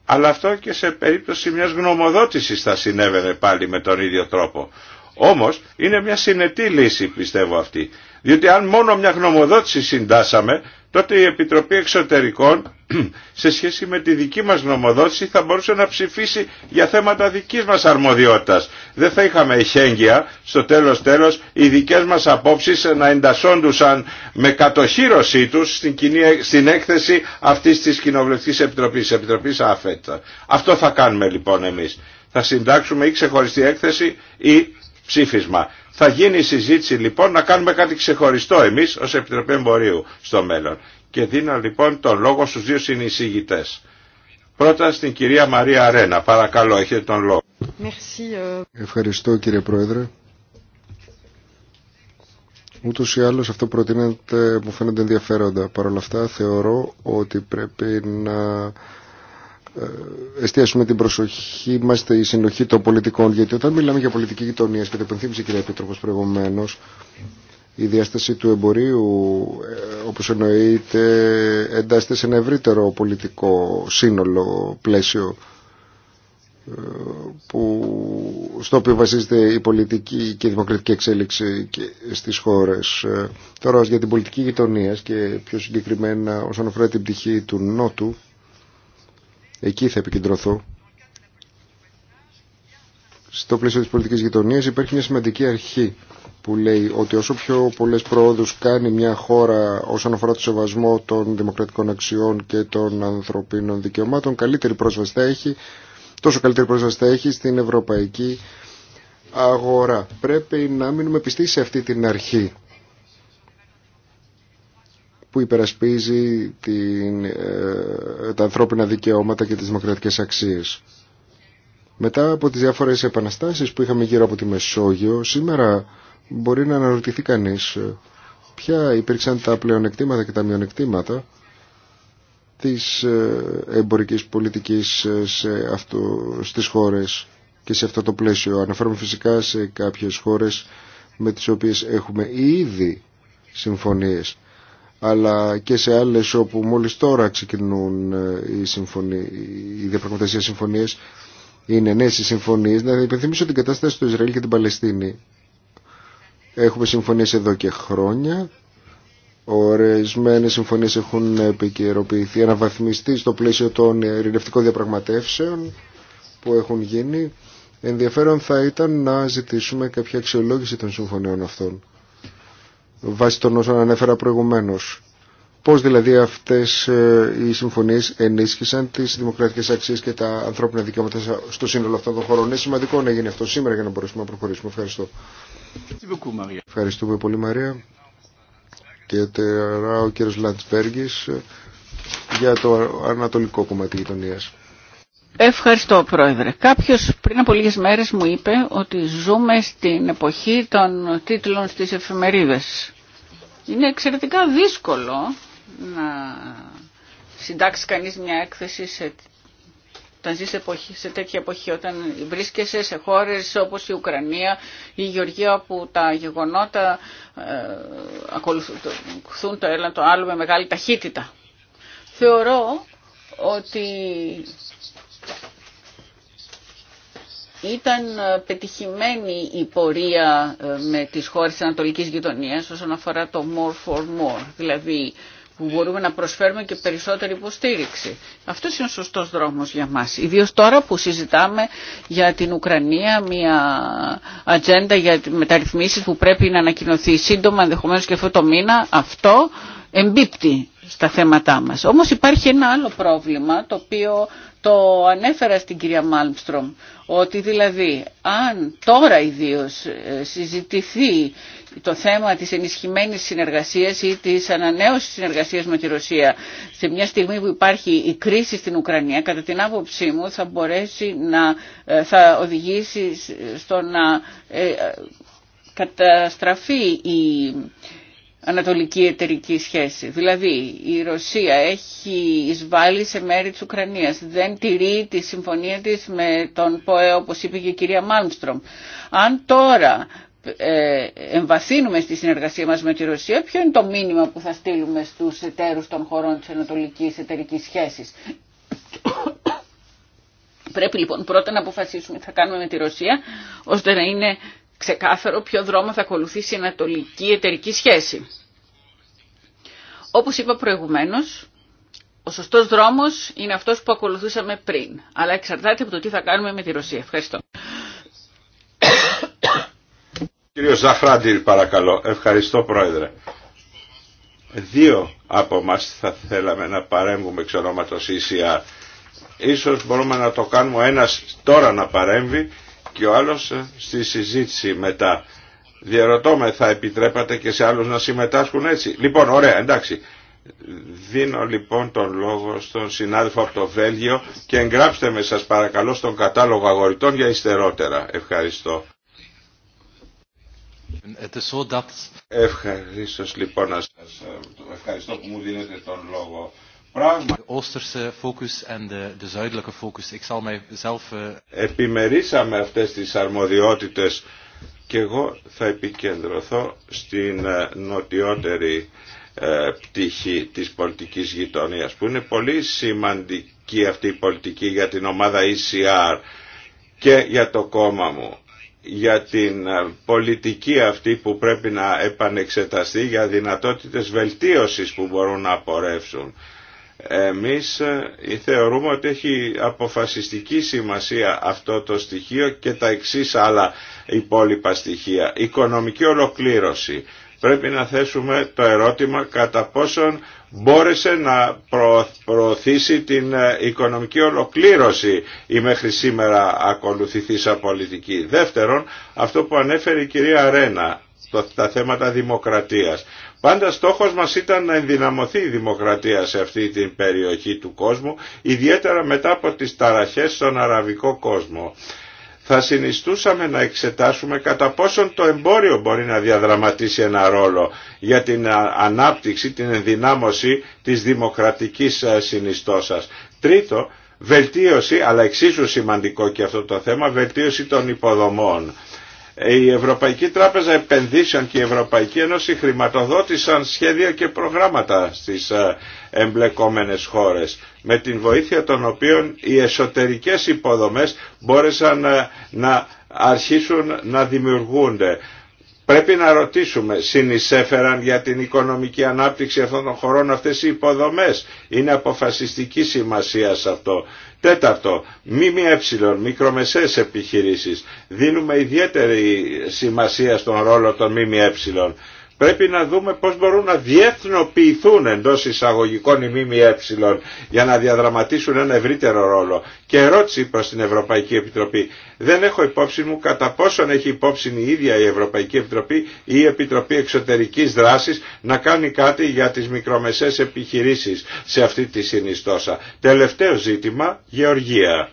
Αλλά αυτό και σε περίπτωση μιας γνωμοδότησης θα συνέβαινε πάλι με τον ίδιο τρόπο. Όμως είναι μια συνετή λύση πιστεύω αυτή. Διότι αν μόνο μια γνωμοδότηση συντάσαμε τότε η Επιτροπή Εξωτερικών σε σχέση με τη δική μας νομοδότηση θα μπορούσε να ψηφίσει για θέματα δικής μας αρμοδιότητας. Δεν θα είχαμε ηχέγγυα στο τέλος τέλος οι δικές μας απόψεις να εντασσόντουσαν με κατοχύρωσή τους στην, κοινή, στην έκθεση αυτής της Κοινοβουλευτικής Επιτροπής, Επιτροπής αφετά. Αυτό θα κάνουμε λοιπόν εμείς. Θα συντάξουμε ή ξεχωριστή έκθεση ή ψήφισμα. Θα γίνει η συζήτηση λοιπόν να κάνουμε κάτι ξεχωριστό εμείς ως Επιτροπή Εμπορίου στο μέλλον. Και δίνω λοιπόν τον λόγο στους δύο συνεισήγητες. Πρώτα στην κυρία Μαρία Αρένα. Παρακαλώ, έχετε τον λόγο. Ε. Ευχαριστώ κύριε Πρόεδρε. Ούτω ή άλλω αυτό που προτείνεται μου φαίνεται ενδιαφέροντα. Παρ' όλα αυτά θεωρώ ότι πρέπει να ε, εστιάσουμε την προσοχή μα στη συνοχή των πολιτικών γιατί όταν μιλάμε για πολιτική γειτονία και το υπενθύμισε η κυρία Επίτροπος προηγουμένω, η διάσταση του εμπορίου ε, όπω εννοείται εντάσσεται σε ένα ευρύτερο πολιτικό σύνολο πλαίσιο ε, που, στο οποίο βασίζεται η πολιτική και η δημοκρατική εξέλιξη στις χώρες. Τώρα για την πολιτική γειτονία και πιο συγκεκριμένα όσον αφορά την πτυχή του Νότου Εκεί θα επικεντρωθώ. Στο πλαίσιο της πολιτικής γειτονίας υπάρχει μια σημαντική αρχή που λέει ότι όσο πιο πολλές προόδους κάνει μια χώρα όσον αφορά το σεβασμό των δημοκρατικών αξιών και των ανθρωπίνων δικαιωμάτων, καλύτερη πρόσβαση έχει, τόσο καλύτερη πρόσβαση θα έχει στην ευρωπαϊκή αγορά. Πρέπει να μείνουμε πιστοί σε αυτή την αρχή που υπερασπίζει την, ε, τα ανθρώπινα δικαιώματα και τις δημοκρατικές αξίες. Μετά από τις διάφορες επαναστάσεις που είχαμε γύρω από τη Μεσόγειο, σήμερα μπορεί να αναρωτηθεί κανείς ε, ποια υπήρξαν τα πλεονεκτήματα και τα μειονεκτήματα της ε, εμπορικής πολιτικής σε αυτό, στις χώρες και σε αυτό το πλαίσιο. Αναφέρομαι φυσικά σε κάποιες χώρες με τις οποίες έχουμε ήδη συμφωνίες αλλά και σε άλλες όπου μόλις τώρα ξεκινούν ε, οι, συμφωνίες, οι συμφωνίες είναι νέες ναι, οι συμφωνίες. Να υπενθυμίσω την κατάσταση του Ισραήλ και την Παλαιστίνη. Έχουμε συμφωνίες εδώ και χρόνια. Ορισμένες συμφωνίες έχουν επικαιροποιηθεί, αναβαθμιστεί στο πλαίσιο των ειρηνευτικών διαπραγματεύσεων που έχουν γίνει. Ενδιαφέρον θα ήταν να ζητήσουμε κάποια αξιολόγηση των συμφωνιών αυτών βάσει των όσων ανέφερα προηγουμένω. Πώ δηλαδή αυτές ε, οι συμφωνίε ενίσχυσαν τι δημοκρατικέ αξίε και τα ανθρώπινα δικαιώματα στο σύνολο αυτών των χωρών. Είναι σημαντικό να γίνει αυτό σήμερα για να μπορέσουμε να προχωρήσουμε. Ευχαριστώ. Ευχαριστούμε πολύ Μαρία. Και τώρα ο κύριο Λαντσπέργκη για το ανατολικό κομμάτι γειτονία. Ευχαριστώ Πρόεδρε. Κάποιος πριν από λίγες μέρες μου είπε ότι ζούμε στην εποχή των τίτλων στις εφημερίδες. Είναι εξαιρετικά δύσκολο να συντάξει κανείς μια έκθεση σε, όταν ζει εποχή, σε τέτοια εποχή, όταν βρίσκεσαι σε χώρες όπως η Ουκρανία ή η Γεωργία που τα γεγονότα ε, ακολουθούν το ένα το άλλο με μεγάλη ταχύτητα. Θεωρώ ότι ήταν ε, πετυχημένη η πορεία ε, με τις χώρες της Ανατολικής Γειτονίας όσον αφορά το more for more, δηλαδή που μπορούμε να προσφέρουμε και περισσότερη υποστήριξη. Αυτός είναι ο σωστός δρόμος για μας. Ιδίως τώρα που συζητάμε για την Ουκρανία, μια ατζέντα για μεταρρυθμίσεις που πρέπει να ανακοινωθεί σύντομα, ενδεχομένως και αυτό το μήνα, αυτό εμπίπτει στα θέματά μας. Όμως υπάρχει ένα άλλο πρόβλημα το οποίο το ανέφερα στην κυρία Μάλμστρομ ότι δηλαδή αν τώρα ιδίως ε, συζητηθεί το θέμα της ενισχυμένης συνεργασίας ή της ανανέωσης συνεργασίας με τη Ρωσία σε μια στιγμή που υπάρχει η κρίση στην Ουκρανία, κατά την άποψή μου θα μπορέσει να ε, θα οδηγήσει στο να ε, καταστραφεί η ανατολική εταιρική σχέση. Δηλαδή η Ρωσία έχει εισβάλει σε μέρη της Ουκρανίας, δεν τηρεί τη συμφωνία της με τον ΠΟΕ όπως είπε και η κυρία Μάλμστρομ. Αν τώρα ε, εμβαθύνουμε στη συνεργασία μας με τη Ρωσία, ποιο είναι το μήνυμα που θα στείλουμε στους εταίρους των χωρών της ανατολικής εταιρικής σχέσης. Πρέπει λοιπόν πρώτα να αποφασίσουμε τι θα κάνουμε με τη Ρωσία, ώστε να είναι ξεκάθαρο ποιο δρόμο θα ακολουθήσει η ανατολική εταιρική σχέση. Όπως είπα προηγουμένως, ο σωστός δρόμος είναι αυτός που ακολουθούσαμε πριν, αλλά εξαρτάται από το τι θα κάνουμε με τη Ρωσία. Ευχαριστώ. Κύριο Ζαφράντη, παρακαλώ. Ευχαριστώ Πρόεδρε. Δύο από εμά θα θέλαμε να παρέμβουμε εξ ονόματος ECR. Ίσως μπορούμε να το κάνουμε ένας τώρα να παρέμβει και ο άλλος ε, στη συζήτηση μετά. Διαρωτώ με θα επιτρέπατε και σε άλλους να συμμετάσχουν έτσι. Λοιπόν, ωραία, εντάξει. Δίνω λοιπόν τον λόγο στον συνάδελφο από το Βέλγιο και εγγράψτε με σας παρακαλώ στον κατάλογο αγορητών για υστερότερα. Ευχαριστώ. Ευχαριστώ λοιπόν να σας... Ευχαριστώ που μου δίνετε τον λόγο. Πράγμα. Επιμερίσαμε αυτές τις αρμοδιότητες και εγώ θα επικεντρωθώ στην ε, νοτιότερη ε, πτυχή της πολιτικής γειτονίας που είναι πολύ σημαντική αυτή η πολιτική για την ομάδα ECR και για το κόμμα μου για την ε, πολιτική αυτή που πρέπει να επανεξεταστεί για δυνατότητες βελτίωσης που μπορούν να απορρεύσουν εμείς ε, θεωρούμε ότι έχει αποφασιστική σημασία αυτό το στοιχείο και τα εξή άλλα υπόλοιπα στοιχεία. Οικονομική ολοκλήρωση. Πρέπει να θέσουμε το ερώτημα κατά πόσον μπόρεσε να προωθήσει την ε, οικονομική ολοκλήρωση η μέχρι σήμερα ακολουθηθήσα πολιτική. Δεύτερον, αυτό που ανέφερε η κυρία Ρένα, τα θέματα δημοκρατίας. Πάντα στόχος μας ήταν να ενδυναμωθεί η δημοκρατία σε αυτή την περιοχή του κόσμου, ιδιαίτερα μετά από τις ταραχές στον αραβικό κόσμο. Θα συνιστούσαμε να εξετάσουμε κατά πόσον το εμπόριο μπορεί να διαδραματίσει ένα ρόλο για την ανάπτυξη, την ενδυνάμωση της δημοκρατικής συνιστώσας. Τρίτο, βελτίωση, αλλά εξίσου σημαντικό και αυτό το θέμα, βελτίωση των υποδομών η Ευρωπαϊκή Τράπεζα Επενδύσεων και η Ευρωπαϊκή Ένωση χρηματοδότησαν σχέδια και προγράμματα στις ε, εμπλεκόμενες χώρες με την βοήθεια των οποίων οι εσωτερικές υποδομές μπόρεσαν ε, να αρχίσουν να δημιουργούνται. Πρέπει να ρωτήσουμε, συνεισέφεραν για την οικονομική ανάπτυξη αυτών των χωρών αυτές οι υποδομές. Είναι αποφασιστική σημασία σε αυτό. Τέταρτο, ΜΜΕ, μικρομεσαίες επιχειρήσεις. Δίνουμε ιδιαίτερη σημασία στον ρόλο των ΜΜΕ. Πρέπει να δούμε πώς μπορούν να διεθνοποιηθούν εντός εισαγωγικών η ΜΜΕ για να διαδραματίσουν ένα ευρύτερο ρόλο. Και ερώτηση προς την Ευρωπαϊκή Επιτροπή. Δεν έχω υπόψη μου κατά πόσον έχει υπόψη η ίδια η Ευρωπαϊκή Επιτροπή ή η Επιτροπή Εξωτερικής Δράσης να κάνει κάτι για τις μικρομεσαίες επιχειρήσεις σε αυτή τη συνιστόσα. Τελευταίο ζήτημα, Γεωργία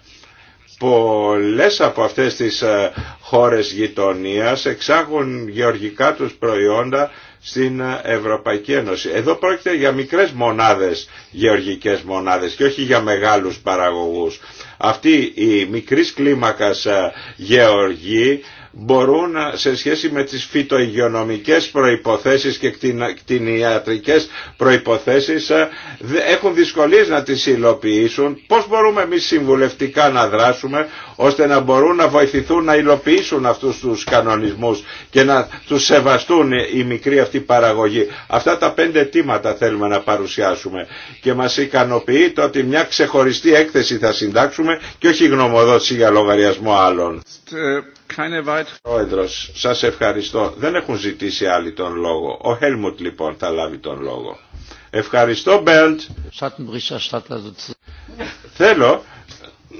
πολλές από αυτές τις ε, χώρες γειτονίας εξάγουν γεωργικά τους προϊόντα στην ε, Ευρωπαϊκή Ένωση. Εδώ πρόκειται για μικρές μονάδες, γεωργικές μονάδες και όχι για μεγάλους παραγωγούς. Αυτή η μικρής κλίμακας ε, γεωργοί μπορούν σε σχέση με τις φυτοϊγειονομικές προϋποθέσεις και κτηνιατρικές προϋποθέσεις έχουν δυσκολίες να τις υλοποιήσουν. Πώς μπορούμε εμείς συμβουλευτικά να δράσουμε ώστε να μπορούν να βοηθηθούν να υλοποιήσουν αυτούς τους κανονισμούς και να τους σεβαστούν η μικρή αυτή παραγωγή. Αυτά τα πέντε αιτήματα θέλουμε να παρουσιάσουμε και μας ικανοποιεί το ότι μια ξεχωριστή έκθεση θα συντάξουμε και όχι γνωμοδότηση για λογαριασμό άλλων. Πρόεδρος, σας ευχαριστώ. Δεν έχουν ζητήσει άλλοι τον λόγο. Ο Χέλμουτ λοιπόν θα λάβει τον λόγο. Ευχαριστώ Μπέλτ. Θέλω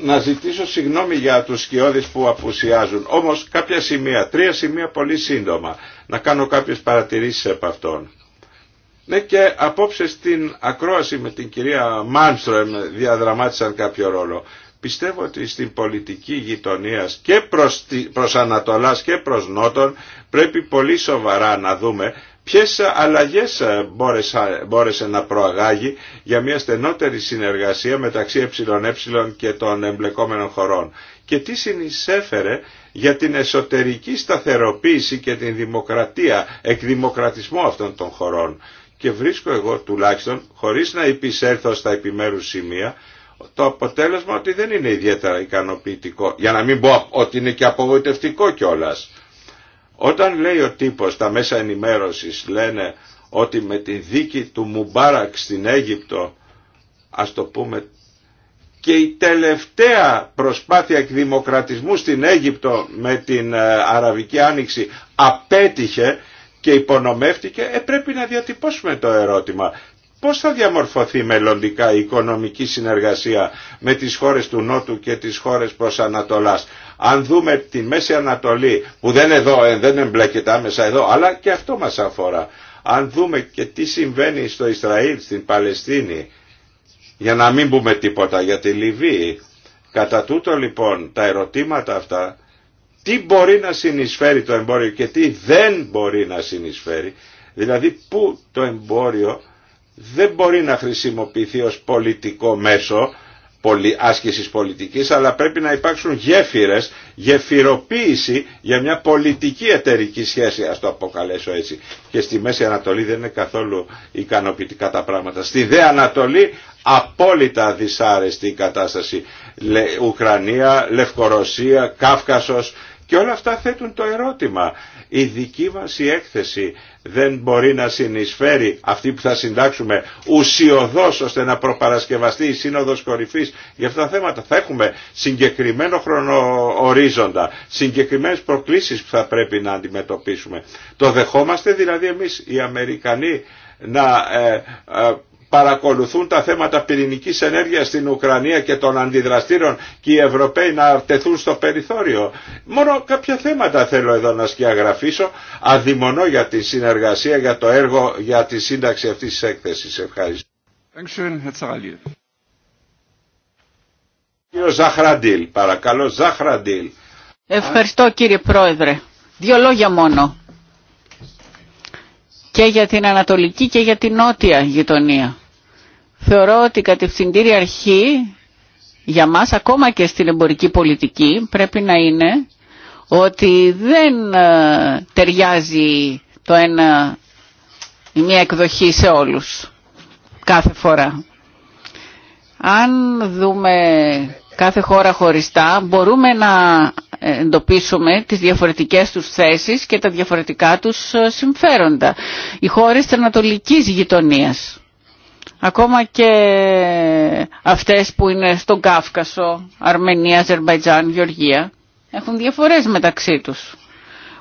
να ζητήσω συγγνώμη για τους σκιώδεις που απουσιάζουν. Όμως κάποια σημεία, τρία σημεία πολύ σύντομα, να κάνω κάποιες παρατηρήσεις από αυτόν. Ναι και απόψε στην ακρόαση με την κυρία Μάνστρομ διαδραμάτισαν κάποιο ρόλο. Πιστεύω ότι στην πολιτική γειτονία και προς, προς Ανατολάς και προς Νότον πρέπει πολύ σοβαρά να δούμε ποιες αλλαγές ε, μπόρεσε, μπόρεσε να προαγάγει για μια στενότερη συνεργασία μεταξύ ε και των εμπλεκόμενων χωρών και τι συνεισέφερε για την εσωτερική σταθεροποίηση και την δημοκρατία, εκδημοκρατισμό αυτών των χωρών. Και βρίσκω εγώ τουλάχιστον, χωρίς να επισέλθω στα επιμέρους σημεία, το αποτέλεσμα ότι δεν είναι ιδιαίτερα ικανοποιητικό, για να μην πω ότι είναι και απογοητευτικό κιόλας. Όταν λέει ο τύπος, τα μέσα ενημέρωσης λένε ότι με τη δίκη του Μουμπάρακ στην Αίγυπτο, ας το πούμε, και η τελευταία προσπάθεια εκδημοκρατισμού στην Αίγυπτο με την ε, Αραβική Άνοιξη απέτυχε και υπονομεύτηκε, ε, πρέπει να διατυπώσουμε το ερώτημα. Πώς θα διαμορφωθεί μελλοντικά η οικονομική συνεργασία με τις χώρες του Νότου και τις χώρες προς Ανατολάς. Αν δούμε τη Μέση Ανατολή που δεν εδώ, ε, δεν εμπλέκεται άμεσα εδώ, αλλά και αυτό μας αφορά. Αν δούμε και τι συμβαίνει στο Ισραήλ, στην Παλαιστίνη, για να μην πούμε τίποτα για τη Λιβύη. Κατά τούτο λοιπόν τα ερωτήματα αυτά, τι μπορεί να συνεισφέρει το εμπόριο και τι δεν μπορεί να συνεισφέρει, δηλαδή που το εμπόριο δεν μπορεί να χρησιμοποιηθεί ως πολιτικό μέσο άσκησης πολιτικής, αλλά πρέπει να υπάρξουν γέφυρες, γεφυροποίηση για μια πολιτική εταιρική σχέση, ας το αποκαλέσω έτσι. Και στη Μέση Ανατολή δεν είναι καθόλου ικανοποιητικά τα πράγματα. Στη Δε Ανατολή απόλυτα δυσάρεστη η κατάσταση. Ουκρανία, Λευκορωσία, Κάυκασος και όλα αυτά θέτουν το ερώτημα. Η δική μας η έκθεση δεν μπορεί να συνεισφέρει αυτή που θα συντάξουμε ουσιοδός ώστε να προπαρασκευαστεί η Σύνοδος Κορυφής για αυτά τα θέματα. Θα έχουμε συγκεκριμένο χρονοορίζοντα, συγκεκριμένες προκλήσεις που θα πρέπει να αντιμετωπίσουμε. Το δεχόμαστε δηλαδή εμείς οι Αμερικανοί να ε, ε, παρακολουθούν τα θέματα πυρηνικής ενέργειας στην Ουκρανία και των αντιδραστήρων και οι Ευρωπαίοι να αρτεθούν στο περιθώριο. Μόνο κάποια θέματα θέλω εδώ να σκιαγραφίσω. Αδειμονώ για τη συνεργασία, για το έργο, για τη σύνταξη αυτής της έκθεσης. Ευχαριστώ. παρακαλώ, Ευχαριστώ κύριε Πρόεδρε. Δύο λόγια μόνο. Και για την Ανατολική και για την Νότια γειτονία. Θεωρώ ότι η κατευθυντήρια αρχή για μας ακόμα και στην εμπορική πολιτική πρέπει να είναι ότι δεν ε, ταιριάζει το ένα η μία εκδοχή σε όλους κάθε φορά. Αν δούμε κάθε χώρα χωριστά μπορούμε να εντοπίσουμε τις διαφορετικές τους θέσεις και τα διαφορετικά τους ε, συμφέροντα. Οι χώρες της ανατολικής γειτονίας. Ακόμα και αυτές που είναι στον Κάφκασο, Αρμενία, Αζερμπαϊτζάν, Γεωργία, έχουν διαφορές μεταξύ τους.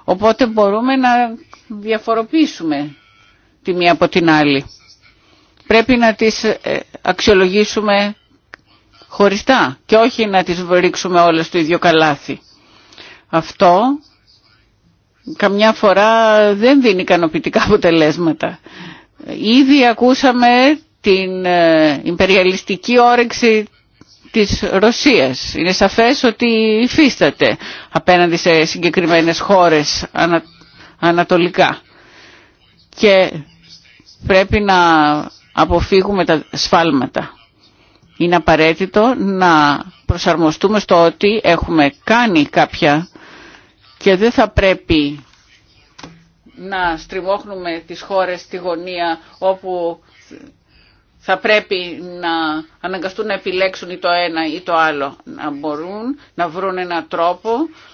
Οπότε μπορούμε να διαφοροποιήσουμε τη μία από την άλλη. Πρέπει να τις ε, αξιολογήσουμε χωριστά και όχι να τις ρίξουμε όλες στο ίδιο καλάθι. Αυτό καμιά φορά δεν δίνει ικανοποιητικά αποτελέσματα. Ήδη ακούσαμε την υπεριαλιστική όρεξη της Ρωσίας. Είναι σαφές ότι υφίσταται απέναντι σε συγκεκριμένες χώρες ανατολικά. Και πρέπει να αποφύγουμε τα σφάλματα. Είναι απαραίτητο να προσαρμοστούμε στο ότι έχουμε κάνει κάποια και δεν θα πρέπει να στριμώχνουμε τις χώρες στη γωνία όπου θα πρέπει να αναγκαστούν να επιλέξουν ή το ένα ή το άλλο. Να μπορούν να βρουν έναν τρόπο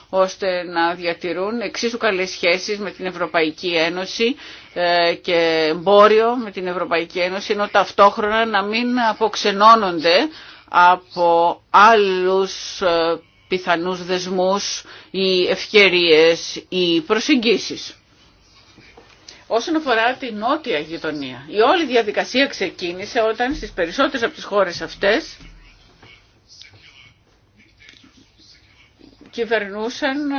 ώστε να διατηρούν εξίσου καλές σχέσεις με την Ευρωπαϊκή Ένωση ε, και εμπόριο με την Ευρωπαϊκή Ένωση, ενώ ταυτόχρονα να μην αποξενώνονται από άλλους ε, πιθανούς δεσμούς ή ευκαιρίες ή προσεγγίσεις. Όσον αφορά την νότια γειτονία, η όλη διαδικασία ξεκίνησε όταν στις περισσότερες από τις χώρες αυτές κυβερνούσαν ε,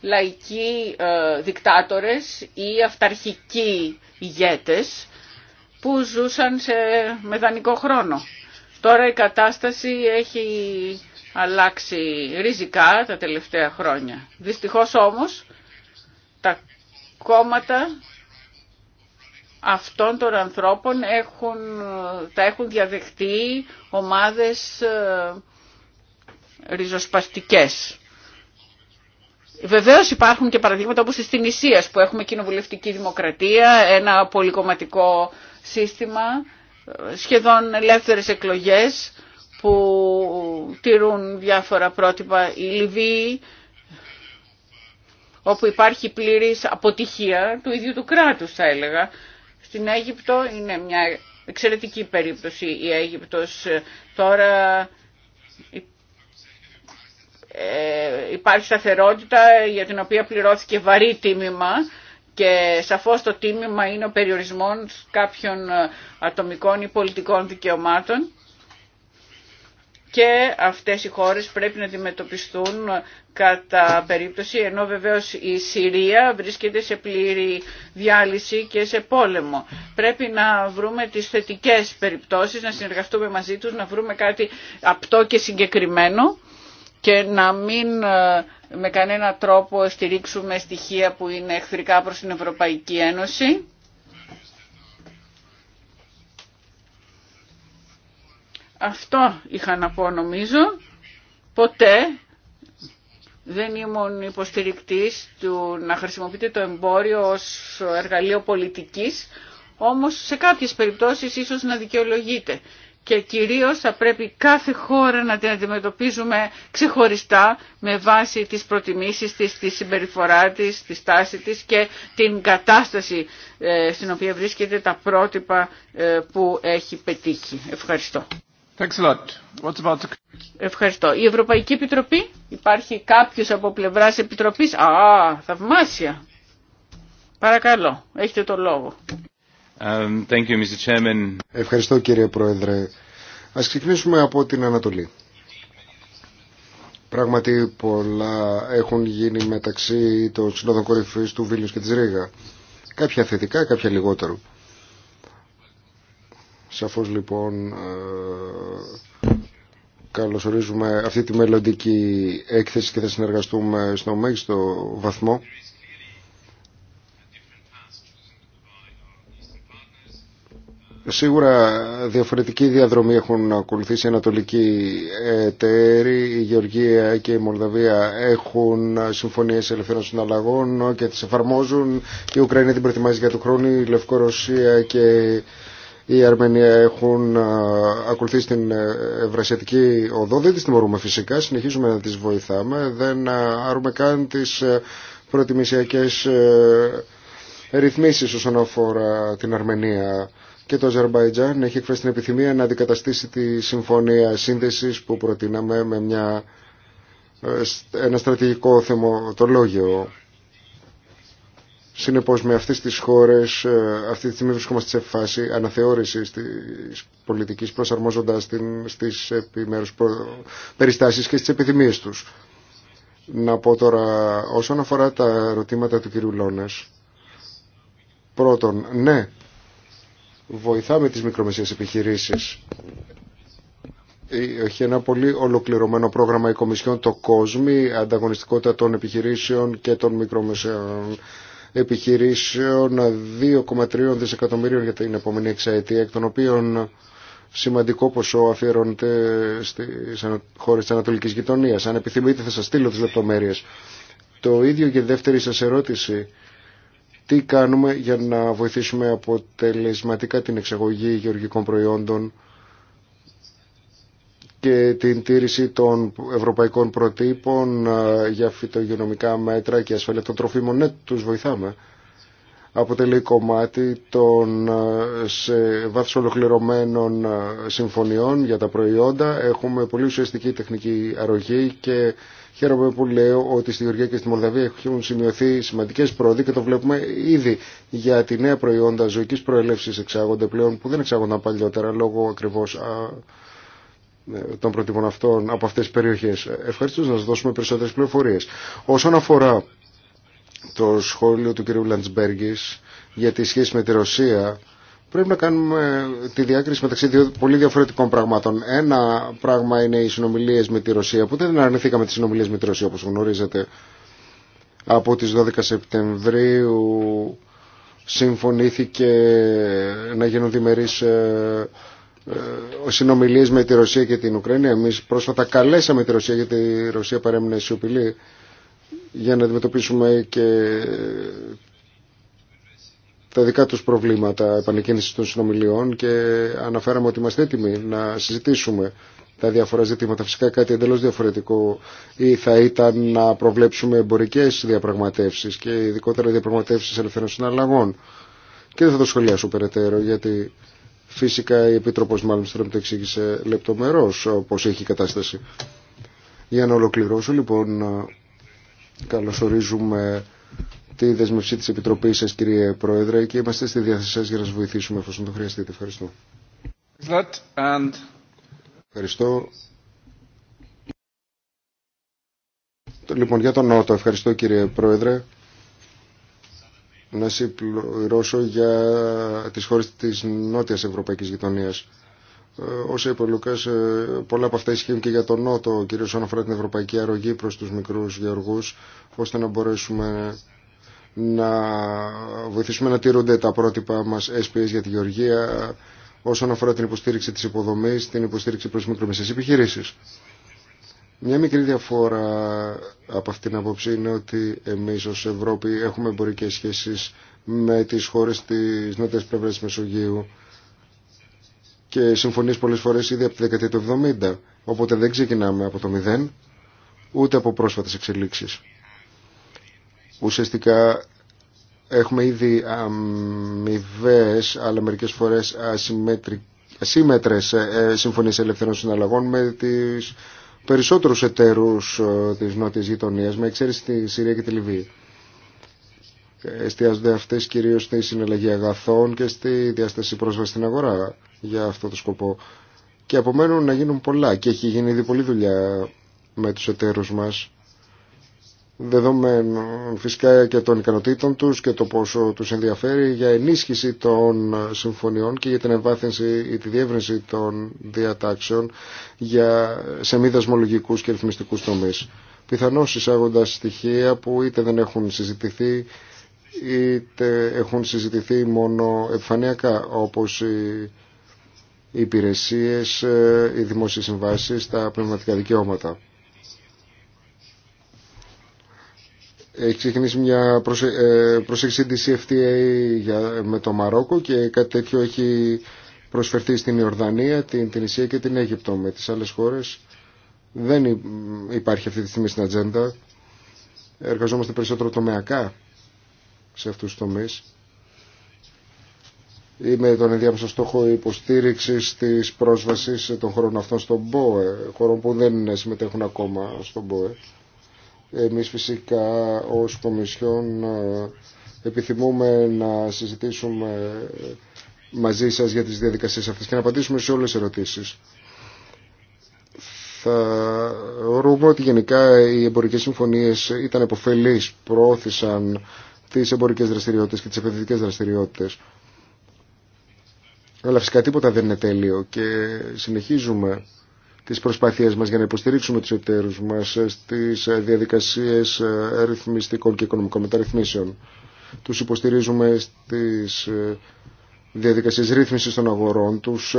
λαϊκοί ε, δικτάτορες ή αυταρχικοί ηγέτες που ζούσαν σε μεδανικό χρόνο. Τώρα η κατάσταση έχει αλλάξει ριζικά τα τελευταία χρόνια. Δυστυχώς όμως τα κόμματα αυτών των ανθρώπων έχουν, τα έχουν διαδεχτεί ομάδες ε, ριζοσπαστικές. Βεβαίως υπάρχουν και παραδείγματα όπως στην Ισίας που έχουμε κοινοβουλευτική δημοκρατία, ένα πολυκομματικό σύστημα, ε, σχεδόν ελεύθερες εκλογές που τηρούν διάφορα πρότυπα η Λιβύη, όπου υπάρχει πλήρης αποτυχία του ίδιου του κράτους θα έλεγα στην Αίγυπτο. Είναι μια εξαιρετική περίπτωση η Αίγυπτος. Ε, τώρα ε, υπάρχει σταθερότητα για την οποία πληρώθηκε βαρύ τίμημα και σαφώς το τίμημα είναι ο περιορισμός κάποιων ε, ατομικών ή πολιτικών δικαιωμάτων και αυτές οι χώρες πρέπει να αντιμετωπιστούν κατά περίπτωση, ενώ βεβαίως η Συρία βρίσκεται σε πλήρη διάλυση και σε πόλεμο. Πρέπει να βρούμε τις θετικές περιπτώσεις, να συνεργαστούμε μαζί τους, να βρούμε κάτι απτό και συγκεκριμένο και να μην ε, με κανένα τρόπο στηρίξουμε στοιχεία που είναι εχθρικά προς την Ευρωπαϊκή Ένωση. Αυτό είχα να πω νομίζω. Ποτέ δεν ήμουν υποστηρικτής του να χρησιμοποιείται το εμπόριο ως εργαλείο πολιτικής, όμως σε κάποιες περιπτώσεις ίσως να δικαιολογείται. Και κυρίως θα πρέπει κάθε χώρα να την αντιμετωπίζουμε ξεχωριστά με βάση τις προτιμήσεις της, τη συμπεριφορά της, τη στάση της και την κατάσταση ε, στην οποία βρίσκεται τα πρότυπα ε, που έχει πετύχει. Ευχαριστώ. Ευχαριστώ. Η Ευρωπαϊκή Επιτροπή, υπάρχει κάποιος από πλευράς Επιτροπής. Α, θαυμάσια. Παρακαλώ, έχετε το λόγο. Um, thank you, Mr. Ευχαριστώ κύριε Πρόεδρε. Ας ξεκινήσουμε από την Ανατολή. Πράγματι πολλά έχουν γίνει μεταξύ των συνόδων κορυφής του Βίλνιους και της Ρήγα. Κάποια θετικά, κάποια λιγότερο. Σαφώς λοιπόν ε, καλωσορίζουμε αυτή τη μελλοντική έκθεση και θα συνεργαστούμε στο μέγιστο βαθμό. Σίγουρα διαφορετική διαδρομή έχουν ακολουθήσει οι ανατολικοί εταίροι, η Γεωργία και η Μολδαβία έχουν συμφωνίες ελευθερών συναλλαγών και τις εφαρμόζουν. Η Ουκρανία την προετοιμάζει για το χρόνο, η Λευκορωσία και οι Αρμενία έχουν ακολουθεί την ε, ευρασιατική οδό. Δεν τις τιμωρούμε φυσικά, συνεχίζουμε να τις βοηθάμε. Δεν άρουμε καν τις ε, προτιμησιακές ε, ρυθμίσεις όσον αφορά την Αρμενία. Και το Αζερμπαϊτζάν έχει εκφράσει την επιθυμία να αντικαταστήσει τη συμφωνία σύνδεσης που προτείναμε με μια, ένα στρατηγικό θεμοτολόγιο Συνεπώς με αυτές τις χώρες ε, αυτή τη στιγμή βρισκόμαστε σε φάση αναθεώρησης της πολιτικής προσαρμόζοντας την, στις περιστάσεις και στις επιθυμίες τους. Να πω τώρα όσον αφορά τα ερωτήματα του κυρίου Λόνας. Πρώτον, ναι, βοηθάμε τις μικρομεσαίες επιχειρήσεις. Ε, έχει ένα πολύ ολοκληρωμένο πρόγραμμα η Κομισιόν το COSME, ανταγωνιστικότητα των επιχειρήσεων και των μικρομεσαίων επιχειρήσεων 2,3 δισεκατομμυρίων για την επόμενη εξαετία, εκ των οποίων σημαντικό ποσό αφιερώνεται στις χώρες της Ανατολικής Γειτονίας. Αν επιθυμείτε θα σας στείλω τις λεπτομέρειες. Το ίδιο και δεύτερη σας ερώτηση. Τι κάνουμε για να βοηθήσουμε αποτελεσματικά την εξαγωγή γεωργικών προϊόντων και την τήρηση των ευρωπαϊκών προτύπων ε, για φυτογενομικά μέτρα και ασφαλεία των τροφίμων. Ναι, τους βοηθάμε. Αποτελεί κομμάτι των ε, σε βάθος ολοκληρωμένων ε, συμφωνιών για τα προϊόντα. Έχουμε πολύ ουσιαστική τεχνική αρρωγή και χαίρομαι που λέω ότι στη Γεωργία και στη Μολδαβία έχουν σημειωθεί σημαντικές πρόοδοι και το βλέπουμε ήδη για τη νέα προϊόντα ζωικής προέλευσης εξάγονται πλέον που δεν εξάγονταν παλιότερα λόγω ακριβώς ε, των προτύπων αυτών από αυτές τις περιοχές. Ευχαριστώ να σας δώσουμε περισσότερες πληροφορίες. Όσον αφορά το σχόλιο του κ. Λαντσμπέργκης για τη σχέση με τη Ρωσία, πρέπει να κάνουμε τη διάκριση μεταξύ δύο πολύ διαφορετικών πραγμάτων. Ένα πράγμα είναι οι συνομιλίες με τη Ρωσία, που δεν αρνηθήκαμε τις συνομιλίες με τη Ρωσία όπως γνωρίζετε. Από τις 12 Σεπτεμβρίου συμφωνήθηκε να γίνουν διμερείς ε, ε, συνομιλίε με τη Ρωσία και την Ουκρανία. Εμεί πρόσφατα καλέσαμε τη Ρωσία γιατί η Ρωσία παρέμεινε σιωπηλή για να αντιμετωπίσουμε και τα δικά τους προβλήματα επανεκκίνησης των συνομιλιών και αναφέραμε ότι είμαστε έτοιμοι να συζητήσουμε τα διάφορα ζητήματα. Φυσικά κάτι εντελώς διαφορετικό ή θα ήταν να προβλέψουμε εμπορικές διαπραγματεύσεις και ειδικότερα διαπραγματεύσεις ελευθερών συναλλαγών. Και δεν θα το σχολιάσω περαιτέρω γιατί Φυσικά η Επίτροπος Μάλμστρομ το εξήγησε λεπτομερώς πώς έχει η κατάσταση. Για να ολοκληρώσω λοιπόν καλωσορίζουμε τη δεσμευσή της Επιτροπής σας κύριε Πρόεδρε και είμαστε στη διάθεσή σας για να σας βοηθήσουμε εφόσον το χρειαστείτε. Ευχαριστώ. And... Ευχαριστώ. Λοιπόν, για τον Νότο, ευχαριστώ κύριε Πρόεδρε να συμπληρώσω για τις χώρες της νότιας ευρωπαϊκής γειτονίας. Ε, Όσο είπε ο Λουκάς, ε, πολλά από αυτά ισχύουν και για τον Νότο, κυρίως όσον αφορά την ευρωπαϊκή αρρωγή προς τους μικρούς γεωργούς, ώστε να μπορέσουμε να βοηθήσουμε να τηρούνται τα πρότυπα μας SPS για τη γεωργία, όσον αφορά την υποστήριξη της υποδομής, την υποστήριξη προς μικρομεσές επιχειρήσεις. Μια μικρή διαφορά από αυτήν την άποψη είναι ότι εμείς ως Ευρώπη έχουμε εμπορικέ σχέσεις με τις χώρες της νότιας πλευράς της Μεσογείου και συμφωνείς πολλές φορές ήδη από τη δεκαετία του 70, οπότε δεν ξεκινάμε από το μηδέν, ούτε από πρόσφατες εξελίξεις. Ουσιαστικά έχουμε ήδη αμοιβέ, αλλά μερικές φορές ασύμετρες ε, συμφωνίες ελευθερών συναλλαγών με τις περισσότερους εταίρους ε, της νότια γειτονία με εξαίρεση τη Συρία και τη Λιβύη. Εστιάζονται αυτές κυρίως στη συναλλαγή αγαθών και στη διάσταση πρόσβαση στην αγορά για αυτό το σκοπό. Και απομένουν να γίνουν πολλά και έχει γίνει ήδη πολλή δουλειά με τους εταίρους μας δεδομένων φυσικά και των ικανοτήτων τους και το πόσο τους ενδιαφέρει για ενίσχυση των συμφωνιών και για την εμβάθυνση ή τη διεύρυνση των διατάξεων για, σε μη δασμολογικούς και ρυθμιστικούς τομείς. Πιθανώς εισάγοντας στοιχεία που είτε δεν έχουν συζητηθεί είτε έχουν συζητηθεί μόνο επιφανειακά όπως οι υπηρεσίες, ε, οι δημόσιες συμβάσεις, τα πνευματικά δικαιώματα. έχει ξεκινήσει μια ε, προσέξη της CFTA για, με το Μαρόκο και κάτι τέτοιο έχει προσφερθεί στην Ιορδανία, την Ισία και την Αίγυπτο. Με τις άλλες χώρες δεν υπάρχει αυτή τη στιγμή στην ατζέντα. Εργαζόμαστε περισσότερο τομεακά σε αυτούς τους τομείς. Είμαι τον ενδιάμεσο στόχο υποστήριξη τη πρόσβαση των χωρών αυτών στον ΠΟΕ, χωρών που δεν συμμετέχουν ακόμα στον ΠΟΕ. Εμείς φυσικά ως Κομισιόν ε, επιθυμούμε να συζητήσουμε ε, μαζί σας για τις διαδικασίες αυτές και να απαντήσουμε σε όλες τις ερωτήσεις. Θα ρούμε ότι γενικά οι εμπορικές συμφωνίες ήταν επωφελείς, προώθησαν τις εμπορικές δραστηριότητες και τις επενδυτικέ δραστηριότητες. Αλλά φυσικά τίποτα δεν είναι τέλειο και συνεχίζουμε τις προσπάθειές μας για να υποστηρίξουμε τους εταίρους μας στις διαδικασίες ρυθμιστικών και οικονομικών μεταρρυθμίσεων. Τους υποστηρίζουμε στις διαδικασίες ρύθμισης των αγορών τους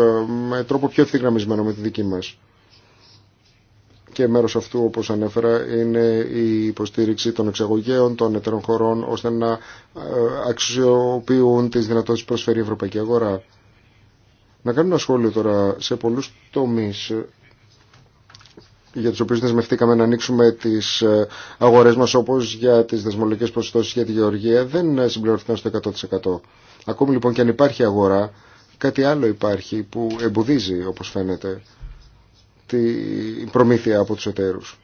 με τρόπο πιο ευθυγραμμισμένο με τη δική μας. Και μέρος αυτού, όπως ανέφερα, είναι η υποστήριξη των εξαγωγέων, των εταιρών χωρών, ώστε να ε, αξιοποιούν τις δυνατότητες που προσφέρει η Ευρωπαϊκή Αγορά. Να κάνω ένα σχόλιο τώρα σε πολλούς τομείς για τους οποίους δεσμευτήκαμε να ανοίξουμε τις ε, αγορές μας όπως για τις δεσμολογικές προσθέσεις για τη γεωργία δεν συμπληρωθούν στο 100%. Ακόμη λοιπόν και αν υπάρχει αγορά, κάτι άλλο υπάρχει που εμποδίζει όπως φαίνεται την προμήθεια από τους εταίρους.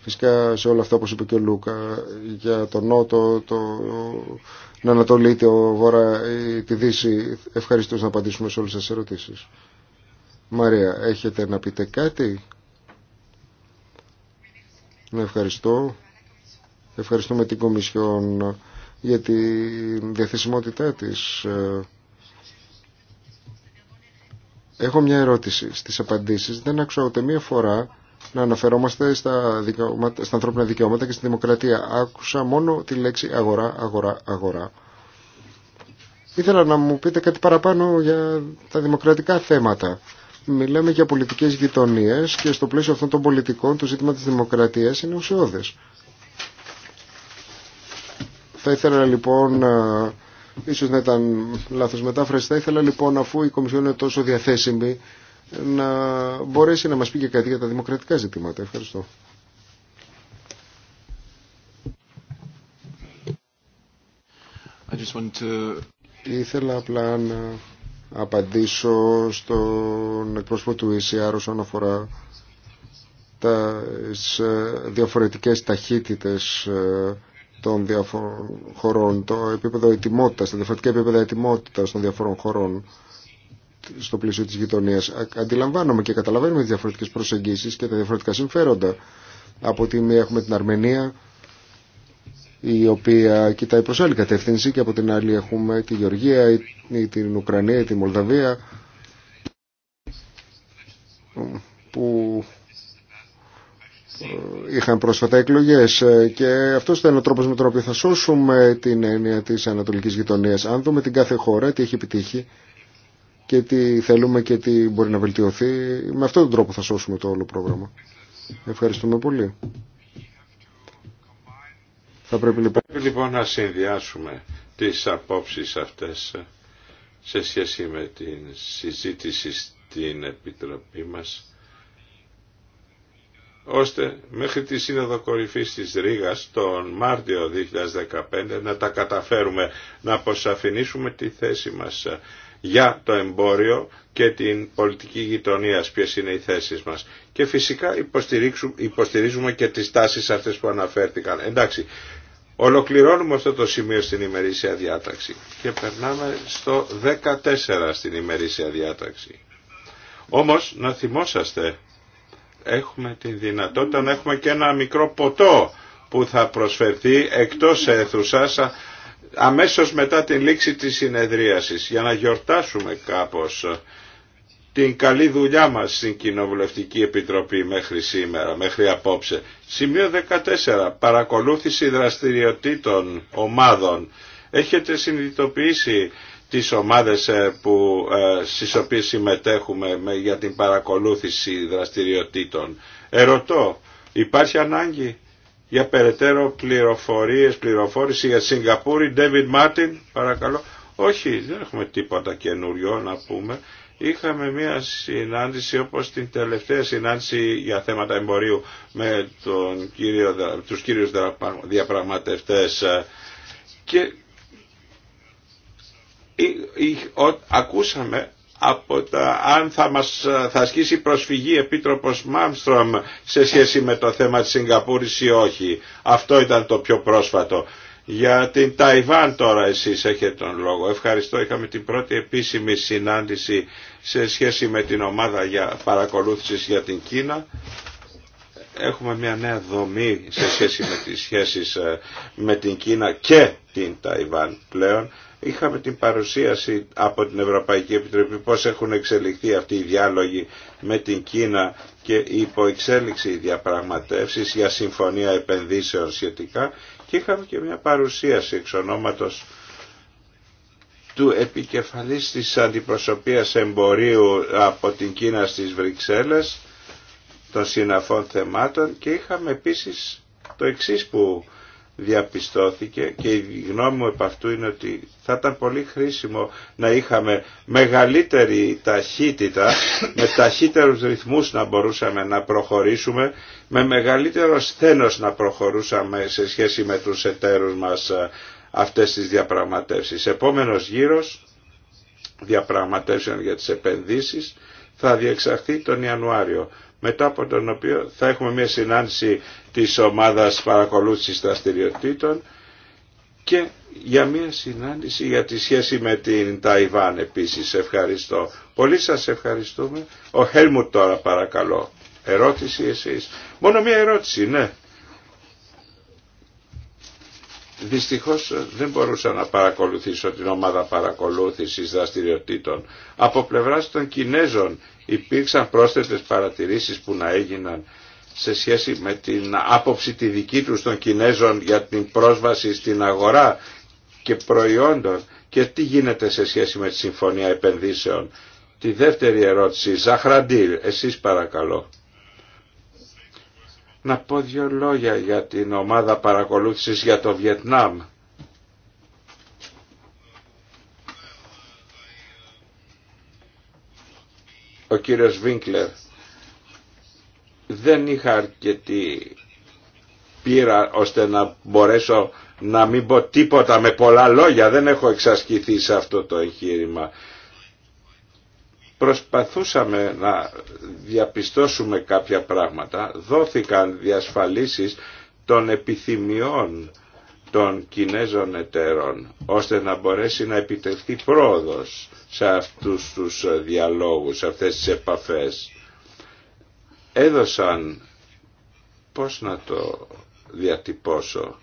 Φυσικά σε όλα αυτά όπως είπε και ο Λούκα για τον Νότο, το, την Ανατολή, τη τη Δύση ευχαριστώ να απαντήσουμε σε όλες τις ερωτήσεις. Μαρία, έχετε να πείτε κάτι Ευχαριστώ. Ευχαριστούμε την Κομισιόν για τη διαθεσιμότητά της. Έχω μια ερώτηση. Στις απαντήσεις δεν άκουσα ούτε μία φορά να αναφερόμαστε στα, δικαιώματα, στα ανθρώπινα δικαιώματα και στη δημοκρατία. Άκουσα μόνο τη λέξη αγορά, αγορά, αγορά. Ήθελα να μου πείτε κάτι παραπάνω για τα δημοκρατικά θέματα μιλάμε για πολιτικές γειτονίες και στο πλαίσιο αυτών των πολιτικών το ζήτημα της δημοκρατίας είναι ουσιώδες. Θα ήθελα λοιπόν, ίσως να ήταν λάθος μετάφραση, θα ήθελα λοιπόν αφού η Κομισιόν είναι τόσο διαθέσιμη να μπορέσει να μας πει και κάτι για τα δημοκρατικά ζητήματα. Ευχαριστώ. Ήθελα απλά να απαντήσω στον εκπρόσωπο του ECR όσον αφορά τις ε, διαφορετικές ταχύτητες ε, των διαφορών χωρών, το επίπεδο ετοιμότητας, τα διαφορετικά επίπεδα ετοιμότητας των διαφορών χωρών στο πλαίσιο της γειτονίας. Αντιλαμβάνομαι και καταλαβαίνουμε τις διαφορετικές προσεγγίσεις και τα διαφορετικά συμφέροντα. Από τη μία έχουμε την Αρμενία, η οποία κοιτάει προς άλλη κατεύθυνση και από την άλλη έχουμε τη Γεωργία ή την Ουκρανία ή τη Μολδαβία που ε, είχαν πρόσφατα εκλογές ε, και αυτός ήταν ο τρόπος με τον οποίο θα σώσουμε την έννοια της ανατολικής γειτονίας. Αν δούμε την κάθε χώρα, τι έχει επιτύχει και τι θέλουμε και τι μπορεί να βελτιωθεί, με αυτόν τον τρόπο θα σώσουμε το όλο πρόγραμμα. Ευχαριστούμε πολύ. Θα λοιπόν- πρέπει λοιπόν... να συνδυάσουμε τις απόψεις αυτές σε σχέση με την συζήτηση στην Επιτροπή μας ώστε μέχρι τη Σύνοδο Κορυφής της Ρήγας τον Μάρτιο 2015 να τα καταφέρουμε να αποσαφηνίσουμε τη θέση μας για το εμπόριο και την πολιτική γειτονία, ποιες είναι οι θέσεις μας. Και φυσικά υποστηρίζουμε και τις τάσεις αυτές που αναφέρθηκαν. Εντάξει, Ολοκληρώνουμε αυτό το σημείο στην ημερήσια διάταξη και περνάμε στο 14 στην ημερήσια διάταξη. Όμως να θυμόσαστε, έχουμε τη δυνατότητα να έχουμε και ένα μικρό ποτό που θα προσφερθεί εκτός αίθουσας αμέσως μετά την λήξη της συνεδρίασης για να γιορτάσουμε κάπως την καλή δουλειά μας στην Κοινοβουλευτική Επιτροπή μέχρι σήμερα, μέχρι απόψε. Σημείο 14. Παρακολούθηση δραστηριοτήτων ομάδων. Έχετε συνειδητοποιήσει τις ομάδες ε, που, ε, στις οποίες συμμετέχουμε για την παρακολούθηση δραστηριοτήτων. Ερωτώ, υπάρχει ανάγκη για περαιτέρω πληροφορίες, πληροφόρηση για Σιγκαπούρη, David Μάρτιν, παρακαλώ. Όχι, δεν έχουμε τίποτα καινούριο να πούμε είχαμε μια συνάντηση όπως την τελευταία συνάντηση για θέματα εμπορίου με τον κύριο, τους κύριους διαπραγματευτές και ακούσαμε από τα, αν θα, μας, θα ασκήσει προσφυγή Επίτροπος Μάμστρομ σε σχέση με το θέμα της Σιγκαπούρης ή όχι. Αυτό ήταν το πιο πρόσφατο. Για την Ταϊβάν τώρα εσείς έχετε τον λόγο. Ευχαριστώ. Είχαμε την πρώτη επίσημη συνάντηση σε σχέση με την ομάδα για παρακολούθησης για την Κίνα. Έχουμε μια νέα δομή σε σχέση με τις σχέσεις ε, με την Κίνα και την Ταϊβάν πλέον. Είχαμε την παρουσίαση από την Ευρωπαϊκή Επιτροπή πώς έχουν εξελιχθεί αυτοί οι διάλογοι με την Κίνα και η υποεξέλιξη διαπραγματεύσεις για συμφωνία επενδύσεων σχετικά και είχαμε και μια παρουσίαση εξ ονόματος του επικεφαλής της αντιπροσωπείας εμπορίου από την Κίνα στις Βρυξέλλες των συναφών θεμάτων και είχαμε επίσης το εξής που διαπιστώθηκε και η γνώμη μου επ' αυτού είναι ότι θα ήταν πολύ χρήσιμο να είχαμε μεγαλύτερη ταχύτητα, με ταχύτερους ρυθμούς να μπορούσαμε να προχωρήσουμε, με μεγαλύτερο σθένος να προχωρούσαμε σε σχέση με τους εταίρους μας ε, αυτές τις διαπραγματεύσεις. Επόμενος γύρος διαπραγματεύσεων για τις επενδύσεις θα διεξαχθεί τον Ιανουάριο μετά από τον οποίο θα έχουμε μια συνάντηση της ομάδας παρακολούθησης δραστηριοτήτων και για μια συνάντηση για τη σχέση με την Ταϊβάν επίσης. Ευχαριστώ. Πολύ σας ευχαριστούμε. Ο Χέλμουτ τώρα παρακαλώ. Ερώτηση εσείς. Μόνο μια ερώτηση, ναι. Δυστυχώς ε, δεν μπορούσα να παρακολουθήσω την ομάδα παρακολούθησης δραστηριοτήτων. Από πλευράς των Κινέζων υπήρξαν πρόσθετες παρατηρήσεις που να έγιναν σε σχέση με την άποψη τη δική τους των Κινέζων για την πρόσβαση στην αγορά και προϊόντων και τι γίνεται σε σχέση με τη Συμφωνία Επενδύσεων. Τη δεύτερη ερώτηση, Ζαχραντήλ, εσείς παρακαλώ. Να πω δύο λόγια για την ομάδα παρακολούθησης για το Βιετνάμ. Ο κύριος Βίνκλερ. Δεν είχα αρκετή πείρα ώστε να μπορέσω να μην πω τίποτα με πολλά λόγια. Δεν έχω εξασκηθεί σε αυτό το εγχείρημα προσπαθούσαμε να διαπιστώσουμε κάποια πράγματα, δόθηκαν διασφαλίσεις των επιθυμιών των Κινέζων εταίρων, ώστε να μπορέσει να επιτευχθεί πρόοδος σε αυτούς τους διαλόγους, σε αυτές τις επαφές. Έδωσαν, πώς να το διατυπώσω,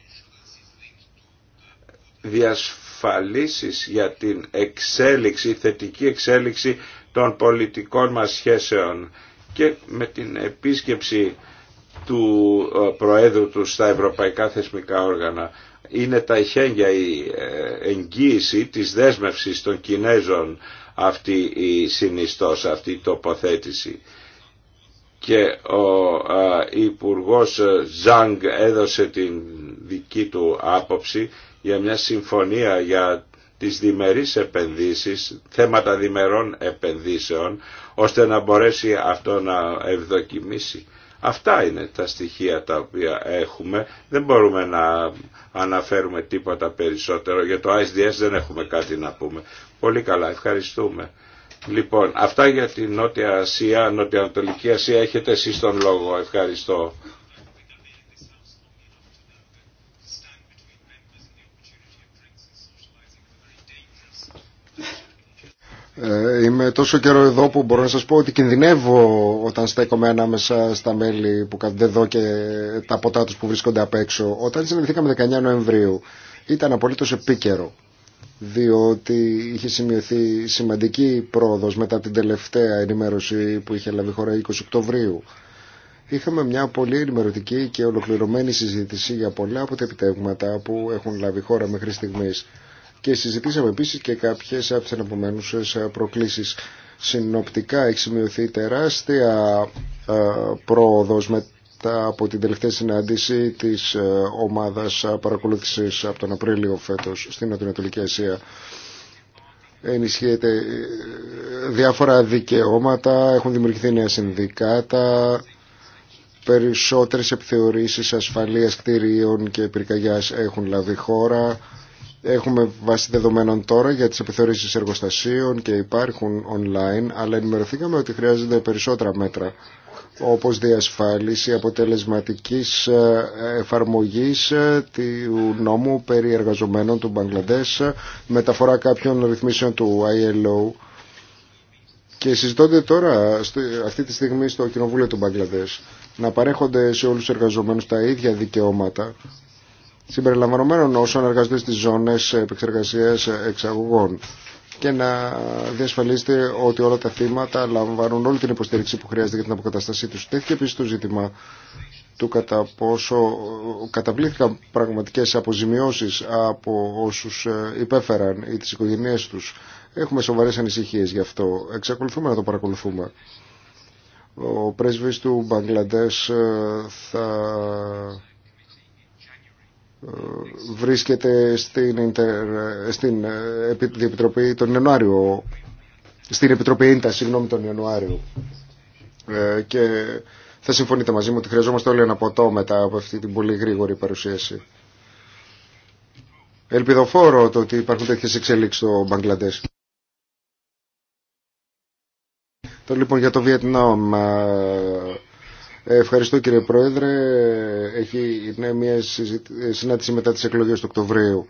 διασφαλίσεις για την εξέλιξη, θετική εξέλιξη των πολιτικών μας σχέσεων και με την επίσκεψη του ε, Προέδρου του στα ευρωπαϊκά θεσμικά όργανα είναι τα ηχέγγια η ε, εγγύηση της δέσμευσης των Κινέζων αυτή η συνιστός, αυτή η τοποθέτηση. Και ο ε, Υπουργός Ζανγκ έδωσε την δική του άποψη για μια συμφωνία για τις διμερείς επενδύσεις, θέματα διμερών επενδύσεων, ώστε να μπορέσει αυτό να ευδοκιμήσει. Αυτά είναι τα στοιχεία τα οποία έχουμε. Δεν μπορούμε να αναφέρουμε τίποτα περισσότερο. Για το ISDS δεν έχουμε κάτι να πούμε. Πολύ καλά, ευχαριστούμε. Λοιπόν, αυτά για την Νότια Ασία, Νοτιοανατολική Ασία έχετε εσείς τον λόγο. Ευχαριστώ. Ε, είμαι τόσο καιρό εδώ που μπορώ να σας πω ότι κινδυνεύω όταν στέκομαι ανάμεσα στα μέλη που κάθονται εδώ και τα ποτά τους που βρίσκονται απ' έξω. Όταν συναντηθήκαμε 19 Νοεμβρίου ήταν απολύτως επίκαιρο διότι είχε σημειωθεί σημαντική πρόοδος μετά την τελευταία ενημέρωση που είχε λάβει χώρα 20 Οκτωβρίου. Είχαμε μια πολύ ενημερωτική και ολοκληρωμένη συζήτηση για πολλά από τα επιτεύγματα που έχουν λάβει χώρα μέχρι στιγμής και συζητήσαμε επίσης και κάποιες από τις αναπομένουσες προκλήσεις. Συνοπτικά έχει σημειωθεί τεράστια ε, πρόοδος μετά από την τελευταία συνάντηση της ε, ομάδας παρακολούθησης από τον Απρίλιο φέτος στην Νοτιοανατολική Ασία ενισχύεται ε, διάφορα δικαιώματα, έχουν δημιουργηθεί νέα συνδικάτα, περισσότερες επιθεωρήσεις ασφαλείας κτηρίων και πυρκαγιάς έχουν λάβει χώρα, Έχουμε βάση δεδομένων τώρα για τις επιθεωρήσεις εργοστασίων και υπάρχουν online, αλλά ενημερωθήκαμε ότι χρειάζονται περισσότερα μέτρα, όπως διασφάλιση αποτελεσματικής ε, εφαρμογής ε, του νόμου περί εργαζομένων του Μπαγκλαντές, μεταφορά κάποιων ρυθμίσεων του ILO και συζητώνται τώρα αυτή τη στιγμή στο Κοινοβούλιο του Μπαγκλαντές να παρέχονται σε όλους τους εργαζομένους τα ίδια δικαιώματα συμπεριλαμβανομένων όσων εργαζονται στις ζώνες επεξεργασίας εξαγωγών και να διασφαλίσετε ότι όλα τα θύματα λαμβάνουν όλη την υποστήριξη που χρειάζεται για την αποκαταστασή τους. Τέθηκε επίσης το ζήτημα του κατά πόσο καταβλήθηκαν πραγματικές αποζημιώσεις από όσους ε, υπέφεραν ή τις οικογένειές τους. Έχουμε σοβαρές ανησυχίες γι' αυτό. Εξακολουθούμε να το παρακολουθούμε. Ο πρέσβης του Μπαγκλαντές ε, θα βρίσκεται στην, ε, Επιτροπή τον Ιανουάριο στην Επιτροπή ΙΝΤΑ, συγγνώμη, τον Ιανουάριο ε, και θα συμφωνείτε μαζί μου ότι χρειαζόμαστε όλοι ένα ποτό μετά από αυτή την πολύ γρήγορη παρουσίαση Ελπιδοφόρο το ότι υπάρχουν τέτοιες εξέλιξει στο Μπαγκλαντές Το λοιπόν για το Βιετνάμ ε, Ευχαριστώ κύριε Πρόεδρε. Έχει ναι, μια συνάντηση μετά τις εκλογές του Οκτωβρίου.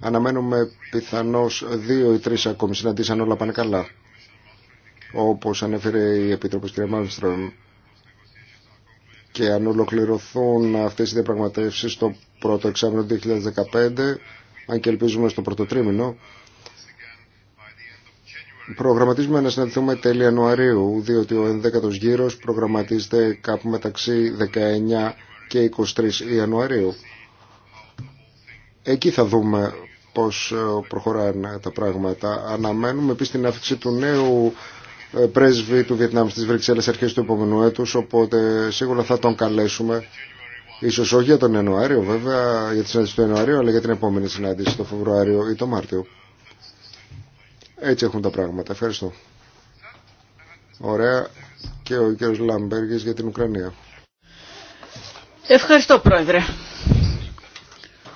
Αναμένουμε πιθανώς δύο ή τρεις ακόμη συναντήσεις αν όλα πάνε καλά. Όπως ανέφερε η Επίτροπος κ. Μάλμστρομ και αν ολοκληρωθούν αυτές οι διαπραγματεύσεις το πρώτο εξάμεινο 2015 αν και ελπίζουμε στο πρώτο τρίμηνο Προγραμματίζουμε να συναντηθούμε τέλη Ιανουαρίου, διότι ο 11ος γύρος προγραμματίζεται κάπου μεταξύ 19 και 23 Ιανουαρίου. Εκεί θα δούμε πώς ε, προχωράνε τα πράγματα. Αναμένουμε επίσης την αύξηση του νέου ε, πρέσβη του Βιετνάμ στις Βρυξέλλες αρχές του επόμενου έτους, οπότε σίγουρα θα τον καλέσουμε. Ίσως όχι για τον Ιανουάριο βέβαια, για τη συνάντηση του Ιανουαρίου, αλλά για την επόμενη συνάντηση, το Φεβρουάριο ή το Μάρτιο. Έτσι έχουν τα πράγματα. Ευχαριστώ. Ωραία. Και ο κ. Λαμπεργη για την Ουκρανία. Ευχαριστώ Πρόεδρε.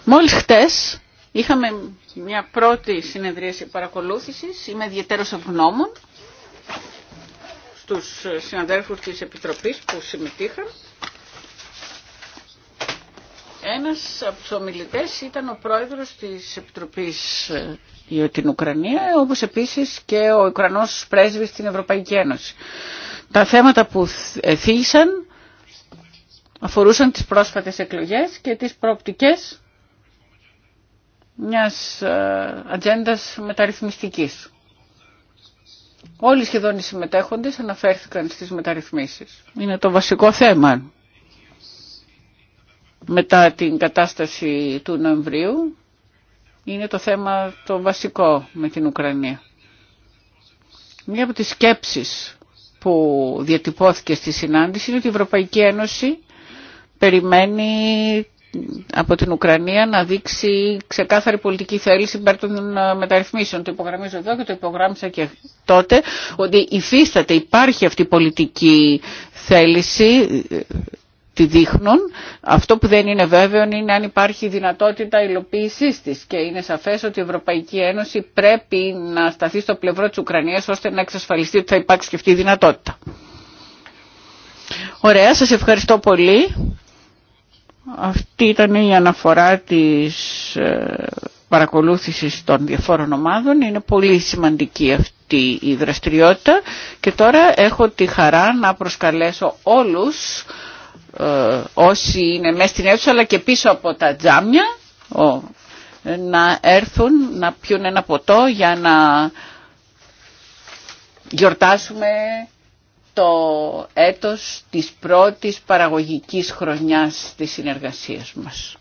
Μόλις χτες είχαμε μια πρώτη συνεδρίαση παρακολούθησης. Είμαι ιδιαίτερος ευγνώμων στους συναδέλφους της Επιτροπής που συμμετείχαν. Ένας από τους ομιλητές ήταν ο πρόεδρος της Επιτροπής για την Ουκρανία, όπως επίσης και ο Ουκρανός πρέσβης στην Ευρωπαϊκή Ένωση. Τα θέματα που θύσαν αφορούσαν τις πρόσφατες εκλογές και τις προοπτικές μιας ε, ατζέντα μεταρρυθμιστικής. Όλοι σχεδόν οι συμμετέχοντες αναφέρθηκαν στις μεταρρυθμίσεις. Είναι το βασικό θέμα μετά την κατάσταση του Νοεμβρίου είναι το θέμα το βασικό με την Ουκρανία. Μία από τις σκέψεις που διατυπώθηκε στη συνάντηση είναι ότι η Ευρωπαϊκή Ένωση περιμένει από την Ουκρανία να δείξει ξεκάθαρη πολιτική θέληση υπέρ των ε, μεταρρυθμίσεων. Το υπογραμμίζω εδώ και το υπογράμμισα και τότε ότι υφίσταται, υπάρχει αυτή η πολιτική θέληση τη δείχνουν. Αυτό που δεν είναι βέβαιο είναι αν υπάρχει δυνατότητα υλοποίησής της και είναι σαφές ότι η Ευρωπαϊκή Ένωση πρέπει να σταθεί στο πλευρό της Ουκρανίας ώστε να εξασφαλιστεί ότι θα υπάρξει και αυτή η δυνατότητα. Ωραία, σας ευχαριστώ πολύ. Αυτή ήταν η αναφορά της ε, παρακολούθησης των διαφόρων ομάδων. Είναι πολύ σημαντική αυτή η δραστηριότητα και τώρα έχω τη χαρά να προσκαλέσω όλους ε, όσοι είναι μέσα στην αίθουσα αλλά και πίσω από τα τζάμια να έρθουν να πιούν ένα ποτό για να γιορτάσουμε το έτος της πρώτης παραγωγικής χρονιάς της συνεργασίας μας.